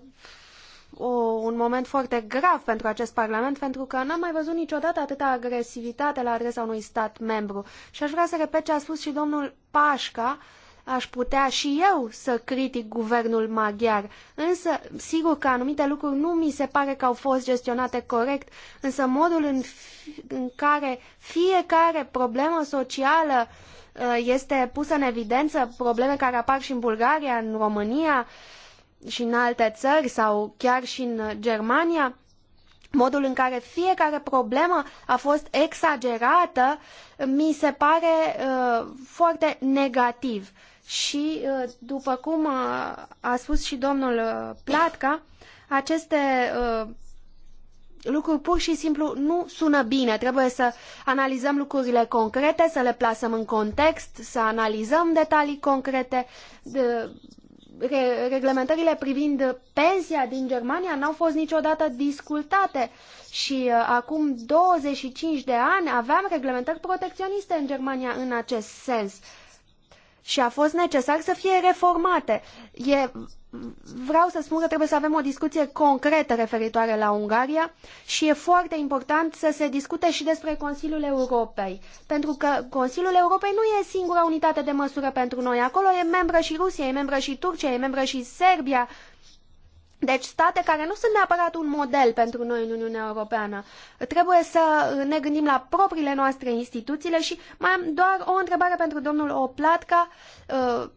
o, un moment foarte grav pentru acest Parlament, pentru că n-am mai văzut niciodată atâta agresivitate la adresa unui stat membru. Și aș vrea să repet ce a spus și domnul Pașca, aș putea și eu să critic guvernul maghiar. Însă, sigur că anumite lucruri nu mi se pare că au fost gestionate corect, însă modul în, în care fiecare problemă socială uh, Uh, este pusă în evidență probleme care apar și în Bulgaria, în România și în alte țări sau chiar și în Germania modul în care fiecare problemă a fost exagerată, mi se pare uh, foarte negativ. Și, uh, după cum uh, a spus și domnul uh, Platca, aceste uh, lucruri pur și simplu nu sună bine. Trebuie să analizăm lucrurile concrete, să le plasăm în context, să analizăm detalii concrete. De, re, reglementările privind pensia din Germania n-au fost niciodată discutate și uh, acum 25 de ani aveam reglementări protecționiste în Germania în acest sens. Uh, și a fost necesar să fie reformate. E, vreau să spun că trebuie să avem o discuție concretă referitoare la Ungaria și e foarte important să se discute și despre Consiliul Europei, pentru că Consiliul Europei nu e singura unitate de măsură pentru noi. Acolo e membră și Rusia, e membră și Turcia, e membră și Serbia deci state care nu sunt neapărat un model pentru noi în Uniunea Europeană. Trebuie să ne gândim la propriile noastre instituțiile și mai am doar o întrebare pentru domnul Oplatca. Uh,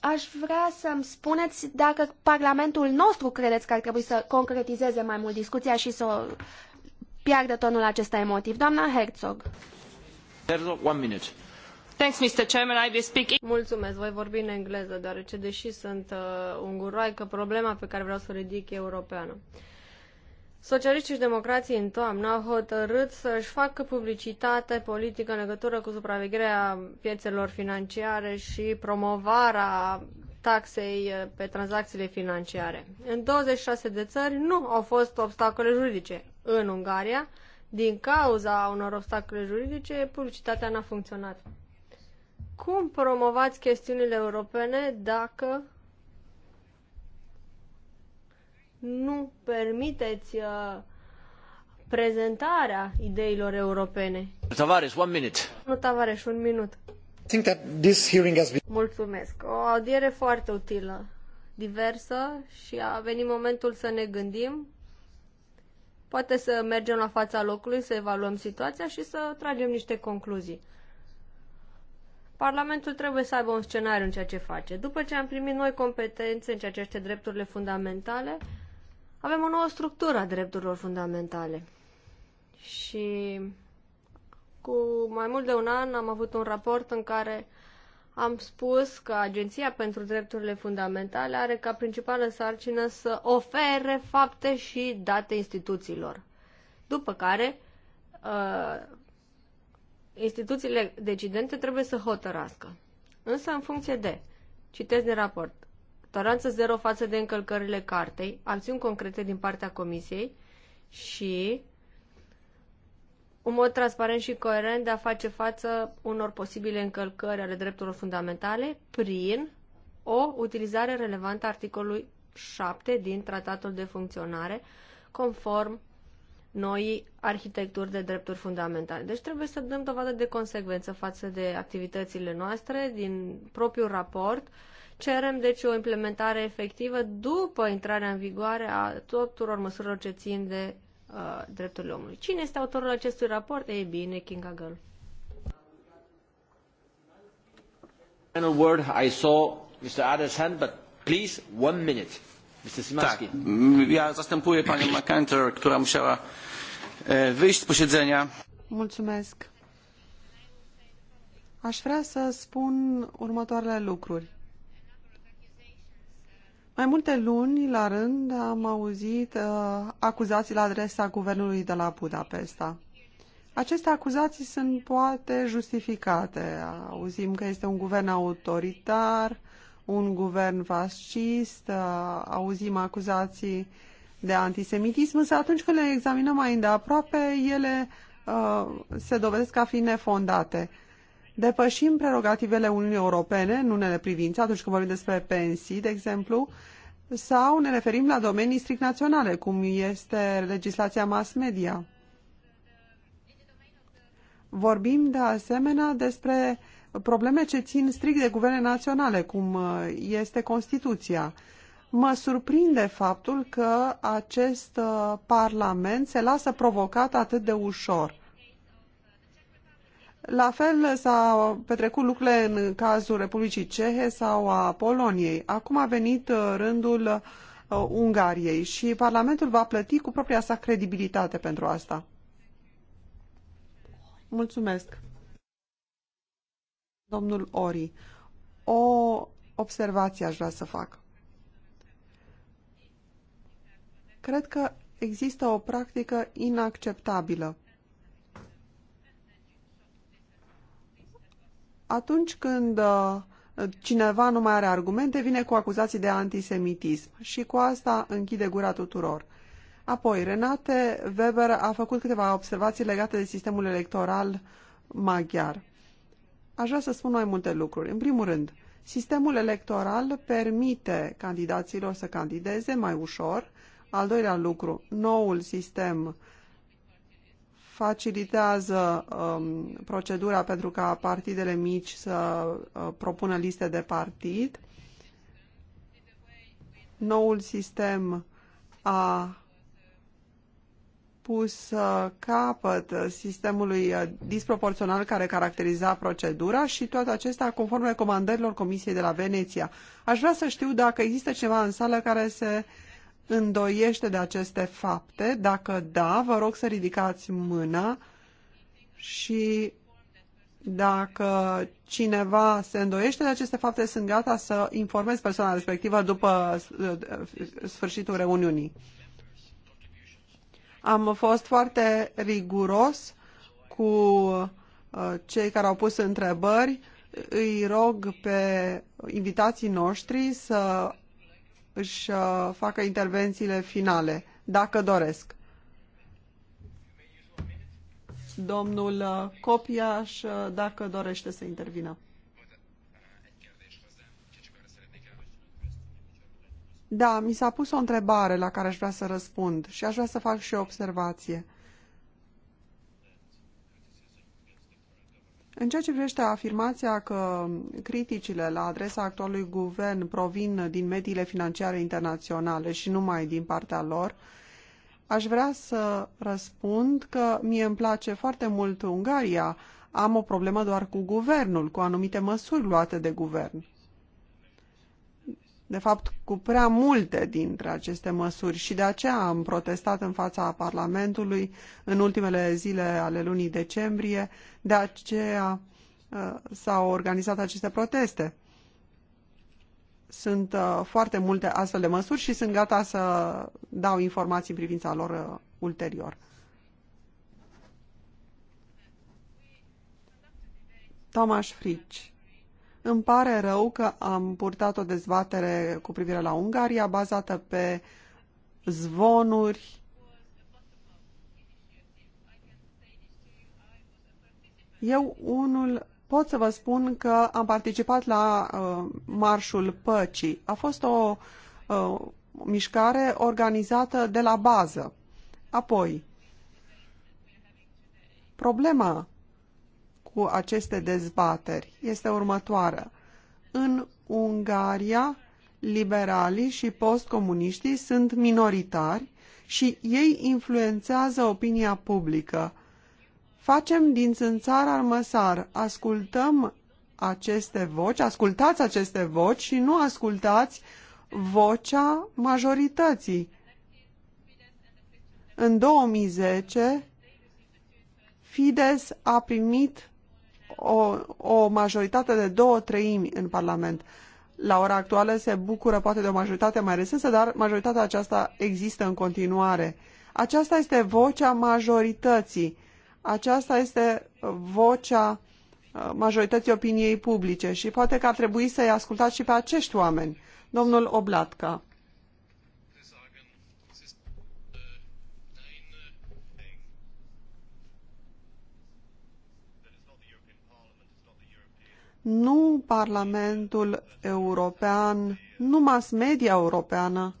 aș vrea să-mi spuneți dacă Parlamentul nostru credeți că ar trebui să concretizeze mai mult discuția și să piardă tonul acesta emotiv. Doamna Herzog. Herzog, one minute. Mulțumesc, voi vorbi în engleză, deoarece, deși sunt uh, unguroaică, problema pe care vreau să o ridic e europeană. Socialiștii și democrații în toamnă au hotărât să-și facă publicitate politică în legătură cu supravegherea piețelor financiare și promovarea taxei uh, pe tranzacțiile financiare. În 26 de țări nu au fost obstacole juridice. În Ungaria, din cauza unor obstacole juridice, publicitatea n-a funcționat. Cum promovați chestiunile europene dacă nu permiteți uh, prezentarea ideilor europene? Tavares, one minute. Nu, Tavares, un minut. Think that this hearing has been... Mulțumesc. O audiere foarte utilă, diversă și a venit momentul să ne gândim poate să mergem la fața locului, să evaluăm situația și să tragem niște concluzii. Parlamentul trebuie să aibă un scenariu în ceea ce face. După ce am primit noi competențe în ceea ce este drepturile fundamentale, avem o nouă structură a drepturilor fundamentale. Și cu mai mult de un an am avut un raport în care am spus că Agenția pentru Drepturile Fundamentale are ca principală sarcină să ofere fapte și date instituțiilor. După care, uh, instituțiile decidente trebuie să hotărască. Însă în funcție de, citesc din raport, toleranță zero față de încălcările cartei, acțiuni concrete din partea comisiei și un mod transparent și coerent de a face față unor posibile încălcări ale drepturilor fundamentale prin o utilizare relevantă a articolului 7 din Tratatul de Funcționare, conform noi arhitecturi de drepturi fundamentale. Deci trebuie să dăm dovadă de consecvență față de activitățile noastre din propriul raport. Cerem deci o implementare efectivă după intrarea în vigoare a tuturor măsurilor ce țin de uh, drepturile omului. Cine este autorul acestui raport? Ei bine, Kinga Girl. Final word, I saw Mr. Adler's hand, but please, one minute. Mr. Simanski. Tak, ja zastępuję panią McEnther, która musiała wyjść z posiedzenia. Mulțumesc. Aș vrea să spun următoarele lucruri. Mai multe luni la rând am auzit uh, acuzații la adresa guvernului de la Budapesta. Aceste acuzații sunt poate justificate. Auzim că este un guvern autoritar, un guvern fascist, uh, auzim acuzații uh, de antisemitism, însă atunci când le examinăm mai îndeaproape, ele uh, se dovedesc a fi nefondate. Depășim prerogativele Uniunii Europene în unele privințe, atunci când vorbim despre pensii, de exemplu, sau ne referim la domenii strict naționale, cum este legislația mass media. Vorbim de asemenea despre probleme ce țin strict de guverne naționale, cum uh, este Constituția. Mă surprinde faptul că acest uh, parlament se lasă provocat atât de ușor. La fel s-au petrecut lucrurile în cazul Republicii Cehe sau a Poloniei. Acum a venit uh, rândul uh, Ungariei și Parlamentul va plăti cu propria sa credibilitate pentru asta. Mulțumesc. Domnul Ori, o observație aș vrea să fac. Cred că există o practică inacceptabilă. Atunci când uh, cineva nu mai are argumente, vine cu acuzații de antisemitism și cu asta închide gura tuturor. Apoi, Renate Weber a făcut câteva observații legate de sistemul electoral maghiar. Aș vrea să spun mai multe lucruri. În primul rând, sistemul electoral permite candidaților să candideze mai ușor al doilea lucru, noul sistem facilitează um, procedura pentru ca partidele mici să uh, propună liste de partid. Noul sistem a pus uh, capăt sistemului uh, disproporțional care caracteriza procedura și toate acestea conform recomandărilor Comisiei de la Veneția. Aș vrea să știu dacă există ceva în sală care se uh, îndoiește de aceste fapte? Dacă da, vă rog să ridicați mâna și dacă cineva se îndoiește de aceste fapte, sunt gata să informez persoana respectivă după uh, sfârșitul reuniunii. Am fost foarte riguros cu uh, cei care au pus întrebări. Îi rog pe invitații noștri să își uh, facă intervențiile finale, dacă doresc. Domnul uh, Copiaș, uh, dacă dorește să intervină. Da, mi s-a pus o întrebare la care aș vrea să răspund și aș vrea să fac și o observație. În ceea ce privește afirmația că criticile la adresa actualului guvern provin din mediile financiare internaționale și numai din partea lor, aș vrea să răspund că mie îmi place foarte mult Ungaria. Am o problemă doar cu guvernul, cu anumite măsuri luate de guvern de fapt cu prea multe dintre aceste măsuri și de aceea am protestat în fața Parlamentului în ultimele zile ale lunii decembrie, de aceea uh, s-au organizat aceste proteste. Sunt uh, foarte multe astfel de măsuri și sunt gata să dau informații în privința lor uh, ulterior. Tomaș Frici îmi pare rău că am purtat o dezbatere cu privire la Ungaria bazată pe zvonuri. Eu unul pot să vă spun că am participat la uh, Marșul Păcii. A fost o uh, mișcare organizată de la bază. Apoi, problema cu aceste dezbateri este următoarea. În Ungaria, liberalii și postcomuniștii sunt minoritari și ei influențează opinia publică. Facem din țânțar armăsar, ascultăm aceste voci, ascultați aceste voci și nu ascultați vocea majorității. În 2010, Fides a primit o, o majoritate de două treimi în Parlament. La ora actuală se bucură poate de o majoritate mai resensă, dar majoritatea aceasta există în continuare. Aceasta este vocea majorității. Aceasta este vocea uh, majorității opiniei publice și poate că ar trebui să-i ascultați și pe acești oameni. Domnul Oblatca. nu Parlamentul European, nu mass media europeană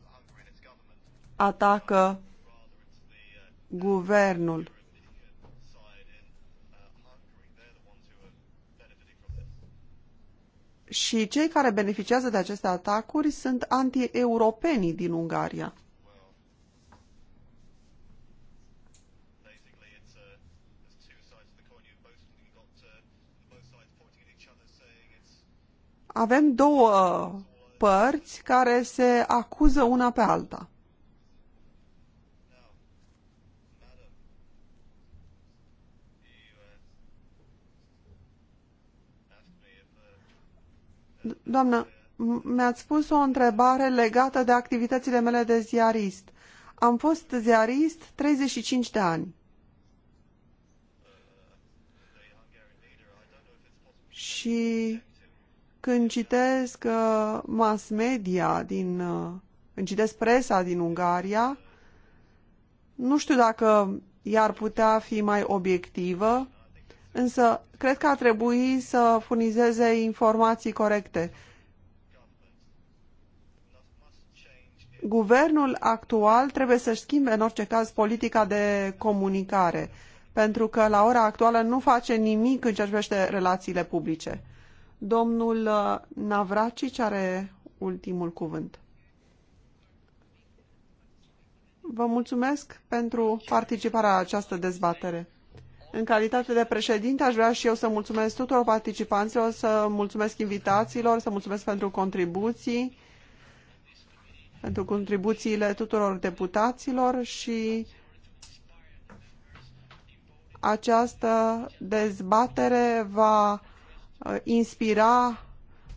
atacă guvernul. Și cei care beneficiază de aceste atacuri sunt anti-europenii din Ungaria. avem două uh, părți care se acuză una pe alta. Doamnă, mi-ați spus o întrebare legată de activitățile mele de ziarist. Am fost ziarist 35 de ani. Și când citesc uh, mass media din, uh, când citesc presa din Ungaria, nu știu dacă i-ar putea fi mai obiectivă, însă cred că ar trebui să furnizeze informații corecte. Guvernul actual trebuie să-și schimbe în orice caz politica de comunicare, pentru că la ora actuală nu face nimic în ceea ce privește relațiile publice. Domnul uh, Navraci are ultimul cuvânt. Vă mulțumesc pentru participarea la această dezbatere. În calitate de președinte, aș vrea și eu să mulțumesc tuturor participanților, să mulțumesc invitațiilor, să mulțumesc pentru contribuții, pentru contribuțiile tuturor deputaților și această dezbatere va Uh, inspira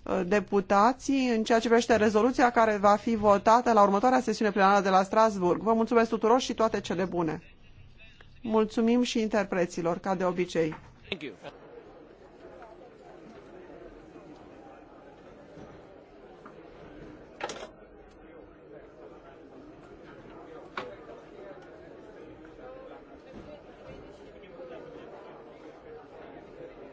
uh, deputații în ceea ce privește rezoluția care va fi votată la următoarea sesiune plenară de la Strasburg. Vă mulțumesc tuturor și toate cele bune! Mulțumim și interpreților, ca de obicei.